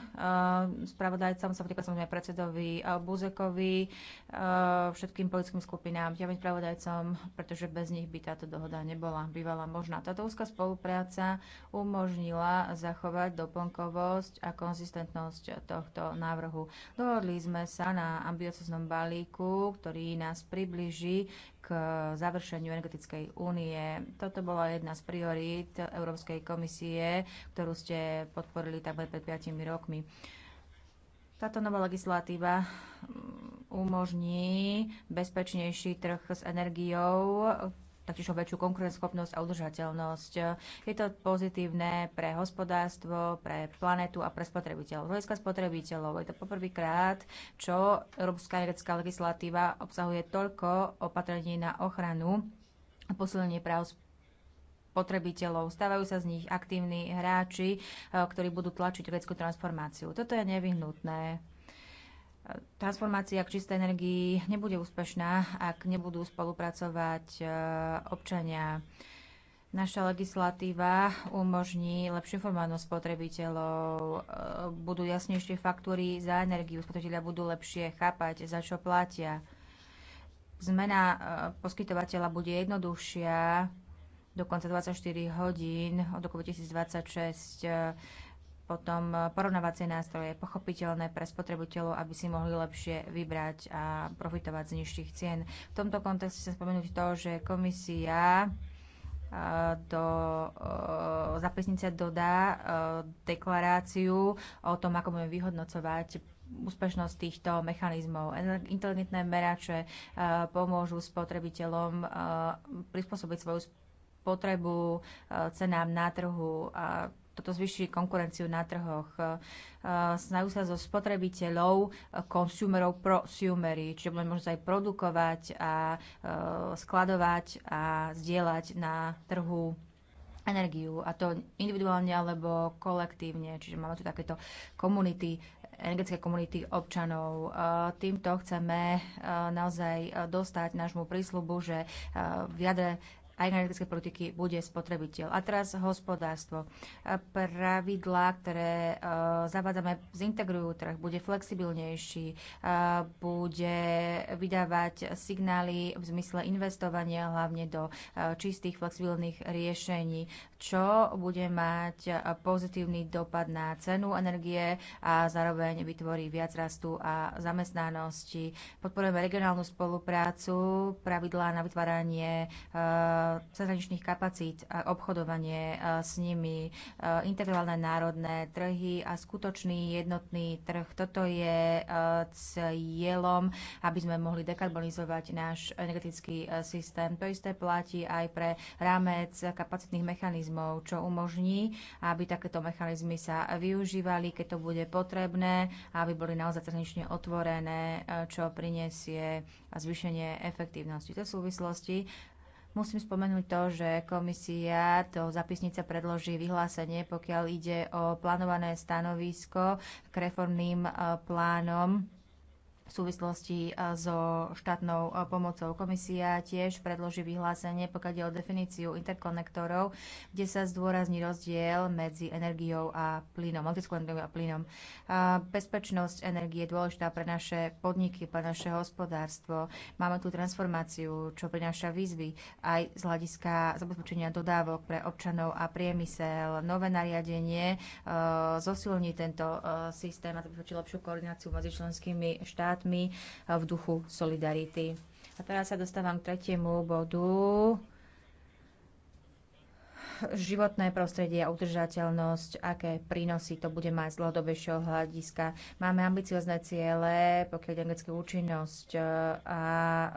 spravodajcom, sa vďaka samozrejme predsedovi uh, Buzekovi, uh, všetkým politickým skupinám, tiež spravodajcom, pretože bez nich by táto dohoda nebola bývala možná. Táto úzka spolupráca umožnila zachovať doplnkovosť a konzistentnosť tohto návrhu. Dohodli sme sa na ambicioznom balíku, ktorý nás približí k završeniu energetickej únie. Toto bola jedna z priorít Európskej komisie, ktorú ste podporili takmer pred 5 rokmi. Táto nová legislatíva mm, umožní bezpečnejší trh s energiou, taktiež o väčšiu konkurenceschopnosť a udržateľnosť. Je to pozitívne pre hospodárstvo, pre planetu a pre spotrebiteľov. Hľadiska spotrebiteľov je to poprvýkrát, čo európska energetická legislatíva obsahuje toľko opatrení na ochranu a posilnenie práv spotrebiteľov. Stávajú sa z nich aktívni hráči, eh, ktorí budú tlačiť vedeckú transformáciu. Toto je nevyhnutné transformácia k čistej energii nebude úspešná, ak nebudú spolupracovať e, občania. Naša legislatíva umožní lepšiu informovanosť spotrebiteľov, e, budú jasnejšie faktúry za energiu, spotrebiteľia budú lepšie chápať, za čo platia. Zmena e, poskytovateľa bude jednoduchšia, dokonca 24 hodín od roku 2026 potom e, porovnávacie nástroje, pochopiteľné pre spotrebiteľov, aby si mohli lepšie vybrať a profitovať z nižších cien. V tomto kontexte sa spomenúť to, že komisia e, do e, zapisnice dodá deklaráciu o tom, ako budeme vyhodnocovať úspešnosť týchto mechanizmov. Inteligentné merače pomôžu spotrebiteľom prispôsobiť svoju potrebu cenám na trhu a toto zvyšuje konkurenciu na trhoch. E, Snajú sa zo spotrebiteľov, konsumerov, e, prosumery, čiže budeme možno aj produkovať a e, skladovať a zdieľať na trhu energiu a to individuálne alebo kolektívne, čiže máme tu takéto komunity energetické komunity občanov. Týmto chceme naozaj dostať nášmu prísľubu, že v jadre a energetické politiky bude spotrebiteľ. A teraz hospodárstvo. Pravidlá, ktoré e, zavádzame, zintegrujú trh, bude flexibilnejší, e, bude vydávať signály v zmysle investovania hlavne do e, čistých flexibilných riešení čo bude mať pozitívny dopad na cenu energie a zároveň vytvorí viac rastu a zamestnanosti. Podporujeme regionálnu spoluprácu, pravidlá na vytváranie cezhraničných kapacít a obchodovanie e, s nimi, e, integrované národné trhy a skutočný jednotný trh. Toto je e, cieľom, aby sme mohli dekarbonizovať náš energetický systém. To isté platí aj pre rámec kapacitných mechanizmov mechanizmov, čo umožní, aby takéto mechanizmy sa využívali, keď to bude potrebné, aby boli naozaj cezhranične otvorené, e, čo prinesie zvýšenie efektívnosti. V súvislosti Musím spomenúť to, že komisia to zapisnica predloží vyhlásenie, pokiaľ ide o plánované stanovisko k reformným e, plánom v súvislosti so štátnou pomocou. Komisia tiež predloží vyhlásenie, pokiaľ ide o definíciu interkonektorov, kde sa zdôrazní rozdiel medzi energiou a plynom, elektrickou energiou a plynom. Bezpečnosť energie je dôležitá pre naše podniky, pre naše hospodárstvo. Máme tu transformáciu, čo prináša výzvy aj z hľadiska zabezpečenia dodávok pre občanov a priemysel. Nové nariadenie zosilní tento systém a zabezpečí lepšiu koordináciu medzi členskými štátmi štátmi eh, v duchu solidarity. A teraz sa dostávam k tretiemu bodu životné prostredie a udržateľnosť, aké prínosy to bude mať z dlhodobejšieho hľadiska. Máme ambiciozne ciele, pokiaľ je anglickú účinnosť eh, a eh,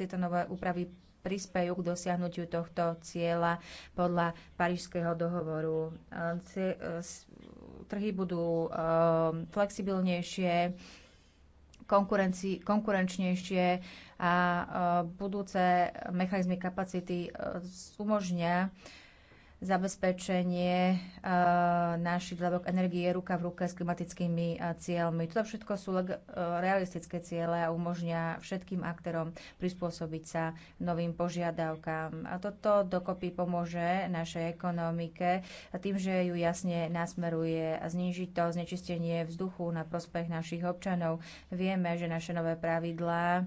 tieto nové úpravy prispejú k dosiahnutiu tohto cieľa podľa Parížského dohovoru. Trhy budú flexibilnejšie, konkurenčnejšie a e, budúce mechanizmy kapacity e, umožnia zabezpečenie e, našich dodávok energie ruka v ruke s klimatickými e, cieľmi. Toto všetko sú e, realistické ciele a umožňa všetkým aktérom prispôsobiť sa novým požiadavkám. A toto dokopy pomôže našej ekonomike tým, že ju jasne nasmeruje a zniží to znečistenie vzduchu na prospech našich občanov. Vieme, že naše nové pravidlá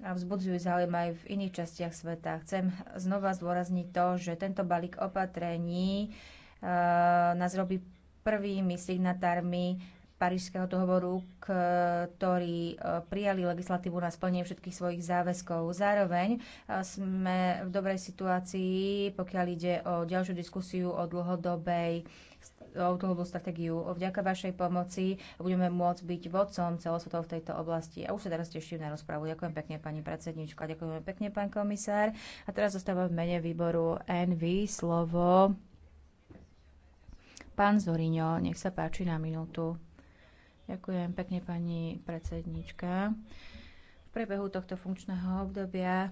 a vzbudzujú záujem aj v iných častiach sveta. Chcem znova zdôrazniť to, že tento balík opatrení e, nás robí prvými signatármi Parížského dohovoru, ktorí e, prijali legislatívu na splnenie všetkých svojich záväzkov. Zároveň e, sme v dobrej situácii, pokiaľ ide o ďalšiu diskusiu o dlhodobej autohovú stratégiu. Vďaka vašej pomoci budeme môcť byť vodcom celosvetov v tejto oblasti. A už sa teraz teším na rozpravu. Ďakujem pekne, pani predsednička. Ďakujem pekne, pán komisár. A teraz zostáva v mene výboru NV slovo pán Zoriňo. Nech sa páči na minútu. Ďakujem pekne, pani predsednička. V priebehu tohto funkčného obdobia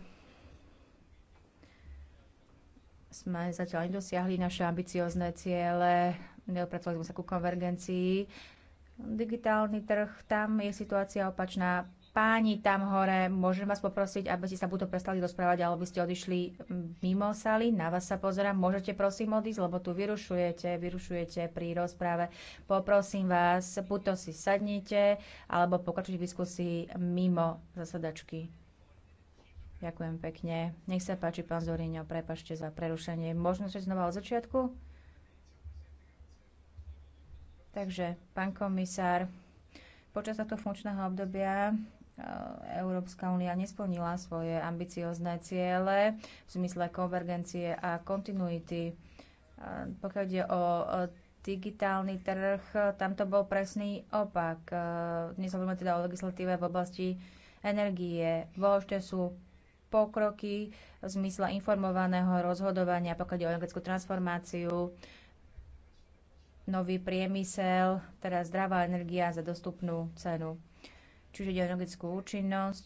sme zatiaľ nedosiahli naše ambiciozne ciele neopracovali sme sa ku konvergencii. Digitálny trh, tam je situácia opačná. Páni tam hore, môžem vás poprosiť, aby ste sa buď prestali rozprávať, alebo by ste odišli mimo sály. Na vás sa pozerám. Môžete prosím odísť, lebo tu vyrušujete, vyrušujete pri rozpráve. Poprosím vás, buď to si sadnite, alebo pokračujte v diskusii mimo zasadačky. Ďakujem pekne. Nech sa páči, pán Zoríňo, prepašte za prerušenie. Možno sa znova od začiatku? Takže, pán komisár, počas tohto funkčného obdobia e, Európska únia nesplnila svoje ambiciozne ciele v zmysle konvergencie a kontinuity. E, pokiaľ ide o e, digitálny trh, tam to bol presný opak. Dnes hovoríme teda o legislatíve v oblasti energie. Dôležité sú pokroky v zmysle informovaného rozhodovania, pokiaľ ide o energetickú transformáciu, nový priemysel, teda zdravá energia za dostupnú cenu. Čiže ide o energetickú účinnosť,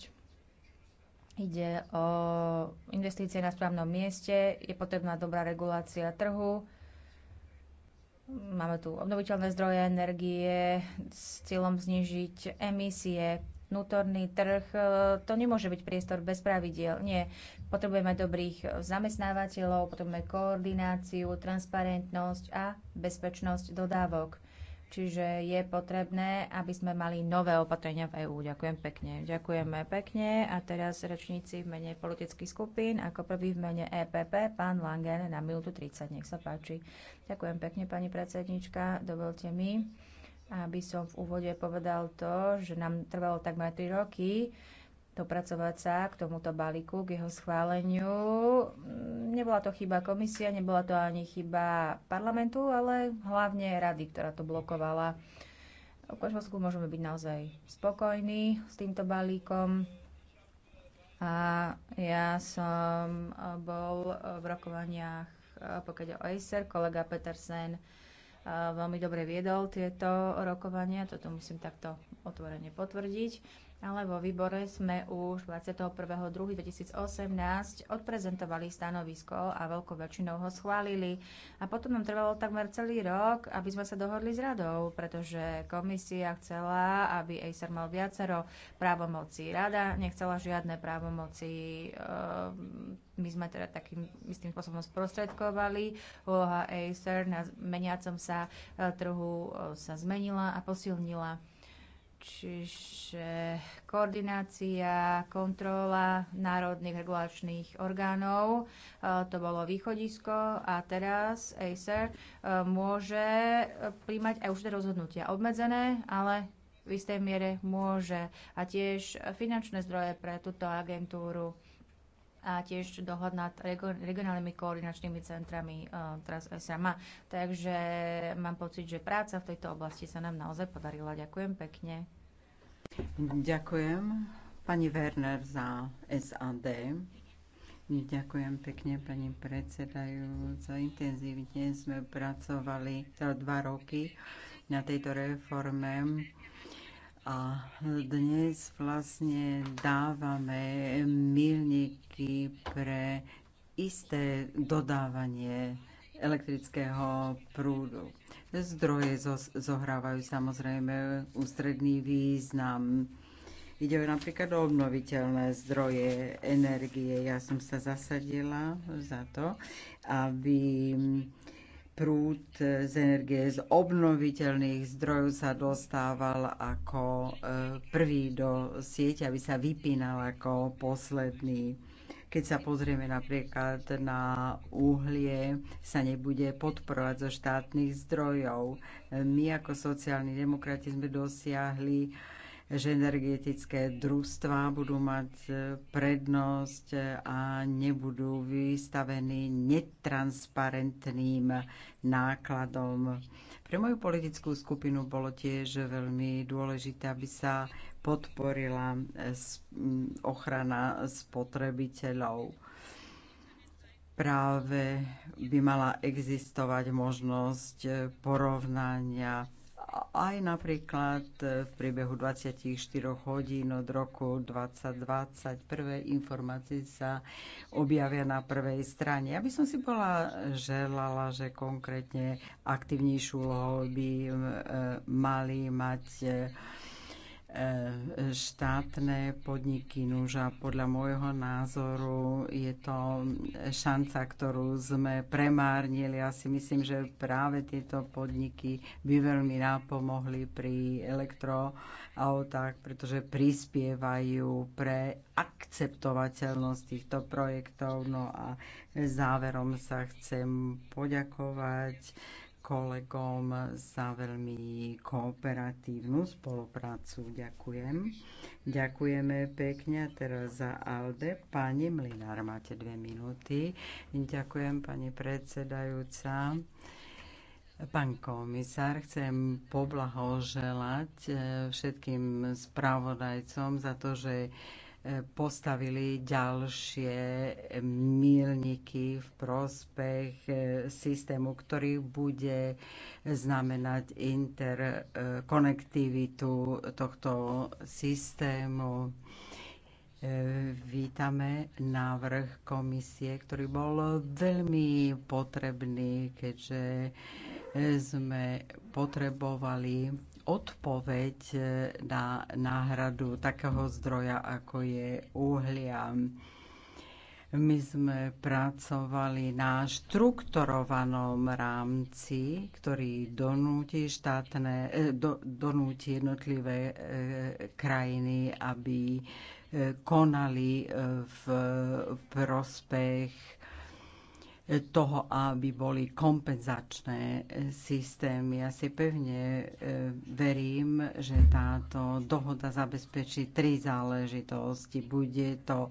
ide o investície na správnom mieste, je potrebná dobrá regulácia trhu, máme tu obnoviteľné zdroje energie s cieľom znižiť emisie, vnútorný trh, e, to nemôže byť priestor bez pravidiel. Nie, Potrebujeme dobrých eh, zamestnávateľov, potrebujeme koordináciu, transparentnosť a bezpečnosť dodávok. Čiže je potrebné, aby sme mali nové opatrenia v EÚ. Ďakujem pekne. Ďakujeme pekne. A teraz rečníci v mene politických skupín. Ako prvý v mene EPP, pán Langen na minútu 30. Nech sa páči. Ďakujem pekne, pani predsednička. Dovolte mi, aby som v úvode povedal to, že nám trvalo takmer 3 roky, dopracovať sa k tomuto balíku, k jeho schváleniu. Mm, nebola to chyba komisia, nebola to ani chyba parlamentu, ale hlavne rady, ktorá to blokovala. V Košovsku môžeme byť naozaj spokojní s týmto balíkom. A ja som e, bol v rokovaniach, e, pokiaľ o Acer, kolega Petersen e, veľmi dobre viedol tieto rokovania, toto musím takto otvorene potvrdiť ale vo výbore sme už 21.2.2018 odprezentovali stanovisko a veľkou väčšinou ho schválili. A potom nám trvalo takmer celý rok, aby sme sa dohodli s radou, pretože komisia chcela, aby Acer mal viacero právomocí. Rada nechcela žiadne právomoci. Ehm, my sme teda takým istým spôsobom sprostredkovali. Úloha Acer na meniacom sa e, trhu e, sa zmenila a posilnila. Čiže koordinácia, kontrola národných regulačných orgánov, e, to bolo východisko a teraz Acer e, môže príjmať aj už rozhodnutia obmedzené, ale v istej miere môže a tiež finančné zdroje pre túto agentúru a tiež dohľad nad regionálnymi koordinačnými centrami e, teraz SMA. Takže mám pocit, že práca v tejto oblasti sa nám naozaj podarila. Ďakujem pekne. Ďakujem pani Werner za SAD. Ďakujem pekne, pani predsedajúca. Intenzívne sme pracovali za dva roky na tejto reforme a dnes vlastne dávame milníky pre isté dodávanie elektrického prúdu. Zdroje zohrávajú samozrejme ústredný význam. Ide napríklad o obnoviteľné zdroje energie. Ja som sa zasadila za to, aby prúd z energie z obnoviteľných zdrojov sa dostával ako e, prvý do siete, aby sa vypínal ako posledný. Keď sa pozrieme napríklad na uhlie, sa nebude podporovať zo štátnych zdrojov. E, my ako sociálni demokrati sme dosiahli že energetické družstva budú mať e, prednosť e, a nebudú vystavení netransparentným nákladom. Pre moju politickú skupinu bolo tiež veľmi dôležité, aby sa podporila e, ochrana spotrebiteľov. Práve by mala existovať možnosť porovnania aj napríklad e, v priebehu 24 hodín od roku 2020 prvé informácie sa objavia na prvej strane. Ja by som si bola želala, že konkrétne aktivnejšiu úlohu by e, mali mať e, Eh, štátne podniky. núža. podľa môjho názoru je to šanca, ktorú sme premárnili. Ja si myslím, že práve tieto podniky by veľmi nápomohli pri elektroautách, pretože prispievajú pre akceptovateľnosť týchto projektov. No a záverom sa chcem poďakovať kolegom za veľmi kooperatívnu spoluprácu. Ďakujem. Ďakujeme pekne. teraz za Alde. Pani Mlinár, máte dve minúty. Ďakujem, pani predsedajúca. Pán komisár, chcem poblahoželať eh, všetkým spravodajcom za to, že postavili ďalšie mílniky v prospech eh, systému, ktorý bude znamenať interkonektivitu tohto systému. Eh, vítame návrh komisie, ktorý bol veľmi potrebný, keďže eh, sme potrebovali odpoveď e, na náhradu takého zdroja, ako je uhlia. My sme pracovali na štrukturovanom rámci, ktorý donúti, štátne, e, do, donúti jednotlivé e, krajiny, aby konali v prospech toho, aby boli kompenzačné systémy. Ja si pevne e, verím, že táto dohoda zabezpečí tri záležitosti. Bude to e,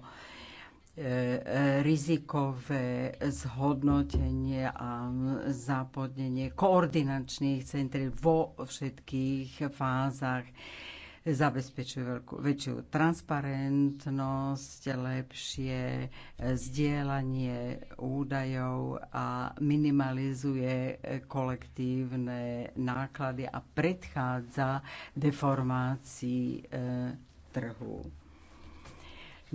rizikové zhodnotenie a zapodnenie koordinačných centrí vo všetkých fázach zabezpečuje veľkú, väčšiu transparentnosť, lepšie zdieľanie údajov a minimalizuje kolektívne náklady a predchádza deformácii eh, trhu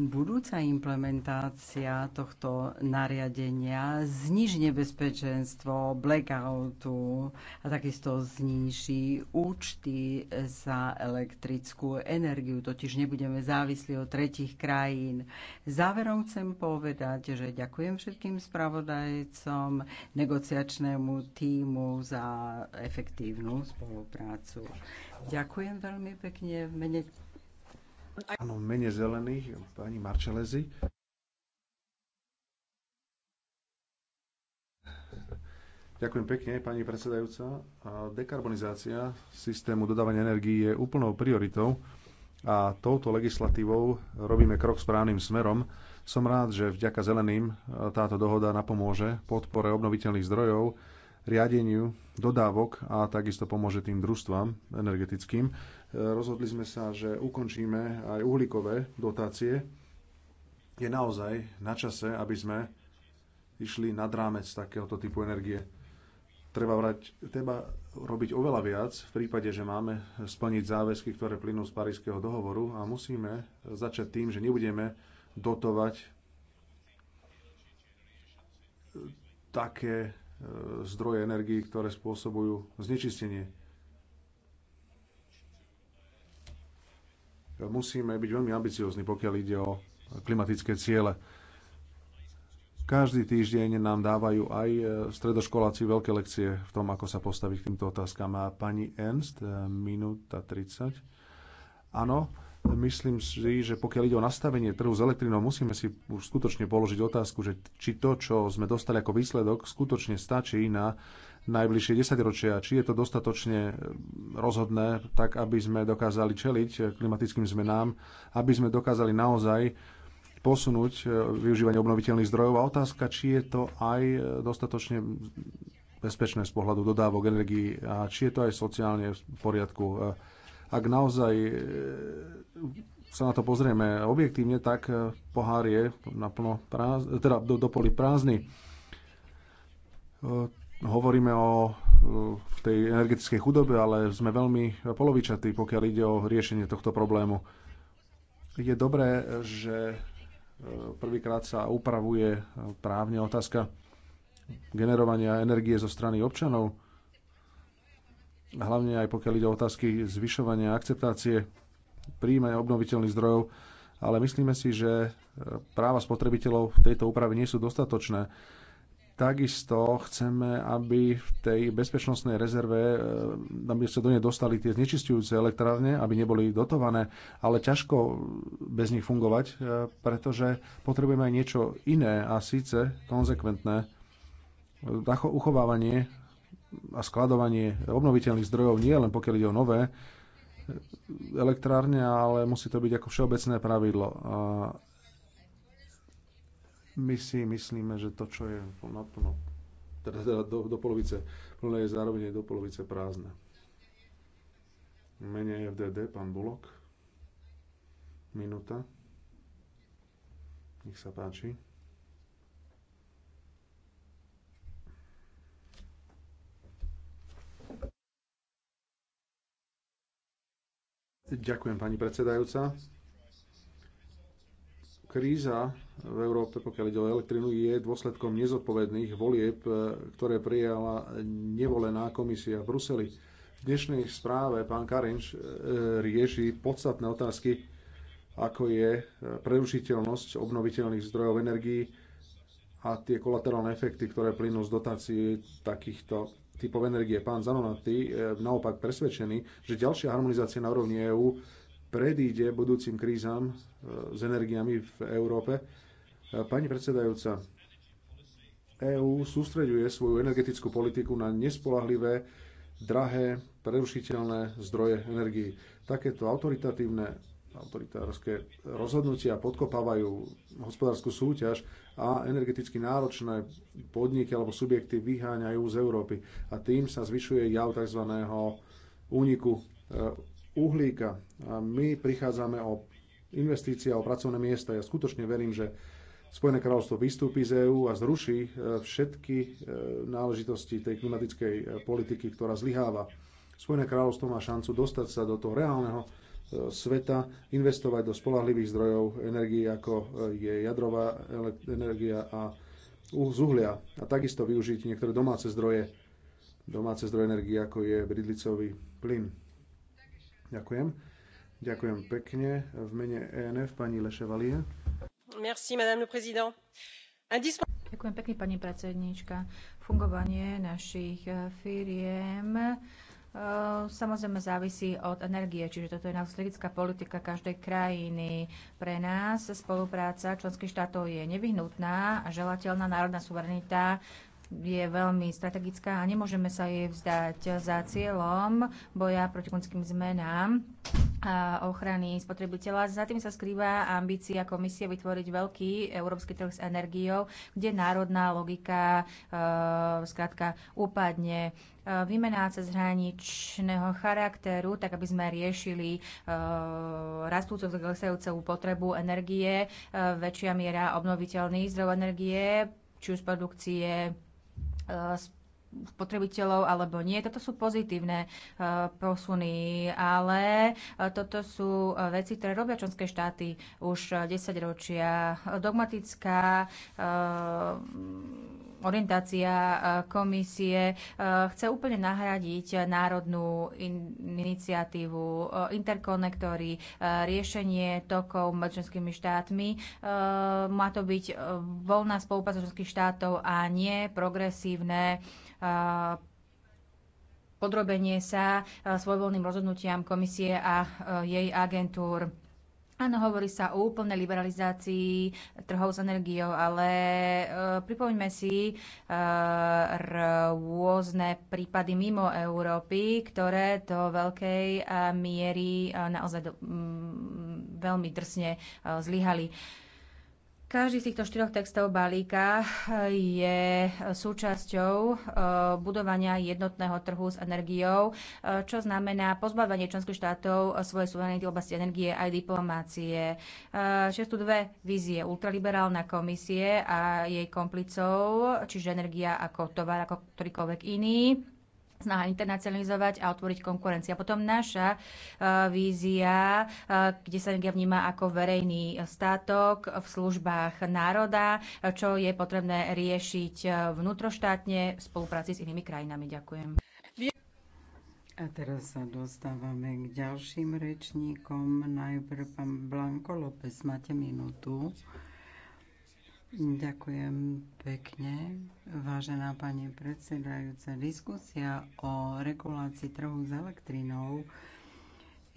budúca implementácia tohto nariadenia zniží nebezpečenstvo blackoutu a takisto zniží účty za elektrickú energiu, totiž nebudeme závislí od tretich krajín. Záverom chcem povedať, že ďakujem všetkým spravodajcom, negociačnému týmu za efektívnu spoluprácu. Ďakujem veľmi pekne v mene Áno, mene zelených, pani Marčelezi. Ďakujem pekne, pani predsedajúca. Dekarbonizácia systému dodávania energii je úplnou prioritou a touto legislatívou robíme krok správnym smerom. Som rád, že vďaka zeleným táto dohoda napomôže podpore obnoviteľných zdrojov, riadeniu dodávok a takisto pomôže tým družstvám energetickým. E, rozhodli sme sa, že ukončíme aj uhlíkové dotácie. Je naozaj na čase, aby sme išli nad rámec takéhoto typu energie. Treba, vrať, treba robiť oveľa viac v prípade, že máme splniť záväzky, ktoré plynú z Parískeho dohovoru a musíme začať tým, že nebudeme dotovať také zdroje energií, ktoré spôsobujú znečistenie. Musíme byť veľmi ambiciózni, pokiaľ ide o klimatické ciele. Každý týždeň nám dávajú aj e, stredoškoláci veľké lekcie v tom, ako sa postaviť k týmto otázkam. A pani Ernst, e, minúta 30. Áno, Myslím si, že pokiaľ ide o nastavenie trhu s elektrinou, musíme si už skutočne položiť otázku, že či to, čo sme dostali ako výsledok, skutočne stačí na najbližšie 10 ročia, či je to dostatočne eh, rozhodné, tak aby sme dokázali čeliť eh, klimatickým zmenám, aby sme dokázali naozaj posunúť eh, využívanie obnoviteľných zdrojov a otázka, či je to aj dostatočne bezpečné z pohľadu dodávok energii a či je to aj sociálne v poriadku ak naozaj e, sa na to pozrieme objektívne, tak e, pohár je naplno prázdny, e, teda do, do poli prázdny. Hovoríme o tej energetickej chudobe, ale sme veľmi polovičatí, pokiaľ ide o riešenie tohto problému. Je dobré, že prvýkrát sa upravuje právne otázka generovania energie zo strany občanov hlavne aj pokiaľ ide o otázky zvyšovania akceptácie príjmania obnoviteľných zdrojov, ale myslíme si, že e, práva spotrebiteľov v tejto úprave nie sú dostatočné. Takisto chceme, aby v tej bezpečnostnej rezerve, e, aby sa do nej dostali tie znečistujúce elektrárne, aby neboli dotované, ale ťažko bez nich fungovať, e, pretože potrebujeme aj niečo iné a síce konzekventné uchovávanie a skladovanie obnoviteľných zdrojov nie len pokiaľ ide o nové elektrárne, ale musí to byť ako všeobecné pravidlo. A my si myslíme, že to, čo je naplno, teda, teda do, do polovice plné, je zároveň do polovice prázdne. Menej FDD, pán Bulok. Minúta. Nech sa páči. Ďakujem, pani predsedajúca. Kríza v Európe, pokiaľ ide o elektrinu, je dôsledkom nezodpovedných volieb, ktoré prijala nevolená komisia v Bruseli. V dnešnej správe pán Karinč e, rieši podstatné otázky, ako je e, prerušiteľnosť obnoviteľných zdrojov energií a tie kolaterálne efekty, ktoré plynú z dotácií takýchto typov energie. Pán Zanonaty naopak presvedčený, že ďalšia harmonizácia na úrovni EÚ predíde budúcim krízam e, s energiami v Európe. E, pani predsedajúca, EÚ sústreďuje svoju energetickú politiku na nespolahlivé, drahé, prerušiteľné zdroje energii. Takéto autoritatívne autoritárske rozhodnutia podkopávajú hospodárskú súťaž a energeticky náročné podniky alebo subjekty vyháňajú z Európy. A tým sa zvyšuje jav tzv. úniku eh, uhlíka. A my prichádzame o investície a o pracovné miesta. Ja skutočne verím, že Spojené kráľovstvo vystúpi z EÚ a zruší eh, všetky eh, náležitosti tej klimatickej politiky, ktorá zlyháva. Spojené kráľovstvo má šancu dostať sa do toho reálneho sveta investovať do spolahlivých zdrojov energii, ako e, je jadrová energia a z uhlia. A takisto využiť niektoré domáce zdroje, domáce zdroje energie, ako je bridlicový plyn. Ďakujem. Ďakujem pekne. V mene ENF pani Leševalie. Merci, madame le président. Ďakujem pekne, pani predsedníčka. Fungovanie našich e, firiem Eh, samozrejme závisí od energie, čiže toto je strategická politika každej krajiny. Pre nás spolupráca členských štátov je nevyhnutná a želateľná národná suverenita je veľmi strategická a nemôžeme sa jej vzdať za cieľom boja proti klimatickým zmenám a ochrany spotrebiteľa. Za tým sa skrýva ambícia komisie vytvoriť veľký európsky trh s energiou, kde národná logika e, skrátka upadne. E, výmena cez hraničného charakteru, tak aby sme riešili e, rastúcu klesajúcu potrebu energie, e, väčšia miera obnoviteľných zdrojov energie, či už z produkcie z e, spotrebiteľov alebo nie. Toto sú pozitívne e, posuny, ale e, toto sú e, veci, ktoré robia členské štáty už 10 ročia. Dogmatická orientácia komisie chce úplne nahradiť národnú iniciatívu, interkonektory, riešenie tokov medzi členskými štátmi. Má to byť voľná spolupráca členských štátov a nie progresívne uh, podrobenie sa svojvoľným rozhodnutiam komisie a jej agentúr. Áno, hovorí sa o úplnej liberalizácii trhov s energiou, ale e, pripomeňme si e, rôzne prípady mimo Európy, ktoré do veľkej e, miery e, naozaj do, veľmi drsne e, zlyhali. E, každý z týchto štyroch textov balíka je súčasťou e, budovania jednotného trhu s energiou, e, čo znamená pozbavenie členských štátov svojej suverenity v oblasti energie aj diplomácie. E, sú tu dve vízie. Ultraliberálna komisie a jej komplicov, čiže energia ako tovar, ako ktorýkoľvek iný snaha internacionalizovať a otvoriť konkurencia. Potom naša uh, vízia, uh, kde sa energia vníma ako verejný státok v službách národa, e, čo je potrebné riešiť vnútroštátne v spolupráci s inými krajinami. Ďakujem. A teraz sa dostávame k ďalším rečníkom. Najprv pán Blanko López, máte minútu. Ďakujem pekne. Vážená pani predsedajúca, diskusia o regulácii trhu s elektrinou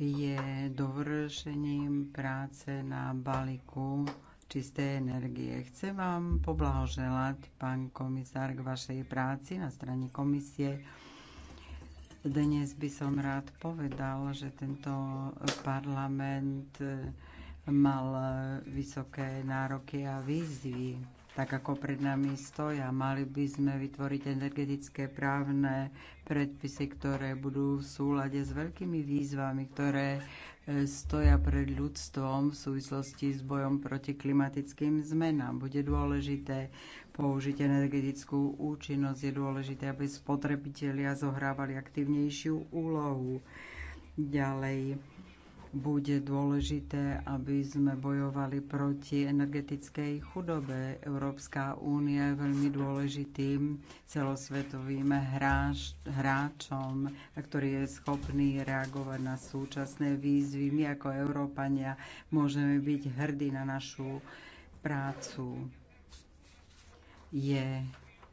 je dovršením práce na balíku čisté energie. Chcem vám poblahoželať, pán komisár, k vašej práci na strane komisie. Dnes by som rád povedal, že tento parlament mal eh, vysoké nároky a výzvy, tak ako pred nami stoja. Mali by sme vytvoriť energetické právne predpisy, ktoré budú v súlade s veľkými výzvami, ktoré eh, stoja pred ľudstvom v súvislosti s bojom proti klimatickým zmenám. Bude dôležité použiť energetickú účinnosť, je dôležité, aby spotrebitelia zohrávali aktivnejšiu úlohu. Ďalej bude dôležité, aby sme bojovali proti energetickej chudobe. Európska únia je veľmi dôležitým celosvetovým hráč, hráčom, ktorý je schopný reagovať na súčasné výzvy. My ako Európania môžeme byť hrdí na našu prácu. Je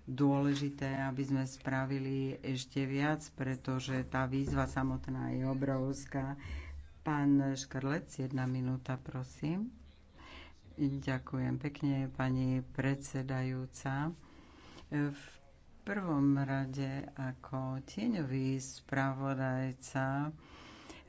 dôležité, aby sme spravili ešte viac, pretože tá výzva samotná je obrovská. Pán Škrlec, jedna minúta, prosím. Ďakujem pekne, pani predsedajúca. V prvom rade ako tieňový spravodajca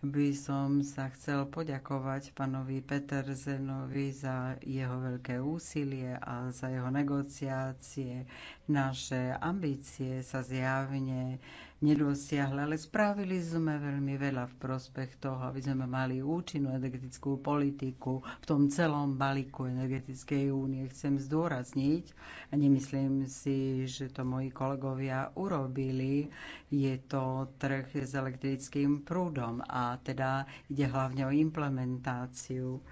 by som sa chcel poďakovať pánovi Peterzenovi za jeho veľké úsilie a za jeho negociácie. Naše ambície sa zjavne nedosiahli, ale spravili sme veľmi veľa v prospech toho, aby sme mali účinnú energetickú politiku v tom celom balíku energetickej únie. Chcem zdôrazniť, a nemyslím si, že to moji kolegovia urobili, je to trh s elektrickým prúdom a teda ide hlavne o implementáciu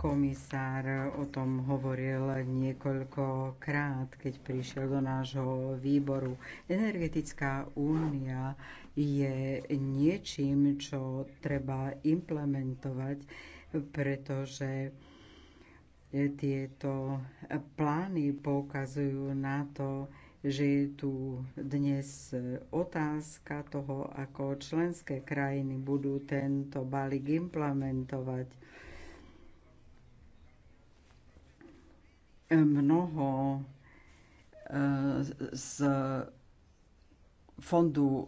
Komisár o tom hovoril niekoľkokrát, keď prišiel do nášho výboru. Energetická únia je niečím, čo treba implementovať, pretože tieto plány poukazujú na to, že je tu dnes otázka toho, ako členské krajiny budú tento balík implementovať. mnoho eh, z fondu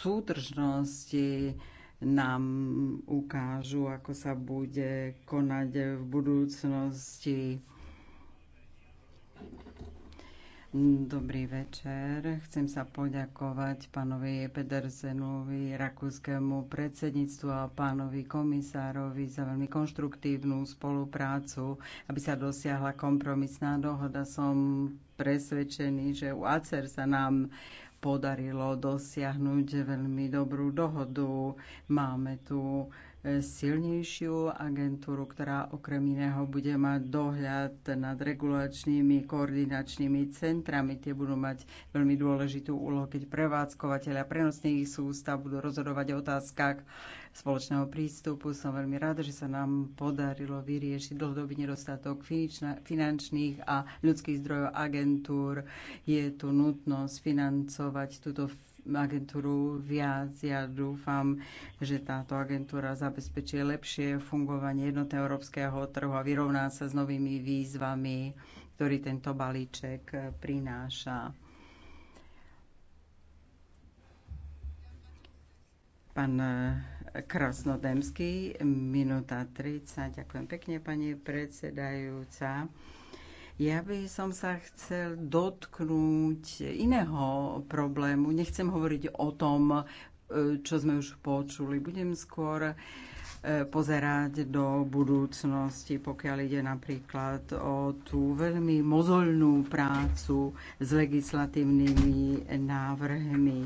súdržnosti nám ukážu, ako sa bude konať v budúcnosti Dobrý večer. Chcem sa poďakovať pánovi Pedersenovi, rakúskému predsedníctvu a pánovi komisárovi za veľmi konštruktívnu spoluprácu, aby sa dosiahla kompromisná dohoda. Som presvedčený, že u ACER sa nám podarilo dosiahnuť veľmi dobrú dohodu. Máme tu silnejšiu agentúru, ktorá okrem iného bude mať dohľad nad regulačnými koordinačnými centrami. Tie budú mať veľmi dôležitú úlohu, keď prevádzkovateľia prenosných sústav budú rozhodovať o otázkach spoločného prístupu. Som veľmi rada, že sa nám podarilo vyriešiť dlhodobý nedostatok finančných a ľudských zdrojov agentúr. Je tu nutnosť financovať túto agentúru viac. Ja dúfam, že táto agentúra zabezpečí lepšie fungovanie jednotného európskeho trhu a vyrovná sa s novými výzvami, ktorý tento balíček prináša. Pán eh, Krasnodemský, minúta 30. Ďakujem pekne, pani predsedajúca. Ja by som sa chcel dotknúť iného problému. Nechcem hovoriť o tom, e, čo sme už počuli. Budem skôr e, pozerať do budúcnosti, pokiaľ ide napríklad o tú veľmi mozolnú prácu s legislatívnymi návrhmi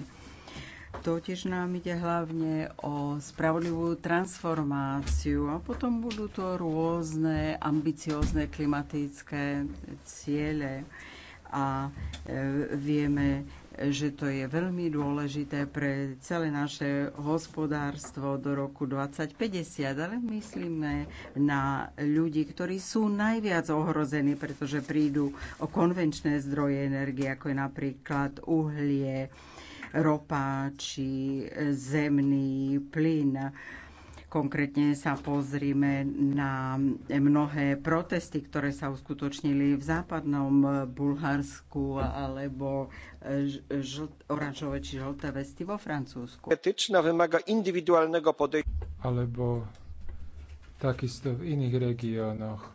Totiž nám ide hlavne o spravodlivú transformáciu a potom budú to rôzne ambiciózne klimatické ciele. A e, vieme, že to je veľmi dôležité pre celé naše hospodárstvo do roku 2050, ale myslíme na ľudí, ktorí sú najviac ohrození, pretože prídu o konvenčné zdroje energie, ako je napríklad uhlie, ropa či zemný plyn. Konkrétne sa pozrime na mnohé protesty, ktoré sa uskutočnili v západnom Bulharsku alebo oranžové či žlté vesty vo Francúzsku. vymaga individuálneho Alebo takisto v iných regiónoch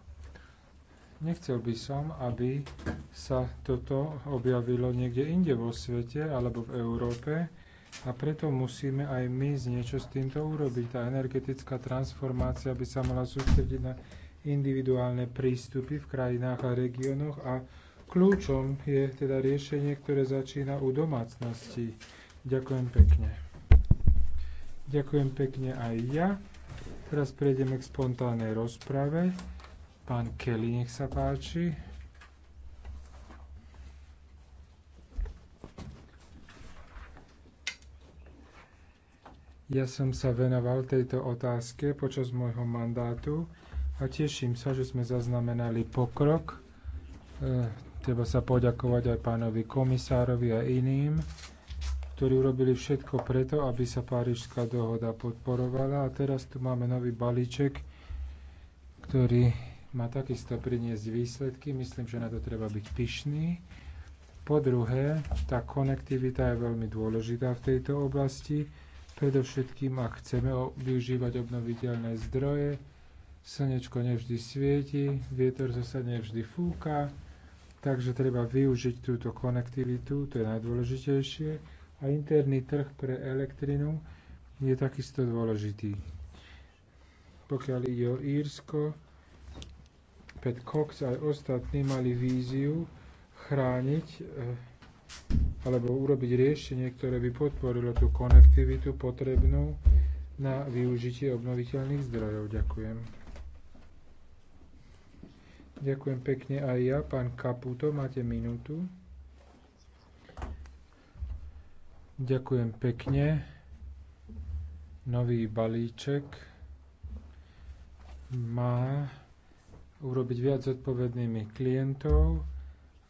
Nechcel by som, aby sa toto objavilo niekde inde vo svete alebo v Európe a preto musíme aj my niečo s týmto urobiť. Tá energetická transformácia by sa mala sústrediť na individuálne prístupy v krajinách a regiónoch a kľúčom je teda riešenie, ktoré začína u domácnosti. Ďakujem pekne. Ďakujem pekne aj ja. Teraz prejdeme k spontánnej rozprave. Pán Kelly, nech sa páči. Ja som sa venoval tejto otázke počas môjho mandátu a teším sa, že sme zaznamenali pokrok. E, treba sa poďakovať aj pánovi komisárovi a iným, ktorí urobili všetko preto, aby sa Parížská dohoda podporovala. A teraz tu máme nový balíček, ktorý má takisto priniesť výsledky. Myslím, že na to treba byť pyšný. Po druhé, tá konektivita je veľmi dôležitá v tejto oblasti, predovšetkým ak chceme využívať obnoviteľné zdroje. Slnečko nevždy svieti, vietor zase nevždy fúka, takže treba využiť túto konektivitu, to je najdôležitejšie. A interný trh pre elektrinu je takisto dôležitý. Pokiaľ ide o Írsko, Pet Cox aj ostatní mali víziu chrániť eh, alebo urobiť riešenie, ktoré by podporilo tú konektivitu potrebnú na využitie obnoviteľných zdrojov. Ďakujem. Ďakujem pekne aj ja. Pán Kaputo, máte minútu. Ďakujem pekne. Nový balíček má urobiť viac zodpovednými klientov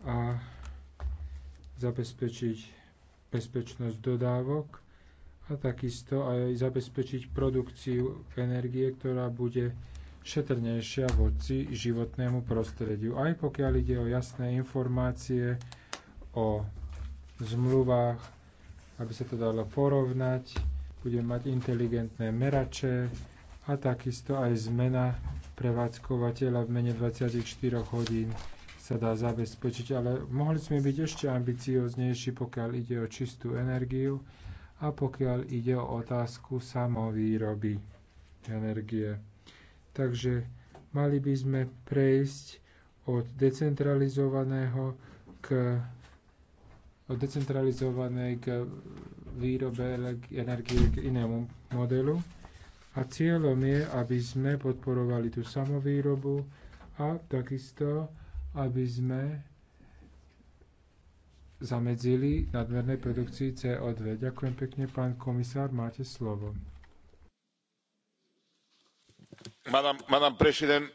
a zabezpečiť bezpečnosť dodávok a takisto aj zabezpečiť produkciu energie, ktorá bude šetrnejšia voci životnému prostrediu. Aj pokiaľ ide o jasné informácie o zmluvách, aby sa to dalo porovnať, budeme mať inteligentné merače, a takisto aj zmena prevádzkovateľa v mene 24 hodín sa dá zabezpečiť, ale mohli sme byť ešte ambicioznejší, pokiaľ ide o čistú energiu a pokiaľ ide o otázku samovýroby energie. Takže mali by sme prejsť od decentralizovaného k od decentralizovanej k výrobe energie k inému modelu a cieľom je, aby sme podporovali tú samovýrobu a takisto, aby sme zamedzili nadmernej produkcii CO2. Ďakujem pekne, pán komisár, máte slovo. Eh,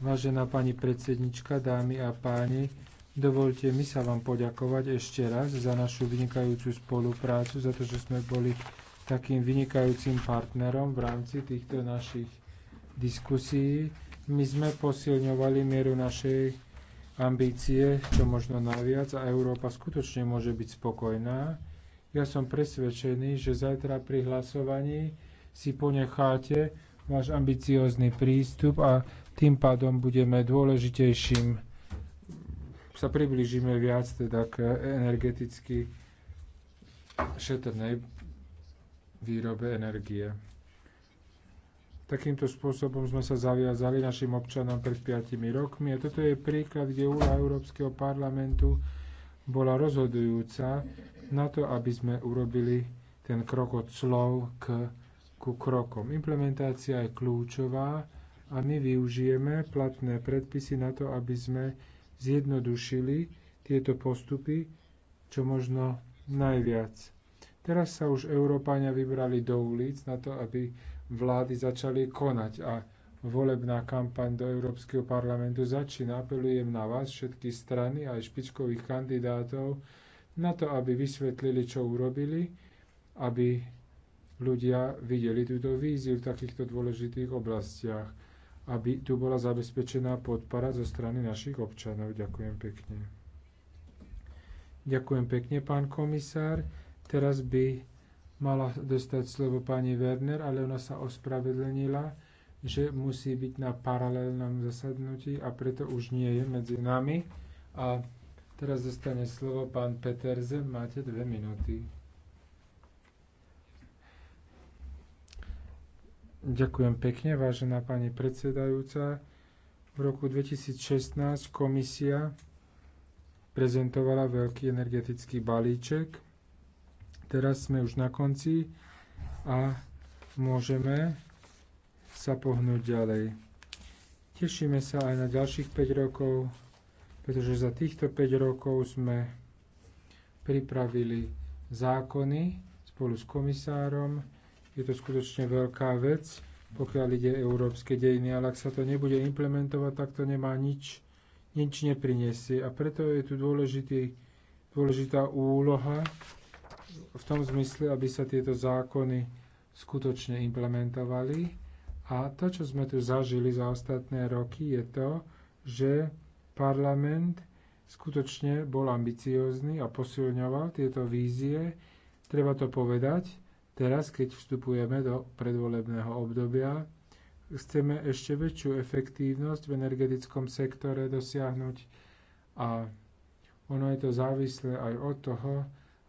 Vážená pani predsednička, dámy a páni, dovolte mi sa vám poďakovať ešte raz za našu vynikajúcu spoluprácu, za to, že sme boli takým vynikajúcim partnerom v rámci týchto našich diskusí. My sme posilňovali mieru našej ambície, čo možno najviac, a Európa skutočne môže byť spokojná. Ja som presvedčený, že zajtra pri hlasovaní si ponecháte váš ambiciózny prístup a tým pádom budeme dôležitejším, sa približíme viac teda k energeticky šetrnej výrobe energie. Takýmto spôsobom sme sa zaviazali našim občanom pred 5 rokmi a toto je príklad, kde úloha Európskeho parlamentu bola rozhodujúca na to, aby sme urobili ten krok od slov k, ku krokom. Implementácia je kľúčová a my využijeme platné predpisy na to, aby sme zjednodušili tieto postupy čo možno najviac Teraz sa už Európania vybrali do ulic na to, aby vlády začali konať a volebná kampaň do Európskeho parlamentu začína. Apelujem na vás, všetky strany, aj špičkových kandidátov, na to, aby vysvetlili, čo urobili, aby ľudia videli túto víziu v takýchto dôležitých oblastiach, aby tu bola zabezpečená podpora zo strany našich občanov. Ďakujem pekne. Ďakujem pekne, pán komisár. Teraz by mala dostať slovo pani Werner, ale ona sa ospravedlnila, že musí byť na paralelnom zasadnutí a preto už nie je medzi nami. A teraz dostane slovo pán Peterze. Máte dve minúty. Ďakujem pekne, vážená pani predsedajúca. V roku 2016 komisia prezentovala veľký energetický balíček Teraz sme už na konci a môžeme sa pohnúť ďalej. Tešíme sa aj na ďalších 5 rokov, pretože za týchto 5 rokov sme pripravili zákony spolu s komisárom. Je to skutočne veľká vec, pokiaľ ide európske dejiny, ale ak sa to nebude implementovať, tak to nemá nič, nič nepriniesie. A preto je tu dôležitý, dôležitá úloha v tom zmysle, aby sa tieto zákony skutočne implementovali. A to, čo sme tu zažili za ostatné roky, je to, že parlament skutočne bol ambiciózny a posilňoval tieto vízie. Treba to povedať, teraz, keď vstupujeme do predvolebného obdobia, chceme ešte väčšiu efektívnosť v energetickom sektore dosiahnuť a ono je to závislé aj od toho,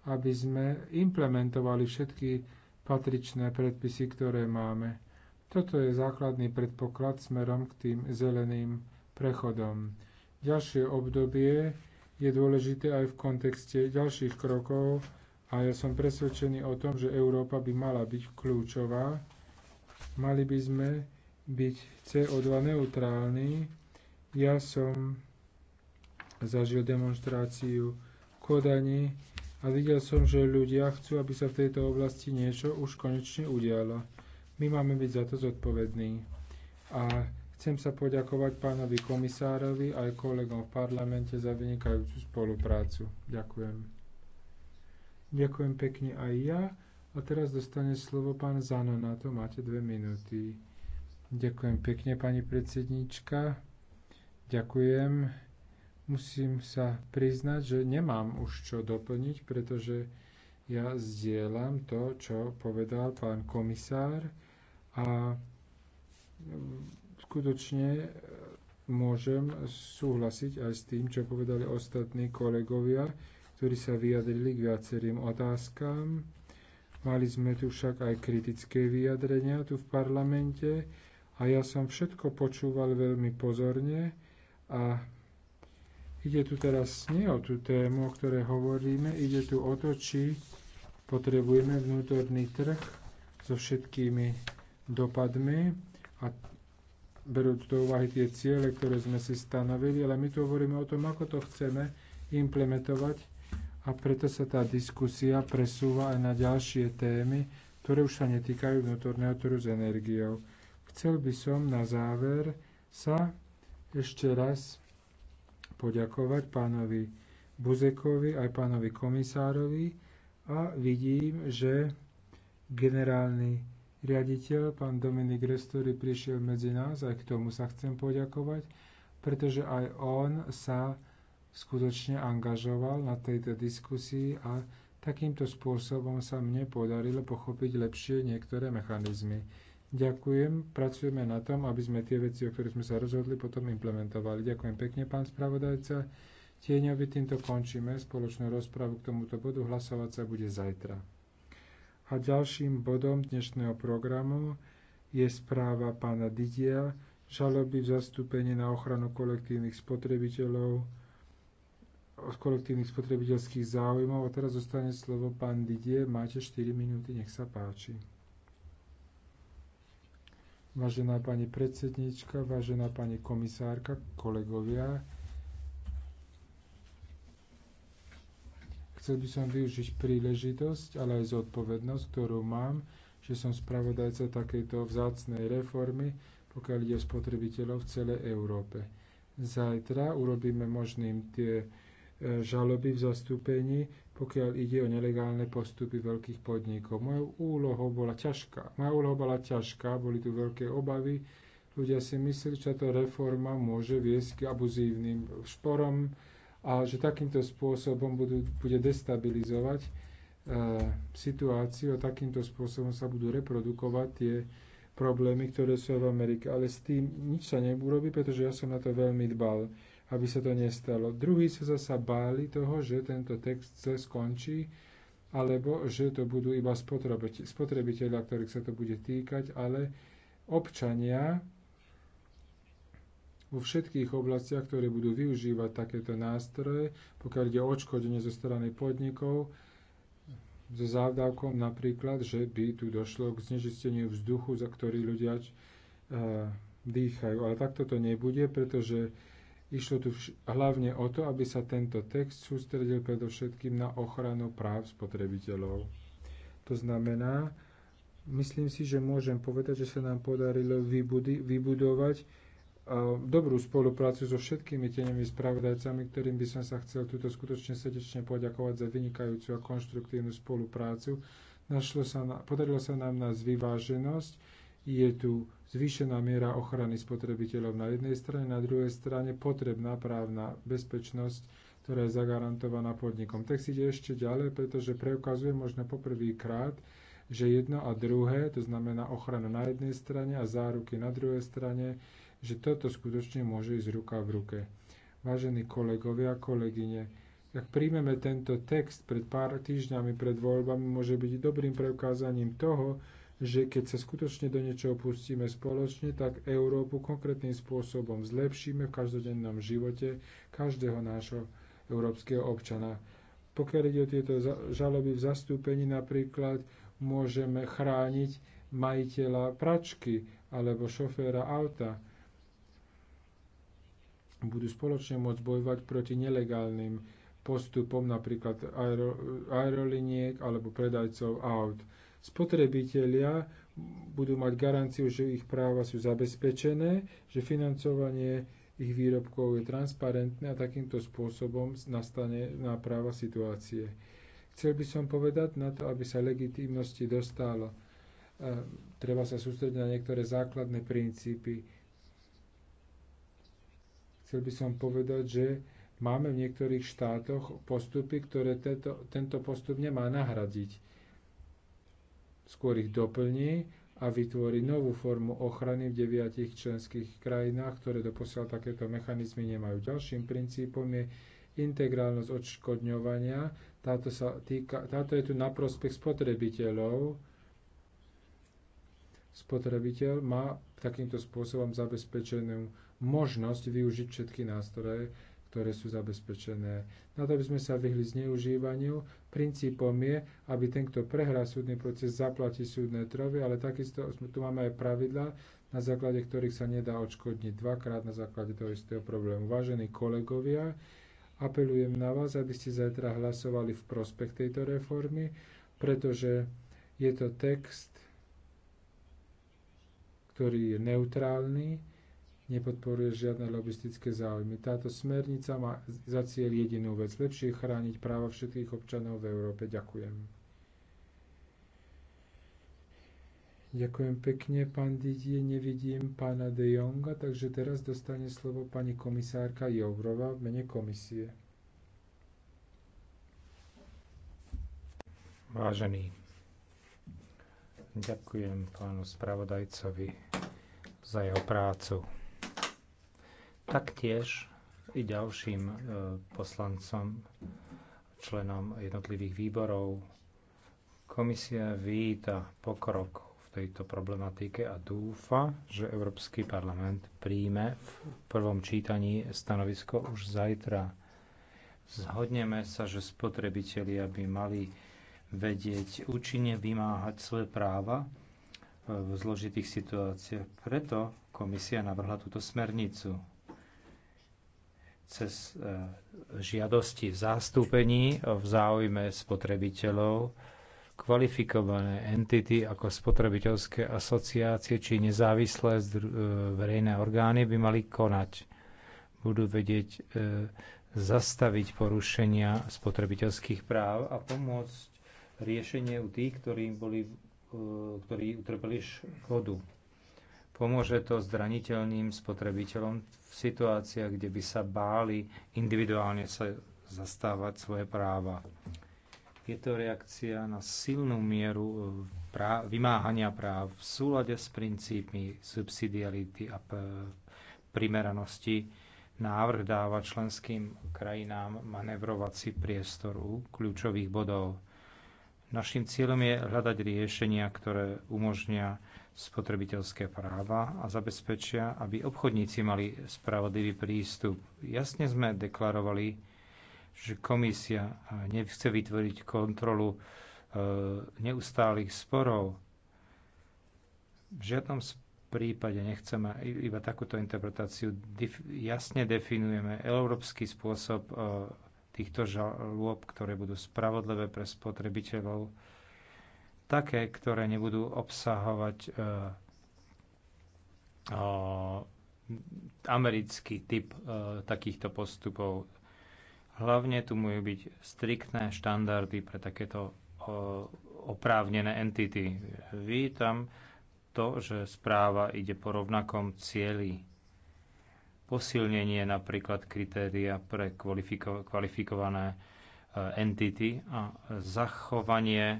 aby sme implementovali všetky patričné predpisy, ktoré máme. Toto je základný predpoklad smerom k tým zeleným prechodom. Ďalšie obdobie je dôležité aj v kontexte ďalších krokov a ja som presvedčený o tom, že Európa by mala byť kľúčová. Mali by sme byť CO2 neutrálni. Ja som zažil demonstráciu Kodani, a videl som, že ľudia chcú, aby sa v tejto oblasti niečo už konečne udialo. My máme byť za to zodpovední. A chcem sa poďakovať pánovi komisárovi aj kolegom v parlamente za vynikajúcu spoluprácu. Ďakujem. Ďakujem pekne aj ja. A teraz dostane slovo pán Zano na to. Máte dve minúty. Ďakujem pekne, pani predsednička. Ďakujem. Musím sa priznať, že nemám už čo doplniť, pretože ja zdieľam to, čo povedal pán komisár a skutočne e, môžem súhlasiť aj s tým, čo povedali ostatní kolegovia, ktorí sa vyjadrili k viacerým otázkam. Mali sme tu však aj kritické vyjadrenia tu v parlamente a ja som všetko počúval veľmi pozorne a Ide tu teraz nie o tú tému, o ktorej hovoríme, ide tu o to, či potrebujeme vnútorný trh so všetkými dopadmi a berú do úvahy tie ciele, ktoré sme si stanovili, ale my tu hovoríme o tom, ako to chceme implementovať a preto sa tá diskusia presúva aj na ďalšie témy, ktoré už sa netýkajú vnútorného trhu s energiou. Chcel by som na záver sa ešte raz poďakovať pánovi Buzekovi aj pánovi komisárovi a vidím, že generálny riaditeľ, pán Dominik Restori, prišiel medzi nás, aj k tomu sa chcem poďakovať, pretože aj on sa skutočne angažoval na tejto diskusii a takýmto spôsobom sa mne podarilo pochopiť lepšie niektoré mechanizmy. Ďakujem, pracujeme na tom, aby sme tie veci, o ktorých sme sa rozhodli, potom implementovali. Ďakujem pekne, pán spravodajca. Tieňovi týmto končíme spoločnú rozpravu k tomuto bodu. Hlasovať sa bude zajtra. A ďalším bodom dnešného programu je správa pána Didia, žaloby v zastúpení na ochranu kolektívnych spotrebiteľov, kolektívnych spotrebiteľských záujmov. A teraz zostane slovo pán Didier. Máte 4 minúty, nech sa páči. Vážená pani predsedníčka, vážená pani komisárka, kolegovia, chcel by som využiť príležitosť, ale aj zodpovednosť, ktorú mám, že som spravodajca takejto vzácnej reformy, pokiaľ ide o spotrebiteľov v celej Európe. Zajtra urobíme možným tie e, žaloby v zastúpení pokiaľ ide o nelegálne postupy veľkých podnikov. Mojou úlohou bola ťažká. Moja úloha bola ťažká, boli tu veľké obavy. Ľudia si mysleli, že táto reforma môže viesť k abuzívnym šporom a že takýmto spôsobom budú, bude destabilizovať e, situáciu a takýmto spôsobom sa budú reprodukovať tie problémy, ktoré sú v Amerike. Ale s tým nič sa neurobi, pretože ja som na to veľmi dbal aby sa to nestalo. Druhí sa zasa báli toho, že tento text skončí, alebo že to budú iba spotrebitelia, ktorých sa to bude týkať, ale občania vo všetkých oblastiach, ktoré budú využívať takéto nástroje, pokiaľ ide o odškodenie zo strany podnikov, so závdavkom napríklad, že by tu došlo k znežisteniu vzduchu, za ktorý ľudia eh, dýchajú. Ale takto to nebude, pretože Išlo tu hlavne o to, aby sa tento text sústredil predovšetkým na ochranu práv spotrebiteľov. To znamená, myslím si, že môžem povedať, že sa nám podarilo vybudi- vybudovať e, dobrú spoluprácu so všetkými tenými spravodajcami, ktorým by som sa chcel túto skutočne srdečne poďakovať za vynikajúcu a konštruktívnu spoluprácu. Našlo sa na, podarilo sa nám nás vyváženosť je tu zvýšená miera ochrany spotrebiteľov na jednej strane, na druhej strane potrebná právna bezpečnosť, ktorá je zagarantovaná podnikom. si ide ešte ďalej, pretože preukazuje možno poprvýkrát, že jedno a druhé, to znamená ochrana na jednej strane a záruky na druhej strane, že toto skutočne môže ísť ruka v ruke. Vážení kolegovia a kolegyne, ak príjmeme tento text pred pár týždňami pred voľbami, môže byť dobrým preukázaním toho, že keď sa skutočne do niečoho pustíme spoločne, tak Európu konkrétnym spôsobom zlepšíme v každodennom živote každého nášho európskeho občana. Pokiaľ ide o tieto žaloby v zastúpení, napríklad môžeme chrániť majiteľa pračky alebo šoféra auta. Budú spoločne môcť bojovať proti nelegálnym postupom napríklad aeroliniek alebo predajcov aut Spotrebitelia budú mať garanciu, že ich práva sú zabezpečené, že financovanie ich výrobkov je transparentné a takýmto spôsobom nastane náprava situácie. Chcel by som povedať na to, aby sa legitímnosti dostalo. E, treba sa sústrediť na niektoré základné princípy. Chcel by som povedať, že máme v niektorých štátoch postupy, ktoré tento, tento postup nemá nahradiť skôr ich doplní a vytvorí novú formu ochrany v deviatich členských krajinách, ktoré doposiaľ takéto mechanizmy nemajú. Ďalším princípom je integrálnosť odškodňovania. Táto, sa týka, táto je tu na prospech spotrebiteľov. Spotrebiteľ má takýmto spôsobom zabezpečenú možnosť využiť všetky nástroje, ktoré sú zabezpečené. Na to, aby sme sa vyhli zneužívaniu, princípom je, aby ten, kto prehrá súdny proces, zaplatí súdne trovy, ale takisto tu máme aj pravidlá, na základe ktorých sa nedá odškodniť dvakrát na základe toho istého problému. Vážení kolegovia, apelujem na vás, aby ste zajtra hlasovali v prospech tejto reformy, pretože je to text, ktorý je neutrálny, nepodporuje žiadne lobistické záujmy. Táto smernica má za cieľ jedinú vec, lepšie chrániť práva všetkých občanov v Európe. Ďakujem. Ďakujem pekne, pán Didier. Nevidím pána De Jonga, takže teraz dostane slovo pani komisárka Jourova v mene komisie. Vážený, ďakujem pánu spravodajcovi za jeho prácu. Taktiež i ďalším e, poslancom, členom jednotlivých výborov. Komisia víta pokrok v tejto problematike a dúfa, že Európsky parlament príjme v prvom čítaní stanovisko už zajtra. Zhodneme sa, že spotrebitelia by mali vedieť účinne vymáhať svoje práva e, v zložitých situáciách. Preto komisia navrhla túto smernicu cez e, žiadosti v zástupení e, v záujme spotrebiteľov, kvalifikované entity ako spotrebiteľské asociácie či nezávislé e, verejné orgány by mali konať. Budú vedieť zastaviť porušenia spotrebiteľských práv a pomôcť riešenie u tých, ktorí, boli, ktorí utrpeli škodu Pomôže to zraniteľným spotrebiteľom v situáciách, kde by sa báli individuálne sa zastávať svoje práva. Je to reakcia na silnú mieru e, prá- vymáhania práv v súlade s princípmi subsidiarity a primeranosti. Návrh dáva členským krajinám manevrovací priestor u kľúčových bodov Našim cieľom je hľadať riešenia, ktoré umožnia spotrebiteľské práva a zabezpečia, aby obchodníci mali spravodlivý prístup. Jasne sme deklarovali, že komisia nechce vytvoriť kontrolu e, neustálych sporov. V žiadnom prípade nechceme iba takúto interpretáciu. Jasne definujeme európsky spôsob e, týchto žalôb, ktoré budú spravodlivé pre spotrebiteľov, také, ktoré nebudú obsahovať e, e, americký typ e, takýchto postupov. Hlavne tu môžu byť striktné štandardy pre takéto oprávnené entity. Vítam to, že správa ide po rovnakom cieli posilnenie napríklad kritéria pre kvalifiko- kvalifikované e, entity a zachovanie e,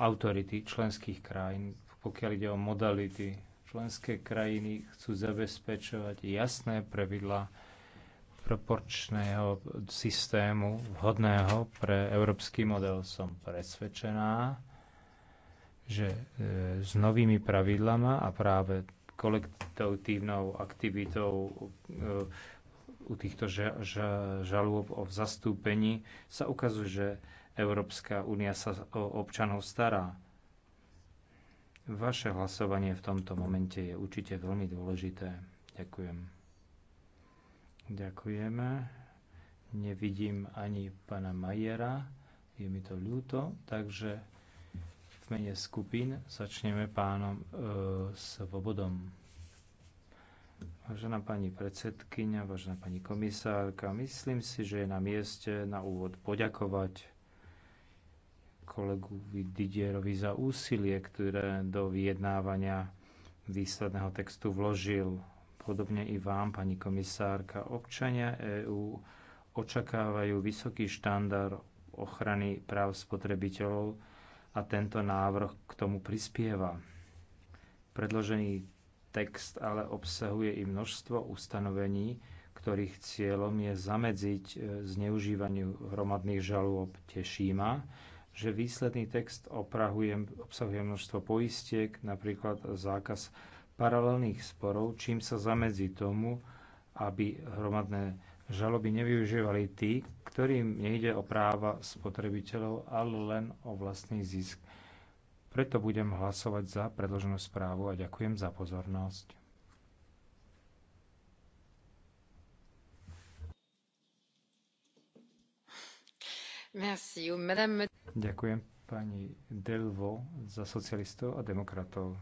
autority členských krajín, pokiaľ ide o modality. Členské krajiny chcú zabezpečovať jasné pravidlá proporčného systému vhodného pre európsky model. Som presvedčená, že e, s novými pravidlami a práve kolektívnou aktivitou e, u týchto žalôb o zastúpení sa ukazuje, že Európska únia sa o občanov stará. Vaše hlasovanie v tomto momente je určite veľmi dôležité. Ďakujem. Ďakujeme. Nevidím ani pána Majera. Je mi to ľúto, takže v mene skupín začneme pánom e, Svobodom. Vážená pani predsedkynia, vážená pani komisárka, myslím si, že je na mieste na úvod poďakovať kolegovi Didierovi za úsilie, ktoré do vyjednávania výsledného textu vložil. Podobne i vám, pani komisárka, občania EÚ očakávajú vysoký štandard ochrany práv spotrebiteľov, a tento návrh k tomu prispieva. Predložený text ale obsahuje i množstvo ustanovení, ktorých cieľom je zamedziť e, zneužívaniu hromadných žalôb. Teší ma, že výsledný text oprahuje, obsahuje množstvo poistiek, napríklad zákaz paralelných sporov, čím sa zamedzí tomu, aby hromadné žaloby nevyužívali tí, ktorým nejde o práva spotrebiteľov, ale len o vlastný zisk. Preto budem hlasovať za predloženú správu a ďakujem za pozornosť. Merci. Madame... Ďakujem pani Delvo za socialistov a demokratov.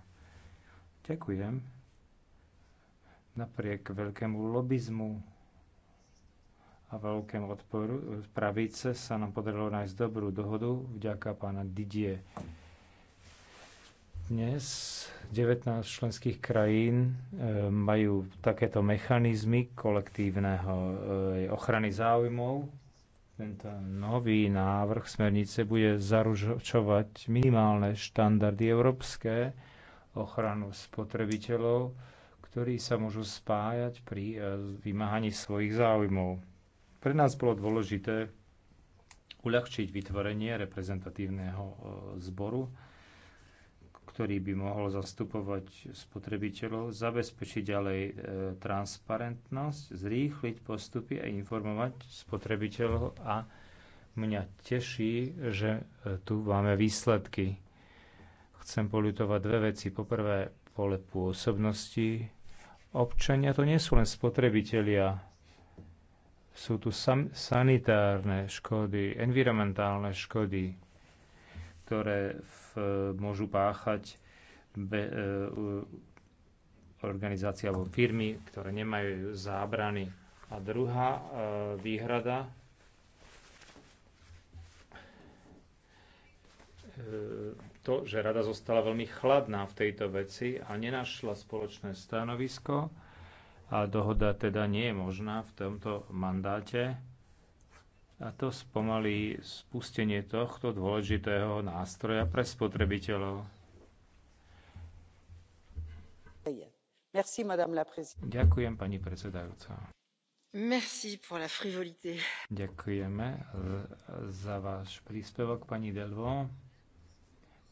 Ďakujem. Napriek veľkému lobizmu a veľkému odporu pravice sa nám podarilo nájsť dobrú dohodu vďaka pána Didie. Dnes 19 členských krajín e, majú takéto mechanizmy kolektívneho e, ochrany záujmov. Tento nový návrh smernice bude zaručovať minimálne štandardy európske ochranu spotrebiteľov, ktorí sa môžu spájať pri e, vymáhaní svojich záujmov pre nás bolo dôležité uľahčiť vytvorenie reprezentatívneho e, zboru, ktorý by mohol zastupovať spotrebiteľov, zabezpečiť ďalej e, transparentnosť, zrýchliť postupy a informovať spotrebiteľov a mňa teší, že e, tu máme výsledky. Chcem polutovať dve veci. Poprvé, pole pôsobnosti. Občania to nie sú len spotrebitelia, sú tu sam sanitárne škody, environmentálne škody, ktoré v, môžu páchať be, e, organizácie alebo firmy, ktoré nemajú zábrany. A druhá e, výhrada e, to, že rada zostala veľmi chladná v tejto veci a nenašla spoločné stanovisko a dohoda teda nie je možná v tomto mandáte. A to spomalí spustenie tohto dôležitého nástroja pre spotrebiteľov. Merci, la Ďakujem, pani predsedajúca. Merci pour la frivolité. Ďakujeme za váš príspevok, pani Delvo.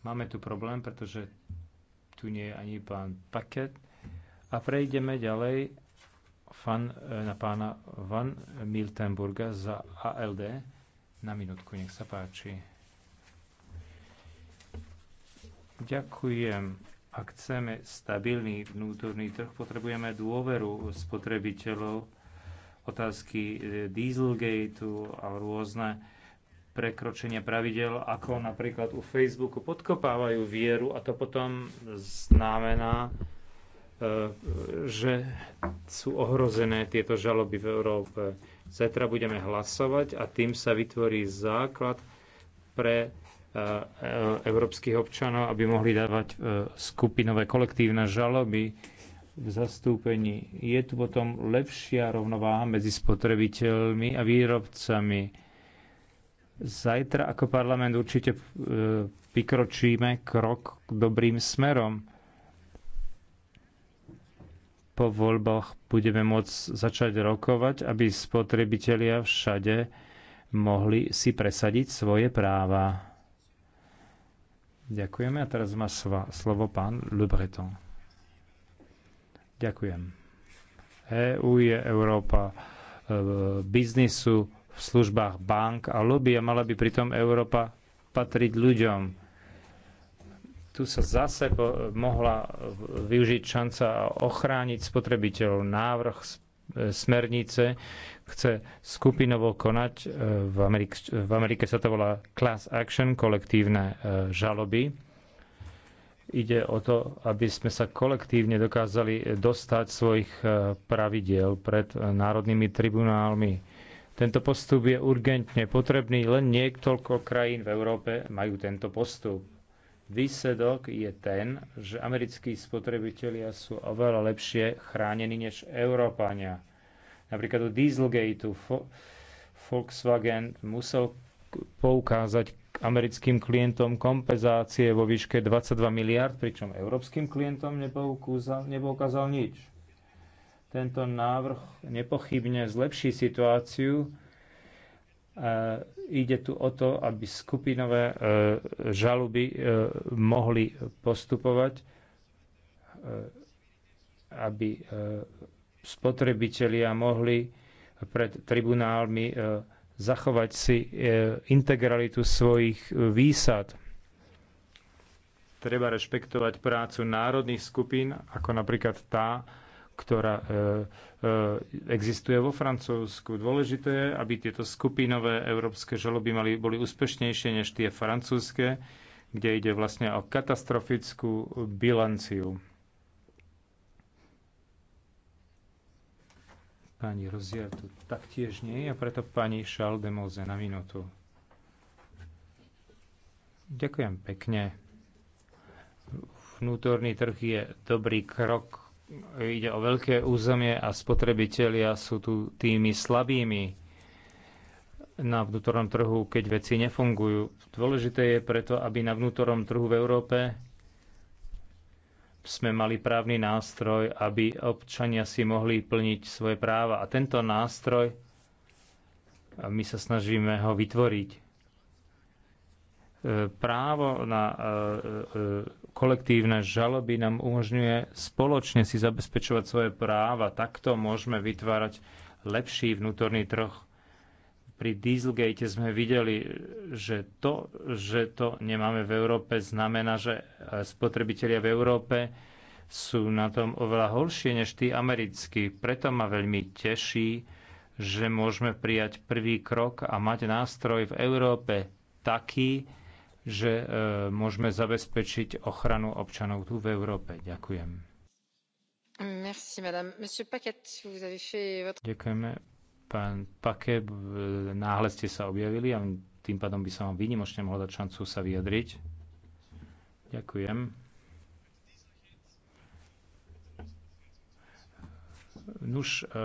Máme tu problém, pretože tu nie je ani pán Paket. A prejdeme ďalej fan, e, na pána Van Miltenburga za ALD. Na minútku, nech sa páči. Ďakujem. Ak chceme stabilný vnútorný trh, potrebujeme dôveru spotrebiteľov, otázky e, Dieselgateu a rôzne prekročenia pravidel, ako napríklad u Facebooku, podkopávajú vieru a to potom znamená, že sú ohrozené tieto žaloby v Európe. Zajtra budeme hlasovať a tým sa vytvorí základ pre e, európskych občanov, aby mohli dávať e, skupinové kolektívne žaloby v zastúpení. Je tu potom lepšia rovnováha medzi spotrebiteľmi a výrobcami. Zajtra ako parlament určite vykročíme e, krok k dobrým smerom po voľbách budeme môcť začať rokovať, aby spotrebitelia všade mohli si presadiť svoje práva. Ďakujeme a teraz má slovo pán Le Breton. Ďakujem. EÚ EU je Európa e, biznisu, v službách bank a lobby a mala by pritom Európa patriť ľuďom tu sa zase po, mohla využiť šanca a ochrániť spotrebiteľov. Návrh e, smernice chce skupinovo konať. E, v Amerike, v Amerike sa to volá class action, kolektívne e, žaloby. Ide o to, aby sme sa kolektívne dokázali dostať svojich pravidiel pred národnými tribunálmi. Tento postup je urgentne potrebný, len niekoľko krajín v Európe majú tento postup Výsledok je ten, že americkí spotrebitelia sú oveľa lepšie chránení než Európania. Napríklad do Dieselgateu Volkswagen musel poukázať americkým klientom kompenzácie vo výške 22 miliard, pričom európskym klientom nepoukázal, nepoukázal nič. Tento návrh nepochybne zlepší situáciu e, Ide tu o to, aby skupinové e, žaloby e, mohli postupovať, e, aby spotrebitelia mohli pred tribunálmi zachovať si integralitu svojich výsad. Treba rešpektovať prácu národných skupín, ako napríklad tá, ktorá E, existuje vo Francúzsku. Dôležité je, aby tieto skupinové európske žaloby mali, boli úspešnejšie než tie francúzske, kde ide vlastne o katastrofickú bilanciu. Pani Rozier tu taktiež nie je, a preto pani Šaldemoze na minútu. Ďakujem pekne. Vnútorný trh je dobrý krok ide o veľké územie a spotrebitelia sú tu tými slabými na vnútornom trhu, keď veci nefungujú. Dôležité je preto, aby na vnútornom trhu v Európe sme mali právny nástroj, aby občania si mohli plniť svoje práva. A tento nástroj, my sa snažíme ho vytvoriť. E, právo na e, e, Kolektívne žaloby nám umožňuje spoločne si zabezpečovať svoje práva. Takto môžeme vytvárať lepší vnútorný trh. Pri Dieselgate sme videli, že to, že to nemáme v Európe, znamená, že spotrebitelia v Európe sú na tom oveľa horšie než tí americkí. Preto ma veľmi teší, že môžeme prijať prvý krok a mať nástroj v Európe taký, že e, môžeme zabezpečiť ochranu občanov tu v Európe. Ďakujem. Merci, madame. Monsieur Paquet, vous avez fait votre... Ďakujeme. Pán Pake, náhle ste sa objavili a tým pádom by som vám výnimočne mohol dať šancu sa vyjadriť. Ďakujem. Nuž, e, e,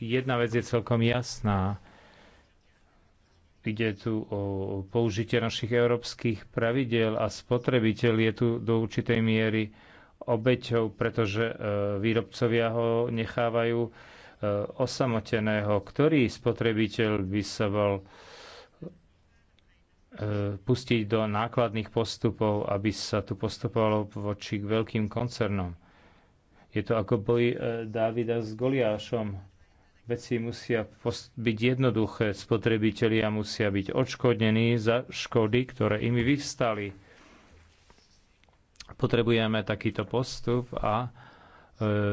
jedna vec je celkom jasná. Ide tu o použitie našich európskych pravidiel a spotrebiteľ je tu do určitej miery obeťou, pretože e, výrobcovia ho nechávajú e, osamoteného. Ktorý spotrebiteľ by sa bol e, pustiť do nákladných postupov, aby sa tu postupovalo voči k veľkým koncernom? Je to ako boj Davida s Goliášom Veci musia byť jednoduché, spotrebitelia musia byť odškodnení za škody, ktoré im vyvstali. Potrebujeme takýto postup a e,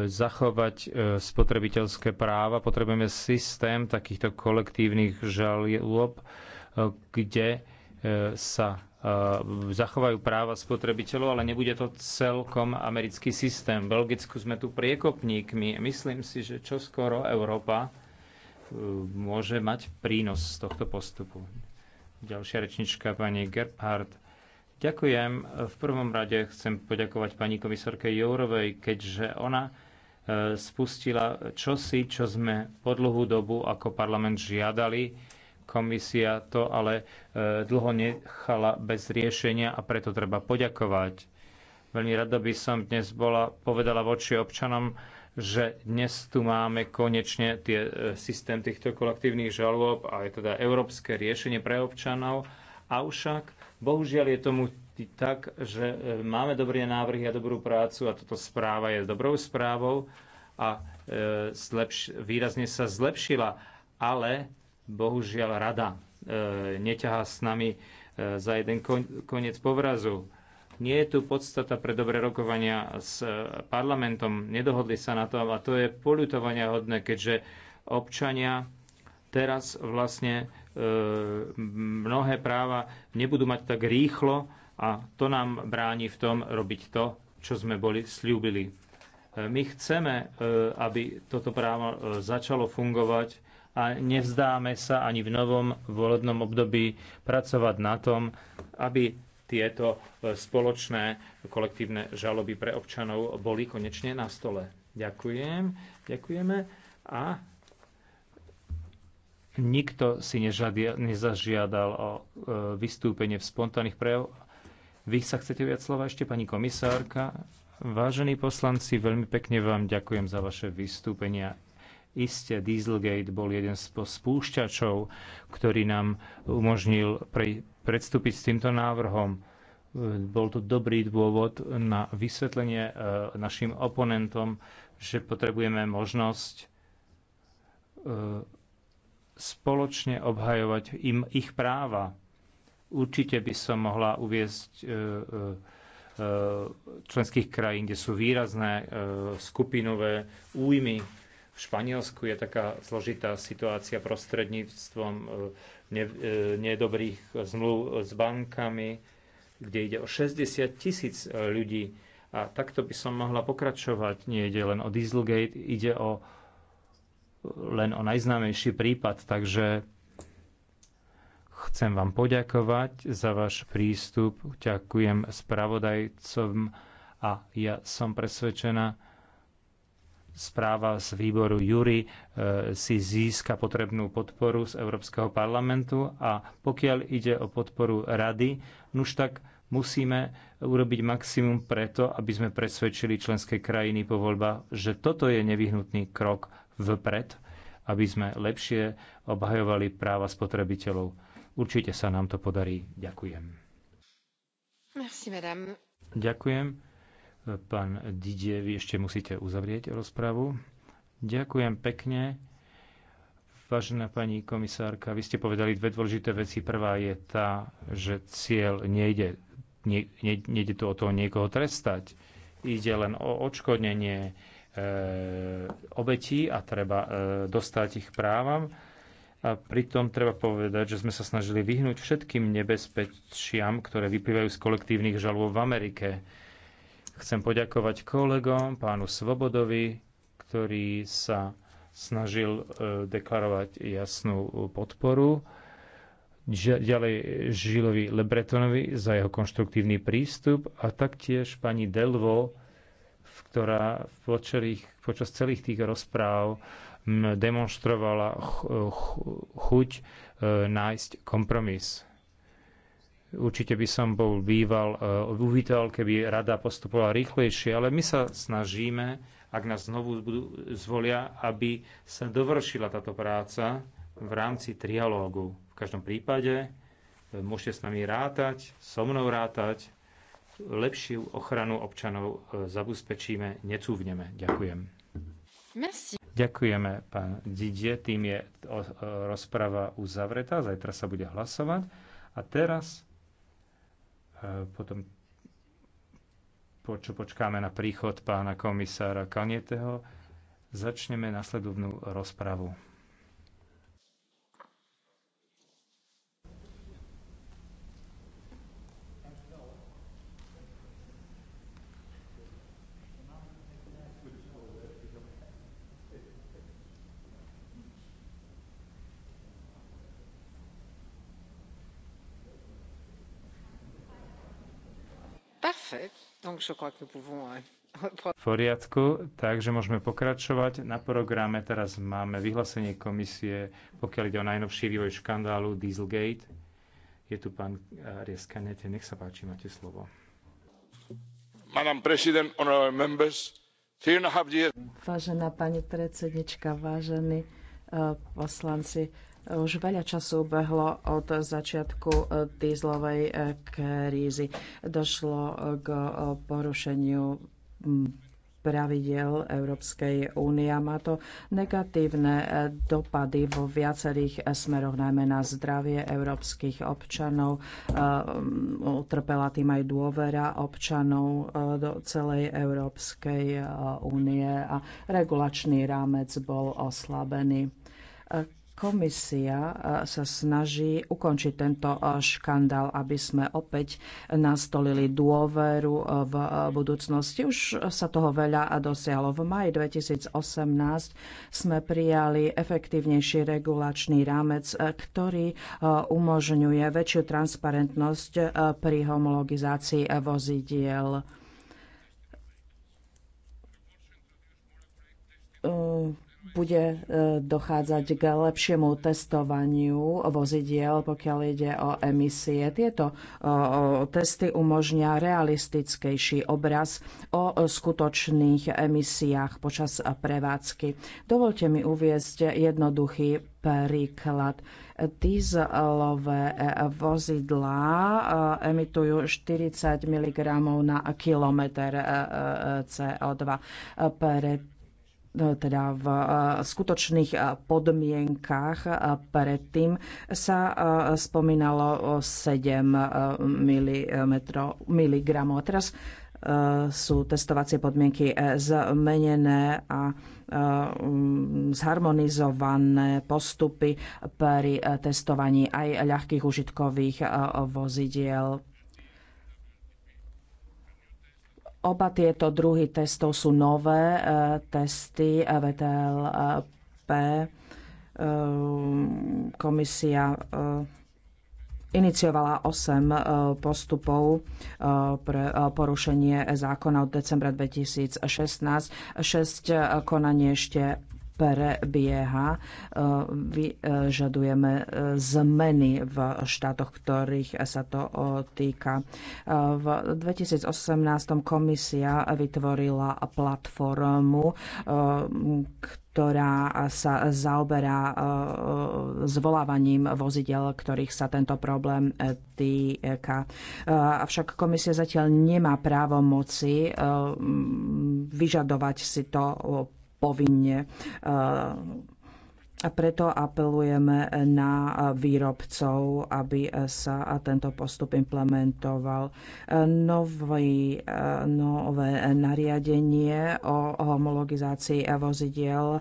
zachovať e, spotrebiteľské práva. Potrebujeme systém takýchto kolektívnych žalôb, e, kde sa E, zachovajú práva spotrebiteľov, ale nebude to celkom americký systém. V Belgicku sme tu priekopníkmi. Myslím si, že čoskoro Európa e, môže mať prínos z tohto postupu. Ďalšia rečnička pani Gerhardt. Ďakujem. V prvom rade chcem poďakovať pani komisárke Jourovej, keďže ona e, spustila čosi, čo sme po dlhú dobu ako parlament žiadali Komisia to ale e, dlho nechala bez riešenia a preto treba poďakovať. Veľmi rada by som dnes bola, povedala voči občanom, že dnes tu máme konečne tie, e, systém týchto kolektívnych žalôb a je teda európske riešenie pre občanov. Avšak bohužiaľ je tomu tak, že e, máme dobré návrhy a dobrú prácu a toto správa je dobrou správou a e, zlepš- výrazne sa zlepšila, ale bohužiaľ rada e, neťahá s nami e, za jeden koniec povrazu. Nie je tu podstata pre dobré rokovania s e, parlamentom. Nedohodli sa na tom a to je poľutovania hodné, keďže občania teraz vlastne mnohé práva nebudú mať tak rýchlo a to nám bráni v tom robiť to, čo sme boli slúbili. My chceme, aby toto právo začalo fungovať a nevzdáme sa ani v novom volebnom období pracovať na tom, aby tieto e, spoločné kolektívne žaloby pre občanov boli konečne na stole. Ďakujem, ďakujeme a nikto si nezažiadal o e, vystúpenie v spontánnych prejavoch. Vy sa chcete viac slova ešte, pani komisárka? Vážení poslanci, veľmi pekne vám ďakujem za vaše vystúpenia iste Dieselgate bol jeden z spúšťačov, ktorý nám umožnil pre, predstúpiť s týmto návrhom. E, bol to dobrý dôvod na vysvetlenie e, našim oponentom, že potrebujeme možnosť e, spoločne obhajovať im ich práva. Určite by som mohla uviezť členských krajín, kde sú výrazné skupinové újmy v Španielsku je taká zložitá situácia prostredníctvom eh, eh, nedobrých zmluv s bankami, kde ide o 60 tisíc eh, ľudí. A takto by som mohla pokračovať. Nie ide len o Dieselgate, ide o len o najznámejší prípad. Takže chcem vám poďakovať za váš prístup. Ďakujem spravodajcom a ja som presvedčená, správa z výboru Jury e, si získa potrebnú podporu z Európskeho parlamentu a pokiaľ ide o podporu rady, nuž tak musíme urobiť maximum preto, aby sme presvedčili členské krajiny po voľbách, že toto je nevyhnutný krok vpred, aby sme lepšie obhajovali práva spotrebiteľov. Určite sa nám to podarí. Ďakujem. Merci, madame. Ďakujem. Pán Didie, vy ešte musíte uzavrieť rozpravu. Ďakujem pekne. Vážená pani komisárka, vy ste povedali dve dôležité veci. Prvá je tá, že cieľ nejde, ne, ne, nejde tu o to niekoho trestať. Ide len o odškodnenie e, obetí a treba e, dostať ich právam. A pritom treba povedať, že sme sa snažili vyhnúť všetkým nebezpečiam, ktoré vyplývajú z kolektívnych žalôb v Amerike. Chcem poďakovať kolegom, pánu Svobodovi, ktorý sa snažil e, deklarovať jasnú e, podporu. Ďalej Žilovi Lebretonovi za jeho konštruktívny prístup a taktiež pani Delvo, ktorá počas celých tých rozpráv demonstrovala e, chuť nájsť kompromis. Určite by som bol býval, e, uvítal, keby rada postupovala rýchlejšie, ale my sa snažíme, ak nás znovu budú, zvolia, aby sa dovršila táto práca v rámci trialógu. V každom prípade e, môžete s nami rátať, so mnou rátať, lepšiu ochranu občanov e, zabezpečíme, necúvneme. Ďakujem. Merci. Ďakujeme, pán Didie. Tým je rozprava uzavretá. Zajtra sa bude hlasovať. A teraz Eh, potom po, čo počkáme na príchod pána komisára Kanieteho, začneme nasledovnú rozpravu. Euh, v poriadku, takže môžeme pokračovať. Na programe teraz máme vyhlásenie komisie, pokiaľ ide o najnovší vývoj škandálu Dieselgate. Je tu pán Arias eh, Kanete, nech sa páči, máte slovo. Vážená pani predsednička, vážení eh, poslanci, už veľa času ubehlo od začiatku dýzlovej eh, krízy. Došlo k eh, porušeniu hm, pravidel Európskej únie a má to negatívne eh, dopady vo viacerých smeroch, najmä na zdravie európskych občanov. Hm, utrpela tým aj dôvera občanov do celej Európskej únie a regulačný rámec bol oslabený Komisia e, sa snaží ukončiť tento e, škandál, aby sme opäť nastolili dôveru e, v budúcnosti. Už sa toho veľa dosiahlo. V maji 2018 sme prijali efektívnejší regulačný rámec, ktorý umožňuje väčšiu transparentnosť pri homologizácii vozidiel bude e, dochádzať k lepšiemu testovaniu vozidiel, pokiaľ ide o emisie. Tieto e, testy umožnia realistickejší obraz o skutočných emisiách počas prevádzky. Dovolte mi uviezť jednoduchý príklad. Dieselové e, vozidlá emitujú 40 mg na kilometr CO2. Pred teda v e, skutočných e, podmienkách e, predtým sa spomínalo 7 mg. A teraz sú testovacie podmienky zmenené a zharmonizované postupy pri testovaní aj ľahkých užitkových vozidiel. Oba tieto druhy testov sú nové e, testy e VTLP. E, komisia iniciovala 8 postupov pre porušenie zákona od decembra 2016. 6 konanie ešte prebieha. E, Vyžadujeme e, e, zmeny v štátoch, ktorých sa to týka. V 2018 komisia vytvorila platformu, ktorá sa zaoberá zvolávaním vozidel, ktorých sa tento problém týka. Avšak komisia zatiaľ nemá právo moci vyžadovať si to povinne. A preto apelujeme na výrobcov, aby sa tento postup implementoval. Nový, nové nariadenie o homologizácii vozidiel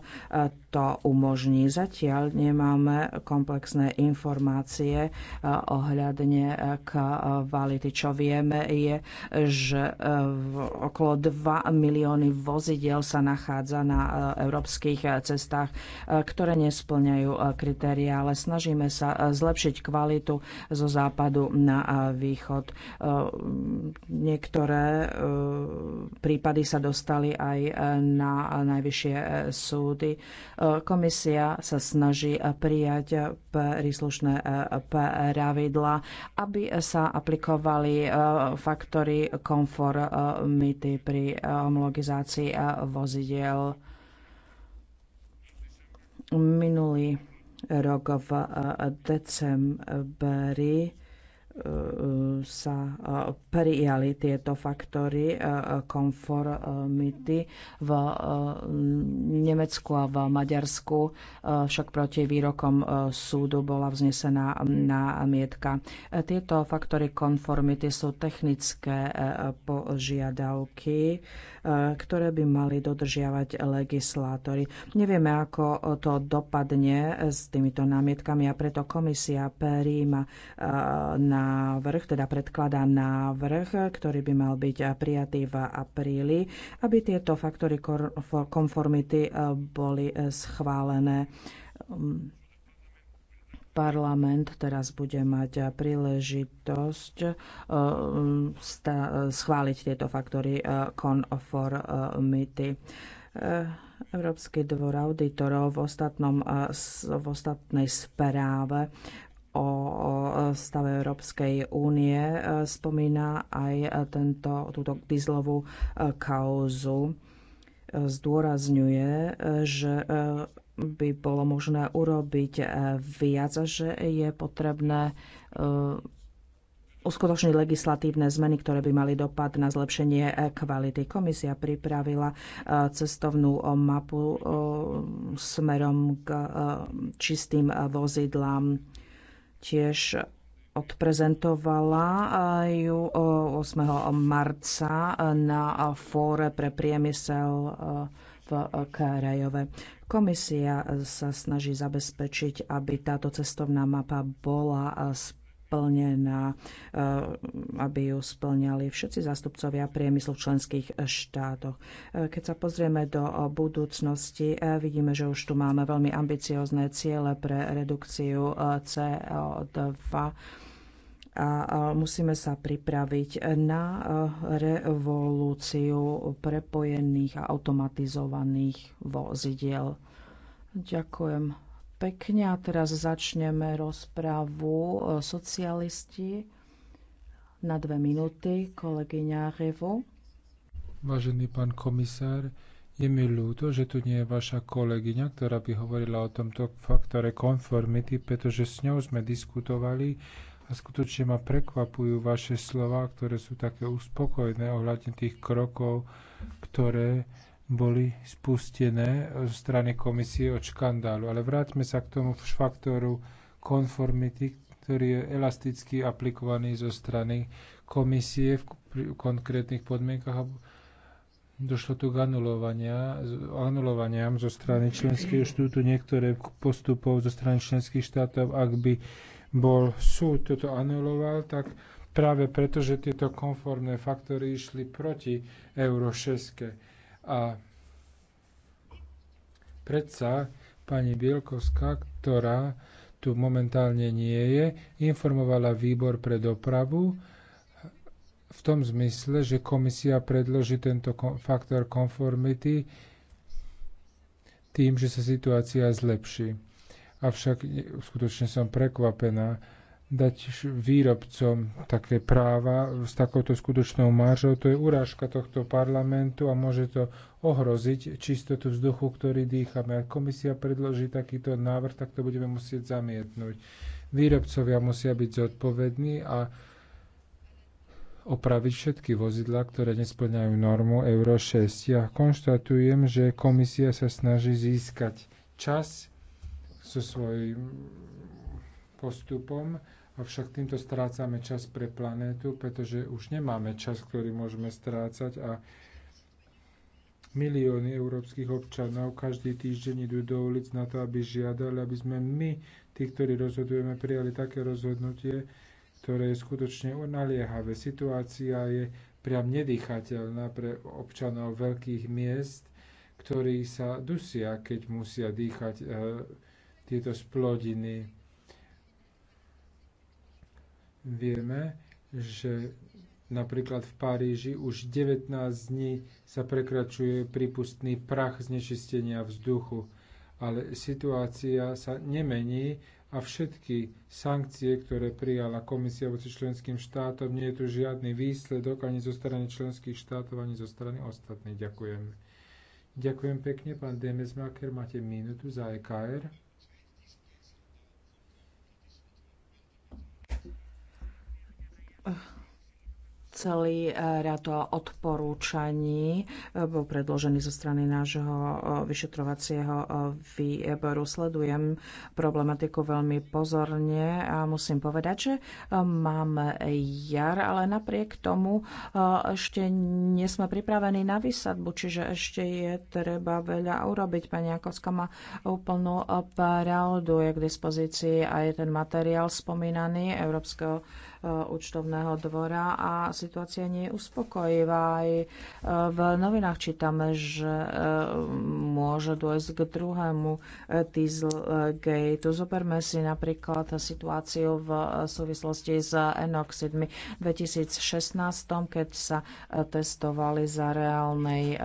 to umožní. Zatiaľ nemáme komplexné informácie eh, ohľadne eh, kvality. Čo vieme je, že eh, okolo 2 milióny vozidel sa nachádza na európskych cestách, ktoré nesplňajú kritéria, ale snažíme sa zlepšiť kvalitu zo západu na východ. Niektoré prípady sa dostali aj na najvyššie súdy Komisia sa snaží prijať príslušné e, pravidla, aby sa aplikovali e, faktory konformity pri homologizácii vozidiel. Minulý rok v decembri sa e, prijali tieto faktory e, konformity v e, Nemecku a v Maďarsku. Však proti výrokom súdu bola vznesená mietka. Tieto faktory konformity sú technické požiadavky ktoré by mali dodržiavať legislátori. Nevieme, ako to dopadne s týmito námietkami a preto komisia príjma e, návrh, teda predkladá návrh, ktorý by mal byť prijatý v apríli, aby tieto faktory konformity e, boli e, schválené. Parlament teraz bude mať príležitosť e, schváliť tieto faktory konformity. E, e, Európsky dvor auditorov v, ostatnom, v ostatnej správe o stave Európskej únie spomína aj tento, túto dizlovú kauzu. Zdôrazňuje, že by bolo možné urobiť eh, viac, že je potrebné eh, uskutočniť legislatívne zmeny, ktoré by mali dopad na zlepšenie eh, kvality. Komisia pripravila cestovnú mapu smerom k čistým vozidlám. Tiež odprezentovala ju 8. marca na fóre pre priemysel v Krajove. Komisia e, sa snaží zabezpečiť, aby táto cestovná mapa bola e, splnená, e, aby ju splňali všetci zástupcovia priemyslu v členských štátoch. Keď sa pozrieme do budúcnosti, vidíme, že už tu máme veľmi ambiciozne ciele pre redukciu CO2 a musíme sa pripraviť na revolúciu prepojených a automatizovaných vozidiel. Ďakujem pekne a teraz začneme rozprávu e, socialisti na dve minúty, kolegyňa Revo. Vážený pán komisár, je mi ľúto, že tu nie je vaša kolegyňa, ktorá by hovorila o tomto faktore konformity, pretože s ňou sme diskutovali a skutočne ma prekvapujú vaše slova, ktoré sú také uspokojné ohľadne tých krokov, ktoré boli spustené zo strany komisie od škandálu. Ale vráťme sa k tomu faktoru konformity, ktorý je elasticky aplikovaný zo strany komisie v konkrétnych podmienkach. Došlo tu k anulovania, anulovaniam zo strany členského štátu niektoré postupov zo strany členských štátov, ak by bol súd toto anuloval, tak práve preto, že tieto konformné faktory išli proti Euro 6. A predsa pani Bielkovská, ktorá tu momentálne nie je, informovala výbor pre dopravu v tom zmysle, že komisia predloží tento faktor konformity tým, že sa situácia zlepší avšak skutočne som prekvapená dať výrobcom také práva s takouto skutočnou maržou. To je urážka tohto parlamentu a môže to ohroziť čistotu vzduchu, ktorý dýchame. Ak komisia predloží takýto návrh, tak to budeme musieť zamietnúť. Výrobcovia musia byť zodpovední a opraviť všetky vozidlá, ktoré nesplňajú normu Euro 6. Ja konštatujem, že komisia sa snaží získať čas so svojím postupom, avšak týmto strácame čas pre planétu, pretože už nemáme čas, ktorý môžeme strácať a milióny európskych občanov každý týždeň idú do ulic na to, aby žiadali, aby sme my, tí, ktorí rozhodujeme, prijali také rozhodnutie, ktoré je skutočne naliehavé. Situácia je priam nedýchateľná pre občanov veľkých miest, ktorí sa dusia, keď musia dýchať e, tieto splodiny. Vieme, že Napríklad v Paríži už 19 dní sa prekračuje prípustný prach znečistenia vzduchu, ale situácia sa nemení a všetky sankcie, ktoré prijala komisia voči členským štátom, nie je tu žiadny výsledok ani zo strany členských štátov, ani zo strany ostatných. Ďakujem. Ďakujem pekne, pán Demesmaker, máte minútu za EKR. celý e, rad odporúčaní e, bol predložený zo strany nášho e, vyšetrovacieho výboru. Sledujem problematiku veľmi pozorne a musím povedať, že máme jar, ale napriek tomu ešte nie sme pripravení na vysadbu, čiže ešte je treba veľa urobiť. Pani Jakovská má úplnú pravdu, je k dispozícii aj ten materiál spomínaný Európskeho Eh, účtovného dvora a situácia nie je uspokojivá. Aj eh, v novinách čítame, že eh, môže dôjsť k druhému Dieselgateu. Zoberme si napríklad situáciu v súvislosti s enoxidmi. V 2016, keď sa testovali za reálnej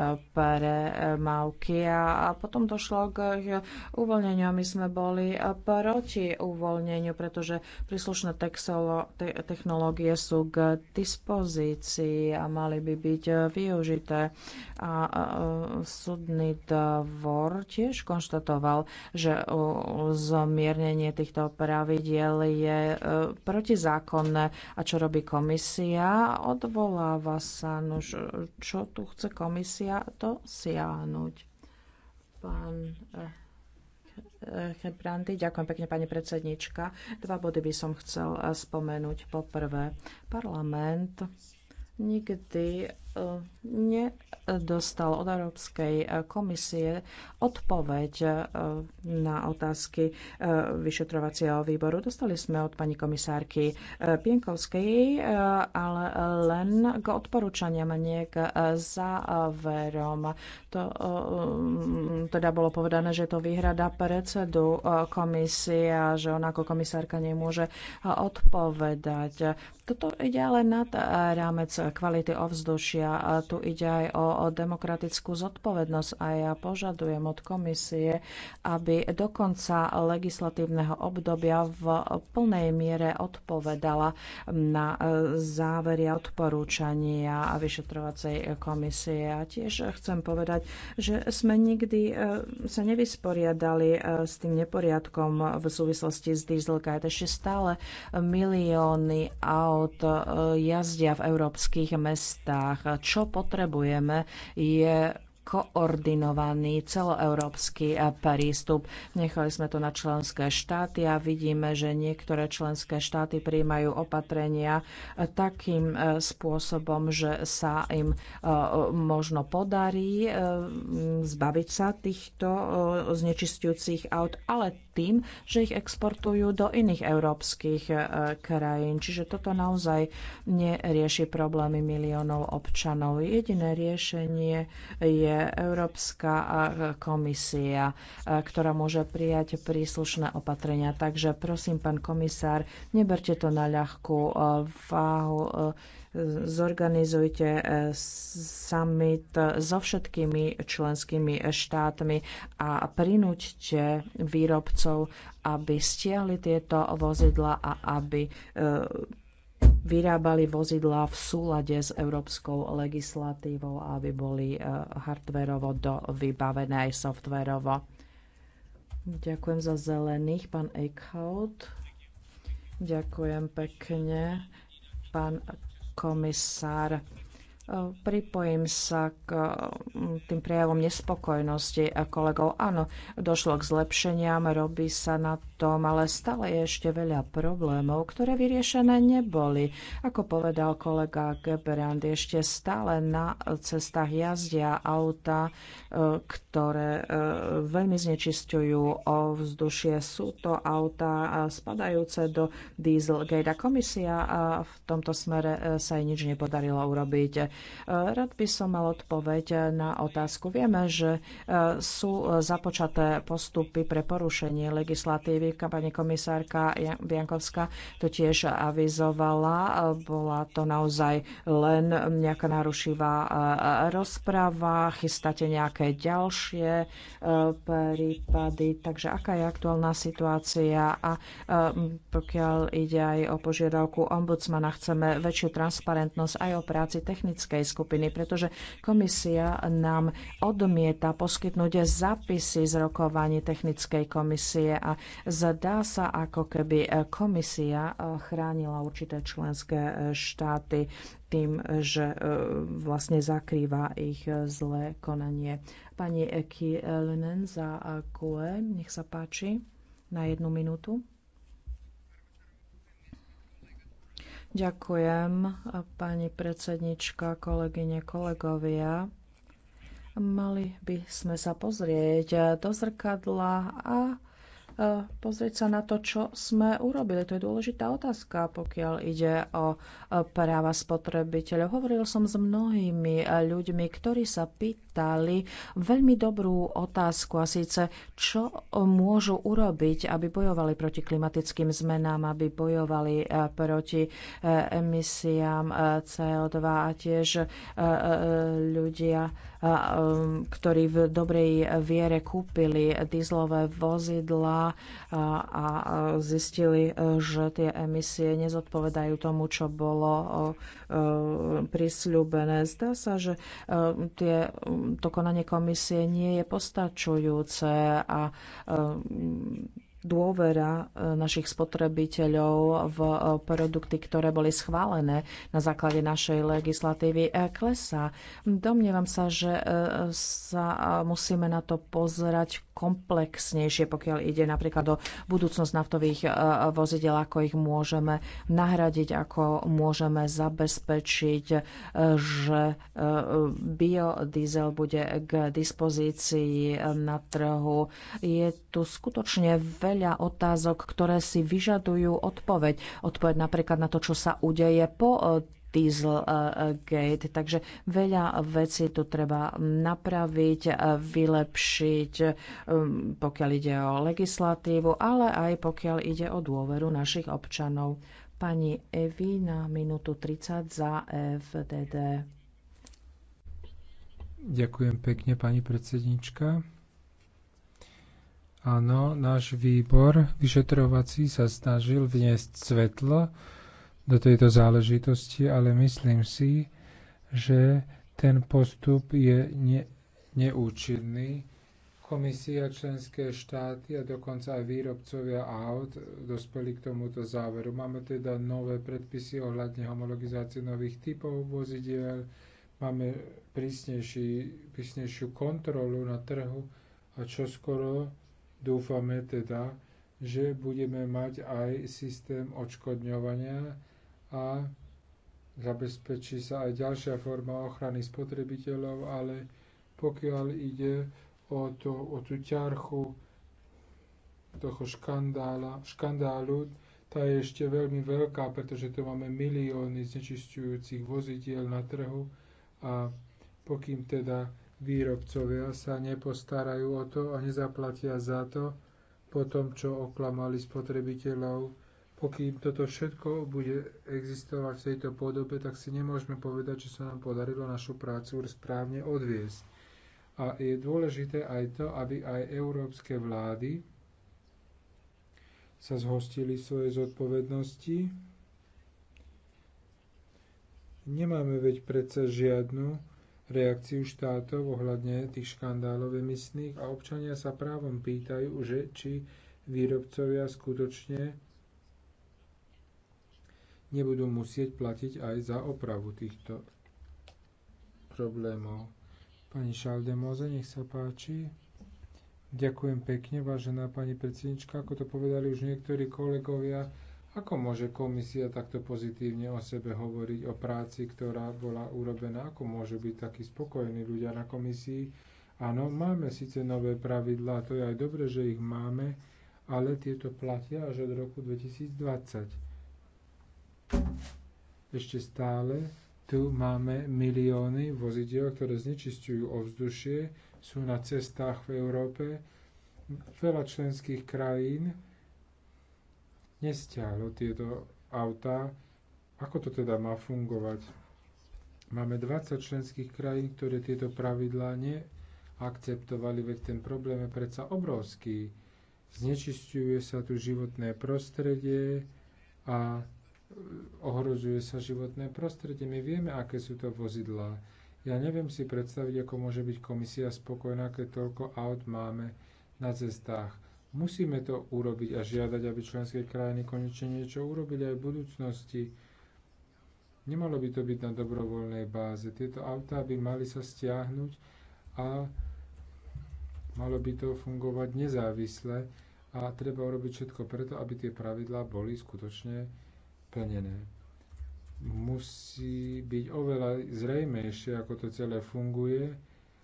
mauky a potom došlo k uvoľneniu a my sme boli proti uvoľneniu, pretože príslušné textolo, te, technológie sú k dispozícii a mali by byť využité. A súdny dvor tiež konštatoval, že zmiernenie týchto pravidiel je e, protizákonné. A čo robí komisia? Odvoláva sa. Nož, čo tu chce komisia? To siahnuť. Pán e, Brandy. Eh, Ďakujem pekne, pani predsednička. Dva body by som chcel eh, spomenúť. Poprvé, parlament nikdy nedostal od Európskej komisie odpoveď e, na otázky e, vyšetrovacieho výboru. Dostali sme od pani komisárky e, Pienkovskej, ale len k odporúčaniam, nie k záverom. To teda bolo povedané, že to výhrada predsedu komisie a že ona ako komisárka nemôže odpovedať. Toto ide ale nad rámec kvality ovzdušia rozvoja. A tu ide aj o, o demokratickú zodpovednosť a ja požadujem od komisie, aby do konca legislatívneho obdobia v plnej miere odpovedala na e, závery a odporúčania a vyšetrovacej komisie. A tiež chcem povedať, že sme nikdy e, sa nevysporiadali e, s tým neporiadkom v súvislosti s to Ešte stále milióny aut jazdia v európskych mestách. Teda čo potrebujeme, je koordinovaný celoeurópsky prístup. Nechali sme to na členské štáty a vidíme, že niektoré členské štáty príjmajú opatrenia takým e, spôsobom, že sa im e, možno podarí e, zbaviť sa týchto znečistujúcich aut, ale tým, že ich exportujú do iných európskych e, krajín. Čiže toto naozaj nerieši problémy miliónov občanov. Jediné riešenie je Európska e, komisia, e, ktorá môže prijať príslušné opatrenia. Takže prosím, pán komisár, neberte to na ľahkú váhu zorganizujte e, summit so všetkými členskými štátmi a prinúďte výrobcov, aby stiahli tieto vozidla a aby e, vyrábali vozidla v súlade s európskou legislatívou, aby boli e, hardverovo vybavené aj softverovo. Ďakujem za zelených, pán Eichhout. Ďakujem pekne. Pán komisár. E, pripojím sa k e, tým prejavom nespokojnosti kolegov. Áno, došlo k zlepšeniam, robí sa na tom, ale stále je ešte veľa problémov, ktoré vyriešené neboli. Ako povedal kolega Gebrand, ešte stále na cestách jazdia auta, e, ktoré e, veľmi znečisťujú ovzdušie. Sú to auta e, spadajúce do Dieselgate a komisia v tomto smere sa jej nič nepodarilo urobiť. Rád by som mal odpoveď na otázku. Vieme, že sú započaté postupy pre porušenie legislatívy, politika. Pani komisárka Biankovská to tiež avizovala. Bola to naozaj len nejaká narušivá eh, rozprava. Chystáte nejaké ďalšie eh, prípady. Takže aká je aktuálna situácia? A eh, pokiaľ ide aj o požiadavku ombudsmana, chceme väčšiu transparentnosť aj o práci technickej skupiny, pretože komisia nám odmieta poskytnúť zapisy z rokovaní technickej komisie a z zdá sa, ako keby e, komisia e, chránila určité členské e, štáty tým, že vlastne zakrýva ich zlé konanie. Pani Eki Lunen za QE, nech sa páči, na jednu minútu. Ďakujem, pani predsednička, kolegyne, kolegovia. Mali by sme sa pozrieť do zrkadla a Eh, pozrieť sa na to, čo sme urobili. To je dôležitá otázka, pokiaľ ide o eh, práva spotrebiteľov. Hovoril som s mnohými eh, ľuďmi, ktorí sa pýtajú, dostali veľmi dobrú otázku a síce, čo môžu urobiť, aby bojovali proti klimatickým zmenám, aby bojovali e, proti e, emisiám e, CO2 a tiež ľudia, ktorí v dobrej viere kúpili dizlové vozidla a zistili, že tie emisie nezodpovedajú tomu, čo bolo prisľúbené. Zdá sa, že tie to konanie komisie nie je postačujúce a e, dôvera e, našich spotrebiteľov v e, produkty, ktoré boli schválené na základe našej legislatívy, klesá. Domnievam sa, že sa musíme na to pozerať komplexnejšie, pokiaľ ide napríklad o budúcnosť naftových e, vozidel, ako ich môžeme nahradiť, ako môžeme zabezpečiť, e, že e, biodiesel bude k dispozícii na trhu. Je tu skutočne veľa otázok, ktoré si vyžadujú odpoveď. Odpoveď napríklad na to, čo sa udeje po Dieselgate. Takže veľa vecí tu treba napraviť, vylepšiť, um, pokiaľ ide o legislatívu, ale aj pokiaľ ide o dôveru našich občanov. Pani Evi na minútu 30 za FDD. Ďakujem pekne, pani predsednička. Áno, náš výbor vyšetrovací sa snažil vniesť svetlo do tejto záležitosti, ale myslím si, že ten postup je ne, neúčinný. Komisia, členské štáty a dokonca aj výrobcovia aut dospeli k tomuto záveru. Máme teda nové predpisy ohľadne homologizácie nových typov vozidiel, máme prísnejšiu kontrolu na trhu a čo skoro dúfame teda, že budeme mať aj systém odškodňovania a zabezpečí sa aj ďalšia forma ochrany spotrebiteľov, ale pokiaľ ide o, to, o tú ťarchu toho škandála, škandálu, tá je ešte veľmi veľká, pretože tu máme milióny znečisťujúcich vozidiel na trhu a pokým teda výrobcovia sa nepostarajú o to a nezaplatia za to po tom, čo oklamali spotrebiteľov, pokým toto všetko bude existovať v tejto podobe, tak si nemôžeme povedať, že sa nám podarilo našu prácu správne odviesť. A je dôležité aj to, aby aj európske vlády sa zhostili svoje zodpovednosti. Nemáme veď predsa žiadnu reakciu štátov ohľadne tých škandálov emisných a občania sa právom pýtajú, že či výrobcovia skutočne nebudú musieť platiť aj za opravu týchto problémov. Pani Šaldemoze, nech sa páči. Ďakujem pekne, vážená pani predsednička. Ako to povedali už niektorí kolegovia, ako môže komisia takto pozitívne o sebe hovoriť, o práci, ktorá bola urobená? Ako môžu byť takí spokojní ľudia na komisii? Áno, máme síce nové pravidlá, to je aj dobre, že ich máme, ale tieto platia až od roku 2020. Ešte stále tu máme milióny vozidiel, ktoré znečistujú ovzdušie, sú na cestách v Európe. Veľa členských krajín nestiahlo tieto autá. Ako to teda má fungovať? Máme 20 členských krajín, ktoré tieto pravidlá neakceptovali, veď ten problém je predsa obrovský. Znečisťuje sa tu životné prostredie a ohrozuje sa životné prostredie. My vieme, aké sú to vozidlá. Ja neviem si predstaviť, ako môže byť komisia spokojná, keď toľko aut máme na cestách. Musíme to urobiť a žiadať, aby členské krajiny konečne niečo urobili aj v budúcnosti. Nemalo by to byť na dobrovoľnej báze. Tieto autá by mali sa stiahnuť a malo by to fungovať nezávisle a treba urobiť všetko preto, aby tie pravidlá boli skutočne plnené. Musí byť oveľa zrejmejšie, ako to celé funguje.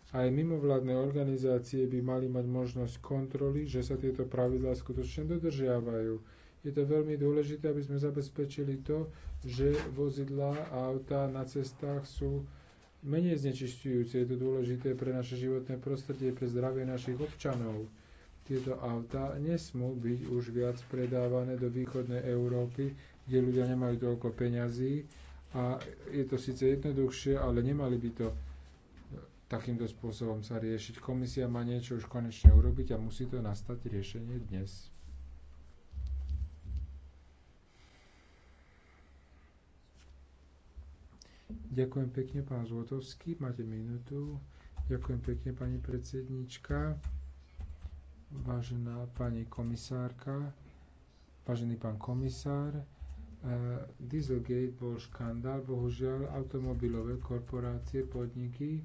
Aj mimovládne organizácie by mali mať možnosť kontroly, že sa tieto pravidlá skutočne dodržiavajú. Je to veľmi dôležité, aby sme zabezpečili to, že vozidlá a autá na cestách sú menej znečistujúce. Je to dôležité pre naše životné prostredie, pre zdravie našich občanov. Tieto autá nesmú byť už viac predávané do východnej Európy kde ľudia nemajú toľko peňazí a je to síce jednoduchšie, ale nemali by to e, takýmto spôsobom sa riešiť. Komisia má niečo už konečne urobiť a musí to nastať riešenie dnes. Ďakujem pekne, pán Zlotovský. Máte minútu. Ďakujem pekne, pani predsednička. Vážená pani komisárka, vážený pán komisár, Dieselgate bol škandál, bohužiaľ automobilové korporácie, podniky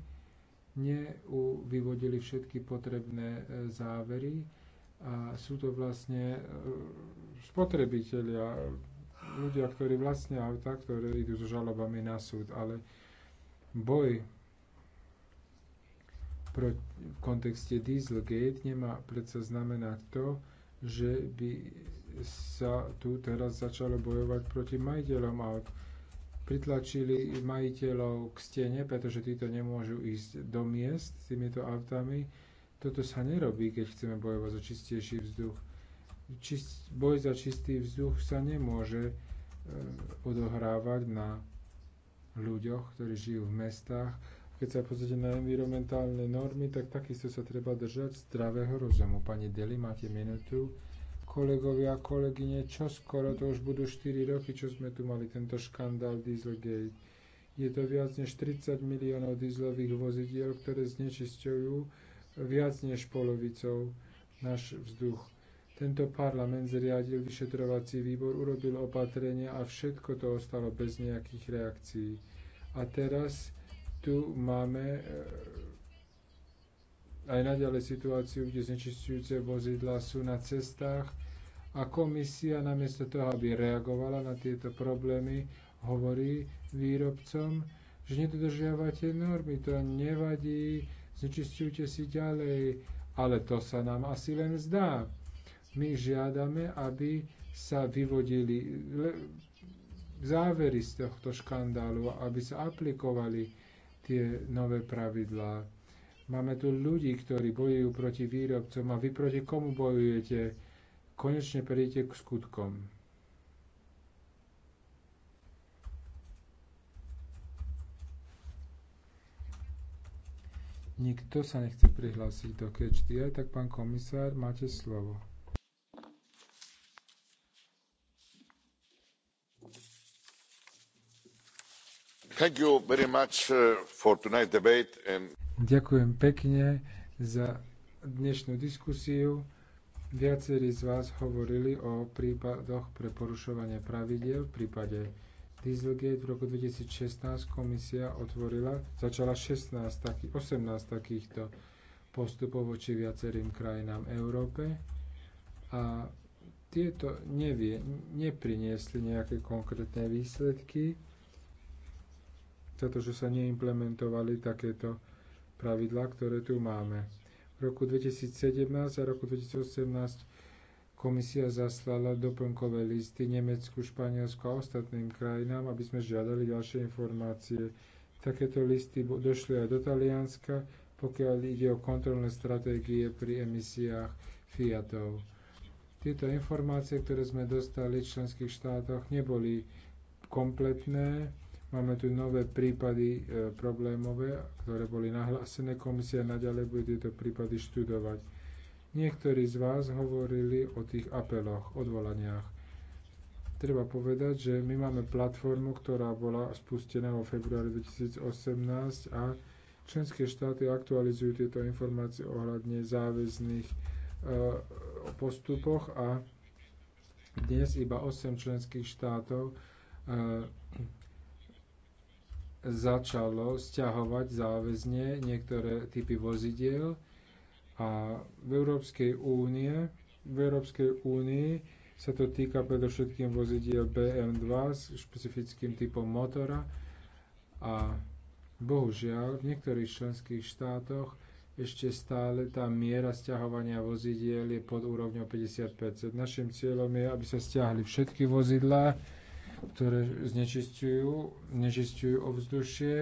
nevyvodili všetky potrebné e, závery a sú to vlastne e, spotrebitelia, ľudia, ktorí vlastnia auta, ktoré idú so žalobami na súd, ale boj pro, v kontexte Dieselgate nemá predsa znamenať to, že by sa tu teraz začalo bojovať proti majiteľom aut. Pritlačili majiteľov k stene, pretože títo nemôžu ísť do miest s týmito autami. Toto sa nerobí, keď chceme bojovať za čistejší vzduch. Čist, boj za čistý vzduch sa nemôže e, odohrávať na ľuďoch, ktorí žijú v mestách. Keď sa pozrite na environmentálne normy, tak takisto sa treba držať zdravého rozumu. Pani Deli, máte minútu kolegovia a kolegyne, čo skoro, to už budú 4 roky, čo sme tu mali tento škandál Dieselgate. Je to viac než 30 miliónov dieselových vozidiel, ktoré znečisťujú viac než polovicou náš vzduch. Tento parlament zriadil vyšetrovací výbor, urobil opatrenia a všetko to ostalo bez nejakých reakcií. A teraz tu máme e, aj naďalej situáciu, kde znečistujúce vozidla sú na cestách a komisia namiesto toho, aby reagovala na tieto problémy, hovorí výrobcom, že nedodržiavate normy, to nevadí, znečistujte si ďalej, ale to sa nám asi len zdá. My žiadame, aby sa vyvodili závery z tohto škandálu, aby sa aplikovali tie nové pravidlá. Máme tu ľudí, ktorí bojujú proti výrobcom a vy proti komu bojujete? konečne prejdete k skutkom. Nikto sa nechce prihlásiť do Catch DI, tak pán komisár, máte slovo. Uh, and... Ďakujem pekne za dnešnú diskusiu Viacerí z vás hovorili o prípadoch pre porušovanie pravidiel. V prípade Dieselgate v roku 2016 komisia otvorila, začala 16, 18 takýchto postupov voči viacerým krajinám Európe a tieto nevie, nepriniesli nejaké konkrétne výsledky, pretože sa neimplementovali takéto pravidlá, ktoré tu máme roku 2017 a roku 2018 komisia zaslala doplnkové listy Nemecku, Španielsku a ostatným krajinám, aby sme žiadali ďalšie informácie. Takéto listy došli aj do Talianska, pokiaľ ide o kontrolné stratégie pri emisiách Fiatov. Tieto informácie, ktoré sme dostali v členských štátoch, neboli kompletné Máme tu nové prípady e, problémové, ktoré boli nahlásené. Komisia naďalej bude tieto prípady študovať. Niektorí z vás hovorili o tých apeloch, odvolaniach. Treba povedať, že my máme platformu, ktorá bola spustená vo februári 2018 a členské štáty aktualizujú tieto informácie ohľadne záväzných e, postupoch a dnes iba 8 členských štátov e, začalo stiahovať záväzne niektoré typy vozidiel a v Európskej únie v Európskej únii sa to týka predovšetkým vozidiel BM2 s špecifickým typom motora a bohužiaľ v niektorých členských štátoch ešte stále tá miera stiahovania vozidiel je pod úrovňou 50 Našim cieľom je, aby sa stiahli všetky vozidlá, ktoré znečistujú, znečistujú ovzdušie.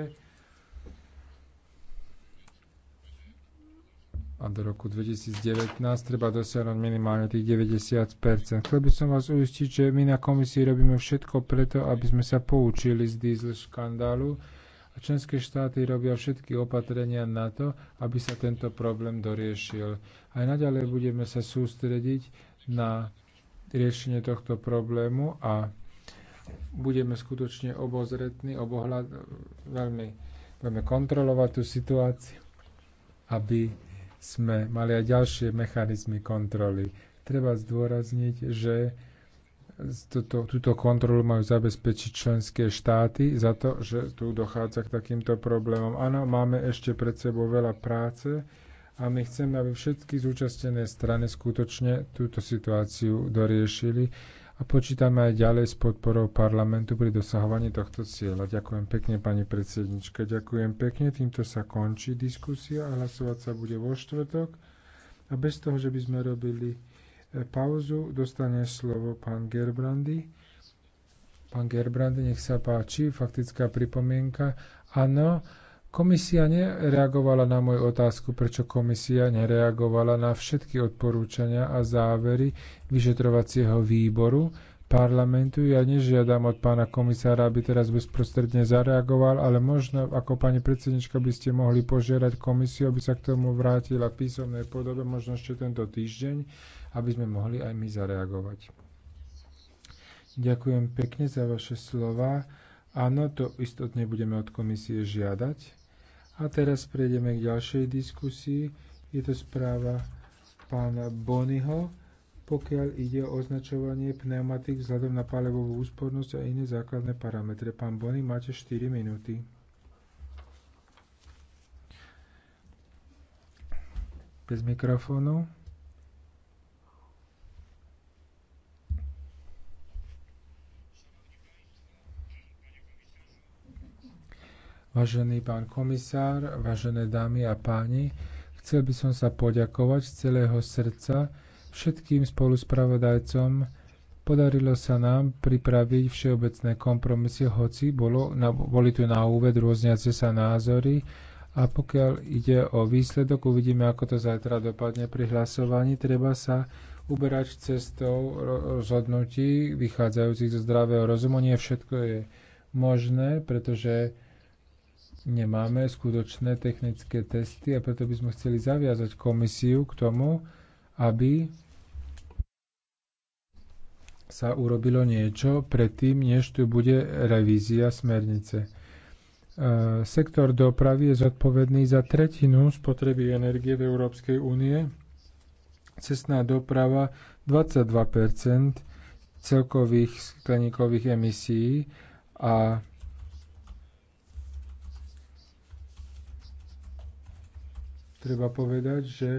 a do roku 2019 treba dosiahnuť minimálne tých 90 Chcel by som vás uistiť, že my na komisii robíme všetko preto, aby sme sa poučili z diesel škandálu a členské štáty robia všetky opatrenia na to, aby sa tento problém doriešil. Aj naďalej budeme sa sústrediť na riešenie tohto problému a budeme skutočne obozretní, obohľad, veľmi budeme kontrolovať tú situáciu, aby sme mali aj ďalšie mechanizmy kontroly. Treba zdôrazniť, že toto, túto kontrolu majú zabezpečiť členské štáty za to, že tu dochádza k takýmto problémom. Áno, máme ešte pred sebou veľa práce a my chceme, aby všetky zúčastnené strany skutočne túto situáciu doriešili a počítame aj ďalej s podporou parlamentu pri dosahovaní tohto cieľa. Ďakujem pekne, pani predsednička. Ďakujem pekne. Týmto sa končí diskusia a hlasovať sa bude vo štvrtok. A bez toho, že by sme robili e, pauzu, dostane slovo pán Gerbrandy. Pán Gerbrandy, nech sa páči, faktická pripomienka. Áno, Komisia nereagovala na moju otázku, prečo komisia nereagovala na všetky odporúčania a závery vyšetrovacieho výboru parlamentu. Ja nežiadam od pána komisára, aby teraz bezprostredne zareagoval, ale možno ako pani predsednička by ste mohli požiadať komisiu, aby sa k tomu vrátila v písomnej podobe, možno ešte tento týždeň, aby sme mohli aj my zareagovať. Ďakujem pekne za vaše slova. Áno, to istotne budeme od komisie žiadať. A teraz prejdeme k ďalšej diskusii. Je to správa pána Bonyho, pokiaľ ide o označovanie pneumatik vzhľadom na palivovú úspornosť a iné základné parametre. Pán Bony, máte 4 minúty. Bez mikrofónu. Vážený pán komisár, vážené dámy a páni, chcel by som sa poďakovať z celého srdca všetkým spoluspravodajcom. Podarilo sa nám pripraviť všeobecné kompromisy, hoci bolo, na, boli tu na úved rôzniace sa názory, a pokiaľ ide o výsledok, uvidíme, ako to zajtra dopadne pri hlasovaní. Treba sa uberať cestou rozhodnutí vychádzajúcich zo zdravého rozumu. Nie všetko je možné, pretože nemáme skutočné technické testy a preto by sme chceli zaviazať komisiu k tomu, aby sa urobilo niečo predtým, než tu bude revízia smernice. E, sektor dopravy je zodpovedný za tretinu spotreby energie v Európskej únie, cestná doprava 22 celkových skleníkových emisí a Treba povedať, že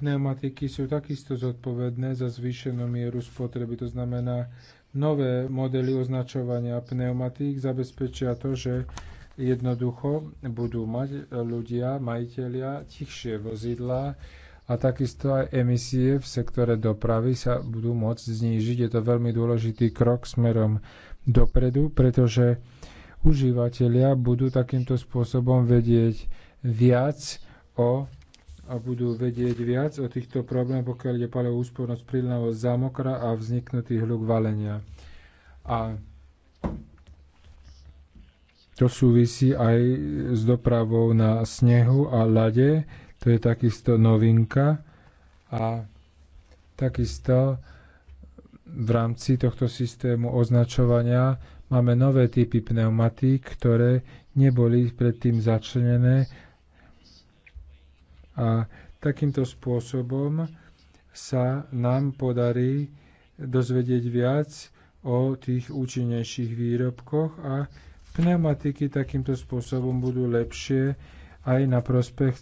pneumatiky sú takisto zodpovedné za zvýšenú mieru spotreby. To znamená, nové modely označovania pneumatík zabezpečia to, že jednoducho budú mať ľudia, majiteľia tichšie vozidlá a takisto aj emisie v sektore dopravy sa budú môcť znížiť. Je to veľmi dôležitý krok smerom dopredu, pretože užívateľia budú takýmto spôsobom vedieť viac o a budú vedieť viac o týchto problémoch, pokiaľ ide palivo úspornosť prílnavosť zamokra a vzniknutý hľuk valenia. A to súvisí aj s dopravou na snehu a lade, to je takisto novinka a takisto v rámci tohto systému označovania máme nové typy pneumatík, ktoré neboli predtým začlenené a takýmto spôsobom sa nám podarí dozvedieť viac o tých účinnejších výrobkoch a pneumatiky takýmto spôsobom budú lepšie aj na prospech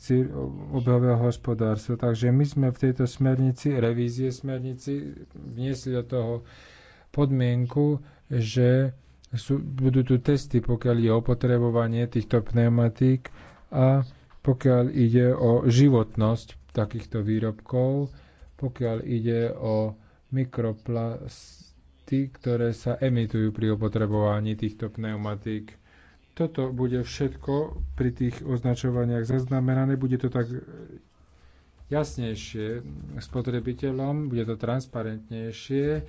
obehového hospodárstva. Takže my sme v tejto smernici, revízie smernici, vniesli do toho podmienku, že sú, budú tu testy, pokiaľ je opotrebovanie týchto pneumatík a pokiaľ ide o životnosť takýchto výrobkov, pokiaľ ide o mikroplasty, ktoré sa emitujú pri opotrebovaní týchto pneumatík. Toto bude všetko pri tých označovaniach zaznamenané, bude to tak jasnejšie spotrebiteľom, bude to transparentnejšie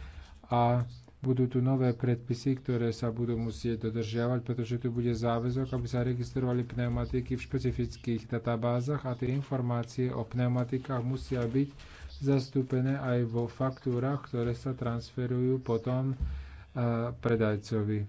a budú tu nové predpisy, ktoré sa budú musieť dodržiavať, pretože tu bude záväzok, aby sa registrovali pneumatiky v špecifických databázach a tie informácie o pneumatikách musia byť zastúpené aj vo faktúrach, ktoré sa transferujú potom e, predajcovi.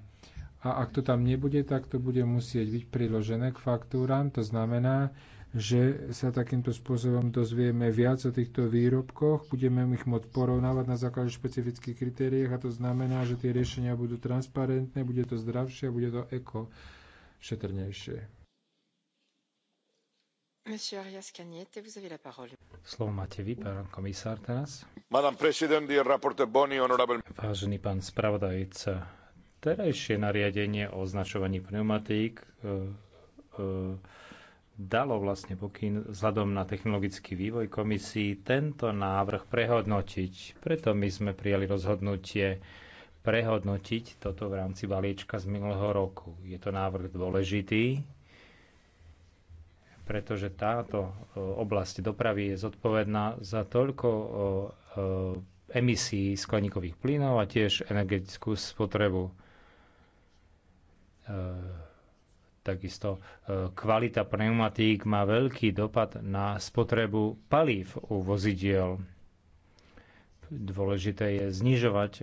A ak to tam nebude, tak to bude musieť byť priložené k faktúram, to znamená, že sa takýmto spôsobom dozvieme viac o týchto výrobkoch, budeme ich môcť porovnávať na základe špecifických kritérií a to znamená, že tie riešenia budú transparentné, bude to zdravšie a bude to eko šetrnejšie. Slovo máte vy, pán komisár, teraz. Vážený pán spravodajca, terajšie nariadenie o označovaní pneumatík uh, uh, dalo vlastne pokyn vzhľadom na technologický vývoj komisii tento návrh prehodnotiť. Preto my sme prijali rozhodnutie prehodnotiť toto v rámci balíčka z minulého roku. Je to návrh dôležitý, pretože táto e, oblasť dopravy je zodpovedná za toľko e, e, emisí skleníkových plynov a tiež energetickú spotrebu. Takisto e, kvalita pneumatík má veľký dopad na spotrebu palív u vozidiel. Dôležité je znižovať e,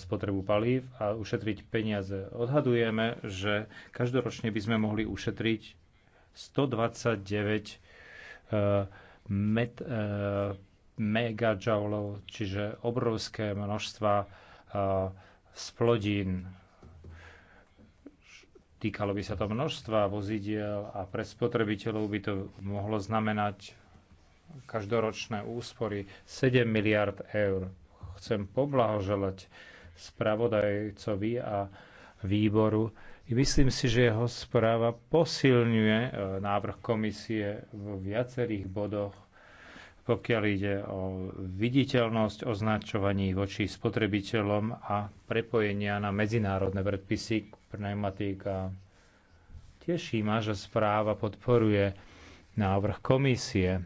spotrebu palív a ušetriť peniaze. Odhadujeme, že každoročne by sme mohli ušetriť 129 e, met, megajoulov, čiže obrovské množstva splodín Týkalo by sa to množstva vozidiel a pre spotrebiteľov by to mohlo znamenať každoročné úspory 7 miliard eur. Chcem poblahoželať spravodajcovi a výboru. Myslím si, že jeho správa posilňuje e, návrh komisie v viacerých bodoch, pokiaľ ide o viditeľnosť označovaní voči spotrebiteľom a prepojenia na medzinárodné predpisy, pneumatika. Teší ma, že správa podporuje návrh komisie,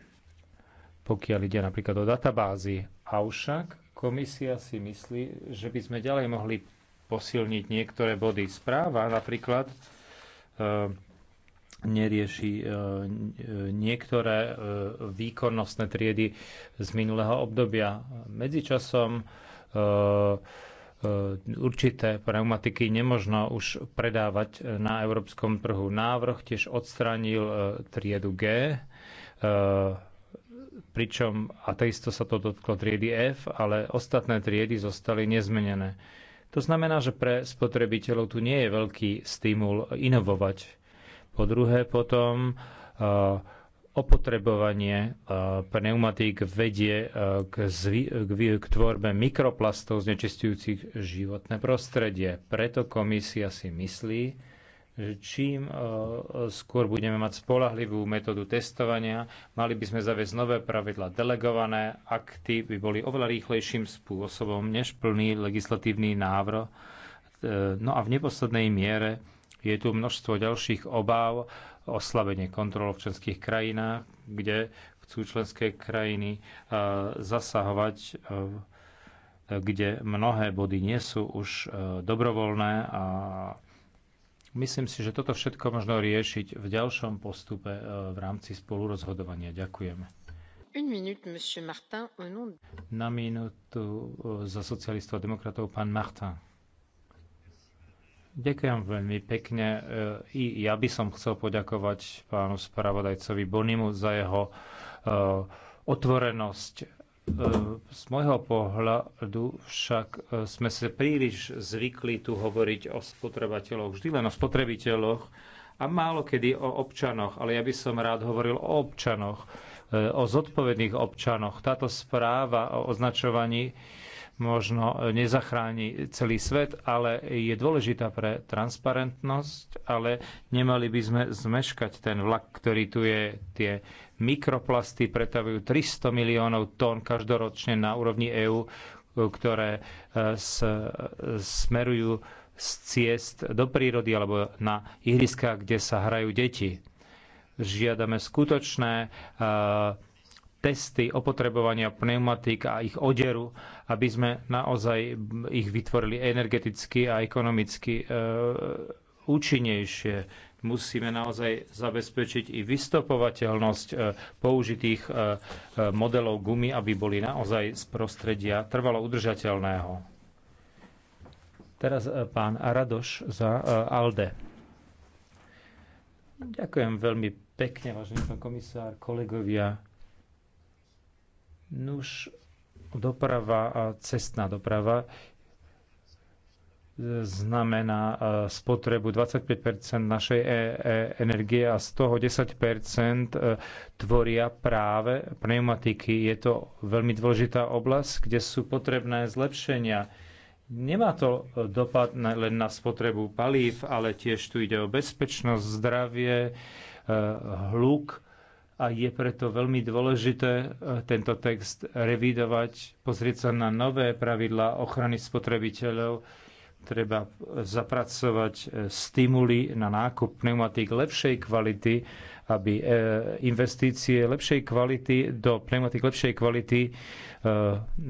pokiaľ ide napríklad o databázy. Avšak komisia si myslí, že by sme ďalej mohli posilniť niektoré body. Správa napríklad eh, nerieši eh, niektoré eh, výkonnostné triedy z minulého obdobia. Medzičasom E, určité pneumatiky nemožno už predávať e, na európskom trhu. Návrh tiež odstránil e, triedu G, pričom a takisto sa to dotklo triedy F, ale ostatné triedy zostali nezmenené. To znamená, že pre spotrebiteľov tu nie je veľký stimul inovovať. Po druhé potom uh, opotrebovanie e, pneumatík vedie e, k, zvi- k, k tvorbe mikroplastov znečistujúcich životné prostredie. Preto komisia si myslí, že čím e, skôr budeme mať spolahlivú metódu testovania, mali by sme zaviesť nové pravidla delegované, akty by boli oveľa rýchlejším spôsobom než plný legislatívny návrh. No a v neposlednej miere je tu množstvo ďalších obáv oslabenie kontrol v členských krajinách, kde chcú členské krajiny eh, zasahovať, eh, kde mnohé body nie sú už eh, dobrovoľné a myslím si, že toto všetko možno riešiť v ďalšom postupe v rámci spolurozhodovania. Ďakujem. Minute, Martin, nom... Na minútu za socialistov a demokratov pán Martin. Ďakujem veľmi pekne. E, I ja by som chcel poďakovať pánu spravodajcovi Bonimu za jeho e, otvorenosť. E, z môjho pohľadu však sme sa príliš zvykli tu hovoriť o spotrebateľoch, vždy len o spotrebiteľoch a málo kedy o občanoch, ale ja by som rád hovoril o občanoch, o zodpovedných občanoch. Táto správa o označovaní možno e, nezachráni celý svet, ale je dôležitá pre transparentnosť, ale nemali by sme zmeškať ten vlak, ktorý tu je. Tie mikroplasty pretavujú 300 miliónov tón každoročne na úrovni EÚ, e, ktoré e, smerujú z ciest do prírody alebo na ihriska, kde sa hrajú deti. Žiadame skutočné uh, testy opotrebovania pneumatík a ich oderu, aby sme naozaj ich vytvorili energeticky a ekonomicky e, účinnejšie. Musíme naozaj zabezpečiť i vystopovateľnosť e, použitých e, e modelov gumy, aby boli naozaj z prostredia trvalo udržateľného. Teraz e, pán Radoš za e, ALDE. Ďakujem veľmi pekne, vážený pán komisár, kolegovia Nuž, doprava a cestná doprava e, znamená e, spotrebu 25 našej e, energie a z toho 10 tvoria práve pneumatiky. Je to veľmi dôležitá oblasť, kde sú potrebné zlepšenia. Nemá to dopad len na spotrebu palív, ale tiež tu ide o bezpečnosť, zdravie, hluk a je preto veľmi dôležité e, tento text revidovať, pozrieť sa na nové pravidlá ochrany spotrebiteľov, treba zapracovať e, stimuly na nákup pneumatík lepšej kvality, aby e, investície lepšej kvality do pneumatík lepšej kvality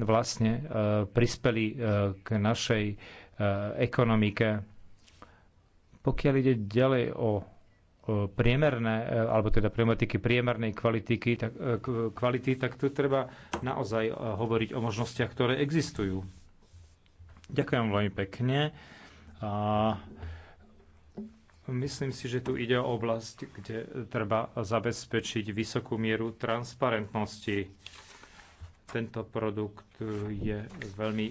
vlastne prispeli k našej ekonomike. Pokiaľ ide ďalej o E, priemerné, e, alebo teda pneumatiky priemernej kvality, tak, e, kvality, tak tu treba naozaj hovoriť o možnostiach, ktoré existujú. Ďakujem veľmi pekne. A myslím si, že tu ide o oblasť, kde treba zabezpečiť vysokú mieru transparentnosti. Tento produkt je veľmi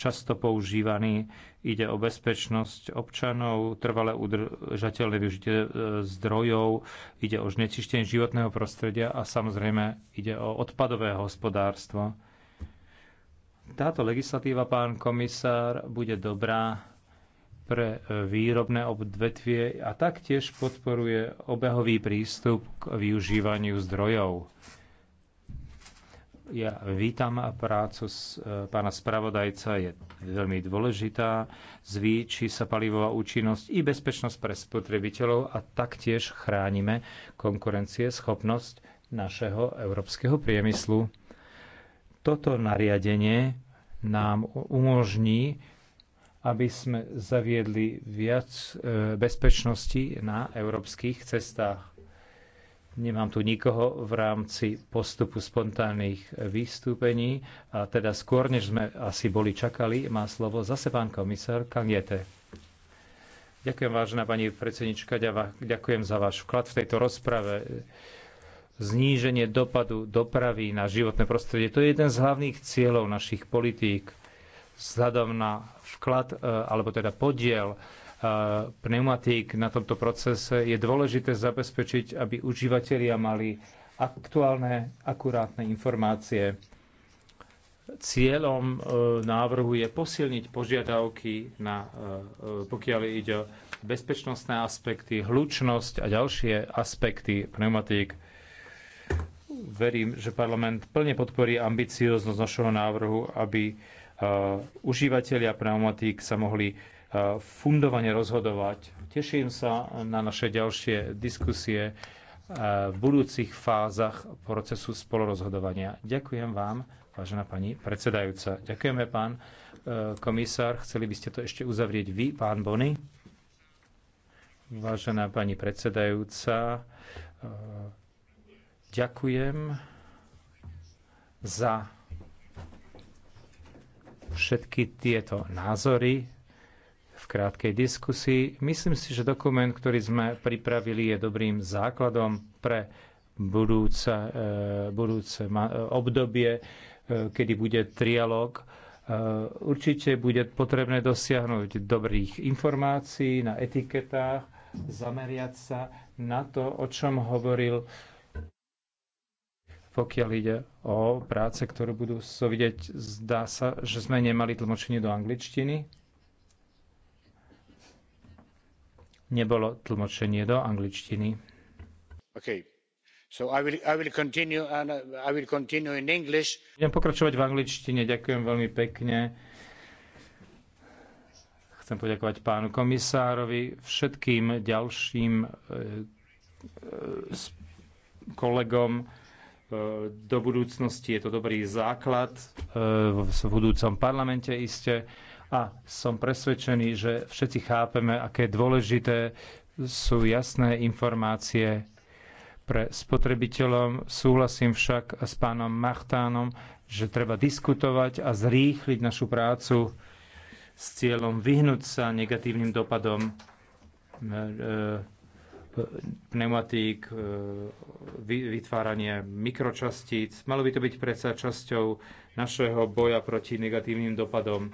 často používaný. Ide o bezpečnosť občanov, trvalé udržateľné využitie e, zdrojov, ide o znečištenie životného prostredia a samozrejme ide o odpadové hospodárstvo. Táto legislatíva, pán komisár, bude dobrá pre e, výrobné obdvetvie a taktiež podporuje obehový prístup k využívaniu zdrojov. Ja vítam prácu s, e, pána spravodajca, je veľmi dôležitá. Zvýči sa palivová účinnosť i bezpečnosť pre spotrebiteľov a taktiež chránime konkurencie, schopnosť našeho európskeho priemyslu. Toto nariadenie nám umožní, aby sme zaviedli viac e, bezpečnosti na európskych cestách. Nemám tu nikoho v rámci postupu spontánnych vystúpení. A teda skôr, než sme asi boli čakali, má slovo zase pán komisár Kaniete. Ďakujem, vážená pani predsednička, ďakujem za váš vklad v tejto rozprave. Zníženie dopadu dopravy na životné prostredie, to je jeden z hlavných cieľov našich politík vzhľadom na vklad e, alebo teda podiel pneumatík na tomto procese, je dôležité zabezpečiť, aby užívateľia mali aktuálne, akurátne informácie. Cieľom e, návrhu je posilniť požiadavky, na, e, e, pokiaľ ide o bezpečnostné aspekty, hlučnosť a ďalšie aspekty pneumatík. Verím, že parlament plne podporí ambicioznosť našeho návrhu, aby užívateľia pneumatík sa mohli fundovane rozhodovať. Teším sa na naše ďalšie diskusie eh, v budúcich fázach procesu spolorozhodovania. Ďakujem vám, vážená pani predsedajúca. Ďakujeme, pán eh, komisár. Chceli by ste to ešte uzavrieť vy, pán Bony? Vážená pani predsedajúca, eh, ďakujem za všetky tieto názory, v krátkej diskusii. Myslím si, že dokument, ktorý sme pripravili, je dobrým základom pre budúce, eh, budúce eh, obdobie, eh, kedy bude trialog. Určite bude potrebné dosiahnuť dobrých informácií na etiketách, zameriať sa na to, o čom hovoril pokiaľ ide o práce, ktorú budú so zdá sa, že sme nemali tlmočenie do angličtiny. nebolo tlmočenie do angličtiny. Uh, Budem pokračovať v angličtine. Ďakujem veľmi pekne. Chcem poďakovať pánu komisárovi, všetkým ďalším e, e, kolegom. E, do budúcnosti je to dobrý základ v budúcom parlamente iste a som presvedčený, že všetci chápeme, aké dôležité sú jasné informácie pre spotrebiteľom. Súhlasím však s pánom Machtánom, že treba diskutovať a zrýchliť našu prácu s cieľom vyhnúť sa negatívnym dopadom e, e, pneumatík, e, vytváranie mikročastíc. Malo by to byť predsa časťou našeho boja proti negatívnym dopadom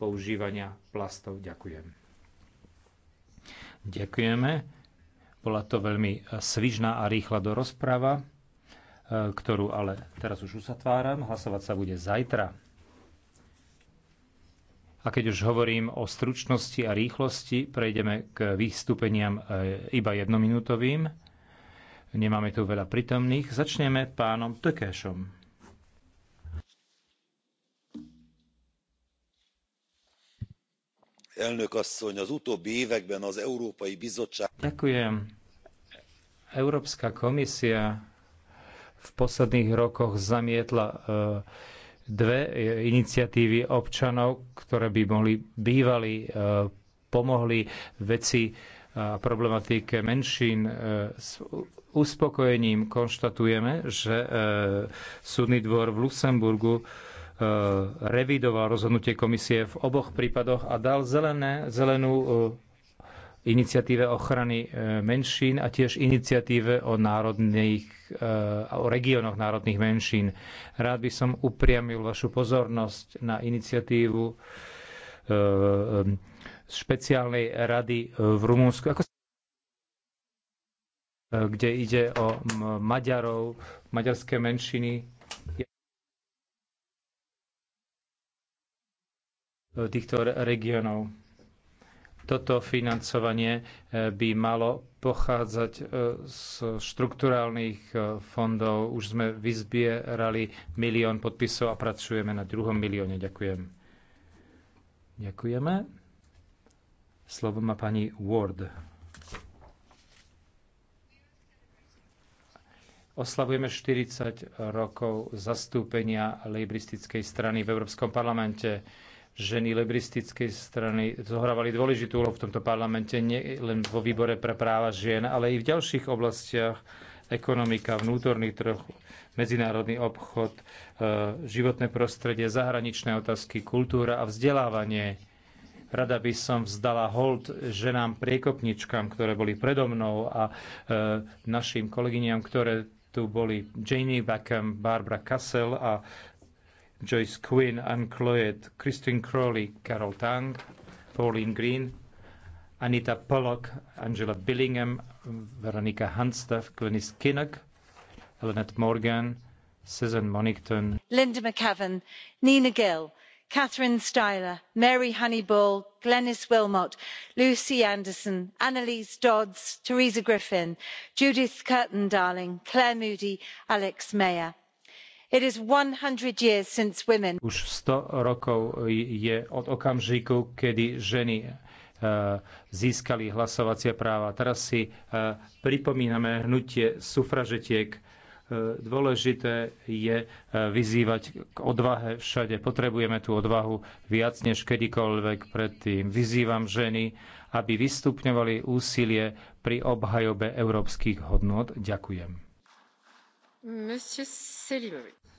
používania plastov. Ďakujem. Ďakujeme. Bola to veľmi e, svižná a rýchla do rozprava, e, ktorú ale teraz už uzatváram. Hlasovať sa bude zajtra. A keď už hovorím o stručnosti a rýchlosti, prejdeme k vystúpeniam e, iba jednominútovým. Nemáme tu veľa prítomných. Začneme pánom Tekešom. elnök asszony az utóbbi években az európai bizottság. Ďakujem. Európska komisia v posledných rokoch zamietla e, dve e, iniciatívy občanov, ktoré by mohli bývali e, pomohli veci a problematike menšín. S uspokojením konštatujeme, že súdny dvor v Luxemburgu E, revidoval rozhodnutie komisie v oboch prípadoch a dal zelené, zelenú e, iniciatíve ochrany e, menšín a tiež iniciatíve o, národných, o regiónoch národných menšín. Rád by som upriamil vašu pozornosť na iniciatívu špeciálnej rady v Rumúnsku, kde ide o Maďarov, maďarské menšiny, týchto regiónov. Toto financovanie e, by malo pochádzať e, z štrukturálnych e, fondov. Už sme vyzbierali milión podpisov a pracujeme na druhom milióne. Ďakujem. Ďakujeme. Slovo má pani Ward. oslavujeme 40 rokov zastúpenia lejbristickej strany v Európskom parlamente ženy lebristickej strany zohrávali dôležitú úlohu v tomto parlamente, nie len vo výbore pre práva žien, ale i v ďalších oblastiach ekonomika, vnútorný trh, medzinárodný obchod, e, životné prostredie, zahraničné otázky, kultúra a vzdelávanie. Rada by som vzdala hold ženám priekopničkám, ktoré boli predo mnou a e, našim kolegyňam, ktoré tu boli Janie Beckham, Barbara Kassel a Joyce Quinn, Anne Cloyd, Christine Crowley, Carol Tang, Pauline Green, Anita Pollock, Angela Billingham, Veronica Hanstaff, Glenys Kinnock, Eleanor Morgan, Susan Monington, Linda McCavan, Nina Gill, Catherine Styler, Mary Honeyball, Glenis Wilmot, Lucy Anderson, Annalise Dodds, Teresa Griffin, Judith Curtin Darling, Claire Moody, Alex Mayer už sto rokov je od okamžiku, kedy ženy e, získali hlasovacie práva. Teraz si e, pripomíname hnutie sufražetiek. E, dôležité je vyzývať k odvahe všade. Potrebujeme tú odvahu viac než kedykoľvek predtým. Vyzývam ženy, aby vystupňovali úsilie pri obhajobe európskych hodnot. Ďakujem.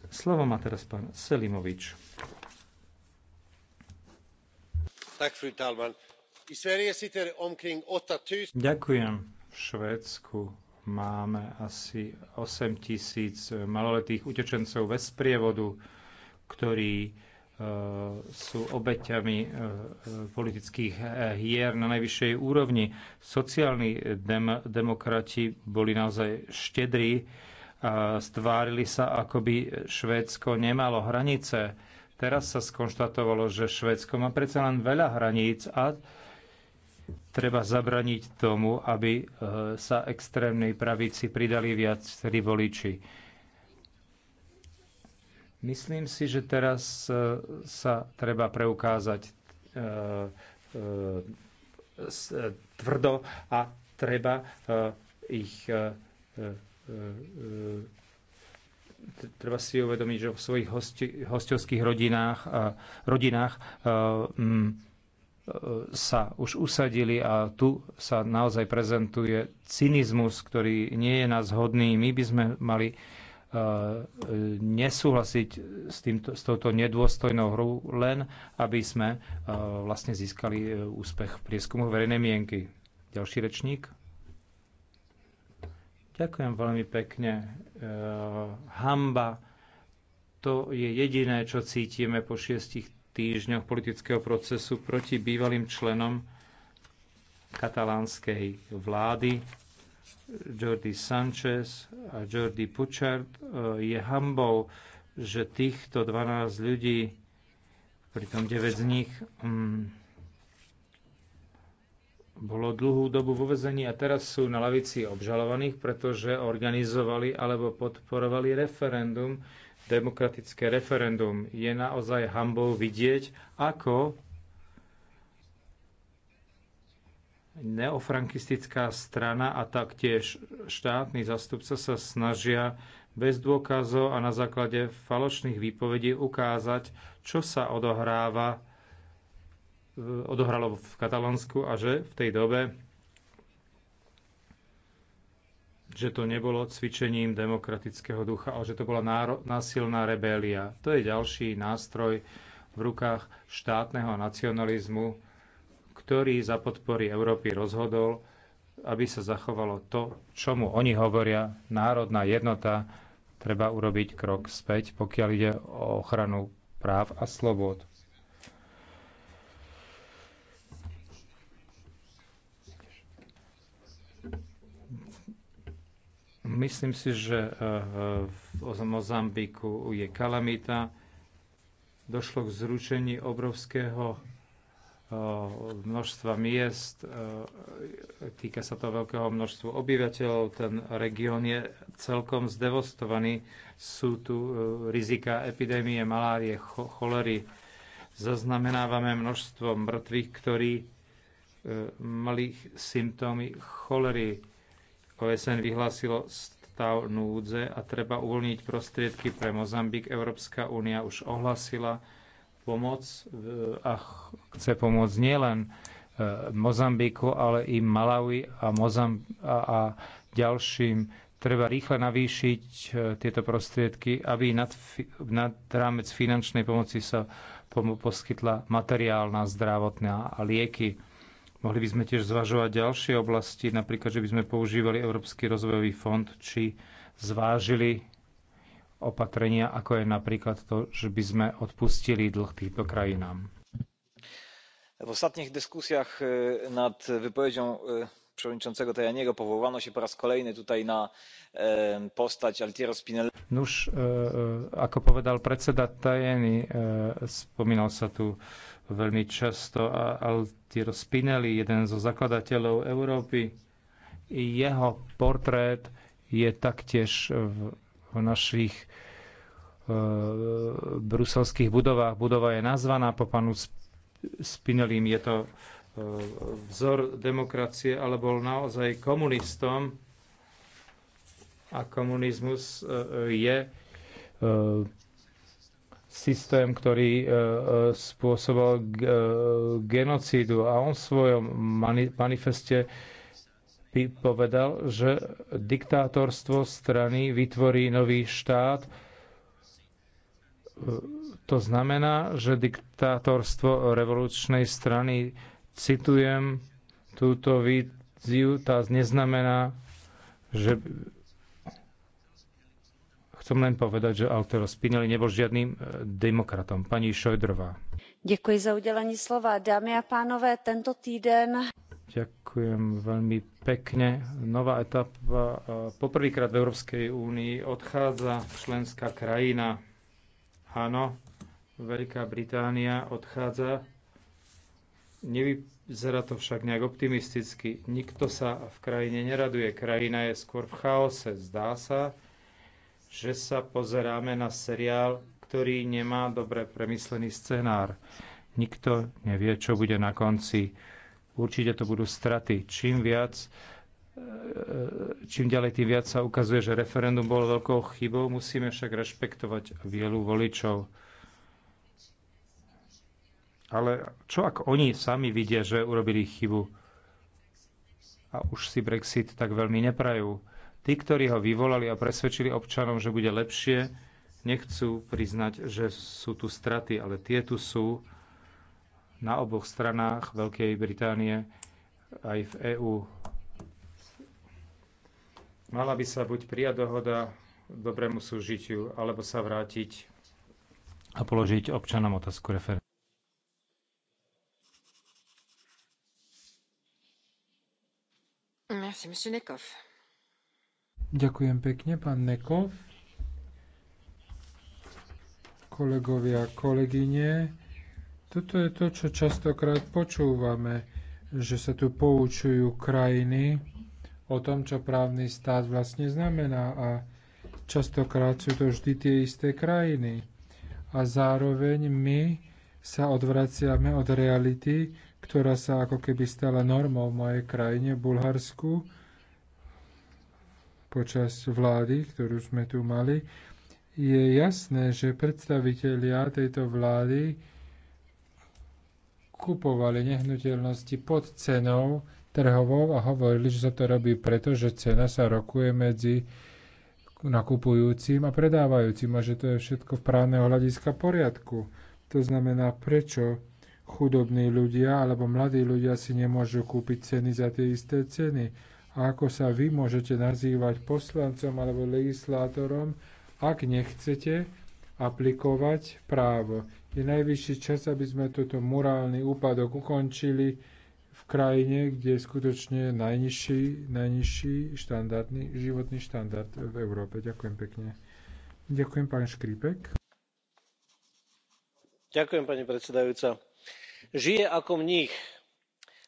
Slovo má teraz pán Selimovič. Ďakujem. V Švédsku máme asi 8 tisíc eh, maloletých utečencov bez prievodu, ktorí eh, sú obeťami eh, politických hier na najvyššej úrovni. Sociálni dem- demokrati boli naozaj štedrí Stvárili sa, ako by Švédsko nemalo hranice. Teraz sa skonštatovalo, že Švédsko má predsa len veľa hraníc a treba zabraniť tomu, aby e, sa extrémnej pravici pridali viac voliči. Myslím si, že teraz e, sa treba preukázať e, tvrdo a treba ich E, e, treba si uvedomiť, že v svojich hosti, hostovských rodinách, rodinách e, sa už usadili a tu sa naozaj prezentuje cynizmus, ktorý nie je nás hodný. My by sme mali nesúhlasiť s, týmto, s touto nedôstojnou hrou len, aby sme vlastne získali úspech v prieskumu verejnej mienky. Ďalší rečník. Ďakujem veľmi pekne. E, hamba, to je jediné, čo cítime po šiestich týždňoch politického procesu proti bývalým členom katalánskej vlády. Jordi Sanchez a Jordi Puchard e, je hambou, že týchto 12 ľudí, pritom 9 z nich, mm, bolo dlhú dobu vo vezení a teraz sú na lavici obžalovaných, pretože organizovali alebo podporovali referendum, demokratické referendum. Je naozaj hambou vidieť, ako neofrankistická strana a taktiež štátny zastupca sa snažia bez dôkazov a na základe falošných výpovedí ukázať, čo sa odohráva Eh, odohralo v Katalánsku a že v tej dobe že to nebolo cvičením demokratického ducha, ale že to bola náro- násilná rebélia. To je ďalší nástroj v rukách štátneho nacionalizmu, ktorý za podpory Európy rozhodol, aby sa zachovalo to, čomu oni hovoria, národná jednota, treba urobiť krok späť, pokiaľ ide o ochranu práv a slobod. Myslím si, že eh, v Mozambiku je kalamita. Došlo k zručení obrovského eh, množstva miest, eh, týka sa to veľkého množstvu obyvateľov, ten región je celkom zdevostovaný, sú tu rizika epidémie malárie, cholery. Zaznamenávame množstvo mŕtvych, ktorí mali symptómy cholery OSN vyhlásilo stav núdze a treba uvoľniť prostriedky pre Mozambik. Európska únia už ohlasila pomoc a chce pomôcť nielen e, Mozambiku, ale i Malawi a, Mozamb- a, a ďalším. Treba rýchle navýšiť e, tieto prostriedky, aby nad, nad rámec finančnej pomoci sa pom- poskytla materiálna, zdravotná a lieky Mohli by sme tiež zvažovať ďalšie oblasti, napríklad, že by sme používali Európsky rozvojový fond, či zvážili opatrenia, ako je napríklad to, že by sme odpustili dlh týmto krajinám. V ostatných diskusiach e, nad vypovedou e, przewodniczącego Tajaniego powołano się po raz kolejny tutaj na e, postać Altiero Spinelli. Nuž, ako povedal predseda e, spomínal sa tu veľmi často a Altiero Spinelli, jeden zo zakladateľov Európy. Jeho portrét je taktiež v, v našich e, bruselských budovách. Budova je nazvaná po panu Spinelim. Je to e, vzor demokracie, ale bol naozaj komunistom a komunizmus e, je e, systém, ktorý e, e, spôsoboval e, genocídu. A on v svojom manifeste povedal, že diktátorstvo strany vytvorí nový štát. To znamená, že diktátorstvo revolučnej strany, citujem túto víziu, tá neznamená, že Chcem len povedať, že Altero Spinelli nebol žiadnym e, demokratom. Pani Šojdrová. Ďakujem za udelenie slova. Dámy a pánové, tento týden... Ďakujem veľmi pekne. Nová etapa. E, poprvýkrát v Európskej únii odchádza členská krajina. Áno, Veľká Británia odchádza. Nevyzerá to však nejak optimisticky. Nikto sa v krajine neraduje. Krajina je skôr v chaose. Zdá sa, že sa pozeráme na seriál, ktorý nemá dobre premyslený scenár. Nikto nevie, čo bude na konci. Určite to budú straty. Čím viac e, čím ďalej, tým viac sa ukazuje, že referendum bolo veľkou chybou. Musíme však rešpektovať vielu voličov. Ale čo ak oni sami vidia, že urobili chybu a už si Brexit tak veľmi neprajú? Tí, ktorí ho vyvolali a presvedčili občanom, že bude lepšie, nechcú priznať, že sú tu straty, ale tie tu sú na oboch stranách Veľkej Británie aj v EÚ. Mala by sa buď prijať dohoda dobrému súžitiu, alebo sa vrátiť a položiť občanom otázku referenda. Merci, monsieur Nekov. Ďakujem pekne, pán Nekov. Kolegovia, kolegyne, toto je to, čo častokrát počúvame, že sa tu poučujú krajiny o tom, čo právny stát vlastne znamená a častokrát sú to vždy tie isté krajiny. A zároveň my sa odvraciame od reality, ktorá sa ako keby stala normou v mojej krajine, Bulharsku, počas vlády, ktorú sme tu mali, je jasné, že predstavitelia tejto vlády kupovali nehnuteľnosti pod cenou trhovou a hovorili, že sa to robí preto, že cena sa rokuje medzi nakupujúcim a predávajúcim a že to je všetko v právneho hľadiska poriadku. To znamená, prečo chudobní ľudia alebo mladí ľudia si nemôžu kúpiť ceny za tie isté ceny. A ako sa vy môžete nazývať poslancom alebo legislátorom, ak nechcete aplikovať právo. Je najvyšší čas, aby sme toto morálny úpadok ukončili v krajine, kde je skutočne najnižší, najnižší štandardný, životný štandard v Európe. Ďakujem pekne. Ďakujem, pán Škripek. Ďakujem, pani predsedajúca. Žije ako mních,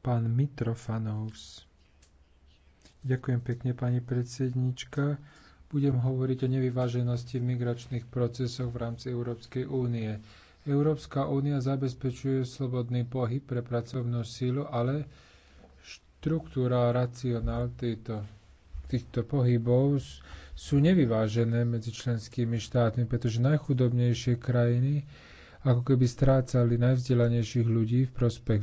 pán Mitrofanous. Ďakujem pekne, pani predsednička. Budem hovoriť o nevyváženosti v migračných procesoch v rámci Európskej únie. Európska únia zabezpečuje slobodný pohyb pre pracovnú sílu, ale štruktúra a racionál týto, týchto pohybov sú nevyvážené medzi členskými štátmi, pretože najchudobnejšie krajiny ako keby strácali najvzdelanejších ľudí v prospech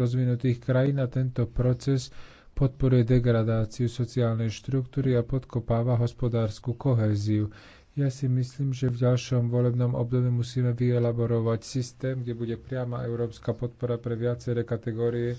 rozvinutých krajín a tento proces podporuje degradáciu sociálnej štruktúry a podkopáva hospodársku kohéziu. Ja si myslím, že v ďalšom volebnom období musíme vyelaborovať systém, kde bude priama európska podpora pre viaceré kategórie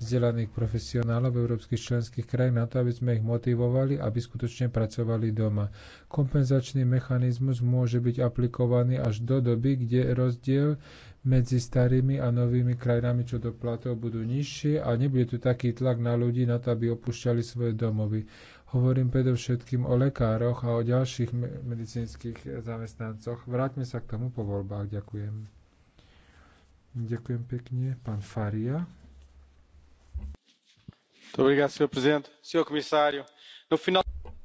vzdelaných profesionálov v európskych členských krajín na to, aby sme ich motivovali, aby skutočne pracovali doma. Kompenzačný mechanizmus môže byť aplikovaný až do doby, kde rozdiel medzi starými a novými krajinami, čo do platov budú nižšie a nebude tu taký tlak na ľudí na to, aby opúšťali svoje domovy. Hovorím predovšetkým o lekároch a o ďalších medicínskych zamestnancoch. Vráťme sa k tomu po voľbách. Ďakujem. Ďakujem pekne. Pán Faria. No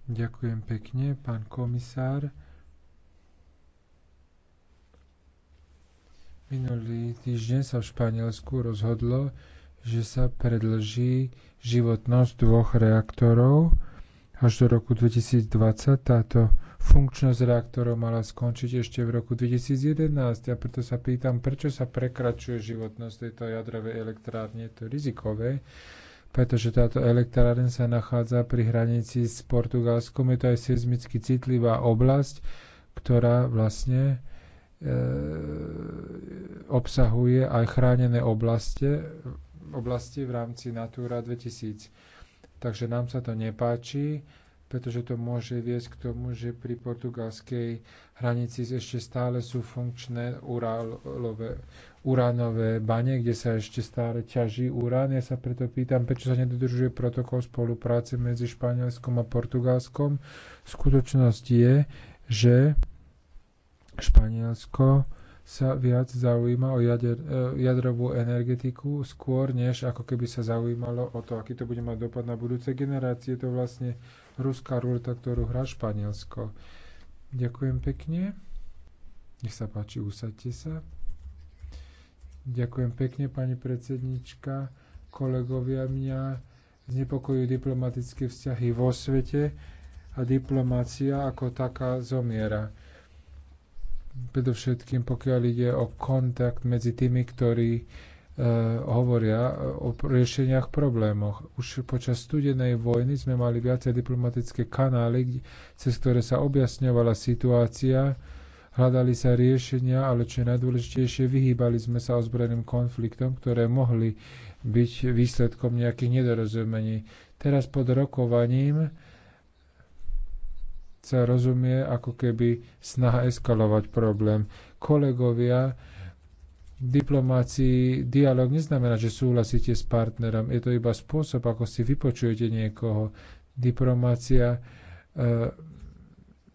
Ďakujem pekne, pán komisár. Minulý týždeň sa v Španielsku rozhodlo, že sa predlží životnosť dvoch reaktorov až do roku 2020. Táto funkčnosť reaktorov mala skončiť ešte v roku 2011 a preto sa pýtam, prečo sa prekračuje životnosť tejto jadrovej elektrárne. Je to rizikové pretože táto elektráreň sa nachádza pri hranici s Portugalskom. Je to aj seizmicky citlivá oblasť, ktorá vlastne e, obsahuje aj chránené oblasti, oblasti v rámci Natura 2000. Takže nám sa to nepáči, pretože to môže viesť k tomu, že pri portugalskej hranici ešte stále sú funkčné urálové uránové bane, kde sa ešte stále ťaží urán. Ja sa preto pýtam, prečo sa nedodržuje protokol spolupráce medzi Španielskom a Portugalskom. Skutočnosť je, že Španielsko sa viac zaujíma o jader, e, jadrovú energetiku skôr, než ako keby sa zaujímalo o to, aký to bude mať dopad na budúce generácie. Je to vlastne ruská ruleta, ktorú hrá Španielsko. Ďakujem pekne. Nech sa páči, usadte sa. Ďakujem pekne, pani predsednička. Kolegovia mňa znepokojujú diplomatické vzťahy vo svete a diplomácia ako taká zomiera. Predovšetkým pokiaľ ide o kontakt medzi tými, ktorí e, hovoria o riešeniach problémoch. Už počas studenej vojny sme mali viacej diplomatické kanály, cez ktoré sa objasňovala situácia, Hľadali sa riešenia, ale čo je najdôležitejšie, vyhýbali sme sa ozbrojeným konfliktom, ktoré mohli byť výsledkom nejakých nedorozumení. Teraz pod rokovaním sa rozumie ako keby snaha eskalovať problém. Kolegovia, diplomácii dialog neznamená, že súhlasíte s partnerom. Je to iba spôsob, ako si vypočujete niekoho. Diplomácia e,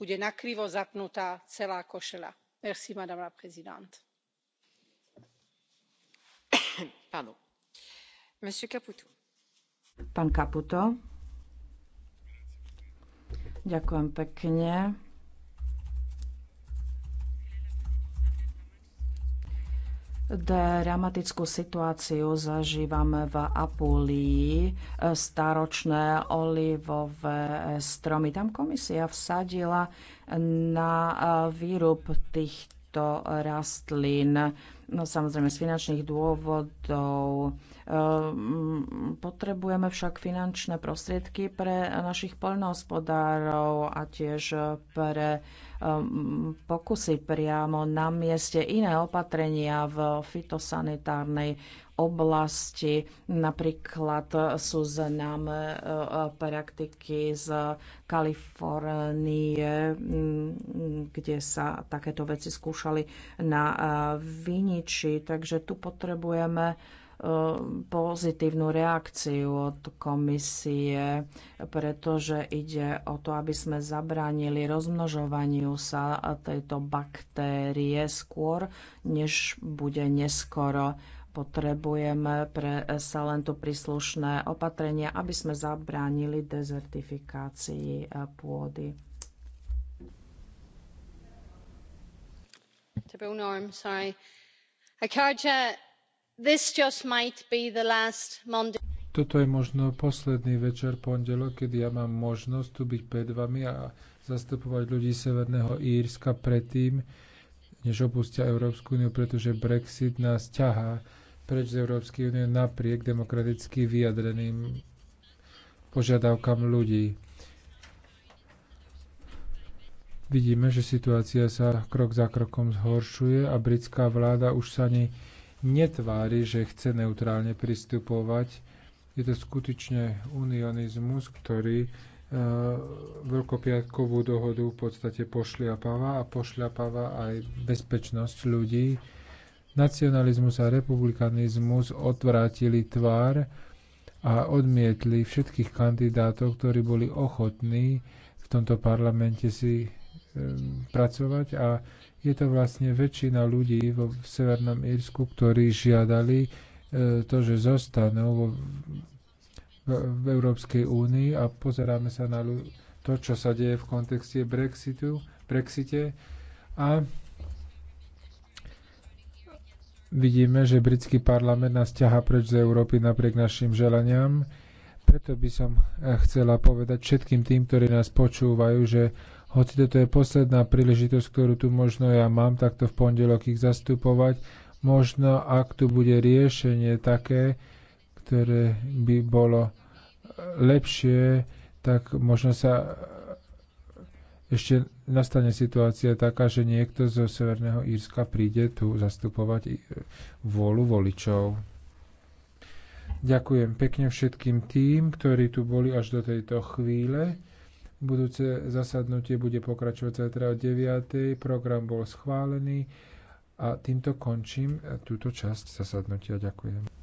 bude nakrivo zapnutá celá košeľa. Pán Caputo. Ďakujem pekne. Dramatickú situáciu zažívame v Apulii. Staročné olivové stromy. Tam komisia vsadila na výrub týchto rastlín no samozrejme z finančných dôvodov. Ehm, potrebujeme však finančné prostriedky pre našich poľnohospodárov a tiež pre ehm, pokusy priamo na mieste iné opatrenia v fitosanitárnej oblasti. Napríklad sú známe ehm, praktiky z Kalifornie, kde sa takéto veci skúšali na vini zahraničí, Takže tu potrebujeme e, pozitívnu reakciu od komisie, pretože ide o to, aby sme zabránili rozmnožovaniu sa tejto baktérie skôr, než bude neskoro potrebujeme pre Salentu príslušné opatrenia, aby sme zabránili dezertifikácii e, pôdy. To bol no, sorry. Toto je možno posledný večer pondelok, kedy ja mám možnosť tu byť pred vami a zastupovať ľudí Severného Írska predtým, než opustia Európsku úniu, pretože Brexit nás ťahá preč z Európskej únie napriek demokraticky vyjadreným požiadavkám ľudí. Vidíme, že situácia sa krok za krokom zhoršuje a britská vláda už sa ani netvári, že chce neutrálne pristupovať. Je to skutočne unionizmus, ktorý e, veľkopiatkovú dohodu v podstate pošliapava a pošliapava aj bezpečnosť ľudí. Nacionalizmus a republikanizmus odvrátili tvár a odmietli všetkých kandidátov, ktorí boli ochotní v tomto parlamente si pracovať a je to vlastne väčšina ľudí vo v Severnom Írsku, ktorí žiadali e, to, že zostanú vo, v, v Európskej únii a pozeráme sa na to, čo sa deje v kontexte Brexitu, Brexite a vidíme, že britský parlament nás ťaha preč z Európy napriek našim želaniam. Preto by som e, chcela povedať všetkým tým, ktorí nás počúvajú, že hoci toto je posledná príležitosť, ktorú tu možno ja mám, takto v pondelok ich zastupovať, možno ak tu bude riešenie také, ktoré by bolo lepšie, tak možno sa ešte nastane situácia taká, že niekto zo Severného Írska príde tu zastupovať vôľu voličov. Ďakujem pekne všetkým tým, ktorí tu boli až do tejto chvíle. Budúce zasadnutie bude pokračovať zajtra o 9. Program bol schválený a týmto končím túto časť zasadnutia. Ďakujem.